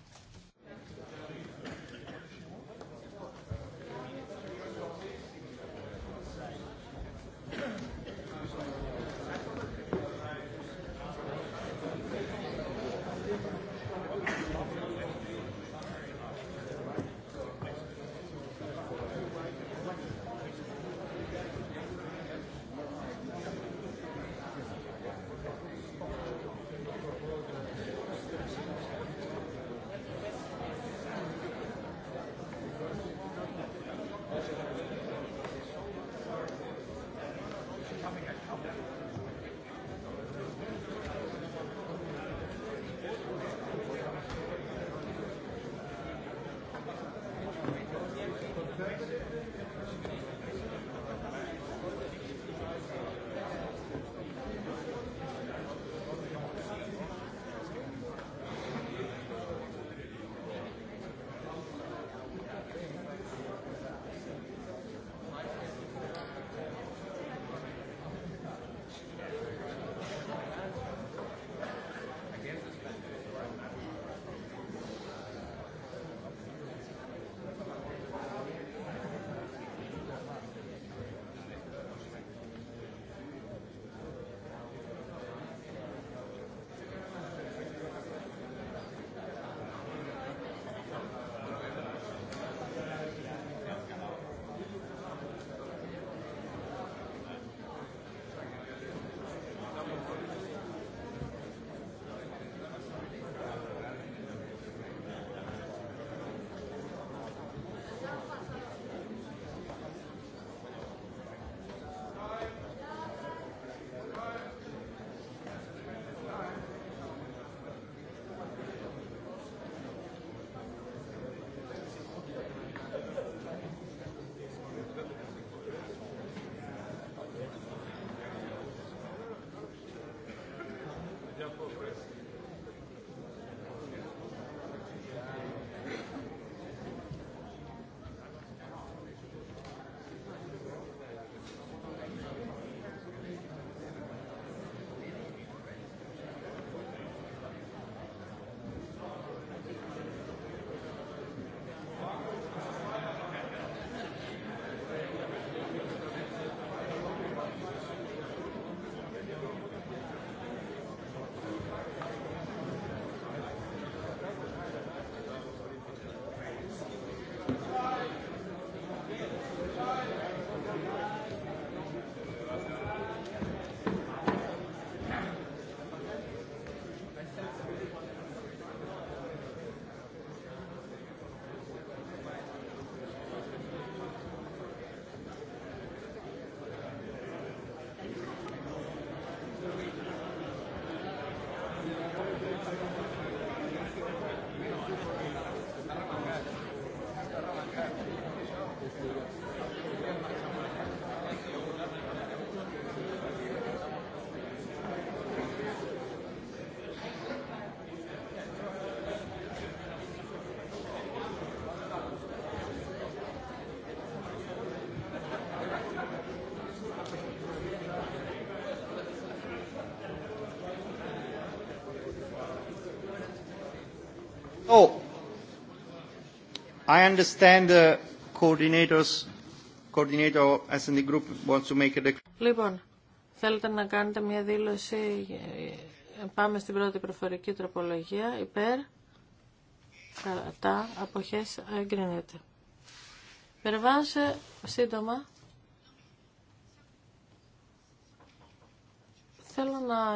I understand the coordinators, coordinator as the Group wants to make a Λοιπόν, θέλετε να κάνετε μια δήλωση. Ε, πάμε στην πρώτη προφορική τροπολογία. Υπέρ, κατά, αποχές, εγκρίνεται. Περβάσε σύντομα.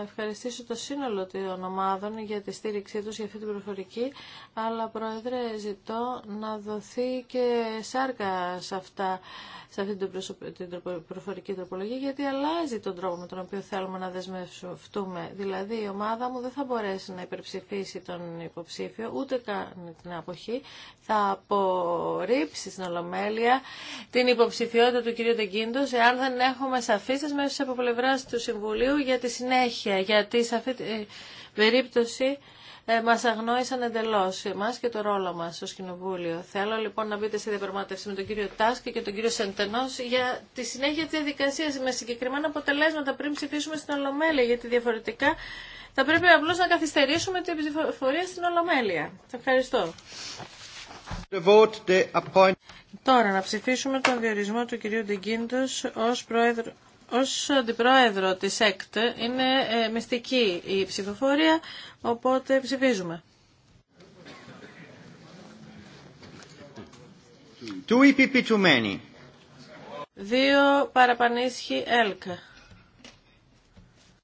ευχαριστήσω το σύνολο των ομάδων για τη στήριξή τους για αυτή την προφορική, αλλά Πρόεδρε ζητώ να δοθεί και σάρκα σε αυτά σε αυτή την, προφορική τροπολογία γιατί αλλάζει τον τρόπο με τον οποίο θέλουμε να δεσμευτούμε. Δηλαδή η ομάδα μου δεν θα μπορέσει να υπερψηφίσει τον υποψήφιο ούτε καν την αποχή. Θα απορρίψει στην Ολομέλεια την υποψηφιότητα του κ. Τεγκίντο, εάν δεν έχουμε σαφείς μέσα από πλευρά του Συμβουλίου για τη συνέχεια. Γιατί σε αυτή την περίπτωση ε, μας αγνόησαν εντελώς εμά και το ρόλο μα ως Κοινοβούλιο. Θέλω λοιπόν να μπείτε σε διαπραγμάτευση με τον κύριο Τάσκη και τον κύριο Σεντενό για τη συνέχεια τη διαδικασία. με συγκεκριμένα αποτελέσματα πριν ψηφίσουμε στην Ολομέλεια, γιατί διαφορετικά θα πρέπει απλώ να καθυστερήσουμε την ψηφοφορία στην Ολομέλεια. Σα ευχαριστώ. Τώρα να ψηφίσουμε τον διορισμό του κυρίου Ντεγκίντο ω πρόεδρο, ως αντιπρόεδρο της ΕΚΤ είναι ε, μυστική η ψηφοφορία, οπότε ψηφίζουμε. Two EPP too many. Δύο παραπανίσχυ ΕΛΚΑ.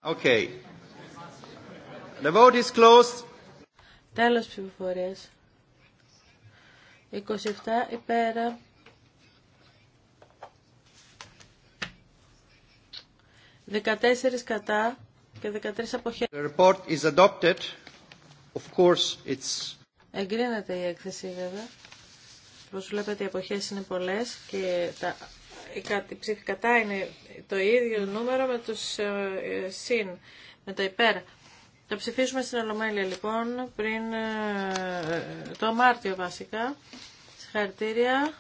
Okay. The vote is closed. Τέλος ψηφοφορίας. 27 υπέρα, 14 κατά και 13 αποχές. The report is adopted. Of course it's... Εγκρίνεται η έκθεση βέβαια. Όπως βλέπετε οι αποχές είναι πολλές και τα, η ψήφη κατά είναι το ίδιο νούμερο με τους ε, ε συν, με τα υπέρ. Θα ψηφίσουμε στην Ολομέλεια λοιπόν πριν ε, ε, το Μάρτιο βασικά. Συγχαρητήρια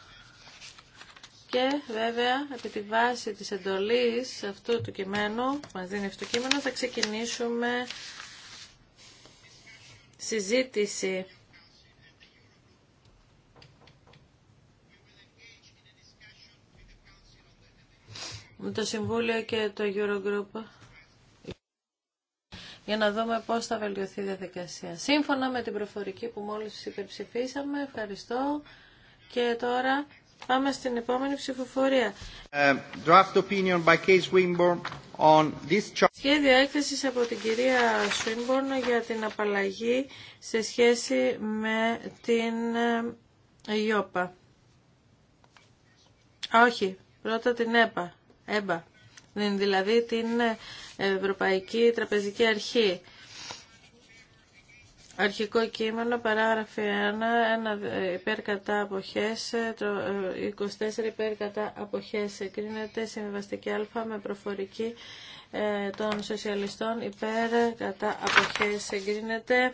και βέβαια επί τη βάση της εντολής αυτού του κειμένου που μας δίνει αυτό το κείμενο θα ξεκινήσουμε συζήτηση με το Συμβούλιο και το Eurogroup για να δούμε πώς θα βελτιωθεί η διαδικασία. Σύμφωνα με την προφορική που μόλις υπερψηφίσαμε, ευχαριστώ και τώρα Πάμε στην επόμενη ψηφοφορία. Ε, draft opinion by Case Wimborne on this Σχέδιο έκθεσης από την κυρία Swinburne για την απαλλαγή σε σχέση με την ε, ΙΟΠΑ. όχι, πρώτα την ΕΠΑ. ΕΠΑ. Δηλαδή την ε, Ευρωπαϊκή Τραπεζική Αρχή. Αρχικό κείμενο, παράγραφη 1, ενα υπέρ κατά αποχές, 24 ε, υπέρ κατά αποχές κρίνεται συμβιβαστική α με προφορική ε, των σοσιαλιστών υπέρ κατά αποχές εγκρίνεται,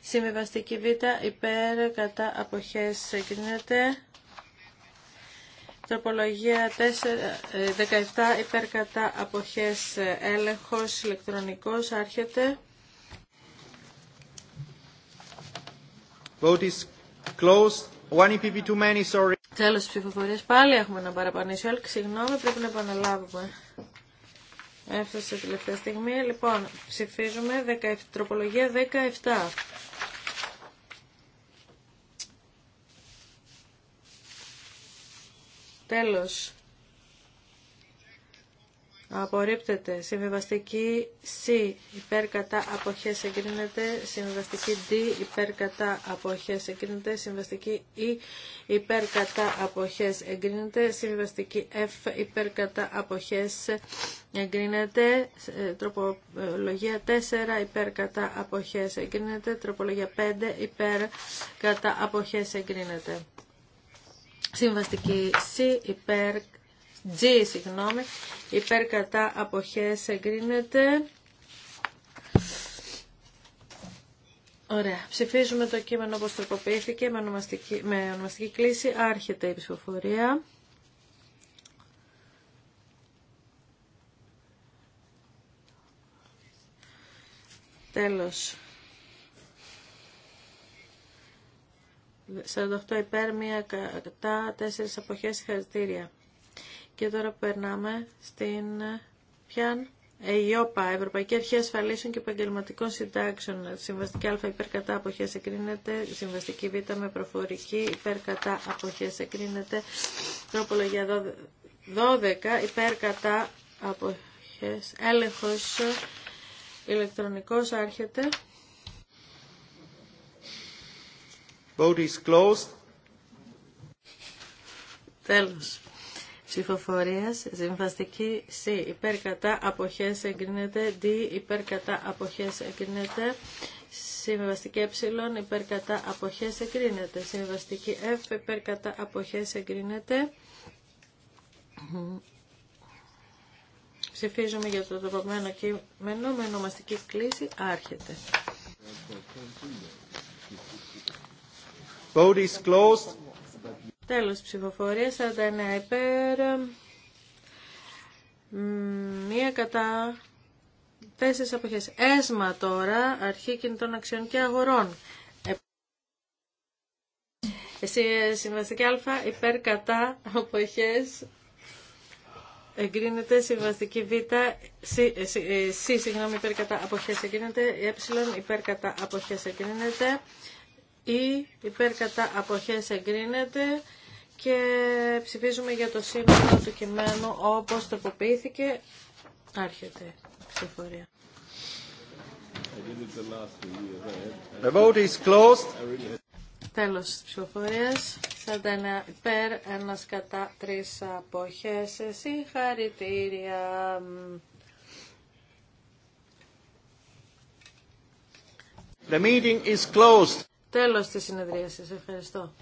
συμβιβαστική β υπέρ κατά αποχές εγκρίνεται, τροπολογία 4, 17 ε, υπέρ κατά αποχές έλεγχος ηλεκτρονικός άρχεται. Vote is closed. Τέλος της ψηφοφορίας. Πάλι έχουμε ένα παραπανήσιο. Όλοι συγγνώμη, πρέπει να επαναλάβουμε. Έφτασε τελευταία στιγμή. Λοιπόν, ψηφίζουμε 17, τροπολογία 17. Τέλος. Απορρίπτεται. Συμβιβαστική C υπέρ κατά αποχές εγκρίνεται. Συμβιβαστική D υπέρ κατά αποχές εγκρίνεται. Συμβιβαστική E υπέρ κατά αποχές εγκρίνεται. Συμβιβαστική F υπέρ κατά αποχές εγκρίνεται. Ε, τροπολογία 4 υπέρ κατά αποχές εγκρίνεται. Τροπολογία 5 υπέρ κατά αποχές εγκρίνεται. Συμβαστική C υπέρ G, συγγνώμη, υπέρ κατά αποχές εγκρίνεται. Ωραία. Ψηφίζουμε το κείμενο όπως τροποποιήθηκε με ονομαστική, με ονομαστική κλίση. Άρχεται η ψηφοφορία. Τέλος. 48 υπέρ, 1 κατά, 4 αποχές, συγχαρητήρια. Και τώρα περνάμε στην ε, πιαν ΕΙΟΠΑ, Ευρωπαϊκή Αρχή Ασφαλίσεων και Επαγγελματικών Συντάξεων. Συμβαστική Α υπέρ κατά αποχές εκρίνεται. Συμβαστική Β με προφορική υπέρκατα κατά αποχές εκρίνεται. Τροπολογία 12 υπέρ κατά αποχές. Έλεγχος ηλεκτρονικός άρχεται. Vote is closed ψηφοφορίας. Συμβαστική C υπέρ κατά αποχές εγκρίνεται. D υπέρ κατά αποχές εγκρίνεται. Συμβαστική ε υπέρ κατά αποχές εγκρίνεται. Συμβαστική F υπέρ κατά αποχές εγκρίνεται. Ψηφίζουμε για το τροποποιημένο κείμενο με ονομαστική κλίση. Άρχεται. closed. Τέλος ψηφοφορία 49 υπέρ. Μία κατά τέσσερις αποχές. Έσμα τώρα, αρχή κινητών αξιών και αγορών. Εσύ, ε, συμβαστική α, υπέρ κατά αποχές. Εγκρίνεται συμβαστική β, Σύ ε, ε, συγγνώμη, υπέρ κατά αποχές εγκρίνεται, ε, υπέρ κατά αποχές εγκρίνεται, ή υπέρ κατά αποχές εγκρίνεται, και ψηφίζουμε για το σύνολο του κειμένου όπως τροποποιήθηκε. Άρχεται η ψηφορία. The vote is closed. Τέλος της ψηφοφορίας. 49 υπέρ, ένας κατά, τρεις αποχές. Συγχαρητήρια. The meeting is closed. Τέλος της συνεδρίασης. Ευχαριστώ.